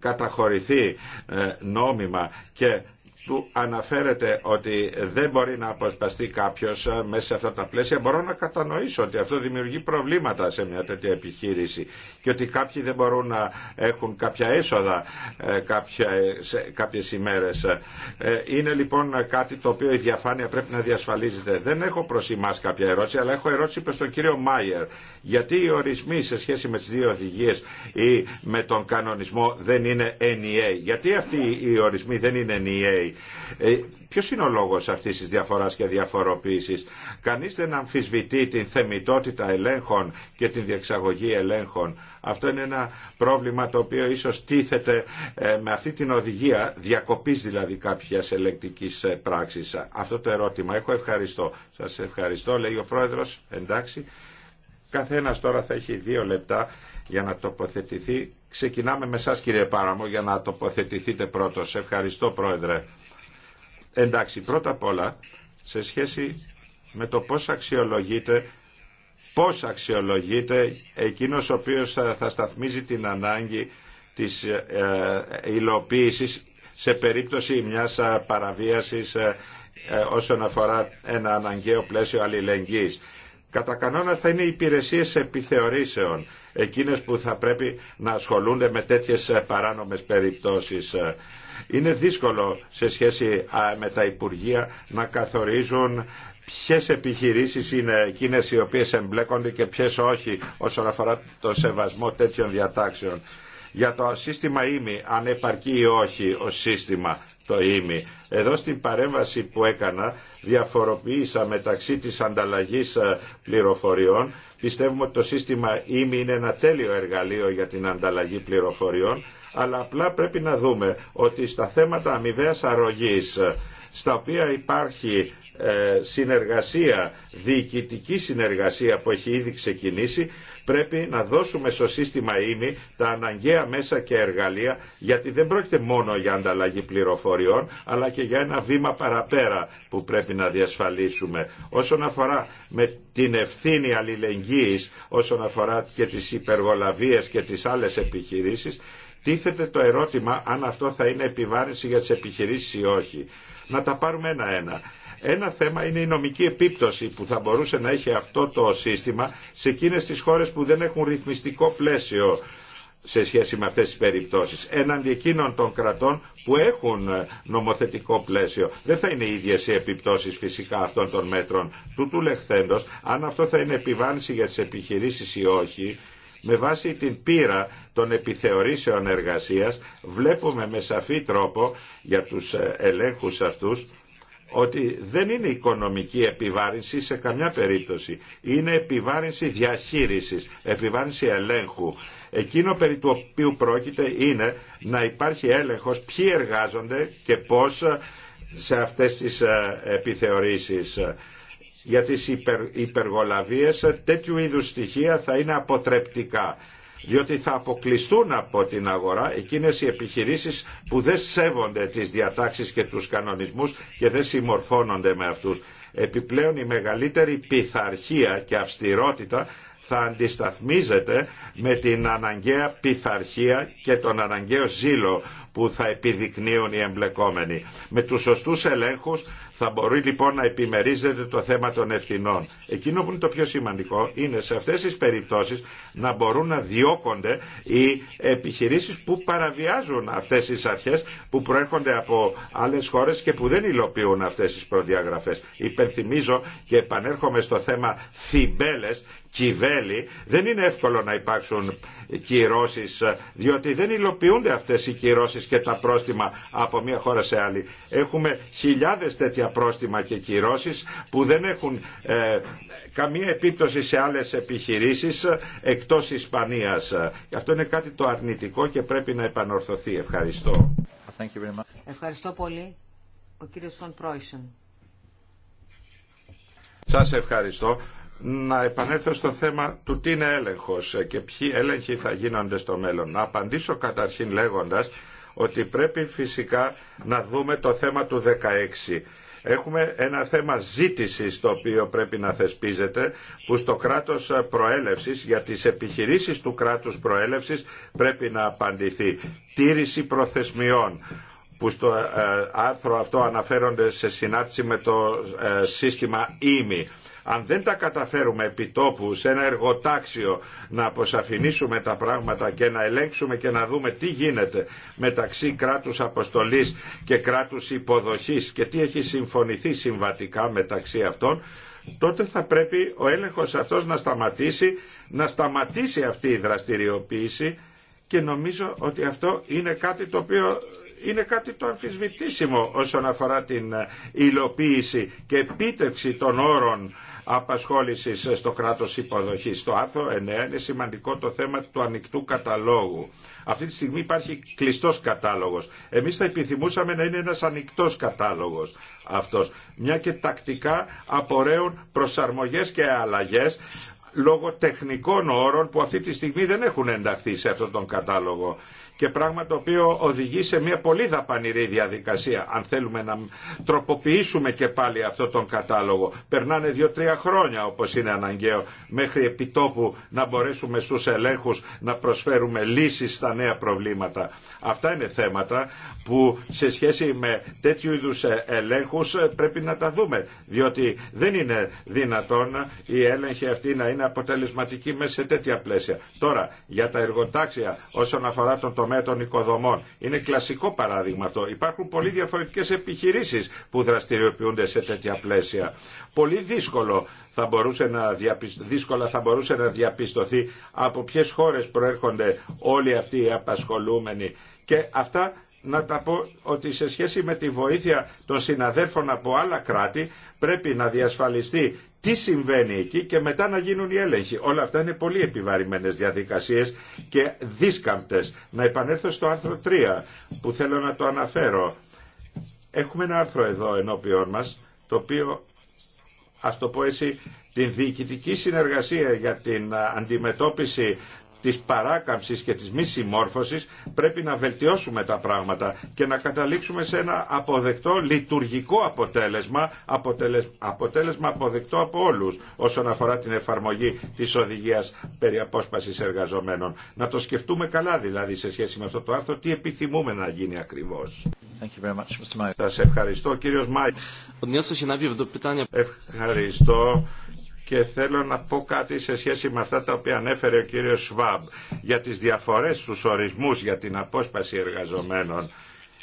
καταχωρηθεί ε, νόμιμα και που αναφέρεται ότι δεν μπορεί να αποσπαστεί κάποιος ε, μέσα σε αυτά τα πλαίσια, μπορώ να κατανοήσω ότι αυτό δημιουργεί προβλήματα σε μια τέτοια επιχείρηση και ότι κάποιοι δεν μπορούν να έχουν κάποια έσοδα ε, ε, κάποιες ημέρες. Είναι λοιπόν κάτι το οποίο η διαφάνεια πρέπει να διασφαλίζεται. Δεν έχω προς εμάς κάποια ερώτηση, αλλά έχω ερώτηση προς τον κύριο Μάιερ. Γιατί οι ορισμοί σε σχέση με τις δύο οδηγίες ή με τον κανονισμό δεν είναι NEA. Γιατί αυτοί οι ορισμοί δεν είναι NEA ε, Ποιο είναι ο λόγο αυτής τη διαφοράς και διαφοροποίηση, κανεί δεν αμφισβητεί την θεμητότητα ελέγχων και την διεξαγωγή ελέγχων. Αυτό είναι ένα πρόβλημα το οποίο ίσω τίθεται ε, με αυτή την οδηγία διακοπή δηλαδή κάποια ελεκτική ε, πράξη. Αυτό το ερώτημα έχω ευχαριστώ. Σα ευχαριστώ λέει ο πρόεδρο, Εντάξει. Καθένα τώρα θα έχει δύο λεπτά για να τοποθετηθεί. Ξεκινάμε με εσά κύριε Πάραμο για να τοποθετηθείτε πρώτος. Ευχαριστώ Πρόεδρε. Εντάξει, πρώτα απ' όλα, σε σχέση με το πώς αξιολογείται πώς αξιολογείται εκείνος ο οποίος θα σταθμίζει την ανάγκη της ε, ε, υλοποίησης σε περίπτωση μιας ε, παραβίασης όσον αφορά ένα αναγκαίο πλαίσιο αλληλεγγύης. Κατά κανόνα θα είναι οι υπηρεσίες επιθεωρήσεων, εκείνες που θα πρέπει να ασχολούνται με τέτοιες παράνομες περιπτώσεις. Είναι δύσκολο σε σχέση με τα Υπουργεία να καθορίζουν ποιες επιχειρήσεις είναι εκείνες οι οποίες εμπλέκονται και ποιες όχι όσον αφορά το σεβασμό τέτοιων διατάξεων. Για το σύστημα ΙΜΗ, αν επαρκεί ή όχι ο σύστημα το ΙΜΗ. Εδώ στην παρέμβαση που έκανα διαφοροποίησα μεταξύ της ανταλλαγής ε, πληροφοριών. Πιστεύουμε ότι το σύστημα ΙΜΗ είναι ένα τέλειο εργαλείο για την ανταλλαγή πληροφοριών αλλά απλά πρέπει να δούμε ότι στα θέματα αμοιβαίας αρρωγής, στα οποία υπάρχει ε, συνεργασία, διοικητική συνεργασία που έχει ήδη ξεκινήσει, πρέπει να δώσουμε στο σύστημα ΙΜΗ τα αναγκαία μέσα και εργαλεία, γιατί δεν πρόκειται μόνο για ανταλλαγή πληροφοριών, αλλά και για ένα βήμα παραπέρα που πρέπει να διασφαλίσουμε. Όσον αφορά με την ευθύνη αλληλεγγύης, όσον αφορά και τις υπεργολαβίες και τις άλλες επιχειρήσεις, Τίθεται το ερώτημα αν αυτό θα είναι επιβάρυνση για τις επιχειρήσεις ή όχι. Να τα πάρουμε ένα-ένα. Ένα θέμα είναι η νομική επίπτωση που θα μπορούσε να έχει αυτό το σύστημα σε εκείνες τις χώρες που δεν έχουν ρυθμιστικό πλαίσιο σε σχέση με αυτές τις περιπτώσεις έναντι εκείνων των κρατών που έχουν νομοθετικό πλαίσιο. Δεν θα είναι οι ίδιες οι επιπτώσεις φυσικά αυτών των μέτρων. Τούτου λεχθέντος, αν αυτό θα είναι επιβάρυνση για τις επιχειρήσεις ή όχι, με βάση την πείρα των επιθεωρήσεων εργασίας βλέπουμε με σαφή τρόπο για τους ε, ελέγχους αυτούς ότι δεν είναι οικονομική επιβάρυνση σε καμιά περίπτωση. Είναι επιβάρυνση διαχείρισης, επιβάρυνση ελέγχου. Εκείνο περί του οποίου πρόκειται είναι να υπάρχει έλεγχος ποιοι εργάζονται και πώς ε, σε αυτές τις ε, επιθεωρήσεις για τις υπερ, υπεργολαβίες τέτοιου είδους στοιχεία θα είναι αποτρεπτικά διότι θα αποκλειστούν από την αγορά εκείνες οι επιχειρήσεις που δεν σέβονται τις διατάξεις και τους κανονισμούς και δεν συμμορφώνονται με αυτούς. Επιπλέον η μεγαλύτερη πειθαρχία και αυστηρότητα θα αντισταθμίζεται με την αναγκαία πειθαρχία και τον αναγκαίο ζήλο που θα επιδεικνύουν οι εμπλεκόμενοι. Με τους σωστούς ελέγχους θα μπορεί λοιπόν να επιμερίζεται το θέμα των ευθυνών. Εκείνο που είναι το πιο σημαντικό είναι σε αυτές τις περιπτώσεις να μπορούν να διώκονται οι επιχειρήσεις που παραβιάζουν αυτές τις αρχές που προέρχονται από άλλες χώρες και που δεν υλοποιούν αυτές τις προδιαγραφές. Υπενθυμίζω και επανέρχομαι στο θέμα θυμπέλες, κυβέλη. Δεν είναι εύκολο να υπάρξουν κυρώσεις διότι δεν υλοποιούνται αυτές οι κυρώσεις και τα πρόστιμα από μια χώρα σε άλλη. Έχουμε χιλιάδες τέτοια πρόστιμα και κυρώσεις που δεν έχουν ε, καμία επίπτωση σε άλλες επιχειρήσεις εκτός Ισπανίας. Και αυτό είναι κάτι το αρνητικό και πρέπει να επανορθωθεί. Ευχαριστώ. Ευχαριστώ πολύ. Ο κύριος Φον Πρόισεν. Σας ευχαριστώ να επανέλθω στο θέμα του τι είναι έλεγχος ε, και ποιοι έλεγχοι θα γίνονται στο μέλλον. Να απαντήσω καταρχήν λέγοντας ότι πρέπει φυσικά να δούμε το θέμα του 16. Έχουμε ένα θέμα ζήτησης το οποίο πρέπει να θεσπίζεται που στο κράτος ε, προέλευσης για τις επιχειρήσεις του κράτους προέλευσης πρέπει να απαντηθεί. Τήρηση προθεσμιών που στο ε, άρθρο αυτό αναφέρονται σε συνάρτηση με το σύστημα ΙΜΗ. E αν δεν τα καταφέρουμε επιτόπου σε ένα εργοτάξιο να αποσαφηνίσουμε τα πράγματα και να ελέγξουμε και να δούμε τι γίνεται μεταξύ κράτους αποστολής και κράτους υποδοχής και τι έχει συμφωνηθεί συμβατικά μεταξύ αυτών, τότε θα πρέπει ο έλεγχος αυτός να σταματήσει, να σταματήσει αυτή η δραστηριοποίηση και νομίζω ότι αυτό είναι κάτι το οποίο είναι κάτι το αμφισβητήσιμο όσον αφορά την υλοποίηση και επίτευξη των όρων Απασχόληση στο κράτο υποδοχή Στο άρθρο 9 είναι σημαντικό το θέμα του ανοιχτού καταλόγου. Αυτή τη στιγμή υπάρχει κλειστό κατάλογο. Εμεί θα επιθυμούσαμε να είναι ένα ανοιχτό κατάλογος Αυτό. Μια και τακτικά απορρέουν προσαρμογέ και αλλαγέ λόγω τεχνικών όρων που αυτή τη στιγμή δεν έχουν ενταχθεί σε αυτόν τον κατάλογο και πράγμα το οποίο οδηγεί σε μια πολύ δαπανηρή διαδικασία αν θέλουμε να τροποποιήσουμε και πάλι αυτό τον κατάλογο. Περνάνε δύο-τρία χρόνια όπως είναι αναγκαίο μέχρι επιτόπου να μπορέσουμε στους ελέγχους να προσφέρουμε λύσεις στα νέα προβλήματα. Αυτά είναι θέματα που σε σχέση με τέτοιου είδους ε, ελέγχους ε, πρέπει να τα δούμε διότι δεν είναι δυνατόν η έλεγχη αυτή να είναι αποτελεσματική μέσα σε τέτοια πλαίσια. Τώρα για τα εργοτάξια όσον αφορά τον τομέα των οικοδομών. Είναι κλασικό παράδειγμα αυτό. Υπάρχουν πολύ διαφορετικέ επιχειρήσει που δραστηριοποιούνται σε τέτοια πλαίσια. Πολύ δύσκολο θα μπορούσε να δύσκολα θα μπορούσε να διαπιστωθεί από ποιε χώρε προέρχονται όλοι αυτοί οι απασχολούμενοι. Και αυτά να τα πω ότι σε σχέση με τη βοήθεια των συναδέλφων από άλλα κράτη πρέπει να διασφαλιστεί τι συμβαίνει εκεί και μετά να γίνουν οι έλεγχοι. Όλα αυτά είναι πολύ επιβαρημένες διαδικασίες και δίσκαμπτες. Να επανέλθω στο άρθρο 3 που θέλω να το αναφέρω. Έχουμε ένα άρθρο εδώ ενώπιον μας το οποίο ας το πω έτσι την διοικητική συνεργασία για την αντιμετώπιση της παράκαμψης και της μη συμμόρφωσης πρέπει να βελτιώσουμε τα πράγματα και να καταλήξουμε σε ένα αποδεκτό λειτουργικό αποτέλεσμα, αποτέλεσμα αποδεκτό από όλους όσον αφορά την εφαρμογή της οδηγίας περί απόσπασης εργαζομένων. Να το σκεφτούμε καλά δηλαδή σε σχέση με αυτό το άρθρο τι επιθυμούμε να γίνει ακριβώς. Thank ευχαριστώ κύριος Μάιτ. Ευχαριστώ και θέλω να πω κάτι σε σχέση με αυτά τα οποία ανέφερε ο κύριος Σβάμπ για τις διαφορές στους ορισμούς για την απόσπαση εργαζομένων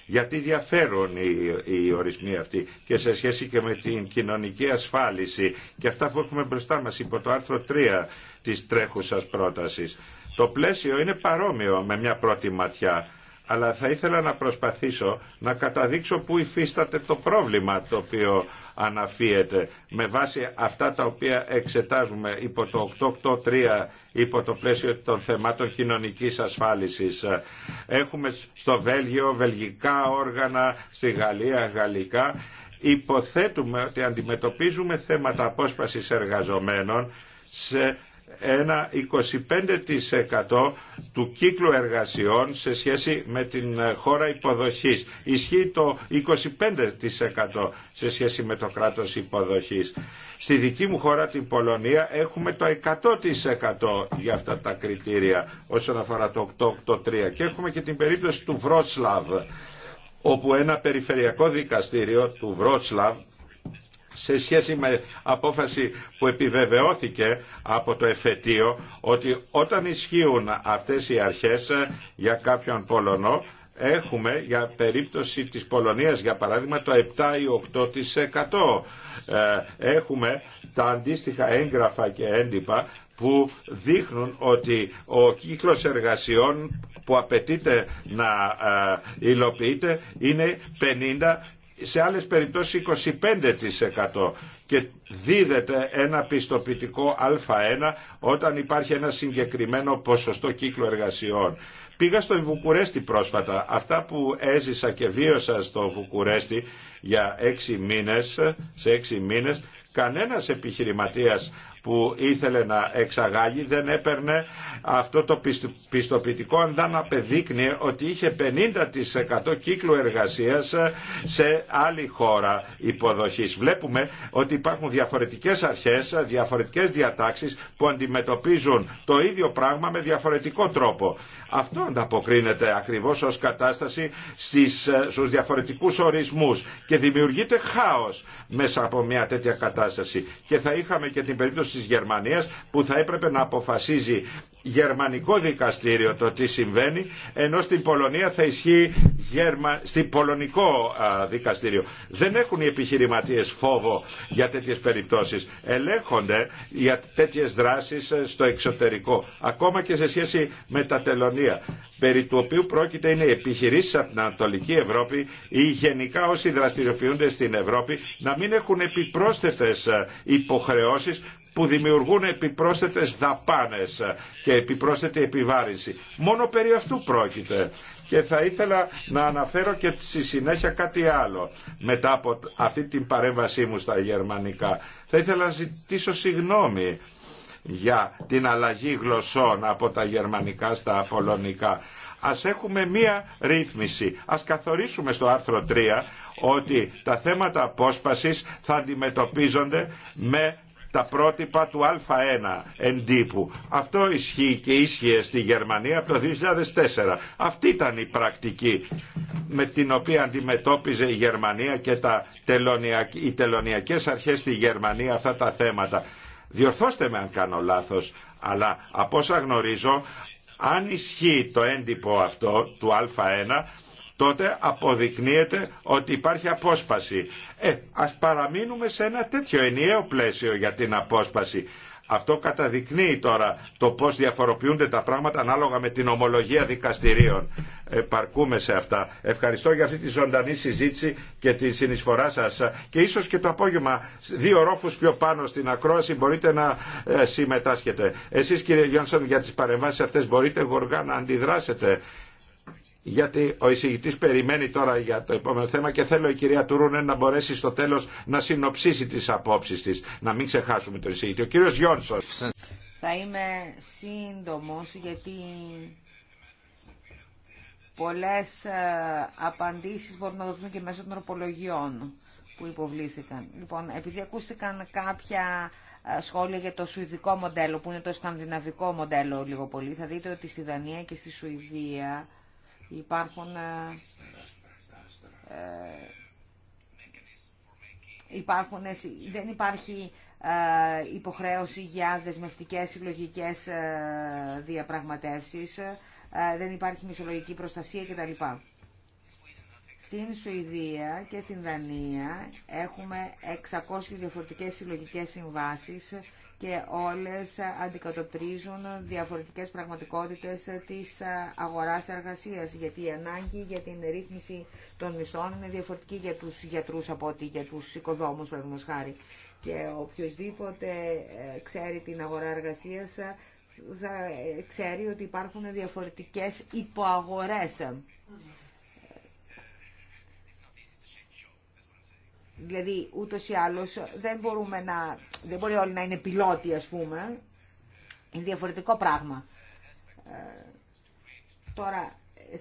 γιατί διαφέρουν οι, οι ορισμοί αυτοί και σε σχέση και με την κοινωνική ασφάλιση και αυτά που έχουμε μπροστά μας υπό το άρθρο 3 της τρέχουσας πρότασης. Το πλαίσιο είναι παρόμοιο με μια πρώτη ματιά αλλά θα ήθελα να προσπαθήσω να καταδείξω πού υφίσταται το πρόβλημα το οποίο αναφύεται με βάση αυτά τα οποία εξετάζουμε υπό το 883 υπό το πλαίσιο των θεμάτων κοινωνικής ασφάλισης. Έχουμε στο Βέλγιο βελγικά όργανα, στη Γαλλία γαλλικά. Υποθέτουμε ότι αντιμετωπίζουμε θέματα απόσπασης εργαζομένων σε ένα 25% του κύκλου εργασιών σε σχέση με την ε, χώρα υποδοχής. Ισχύει το 25% σε σχέση με το κράτος υποδοχής. Στη δική μου χώρα την Πολωνία έχουμε το 100% για αυτά τα κριτήρια όσον αφορά το 883 και έχουμε και την περίπτωση του Βρότσλαβ όπου ένα περιφερειακό δικαστήριο του Βρότσλαβ σε σχέση με απόφαση που επιβεβαιώθηκε από το εφετείο ότι όταν ισχύουν αυτές οι αρχές για κάποιον Πολωνό έχουμε για περίπτωση της Πολωνίας για παράδειγμα το 7 ή 8% ε, έχουμε τα αντίστοιχα έγγραφα και έντυπα που δείχνουν ότι ο κύκλος εργασιών που απαιτείται να ε, υλοποιείται είναι 50 σε άλλες περιπτώσεις 25% και δίδεται ένα πιστοποιητικό Α1 όταν υπάρχει ένα συγκεκριμένο ποσοστό κύκλου εργασιών. Πήγα στο Βουκουρέστι πρόσφατα. Αυτά που έζησα και βίωσα στο Βουκουρέστι για έξι μήνες, σε έξι μήνες, κανένας επιχειρηματίας που ήθελε να εξαγάγει δεν έπαιρνε αυτό το πιστοποιητικό αν να απεδείκνυε ότι είχε 50% κύκλου εργασίας σε άλλη χώρα υποδοχής. Βλέπουμε ότι υπάρχουν διαφορετικές αρχές, διαφορετικές διατάξεις που αντιμετωπίζουν το ίδιο πράγμα με διαφορετικό τρόπο. Αυτό ανταποκρίνεται ακριβώς ως κατάσταση στις, ε, στους διαφορετικούς ορισμούς και δημιουργείται χάος μέσα από μια τέτοια κατάσταση. Και θα είχαμε και την περίπτωση της Γερμανίας που θα έπρεπε να αποφασίζει γερμανικό δικαστήριο το τι συμβαίνει, ενώ στην Πολωνία θα ισχύει γερμα... στην πολωνικό δικαστήριο. Δεν έχουν οι επιχειρηματίες φόβο για τέτοιες περιπτώσεις. Ελέγχονται για τέτοιες δράσεις ε, στο εξωτερικό, ακόμα και σε σχέση με τα τελωνία, περί του οποίου πρόκειται είναι οι επιχειρήσεις από την Ανατολική Ευρώπη ή γενικά όσοι δραστηριοποιούνται στην Ευρώπη να μην έχουν επιπρόσθετες ε, υποχρεώσεις που δημιουργούν επιπρόσθετες δαπάνες και επιπρόσθετη επιβάρηση. Μόνο περί αυτού πρόκειται. Και θα ήθελα να αναφέρω και στη συνέχεια κάτι άλλο μετά από αυτή την παρέμβασή μου στα γερμανικά. Θα ήθελα να ζητήσω συγγνώμη για την αλλαγή γλωσσών από τα γερμανικά στα πολωνικά. Ας έχουμε μία ρύθμιση. Ας καθορίσουμε στο άρθρο 3 ότι τα θέματα απόσπασης θα αντιμετωπίζονται με τα πρότυπα του Α1 εντύπου. Αυτό ισχύει και ίσχυε στη Γερμανία από το 2004. Αυτή ήταν η πρακτική με την οποία αντιμετώπιζε η Γερμανία και τα οι τελωνιακές αρχές στη Γερμανία αυτά τα θέματα. Διορθώστε με αν κάνω λάθος, αλλά από όσα γνωρίζω, αν ισχύει το έντυπο αυτό του Α1, τότε αποδεικνύεται ότι υπάρχει απόσπαση. Ε, ας παραμείνουμε σε ένα τέτοιο ενιαίο πλαίσιο για την απόσπαση. Αυτό καταδεικνύει τώρα το πώς διαφοροποιούνται τα πράγματα ανάλογα με την ομολογία δικαστηρίων. Ε, παρκούμε σε αυτά. Ευχαριστώ για αυτή τη ζωντανή συζήτηση και τη συνεισφορά σας. Και ίσως και το απόγευμα, δύο ρόφους πιο πάνω στην ακρόαση, μπορείτε να ε, συμμετάσχετε. Εσείς κύριε Γιόνσον για τις παρεμβάσεις αυτές μπορείτε γοργά να αντιδράσετε γιατί ο εισηγητή περιμένει τώρα για το επόμενο θέμα και θέλω η κυρία Τουρούνε να μπορέσει στο τέλο να συνοψίσει τι απόψει τη. Να μην ξεχάσουμε τον εισηγητή. Ο κύριο Γιόνσον. Θα είμαι σύντομο γιατί πολλέ ε, απαντήσει μπορούν να δοθούν και μέσω των τροπολογιών που υποβλήθηκαν. Λοιπόν, επειδή ακούστηκαν κάποια ε, σχόλια για το σουηδικό μοντέλο, που είναι το σκανδιναβικό μοντέλο λίγο πολύ, θα δείτε ότι στη Δανία και στη Σουηδία Υπάρχουν ε, ε, υπάρχουν, ε, δεν υπάρχει υποχρέωση για δεσμευτικές συλλογικέ ε, διαπραγματεύσεις, δεν υπάρχει μισολογική προστασία κτλ. Στην Σουηδία και στην Δανία έχουμε 600 διαφορετικές συλλογικές συμβάσεις και όλες αντικατοπτρίζουν διαφορετικές πραγματικότητες της αγοράς εργασίας γιατί η ανάγκη για την ρύθμιση των μισθών είναι διαφορετική για τους γιατρούς από ότι για τους οικοδόμους παραδείγματος χάρη και οποιοδήποτε ε, ξέρει την αγορά εργασίας θα ε, ξέρει ότι υπάρχουν διαφορετικές υποαγορές. Δηλαδή, ούτω ή άλλω δεν, μπορούμε να, δεν μπορεί όλοι να είναι πιλότοι, α πούμε. Είναι διαφορετικό πράγμα. Ε, τώρα,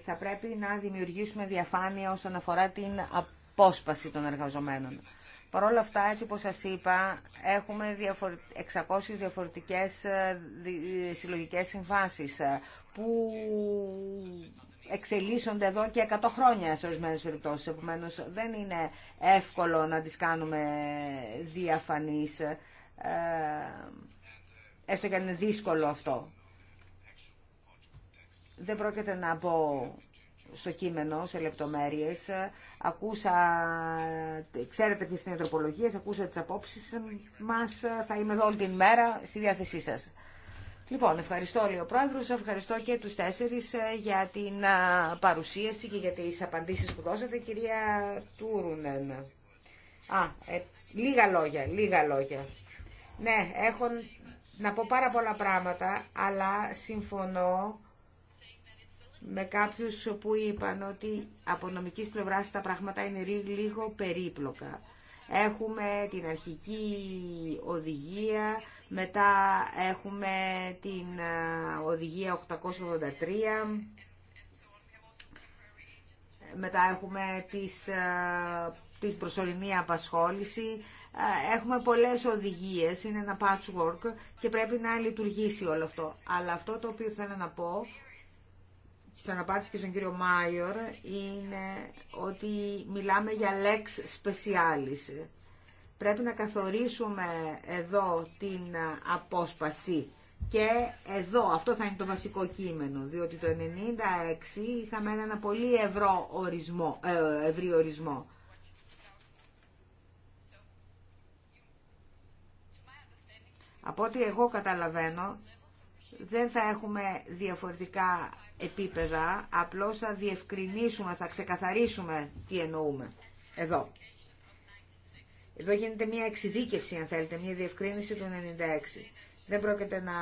θα πρέπει να δημιουργήσουμε διαφάνεια όσον αφορά την απόσπαση των εργαζομένων. Παρ' όλα αυτά, έτσι όπως σας είπα, έχουμε 600 διαφορετικές ε, συλλογικές συμβάσεις ε, που εξελίσσονται εδώ και 100 χρόνια σε ορισμένε περιπτώσει. Επομένω, δεν είναι εύκολο να τι κάνουμε διαφανεί. Ε, έστω και αν είναι δύσκολο αυτό. Δεν πρόκειται να πω στο κείμενο, σε λεπτομέρειες. Ακούσα, ξέρετε ποιες είναι οι τροπολογίες, ακούσα τις απόψεις μας. Θα είμαι εδώ όλη την μέρα στη διάθεσή σας. Λοιπόν, ευχαριστώ όλοι ο Πρόεδρος, ευχαριστώ και τους τέσσερις ε, για την ε, παρουσίαση και για τις απαντήσεις που δώσατε, κυρία Τούρουνεν. Α, ε, λίγα λόγια, λίγα λόγια. Ναι, έχω να πω πάρα πολλά πράγματα, αλλά συμφωνώ με κάποιους που είπαν ότι από νομικής πλευράς τα πράγματα είναι λίγο περίπλοκα. Έχουμε την αρχική οδηγία, μετά έχουμε την ε, οδηγία 883. Μετά έχουμε τις, ε, την προσωρινή απασχόληση. Ε, έχουμε πολλές οδηγίες, είναι ένα patchwork και πρέπει να λειτουργήσει όλο αυτό. Αλλά αυτό το οποίο θέλω να πω, σαν απάντηση και στον κύριο Μάιορ, είναι ότι μιλάμε για lex specialis πρέπει να καθορίσουμε εδώ την απόσπαση και εδώ αυτό θα είναι το βασικό κείμενο, διότι το 96 είχαμε ένα πολύ ευρώ ορισμό, ε, ευρύ ορισμό. Από ό,τι εγώ καταλαβαίνω, δεν θα έχουμε διαφορετικά επίπεδα, απλώς θα διευκρινίσουμε, θα ξεκαθαρίσουμε τι εννοούμε εδώ. Εδώ γίνεται μια εξειδίκευση, αν θέλετε, μια διευκρίνηση του 96. Δεν πρόκειται να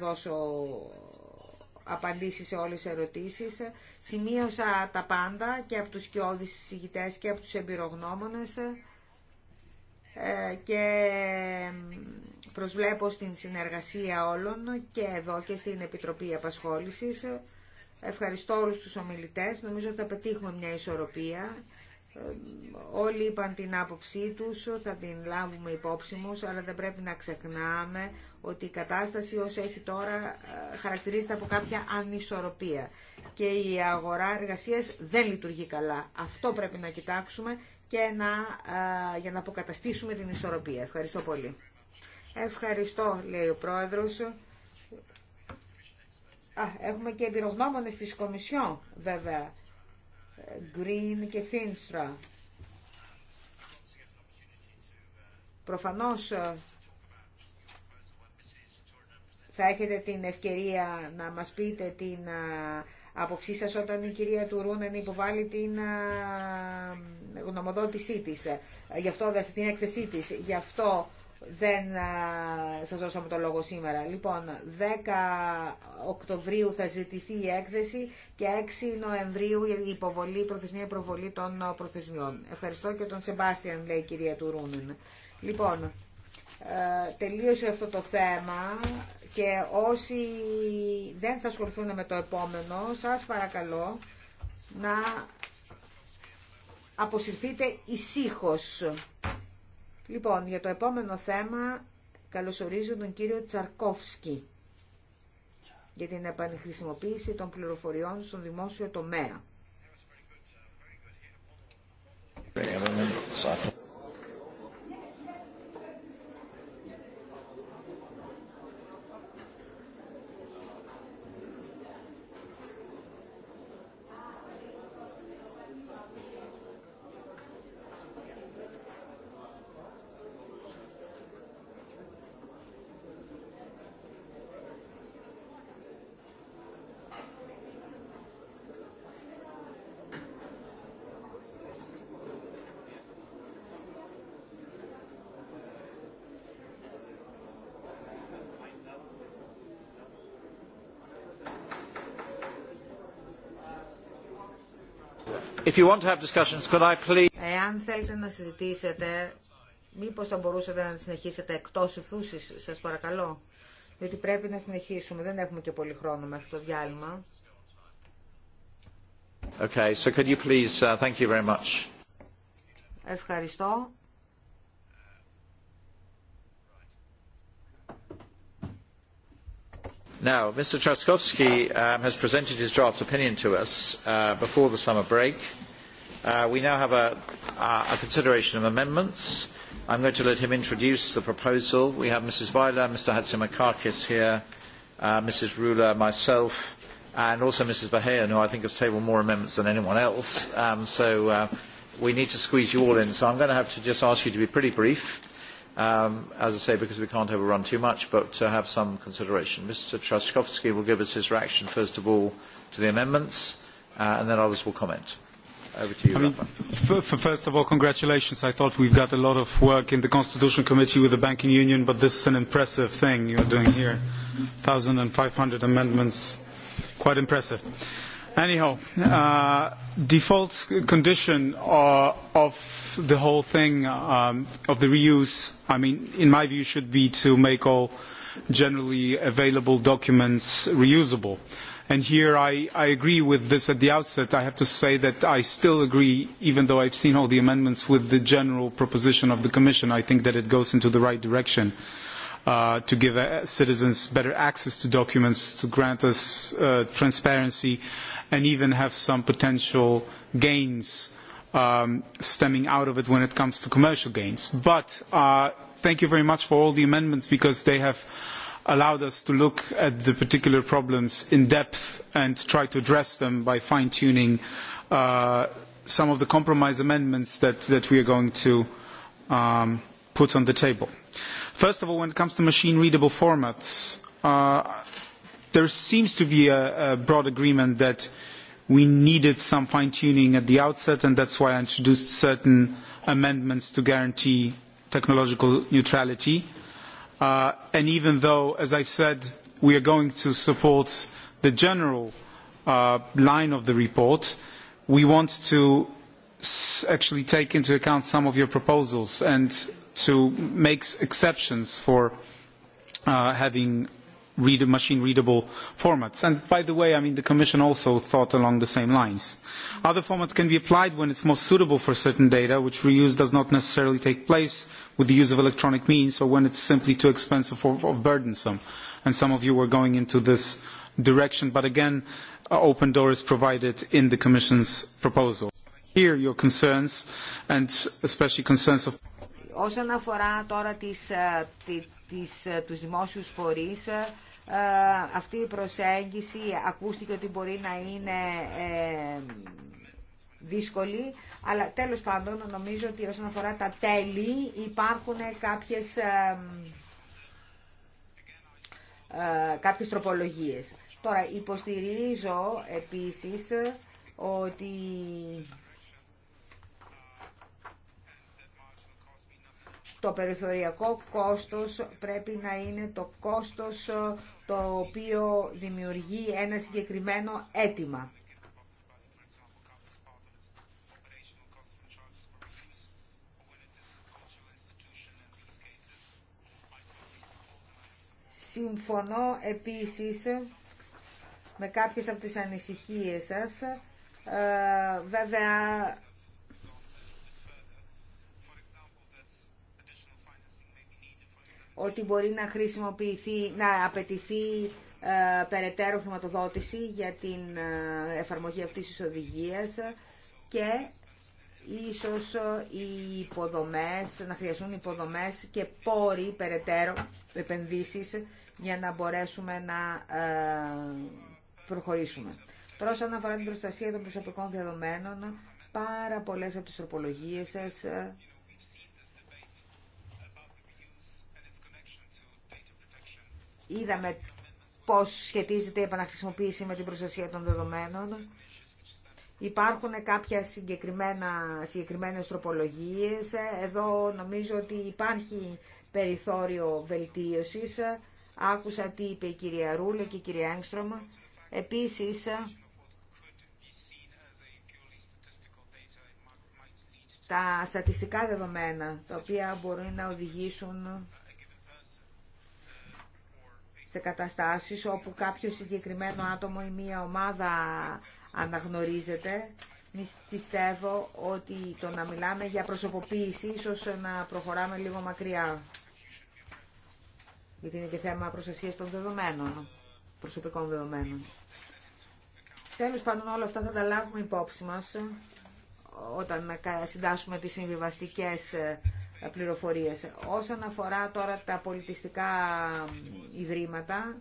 δώσω απαντήσεις σε όλες τις ερωτήσεις. Σημείωσα τα πάντα και από τους κοιόδης συζητητές και από τους εμπειρογνώμονες ε, και προσβλέπω στην συνεργασία όλων και εδώ και στην Επιτροπή Απασχόλησης. Ευχαριστώ όλους τους ομιλητές. Νομίζω ότι θα πετύχουμε μια ισορροπία ε, όλοι είπαν την άποψή τους, θα την λάβουμε υπόψη μας, αλλά δεν πρέπει να ξεχνάμε ότι η κατάσταση όσο έχει τώρα ε, χαρακτηρίζεται από κάποια ανισορροπία και η αγορά εργασίας δεν λειτουργεί καλά. Αυτό πρέπει να κοιτάξουμε και να, ε, για να αποκαταστήσουμε την ισορροπία. Ευχαριστώ πολύ. Ευχαριστώ, λέει ο Πρόεδρος. έχουμε και εμπειρογνώμονες της Κομισιόν, βέβαια. Green και Φινστρα. Προφανώς ε, θα έχετε την ευκαιρία να μας πείτε την ε, άποψή σας όταν η κυρία Τουρούνεν υποβάλλει την ε, γνωμοδότησή της, γι' αυτό, την έκθεσή της. Γι' αυτό δεν σας δώσαμε το λόγο σήμερα. Λοιπόν, 10 Οκτωβρίου θα ζητηθεί η έκθεση και 6 Νοεμβρίου η υποβολή, η προθεσμία προβολή των προθεσμιών. Ευχαριστώ και τον Σεμπάστιαν, λέει η κυρία Ρούνιν. Λοιπόν, ε, τελείωσε αυτό το θέμα και όσοι δεν θα ασχοληθούν με το επόμενο, σας παρακαλώ να αποσυρθείτε ησύχως. Λοιπόν, για το επόμενο θέμα καλωσορίζω τον κύριο Τσαρκόφσκι για την επανεχρησιμοποίηση των πληροφοριών στον δημόσιο τομέα. If Εάν θέλετε να συζητήσετε, μήπως θα μπορούσατε να συνεχίσετε εκτός ευθούσης, σας παρακαλώ. Διότι πρέπει να συνεχίσουμε, δεν έχουμε και πολύ χρόνο μέχρι το διάλειμμα. Okay, so could you please, uh, thank you very much. Ευχαριστώ. Now, Mr. Trzaskowski has presented his draft opinion to us before the summer break. We now have a consideration of amendments. I'm going to let him introduce the proposal. We have Mrs. Weiler, Mr. Hatzimakakis here, Mrs. Ruler, myself, and also Mrs. Bahayan, who I think has tabled more amendments than anyone else. So we need to squeeze you all in. So I'm going to have to just ask you to be pretty brief as I say, because we can't overrun too much, but to have some consideration. Mr. Trzaskowski will give us his reaction, first of all, to the amendments, and then others will comment. Over to you, First of all, congratulations. I thought we've got a lot of work in the Constitution Committee with the Banking Union, but this is an impressive thing you're doing here. 1,500 amendments, quite impressive. Anyhow, default condition of the whole thing of the reuse, I mean, in my view, should be to make all generally available documents reusable. And here I agree with this at the outset. I have to say that I still agree, even though I've seen all the amendments, with the general proposition of the Commission. I think that it goes into the right direction to give citizens better access to documents, to grant us transparency and even have some potential gains stemming out of it when it comes to commercial gains. But thank you very much for all the amendments because they have allowed us to look at the particular problems in depth and try to address them by fine-tuning some of the compromise amendments that we are going to put on the table. First of all, when it comes to machine-readable formats, there seems to be a broad agreement that we needed some fine-tuning at the outset, and that's why I introduced certain amendments to guarantee technological neutrality. And even though, as I've said, we are going to support the general line of the report, we want to actually take into account some of your proposals and to make exceptions for having machine-readable formats. And by the way, I mean the Commission also thought along the same lines. Other formats can be applied when it's most suitable for certain data, which reuse does not necessarily take place with the use of electronic means, or when it's simply too expensive or burdensome. And some of you were going into this direction, but again, open door is provided in the Commission's proposal. Hear your concerns, and especially concerns of. Ε, αυτή η προσέγγιση ακούστηκε ότι μπορεί να είναι ε, δύσκολη, αλλά τέλος πάντων νομίζω ότι όσον αφορά τα τέλη υπάρχουν κάποιες, ε, κάποιες τροπολογίες. Τώρα υποστηρίζω επίσης ότι το περιθωριακό κόστος πρέπει να είναι το κόστος το οποίο δημιουργεί ένα συγκεκριμένο αίτημα. Συμφωνώ επίσης με κάποιες από τις ανησυχίες σας. Ε, βέβαια, ότι μπορεί να χρησιμοποιηθεί, να απαιτηθεί ε, περαιτέρω χρηματοδότηση για την ε, εφαρμογή αυτής της οδηγίας και ίσως ε, οι υποδομές, να χρειαστούν υποδομές και πόροι περαιτέρω επενδύσεις για να μπορέσουμε να προχωρήσουμε. Προς αναφορά την προστασία των προσωπικών δεδομένων, πάρα πολλές από τις τροπολογίες σας Είδαμε πώς σχετίζεται η επαναχρησιμοποίηση με την προστασία των δεδομένων. Υπάρχουν κάποια συγκεκριμένα, συγκεκριμένες τροπολογίες. Εδώ νομίζω ότι υπάρχει περιθώριο βελτίωσης. Άκουσα τι είπε η κυρία Ρούλε και η κυρία Έγκστρομ. Επίσης, τα στατιστικά δεδομένα, τα οποία μπορεί να οδηγήσουν σε καταστάσεις όπου κάποιο συγκεκριμένο άτομο ή μία ομάδα αναγνωρίζεται. Πιστεύω ότι το να μιλάμε για προσωποποίηση ίσως να προχωράμε λίγο μακριά. Γιατί είναι και θέμα προστασίας των δεδομένων, προσωπικών δεδομένων. Τέλος πάντων όλα αυτά θα τα λάβουμε υπόψη μας όταν συντάσσουμε τις συμβιβαστικές ε, πληροφορίες. Όσον αφορά τώρα τα πολιτιστικά ιδρύματα,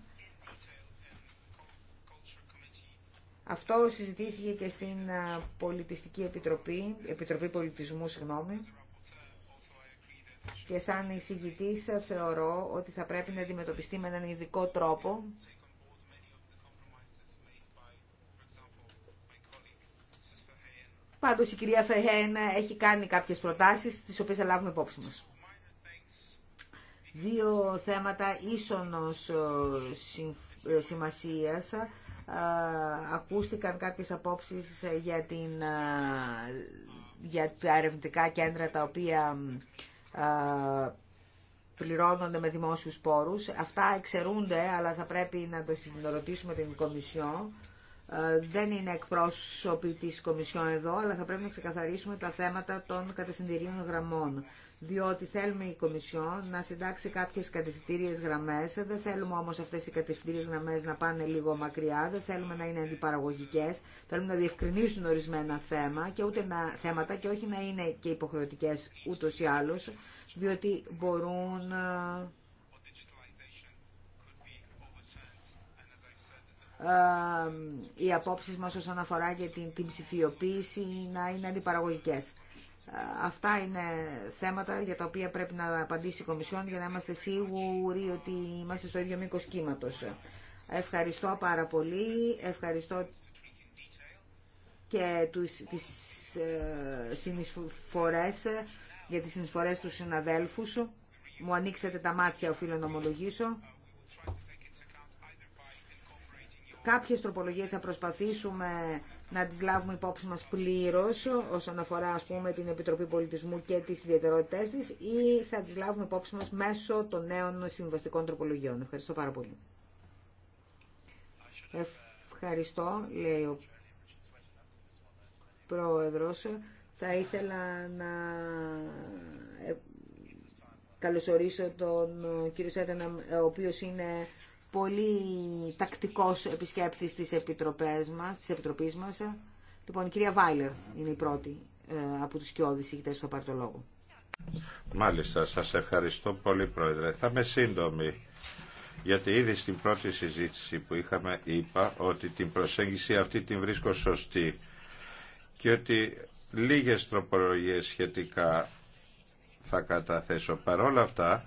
αυτό συζητήθηκε και στην Πολιτιστική Επιτροπή, Επιτροπή Πολιτισμού, συγγνώμη, και σαν εισηγητής θεωρώ ότι θα πρέπει να αντιμετωπιστεί με έναν ειδικό τρόπο Πάντως η κυρία Φεχέν έχει κάνει κάποιες προτάσεις, τις οποίες θα λάβουμε υπόψη μας. Δύο θέματα ίσονος ε, ε, σημασίας. Ακούστηκαν κάποιες απόψεις για, την, για τα ερευνητικά κέντρα τα οποία πληρώνονται με δημόσιους πόρους. Αυτά εξαιρούνται, αλλά θα πρέπει να το συγκροτήσουμε την Κομισιόν ε, δεν είναι εκπρόσωποι της Κομισιόν εδώ, αλλά θα πρέπει να ξεκαθαρίσουμε τα θέματα των κατευθυντηρίων γραμμών. Διότι θέλουμε η Κομισιόν να συντάξει κάποιες κατευθυντήριες γραμμές, δεν θέλουμε όμως αυτές οι κατευθυντήριες γραμμές να πάνε λίγο μακριά, δεν θέλουμε να είναι αντιπαραγωγικές, θέλουμε να διευκρινίσουν ορισμένα θέμα και ούτε να, θέματα και όχι να είναι και υποχρεωτικές ούτως ή άλλως, διότι μπορούν ε, οι απόψεις μας όσον αφορά για την, την ψηφιοποίηση να είναι αντιπαραγωγικές. Ε, αυτά είναι θέματα για τα οποία πρέπει να απαντήσει η Κομισιόν για να είμαστε σίγουροι ότι είμαστε στο ίδιο μήκος κύματος. Ευχαριστώ πάρα πολύ. Ευχαριστώ και τις ε, συνεισφορές, για τις συνεισφορές του συναδέλφου. Μου ανοίξετε τα μάτια, οφείλω να ομολογήσω. Κάποιες τροπολογίες θα προσπαθήσουμε να τις λάβουμε υπόψη μας πλήρως όσον αφορά ας πούμε την Επιτροπή Πολιτισμού και τις ιδιαιτερότητές της ή θα τις λάβουμε υπόψη μας μέσω των νέων συμβαστικών τροπολογιών. Ευχαριστώ πάρα πολύ. Ευχαριστώ, λέει ο Πρόεδρος. Θα ήθελα να ε, καλωσορίσω τον κύριο Σέτενα, ο οποίος είναι πολύ τακτικός επισκέπτης της Επιτροπής μας. Της Επιτροπής μας. Λοιπόν, η κυρία Βάιλερ είναι η πρώτη ε, από τους κοιόδης ηγητές που θα Μάλιστα, σας ευχαριστώ πολύ Πρόεδρε. Θα είμαι σύντομη, γιατί ήδη στην πρώτη συζήτηση που είχαμε είπα ότι την προσέγγιση αυτή την βρίσκω σωστή και ότι λίγες τροπολογίες σχετικά θα καταθέσω. Παρ' αυτά,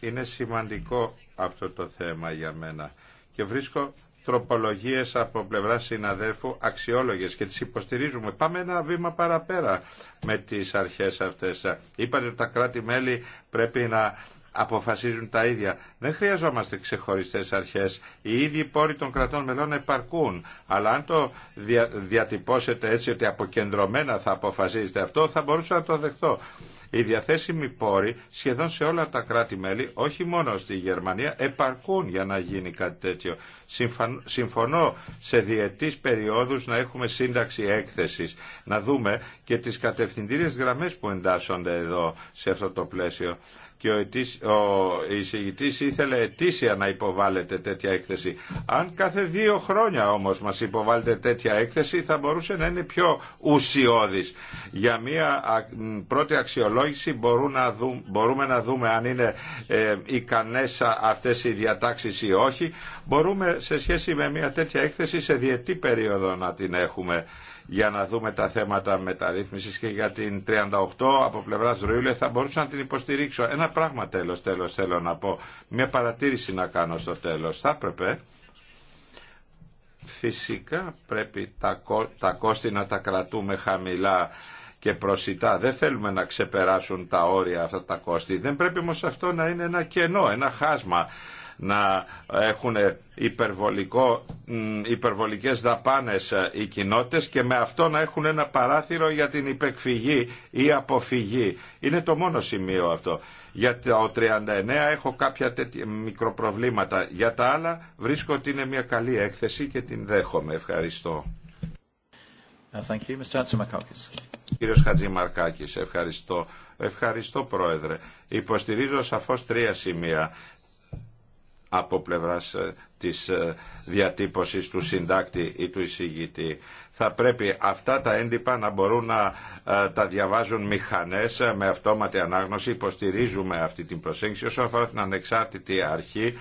είναι σημαντικό αυτό το θέμα για μένα. Και βρίσκω τροπολογίες από πλευρά συναδέλφου αξιόλογες και τις υποστηρίζουμε. Πάμε ένα βήμα παραπέρα με τις αρχές αυτές. Είπατε ότι τα κράτη-μέλη πρέπει να αποφασίζουν τα ίδια. Δεν χρειαζόμαστε ξεχωριστές αρχές. Οι ίδιοι πόροι των κρατών μελών επαρκούν. Αλλά αν το δια, διατυπώσετε έτσι ότι αποκεντρωμένα θα αποφασίζετε αυτό, θα μπορούσα να το δεχτώ. Οι διαθέσιμοι πόροι σχεδόν σε όλα τα κράτη-μέλη, όχι μόνο στη Γερμανία, επαρκούν για να γίνει κάτι τέτοιο. Συμφωνώ σε διετής περιόδους να έχουμε σύνταξη έκθεσης. Να δούμε και τις κατευθυντήριες γραμμές που εντάσσονται εδώ σε αυτό το πλαίσιο και ο, ετήσ, εισηγητής ήθελε ετήσια να υποβάλλεται τέτοια έκθεση. Αν κάθε δύο χρόνια όμως μας υποβάλλεται τέτοια έκθεση θα μπορούσε να είναι πιο ουσιώδης. Για μια πρώτη αξιολόγηση μπορούμε να δούμε αν είναι ε, ικανές αυτές οι διατάξεις ή όχι. Μπορούμε σε σχέση με μια τέτοια έκθεση σε διετή περίοδο να την έχουμε για να δούμε τα θέματα μεταρρύθμισης και για την 38 από πλευρά Ρούλε θα μπορούσα να την υποστηρίξω. Ένα πράγμα τέλος, τέλος θέλω να πω. Μια παρατήρηση να κάνω στο τέλος. Θα έπρεπε φυσικά πρέπει τα, τα κόστη να τα κρατούμε χαμηλά και προσιτά. Δεν θέλουμε να ξεπεράσουν τα όρια αυτά τα κόστη. Δεν πρέπει όμως αυτό να είναι ένα κενό, ένα χάσμα να έχουν υπερβολικό, υπερβολικές δαπάνες ε, οι κοινότητες και με αυτό να έχουν ένα παράθυρο για την υπεκφυγή ή αποφυγή. Είναι το μόνο σημείο αυτό. Για το 39 έχω κάποια τέτοια μικροπροβλήματα. Για τα άλλα βρίσκω ότι είναι μια καλή έκθεση και την δέχομαι. Ευχαριστώ. Uh, thank you, Χατζημαρκάκης, ευχαριστώ. Ευχαριστώ Πρόεδρε. Υποστηρίζω σαφώς τρία σημεία από πλευράς ε, της ε, διατύπωσης του συντάκτη ή του εισηγητή. Θα πρέπει αυτά τα έντυπα να μπορούν να ε, τα διαβάζουν μηχανές με αυτόματη ανάγνωση. Υποστηρίζουμε αυτή την προσέγγιση όσον αφορά την ανεξάρτητη αρχή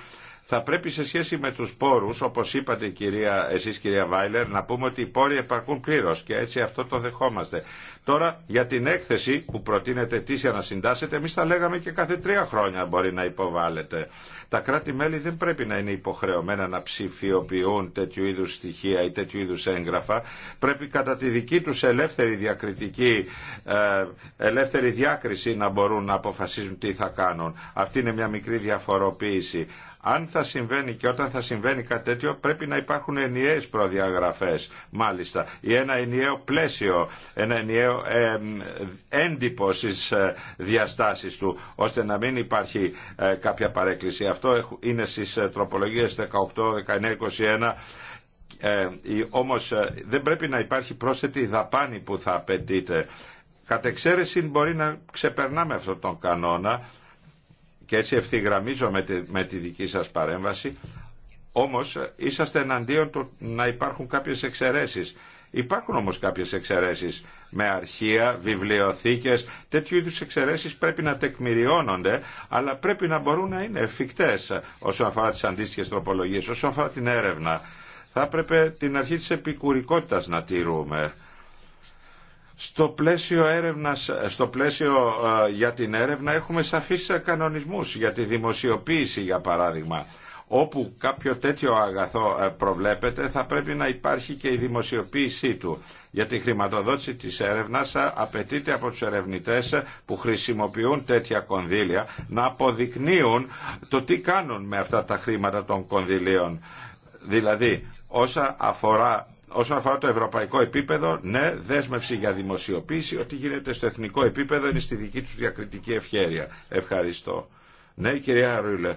θα πρέπει σε σχέση με τους πόρους, όπως είπατε κυρία, εσείς κυρία Βάιλερ, να πούμε ότι οι πόροι επαρκούν πλήρως και έτσι αυτό το δεχόμαστε. Τώρα για την έκθεση που προτείνεται τήσια να συντάσσεται, εμείς θα λέγαμε και κάθε τρία χρόνια μπορεί να υποβάλλεται. Τα κράτη-μέλη δεν πρέπει να είναι υποχρεωμένα να ψηφιοποιούν τέτοιου είδους στοιχεία ή τέτοιου είδους έγγραφα. Πρέπει κατά τη δική τους ελεύθερη διακριτική, ε, ελεύθερη διάκριση να μπορούν να αποφασίζουν τι θα κάνουν. Αυτή είναι μια μικρή διαφοροποίηση. Αν θα συμβαίνει και όταν θα συμβαίνει κάτι τέτοιο πρέπει να υπάρχουν ενιαίε προδιαγραφές μάλιστα ή ένα ενιαίο πλαίσιο, ένα ενιαίο ε, έντυπο στις ε, διαστάσεις του ώστε να μην υπάρχει ε, κάποια παρέκκληση. Αυτό είναι στις ε, τροπολογίες 18, 19, 21 ε, όμως ε, δεν πρέπει να υπάρχει πρόσθετη δαπάνη που θα απαιτείται. Κατ' εξαίρεση μπορεί να ξεπερνάμε αυτόν τον κανόνα και έτσι ευθυγραμμίζω με τη, με τη δική σας παρέμβαση, όμως είσαστε εναντίον του να υπάρχουν κάποιες εξαιρέσεις. Υπάρχουν όμως κάποιες εξαιρέσεις με αρχεία, βιβλιοθήκες, τέτοιου είδους εξαιρέσεις πρέπει να τεκμηριώνονται, αλλά πρέπει να μπορούν να είναι εφικτές όσον αφορά τις αντίστοιχες τροπολογίες, όσον αφορά την έρευνα. Θα έπρεπε την αρχή της επικουρικότητας να τηρούμε. Στο πλαίσιο, έρευνας, στο πλαίσιο ε, για την έρευνα έχουμε σαφείς κανονισμούς για τη δημοσιοποίηση για παράδειγμα. Όπου κάποιο τέτοιο αγαθό ε, προβλέπεται θα πρέπει να υπάρχει και η δημοσιοποίησή του. Για τη χρηματοδότηση της έρευνας ε, απαιτείται από τους ερευνητές που χρησιμοποιούν τέτοια κονδύλια να αποδεικνύουν το τι κάνουν με αυτά τα χρήματα των κονδυλίων. Δηλαδή όσα αφορά Όσον αφορά το ευρωπαϊκό επίπεδο, ναι, δέσμευση για δημοσιοποίηση, ότι γίνεται στο εθνικό επίπεδο είναι στη δική τους διακριτική ευχέρεια. Ευχαριστώ. Ναι, κυρία Ρούλε.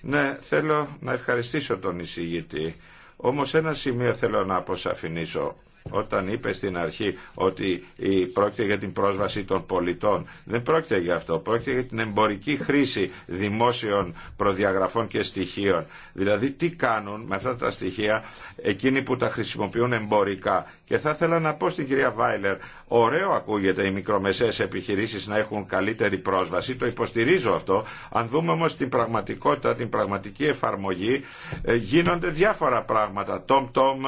Ναι, θέλω να ευχαριστήσω τον εισηγητή. Όμως ένα σημείο θέλω να αποσαφηνίσω όταν είπε στην αρχή ότι πρόκειται για την πρόσβαση των πολιτών. Δεν πρόκειται για αυτό. Πρόκειται για την εμπορική χρήση δημόσιων προδιαγραφών και στοιχείων. Δηλαδή τι κάνουν με αυτά τα στοιχεία εκείνοι που τα χρησιμοποιούν εμπορικά. Και θα ήθελα να πω στην κυρία Βάιλερ, ωραίο ακούγεται οι μικρομεσαίες επιχειρήσεις να έχουν καλύτερη πρόσβαση, το υποστηρίζω αυτό. Αν δούμε όμως την πραγματικότητα, την πραγματική εφαρμογή, ε, γίνονται διάφορα πράγματα, τόμ-τόμ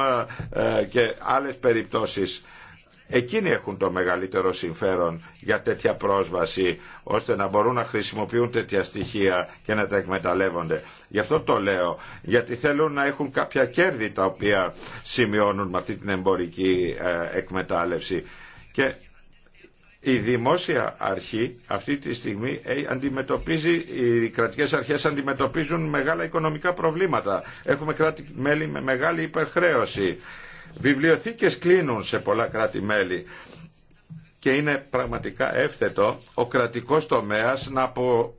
ε, ε, και άλλες περιπτώσεις Εκείνοι έχουν το μεγαλύτερο συμφέρον για τέτοια πρόσβαση, ώστε να μπορούν να χρησιμοποιούν τέτοια στοιχεία και να τα εκμεταλλεύονται. Γι' αυτό το λέω, γιατί θέλουν να έχουν κάποια κέρδη τα οποία σημειώνουν με αυτή την εμπορική ε, εκμετάλλευση. Και η δημόσια αρχή αυτή τη στιγμή ε, αντιμετωπίζει, οι κρατικές αρχές αντιμετωπίζουν μεγάλα οικονομικά προβλήματα. Έχουμε κράτη-μέλη με μεγάλη υπερχρέωση Βιβλιοθήκες κλείνουν σε πολλά κράτη-μέλη και είναι πραγματικά εύθετο ο κρατικός τομέας να απο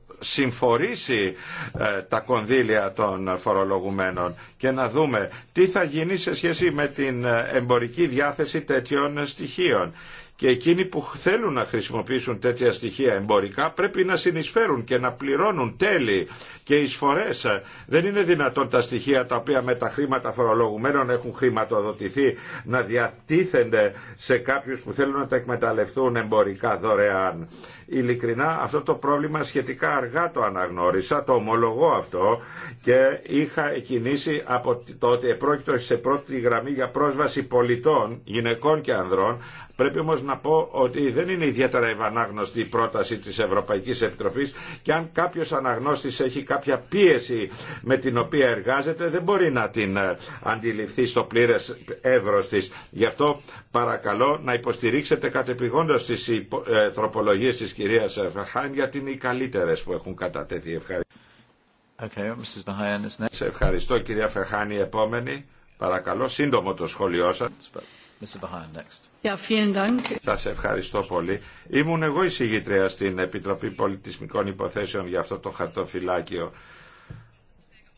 ε, τα κονδύλια των φορολογουμένων και να δούμε τι θα γίνει σε σχέση με την ε, εμπορική διάθεση τέτοιων στοιχείων και εκείνοι που θέλουν να χρησιμοποιήσουν τέτοια στοιχεία εμπορικά πρέπει να συνεισφέρουν και να πληρώνουν τέλη και εισφορές. Δεν είναι δυνατόν τα στοιχεία τα οποία με τα χρήματα φορολογουμένων έχουν χρηματοδοτηθεί να διατίθενται σε κάποιους που θέλουν να τα εκμεταλλευτούν εμπορικά δωρεάν ειλικρινά αυτό το πρόβλημα σχετικά αργά το αναγνώρισα, το ομολογώ αυτό και είχα κινήσει από το ότι επρόκειτο σε πρώτη γραμμή για πρόσβαση πολιτών, γυναικών και ανδρών. Πρέπει όμως να πω ότι δεν είναι ιδιαίτερα ευανάγνωστη η πρόταση της Ευρωπαϊκής Επιτροφής και αν κάποιος αναγνώστης έχει κάποια πίεση με την οποία εργάζεται δεν μπορεί να την ε, αντιληφθεί στο πλήρες εύρος της. Γι' αυτό παρακαλώ να υποστηρίξετε κατεπηγόντως τις ε, τροπολογίες της κυρίας Φαχάν γιατί είναι οι καλύτερες που έχουν κατατέθει. Ευχαριστώ. Okay, Σε ευχαριστώ κυρία Φεχάνη. Επόμενη, παρακαλώ, σύντομο το σχόλιο σας. Σα ευχαριστώ πολύ. Ήμουν εγώ η εισηγήτρια στην Επιτροπή Πολιτισμικών Υποθέσεων για αυτό το χαρτοφυλάκιο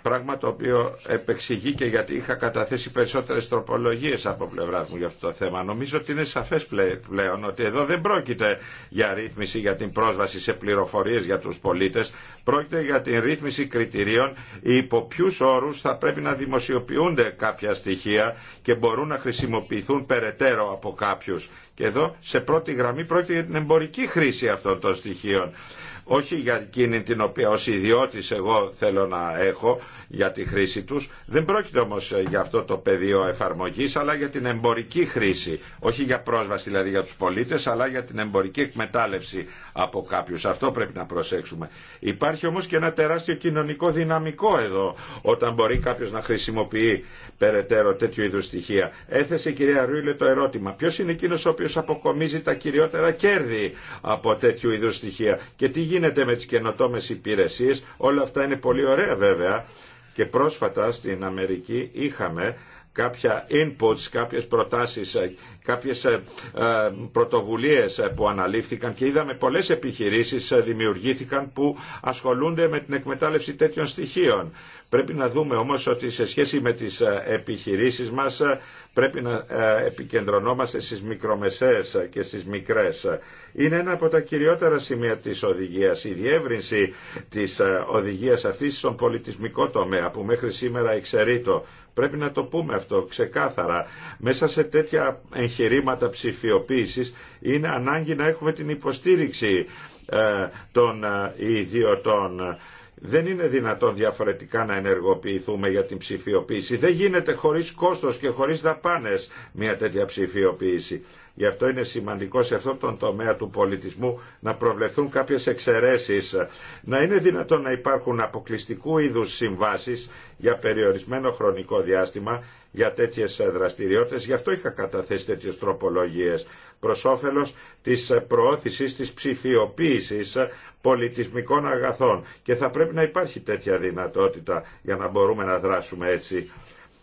Πράγμα το οποίο επεξηγεί και γιατί είχα καταθέσει περισσότερες τροπολογίες από πλευρά μου για αυτό το θέμα. Νομίζω ότι είναι σαφές πλέον ότι εδώ δεν πρόκειται για ρύθμιση για την πρόσβαση σε πληροφορίες για τους πολίτες. Πρόκειται για την ρύθμιση κριτηρίων υπό ποιου όρους θα πρέπει να δημοσιοποιούνται κάποια στοιχεία και μπορούν να χρησιμοποιηθούν περαιτέρω από κάποιους. Και εδώ σε πρώτη γραμμή πρόκειται για την εμπορική χρήση αυτών των στοιχείων όχι για εκείνη την οποία ως ιδιώτης εγώ θέλω να έχω για τη χρήση τους. Δεν πρόκειται όμως για αυτό το πεδίο εφαρμογής, αλλά για την εμπορική χρήση. Όχι για πρόσβαση δηλαδή για τους πολίτες, αλλά για την εμπορική εκμετάλλευση από κάποιους. Αυτό πρέπει να προσέξουμε. Υπάρχει όμως και ένα τεράστιο κοινωνικό δυναμικό εδώ, όταν μπορεί κάποιος να χρησιμοποιεί περαιτέρω τέτοιου είδους στοιχεία. Έθεσε η κυρία Ρούιλε το ερώτημα. Ποιο είναι εκείνος ο οποίος αποκομίζει τα κυριότερα κέρδη από τέτοιου είδου στοιχεία και τι γίνεται με τις καινοτόμες υπηρεσίες. Όλα αυτά είναι πολύ ωραία βέβαια. Και πρόσφατα στην Αμερική είχαμε κάποια inputs, κάποιες προτάσεις, κάποιες ε, ε, πρωτοβουλίες που αναλήφθηκαν και είδαμε πολλές επιχειρήσεις ε, δημιουργήθηκαν που ασχολούνται με την εκμετάλλευση τέτοιων στοιχείων. Πρέπει να δούμε όμως ότι σε σχέση με τις ε, επιχειρήσεις μας ε, πρέπει να ε, επικεντρωνόμαστε στις μικρομεσαίες και στις μικρές. Είναι ένα από τα κυριότερα σημεία της οδηγίας. Η διεύρυνση της οδηγίας αυτής στον πολιτισμικό τομέα που μέχρι σήμερα εξαιρείτο. Πρέπει να το πούμε αυτό ξεκάθαρα. Μέσα σε τέτοια εγχειρήματα ψηφιοποίησης είναι ανάγκη να έχουμε την υποστήριξη των ιδιωτών δεν είναι δυνατόν διαφορετικά να ενεργοποιηθούμε για την ψηφιοποίηση. Δεν γίνεται χωρίς κόστος και χωρίς δαπάνες μια τέτοια ψηφιοποίηση. Γι' αυτό είναι σημαντικό σε αυτόν τον τομέα του πολιτισμού να προβλεφθούν κάποιες εξαιρέσεις, να είναι δυνατόν να υπάρχουν αποκλειστικού είδους συμβάσεις για περιορισμένο χρονικό διάστημα για τέτοιες ε, δραστηριότητες. Γι' αυτό είχα καταθέσει τέτοιες τροπολογίες προς όφελος της ε, προώθησης της ψηφιοποίησης ε, πολιτισμικών αγαθών. Και θα πρέπει να υπάρχει τέτοια δυνατότητα για να μπορούμε να δράσουμε έτσι.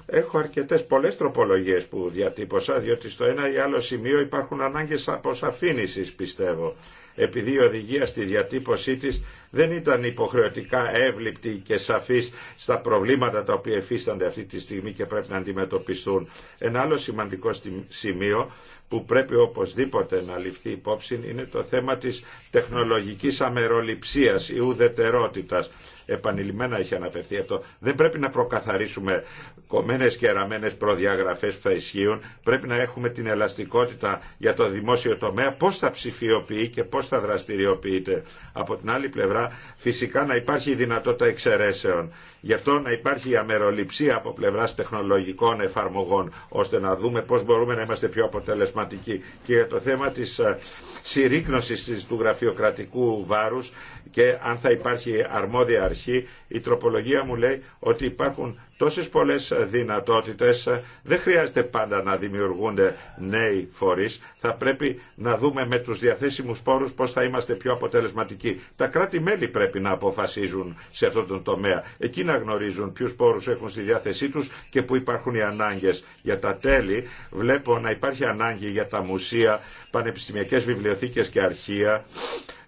Έχω αρκετές πολλές τροπολογίες που διατύπωσα, διότι στο ένα ή άλλο σημείο υπάρχουν ανάγκες αποσαφήνισης, πιστεύω επειδή η οδηγία στη διατύπωσή της δεν ήταν υποχρεωτικά εύληπτη και σαφής στα προβλήματα τα οποία εφίστανται αυτή τη στιγμή και πρέπει να αντιμετωπιστούν. Ένα άλλο σημαντικό σημείο που πρέπει οπωσδήποτε να ληφθεί υπόψη είναι το θέμα της τεχνολογικής αμεροληψίας ή ουδετερότητας. Επανειλημμένα έχει αναφερθεί αυτό. Δεν πρέπει να προκαθαρίσουμε κομμένες και αραμένες προδιαγραφές που θα ισχύουν. Πρέπει να έχουμε την ελαστικότητα για το δημόσιο τομέα, πώς θα ψηφιοποιεί και πώς θα δραστηριοποιείται. Από την άλλη πλευρά φυσικά να υπάρχει η δυνατότητα εξαιρέσεων Γι' αυτό να υπάρχει αμεροληψία από πλευρά τεχνολογικών εφαρμογών, ώστε να δούμε πώ μπορούμε να είμαστε πιο αποτελεσματικοί. Και για το θέμα τη ε, συρρήκνωση του γραφειοκρατικού βάρου και αν θα υπάρχει αρμόδια αρχή, η τροπολογία μου λέει ότι υπάρχουν τόσες πολλές δυνατότητες ε, δεν χρειάζεται πάντα να δημιουργούνται νέοι φορείς. Θα πρέπει να δούμε με τους διαθέσιμους πόρους πώς θα είμαστε πιο αποτελεσματικοί. Τα κράτη-μέλη πρέπει να αποφασίζουν σε αυτόν τον τομέα. Εκεί να γνωρίζουν ποιους πόρους έχουν στη διάθεσή τους και που υπάρχουν οι ανάγκες. Για τα τέλη βλέπω να υπάρχει ανάγκη για τα μουσεία, πανεπιστημιακές βιβλιοθήκες και αρχεία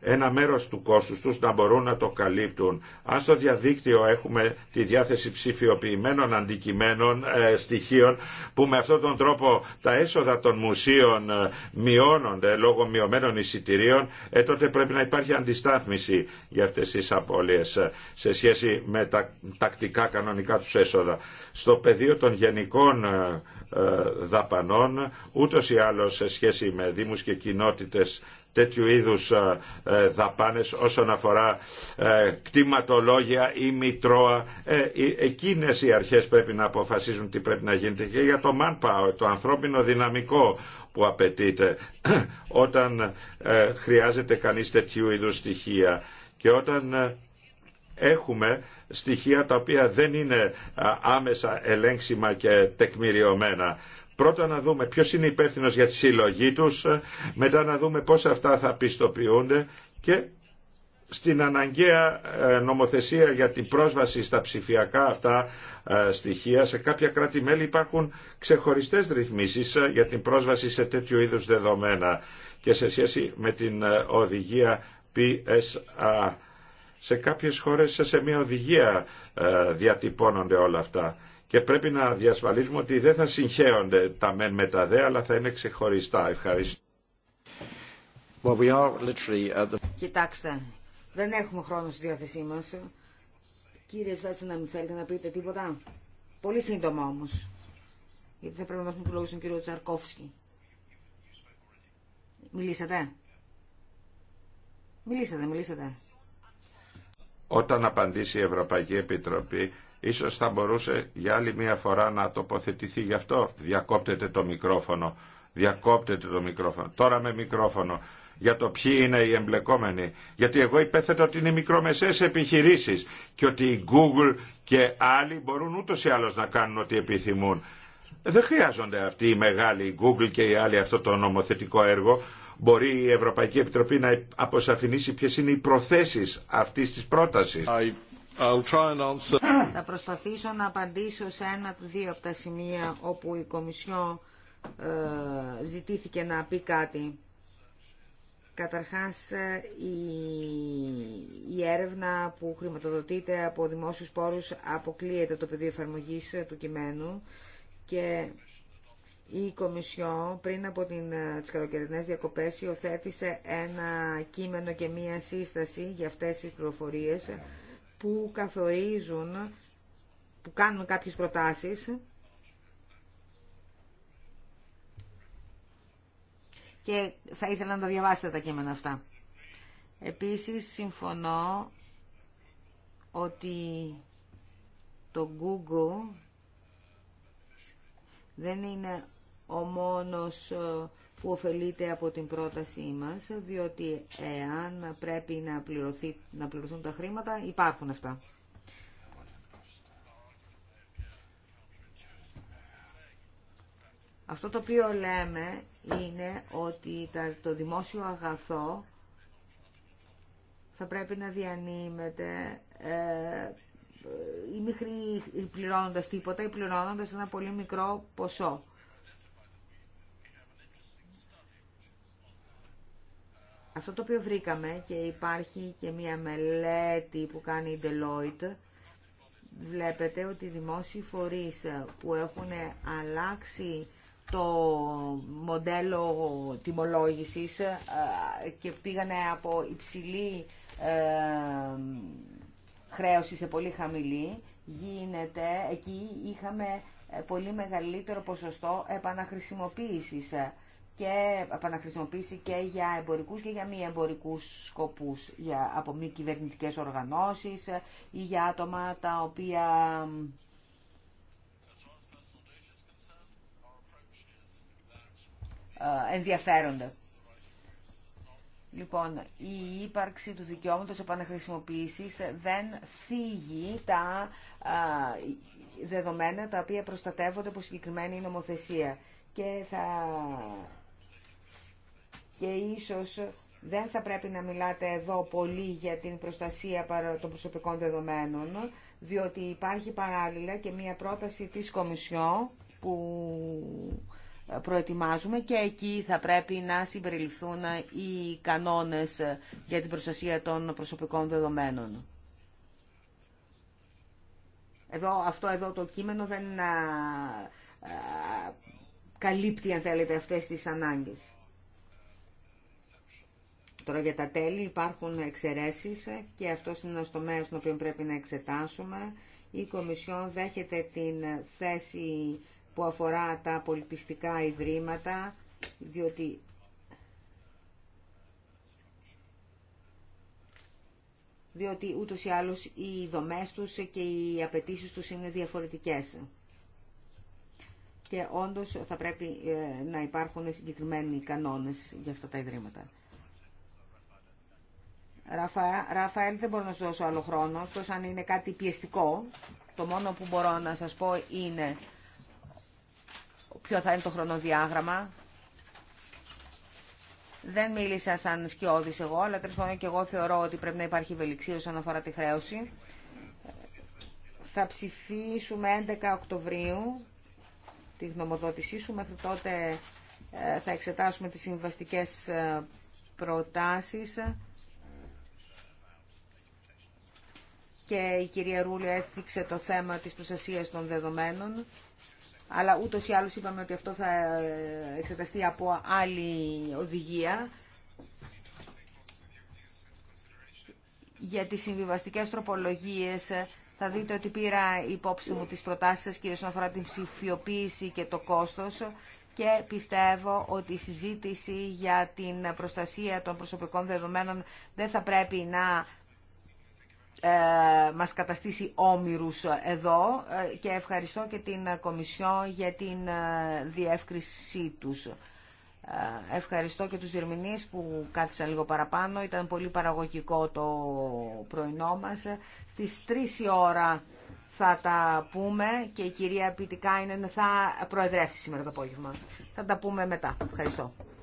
ένα μέρος του κόστους τους να μπορούν να το καλύπτουν. Αν στο διαδίκτυο έχουμε τη διάθεση ψηφιοποιημένων αντικειμένων, ε, στοιχείων, που με αυτόν τον τρόπο τα έσοδα των μουσείων ε, μειώνονται λόγω μειωμένων εισιτηρίων, ε, τότε πρέπει να υπάρχει αντιστάθμιση για αυτές τις απώλειες ε, σε σχέση με τα τακτικά κανονικά τους έσοδα. Στο πεδίο των γενικών δαπανών, ούτως ή άλλως σε σχέση με δήμους και κοινότητες τέτοιου είδους ε, ε, δαπάνες όσον αφορά ε, κτηματολόγια ή μητρώα. Εκείνες οι αρχές πρέπει να αποφασίζουν τι πρέπει να γίνεται και για το manpower, το ανθρώπινο δυναμικό που απαιτείται όταν χρειάζεται κανείς τέτοιου είδους στοιχεία και όταν έχουμε στοιχεία τα οποία δεν είναι άμεσα ελέγξιμα και τεκμηριωμένα. Πρώτα να δούμε ποιο είναι υπεύθυνο για τη συλλογή του, μετά να δούμε πώς αυτά θα πιστοποιούνται και στην αναγκαία ε, νομοθεσία για την πρόσβαση στα ψηφιακά αυτά ε, στοιχεία. Σε κάποια κράτη-μέλη υπάρχουν ξεχωριστές ρυθμίσεις ε, για την πρόσβαση σε τέτοιου είδους δεδομένα και σε σχέση με την οδηγία PSA. Σε κάποιες χώρες σε μια οδηγία διατυπώνονται όλα αυτά και πρέπει να διασφαλίσουμε ότι δεν θα συγχέονται τα μεν με τα δε, αλλά θα είναι ξεχωριστά. Ευχαριστώ. the... Κοιτάξτε, δεν έχουμε χρόνο στη διάθεσή μας. Κύριε Σβέτσα, να μην θέλετε να πείτε τίποτα. Πολύ σύντομα όμως. Γιατί θα πρέπει να δώσουμε το λόγο στον κύριο Τσαρκόφσκι. Μιλήσατε. Μιλήσατε, μιλήσατε. Όταν απαντήσει η Ευρωπαϊκή Επιτροπή Ίσως θα μπορούσε για άλλη μία φορά να τοποθετηθεί γι' αυτό. Διακόπτεται το μικρόφωνο. Διακόπτεται το μικρόφωνο. Τώρα με μικρόφωνο. Για το ποιοι είναι οι εμπλεκόμενοι. Γιατί εγώ υπέθετα ότι είναι μικρομεσαίες επιχειρήσεις και ότι η Google και άλλοι μπορούν ούτως ή άλλως να κάνουν ό,τι επιθυμούν. Δεν χρειάζονται αυτοί οι μεγάλοι, η Google και οι άλλοι αυτό το νομοθετικό έργο. Μπορεί η Ευρωπαϊκή Επιτροπή να αποσαφηνίσει ποιε είναι οι προθέσεις αυτής της πρότασης. Θα προσπαθήσω να απαντήσω σε ένα από δύο από τα σημεία όπου η Κομισιό ε, ζητήθηκε να πει κάτι. Καταρχάς, ε, η, η έρευνα που χρηματοδοτείται από δημόσιους πόρους αποκλείεται το πεδίο εφαρμογή ε, του κειμένου και η Κομισιό πριν από την, τις καλοκαιρινές διακοπές υιοθέτησε ένα κείμενο και μία σύσταση για αυτές τις πληροφορίες που καθορίζουν, που κάνουν κάποιες προτάσεις και θα ήθελα να τα διαβάσετε τα κείμενα αυτά. Επίσης, συμφωνώ ότι το Google δεν είναι ο μόνος ε, που ωφελείται από την πρότασή μας, διότι εάν πρέπει να, πληρωθεί, να πληρωθούν τα χρήματα, υπάρχουν αυτά. Αυτό το οποίο λέμε είναι ότι το δημόσιο αγαθό θα πρέπει να διανύμεται ε, ε ή μη πληρώνοντας τίποτα ή πληρώνοντας ένα πολύ μικρό ποσό. Αυτό το οποίο βρήκαμε και υπάρχει και μία μελέτη που κάνει η Deloitte, βλέπετε ότι οι δημόσιοι φορείς που έχουν αλλάξει το μοντέλο τιμολόγησης ε, και πήγανε από υψηλή ε, χρέωση σε πολύ χαμηλή, γίνεται, εκεί είχαμε πολύ μεγαλύτερο ποσοστό επαναχρησιμοποίησης και επαναχρησιμοποίηση και για εμπορικούς και για μη εμπορικούς σκοπούς, για, από μη κυβερνητικές οργανώσεις ή για άτομα τα οποία... Ε, ενδιαφέρονται. Λοιπόν, η ύπαρξη του δικαιώματος επαναχρησιμοποίησης δεν φύγει τα ε, δεδομένα τα οποία προστατεύονται από συγκεκριμένη νομοθεσία και θα και ίσως δεν θα πρέπει να μιλάτε εδώ πολύ για την προστασία των προσωπικών δεδομένων, διότι υπάρχει παράλληλα και μία πρόταση της Κομισιό που ε, προετοιμάζουμε και εκεί θα πρέπει να συμπεριληφθούν ε, οι κανόνες ε, για την προστασία των προσωπικών δεδομένων. Εδώ, αυτό εδώ το κείμενο δεν καλύπτει, αν θέλετε, αυτές τις ανάγκες. Τώρα για τα τέλη υπάρχουν εξαιρέσει και αυτό είναι ένα τομέα τον οποίο πρέπει να εξετάσουμε. Η Κομισιόν δέχεται την θέση που αφορά τα πολιτιστικά ιδρύματα, διότι διότι ούτως ή άλλως οι δομές τους και οι απαιτήσεις τους είναι διαφορετικές. Και όντως θα πρέπει ε, να υπάρχουν συγκεκριμένοι κανόνες για αυτά τα ιδρύματα. Ραφα, Ραφαέλ, δεν μπορώ να σου δώσω άλλο χρόνο, εκτός αν είναι κάτι πιεστικό. Το μόνο που μπορώ να σας πω είναι ποιο θα είναι το χρονοδιάγραμμα. Δεν μίλησα σαν σκιώδης εγώ, αλλά τέλος πάντων και εγώ θεωρώ ότι πρέπει να υπάρχει ευελιξία όσον αφορά τη χρέωση. Θα ψηφίσουμε 11 Οκτωβρίου τη γνωμοδότησή σου. Μέχρι τότε ε, θα εξετάσουμε τις συμβαστικές ε, προτάσεις και η κυρία Ρούλη έθιξε το θέμα της προστασίας των δεδομένων αλλά ούτως ή άλλως είπαμε ότι αυτό θα εξεταστεί από άλλη οδηγία για τις συμβιβαστικές τροπολογίες θα δείτε ότι πήρα υπόψη μου τις προτάσεις σας κυρίως όσον αφορά την ψηφιοποίηση και το κόστος και πιστεύω ότι η συζήτηση για την προστασία των προσωπικών δεδομένων δεν θα πρέπει να ε, μας καταστήσει όμοιρους εδώ ε, και ευχαριστώ και την Κομισιό για την ε, διεύκρισή τους. Ευχαριστώ και τους Ιρμηνείς που κάθισαν λίγο παραπάνω. Ήταν πολύ παραγωγικό το πρωινό μας. Στις 3 η ώρα θα τα πούμε και η κυρία Πιτικάινεν θα προεδρεύσει σήμερα το απόγευμα. Θα τα πούμε μετά. Ευχαριστώ.